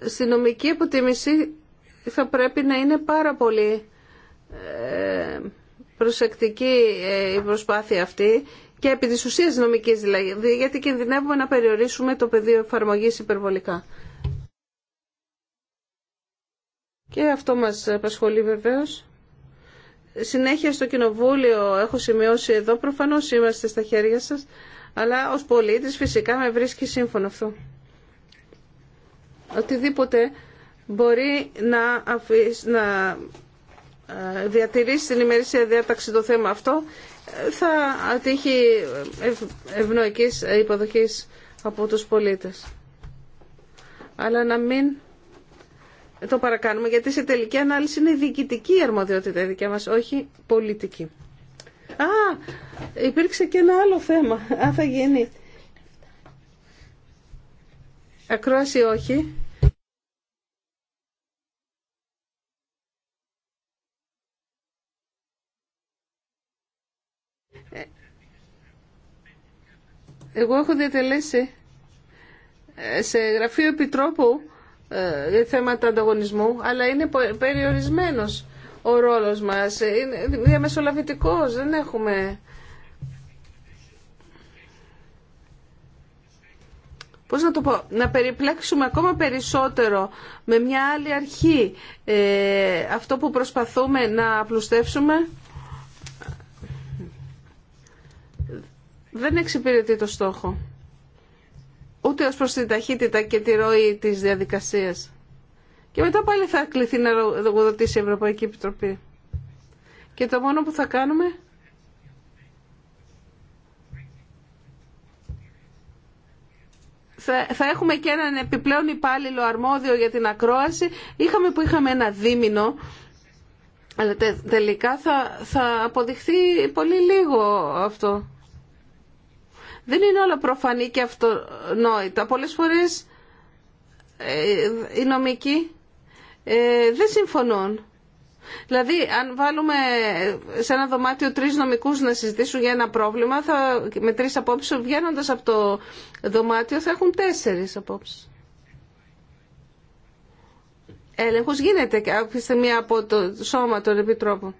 στη νομική αποτίμηση θα πρέπει να είναι πάρα πολύ ε, προσεκτική ε, η προσπάθεια αυτή και επί της ουσίας νομικής δηλαδή, γιατί κινδυνεύουμε να περιορίσουμε το πεδίο εφαρμογής υπερβολικά. Και αυτό μας απασχολεί βεβαίως. Συνέχεια στο Κοινοβούλιο έχω σημειώσει εδώ, προφανώς είμαστε στα χέρια σας, αλλά ως πολίτης φυσικά με βρίσκει σύμφωνο αυτό. Οτιδήποτε μπορεί να, αφήσει, να ε, διατηρήσει την ημερήσια διάταξη το θέμα αυτό ε, θα ατύχει ευνοϊκής υποδοχής από τους πολίτες. Αλλά να μην το παρακάνουμε γιατί σε τελική ανάλυση είναι διοικητική η αρμοδιότητα δικιά μας, όχι πολιτική. Α, υπήρξε και ένα άλλο θέμα. Α, θα γίνει. Ακρόαση όχι. Εγώ έχω διατελέσει ε, σε γραφείο επιτρόπου ε, ε, θέματα ανταγωνισμού, αλλά είναι περιορισμένος ο ρόλος μας. Είναι διαμεσολαβητικός, δεν έχουμε... Πώς να το πω, να περιπλέξουμε ακόμα περισσότερο με μια άλλη αρχή ε, αυτό που προσπαθούμε να απλουστεύσουμε. Δεν εξυπηρετεί το στόχο ούτε ως προς την ταχύτητα και τη ροή της διαδικασίας. Και μετά πάλι θα κληθεί να λογοδοτήσει η Ευρωπαϊκή Επιτροπή. Και το μόνο που θα κάνουμε θα, έχουμε και έναν επιπλέον υπάλληλο αρμόδιο για την ακρόαση. Είχαμε που είχαμε ένα δίμηνο, αλλά τελικά θα, θα αποδειχθεί πολύ λίγο αυτό. Δεν είναι όλα προφανή και αυτονόητα. Πολλές φορές ε, οι νομικοί ε, δεν συμφωνούν. Δηλαδή, αν βάλουμε σε ένα δωμάτιο τρεις νομικούς να συζητήσουν για ένα πρόβλημα, θα, με τρεις απόψεις, βγαίνοντας από το δωμάτιο θα έχουν τέσσερις απόψεις. Έλεγχος γίνεται, σε μία από το σώμα των επιτρόπων.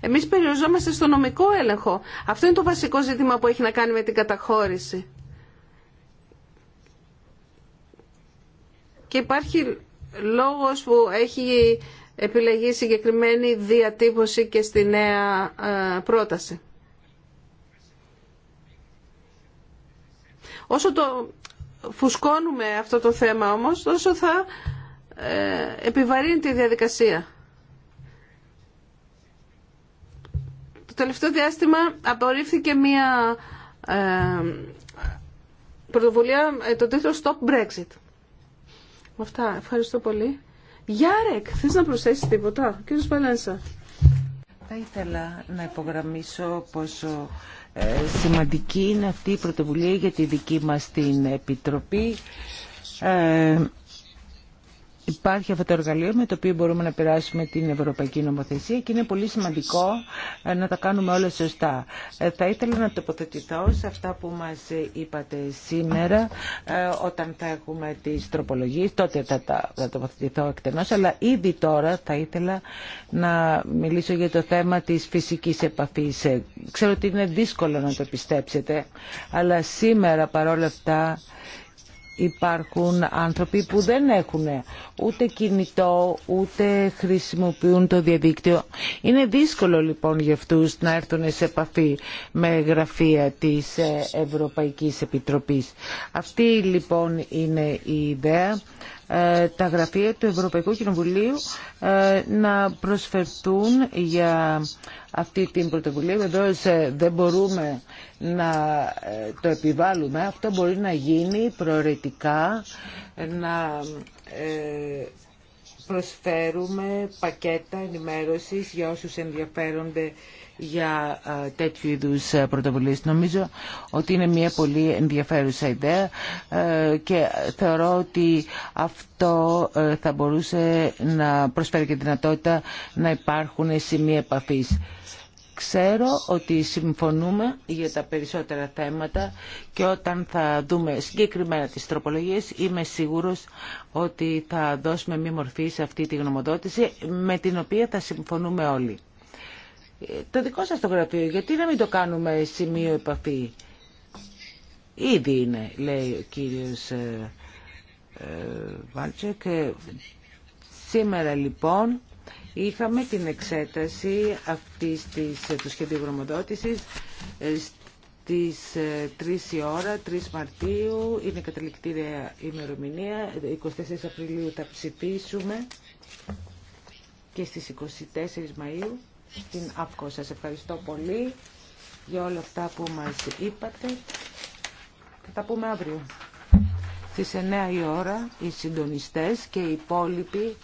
Εμείς περιοριζόμαστε στο νομικό έλεγχο. Αυτό είναι το βασικό ζήτημα που έχει να κάνει με την καταχώρηση. Και υπάρχει λόγος που έχει επιλεγεί συγκεκριμένη διατύπωση και στη νέα ε, πρόταση. Όσο το φουσκώνουμε αυτό το θέμα όμως, τόσο θα ε, επιβαρύνει τη διαδικασία. Το τελευταίο διάστημα απορρίφθηκε μία ε, πρωτοβουλία, ε, το τίτλο Stop Brexit. Με Αυτά, ευχαριστώ πολύ. Γιάρεκ, θες να προσθέσεις τίποτα, κύριος Παλένσα.
Θα ήθελα να υπογραμμίσω πόσο ε, σημαντική είναι αυτή η πρωτοβουλία για τη δική μας την Επιτροπή. Υπάρχει αυτό το εργαλείο με το οποίο μπορούμε να περάσουμε την ευρωπαϊκή νομοθεσία και είναι πολύ σημαντικό ε, να τα κάνουμε όλα σωστά. Ε, θα ήθελα να τοποθετηθώ σε αυτά που μας είπατε σήμερα ε, όταν θα έχουμε τις τροπολογίες. Τότε θα, τα, τοποθετηθώ εκτενώς, αλλά ήδη τώρα θα ήθελα να μιλήσω για το θέμα της φυσικής επαφής. Ξέρω ότι είναι δύσκολο να το πιστέψετε, αλλά σήμερα παρόλα αυτά υπάρχουν άνθρωποι που δεν έχουν ούτε κινητό, ούτε χρησιμοποιούν το διαδίκτυο. Είναι δύσκολο λοιπόν για αυτούς να έρθουν σε επαφή με γραφεία της ε, Ευρωπαϊκής Επιτροπής. Αυτή λοιπόν είναι η ιδέα ε, τα γραφεία του Ευρωπαϊκού Κοινοβουλίου ε, να προσφερθούν για αυτή την πρωτοβουλία. Εδώ ε, δεν μπορούμε να το επιβάλλουμε. Αυτό μπορεί να γίνει προαιρετικά, να προσφέρουμε πακέτα ενημέρωσης για όσους ενδιαφέρονται για ε, τέτοιου είδους ε, πρωτοβουλίες. Νομίζω ότι είναι μια πολύ ενδιαφέρουσα ιδέα ε, και θεωρώ ότι αυτό θα μπορούσε να προσφέρει και δυνατότητα να υπάρχουν σημεία επαφής. Ξέρω ότι συμφωνούμε για τα περισσότερα θέματα και όταν θα δούμε συγκεκριμένα τις τροπολογίες είμαι σίγουρος ότι θα δώσουμε μία μορφή σε αυτή τη γνωμοδότηση με την οποία θα συμφωνούμε όλοι το δικό σας το γραφείο, γιατί να μην το κάνουμε σημείο επαφή. Ήδη είναι, λέει ο κύριος ε, ε, ε Σήμερα λοιπόν είχαμε την εξέταση αυτής της, ε, του σχεδίου γνωμοδότησης ε, στις 3 ε, η ώρα, 3 Μαρτίου, είναι καταληκτήρια ημερομηνία, 24 Απριλίου θα ψηφίσουμε και στις 24 Μαΐου την Σας ευχαριστώ πολύ για όλα αυτά που μας είπατε. Θα τα πούμε αύριο. Στις 9 η ώρα οι συντονιστές και οι υπόλοιποι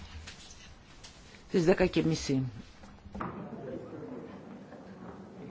στις 10.30.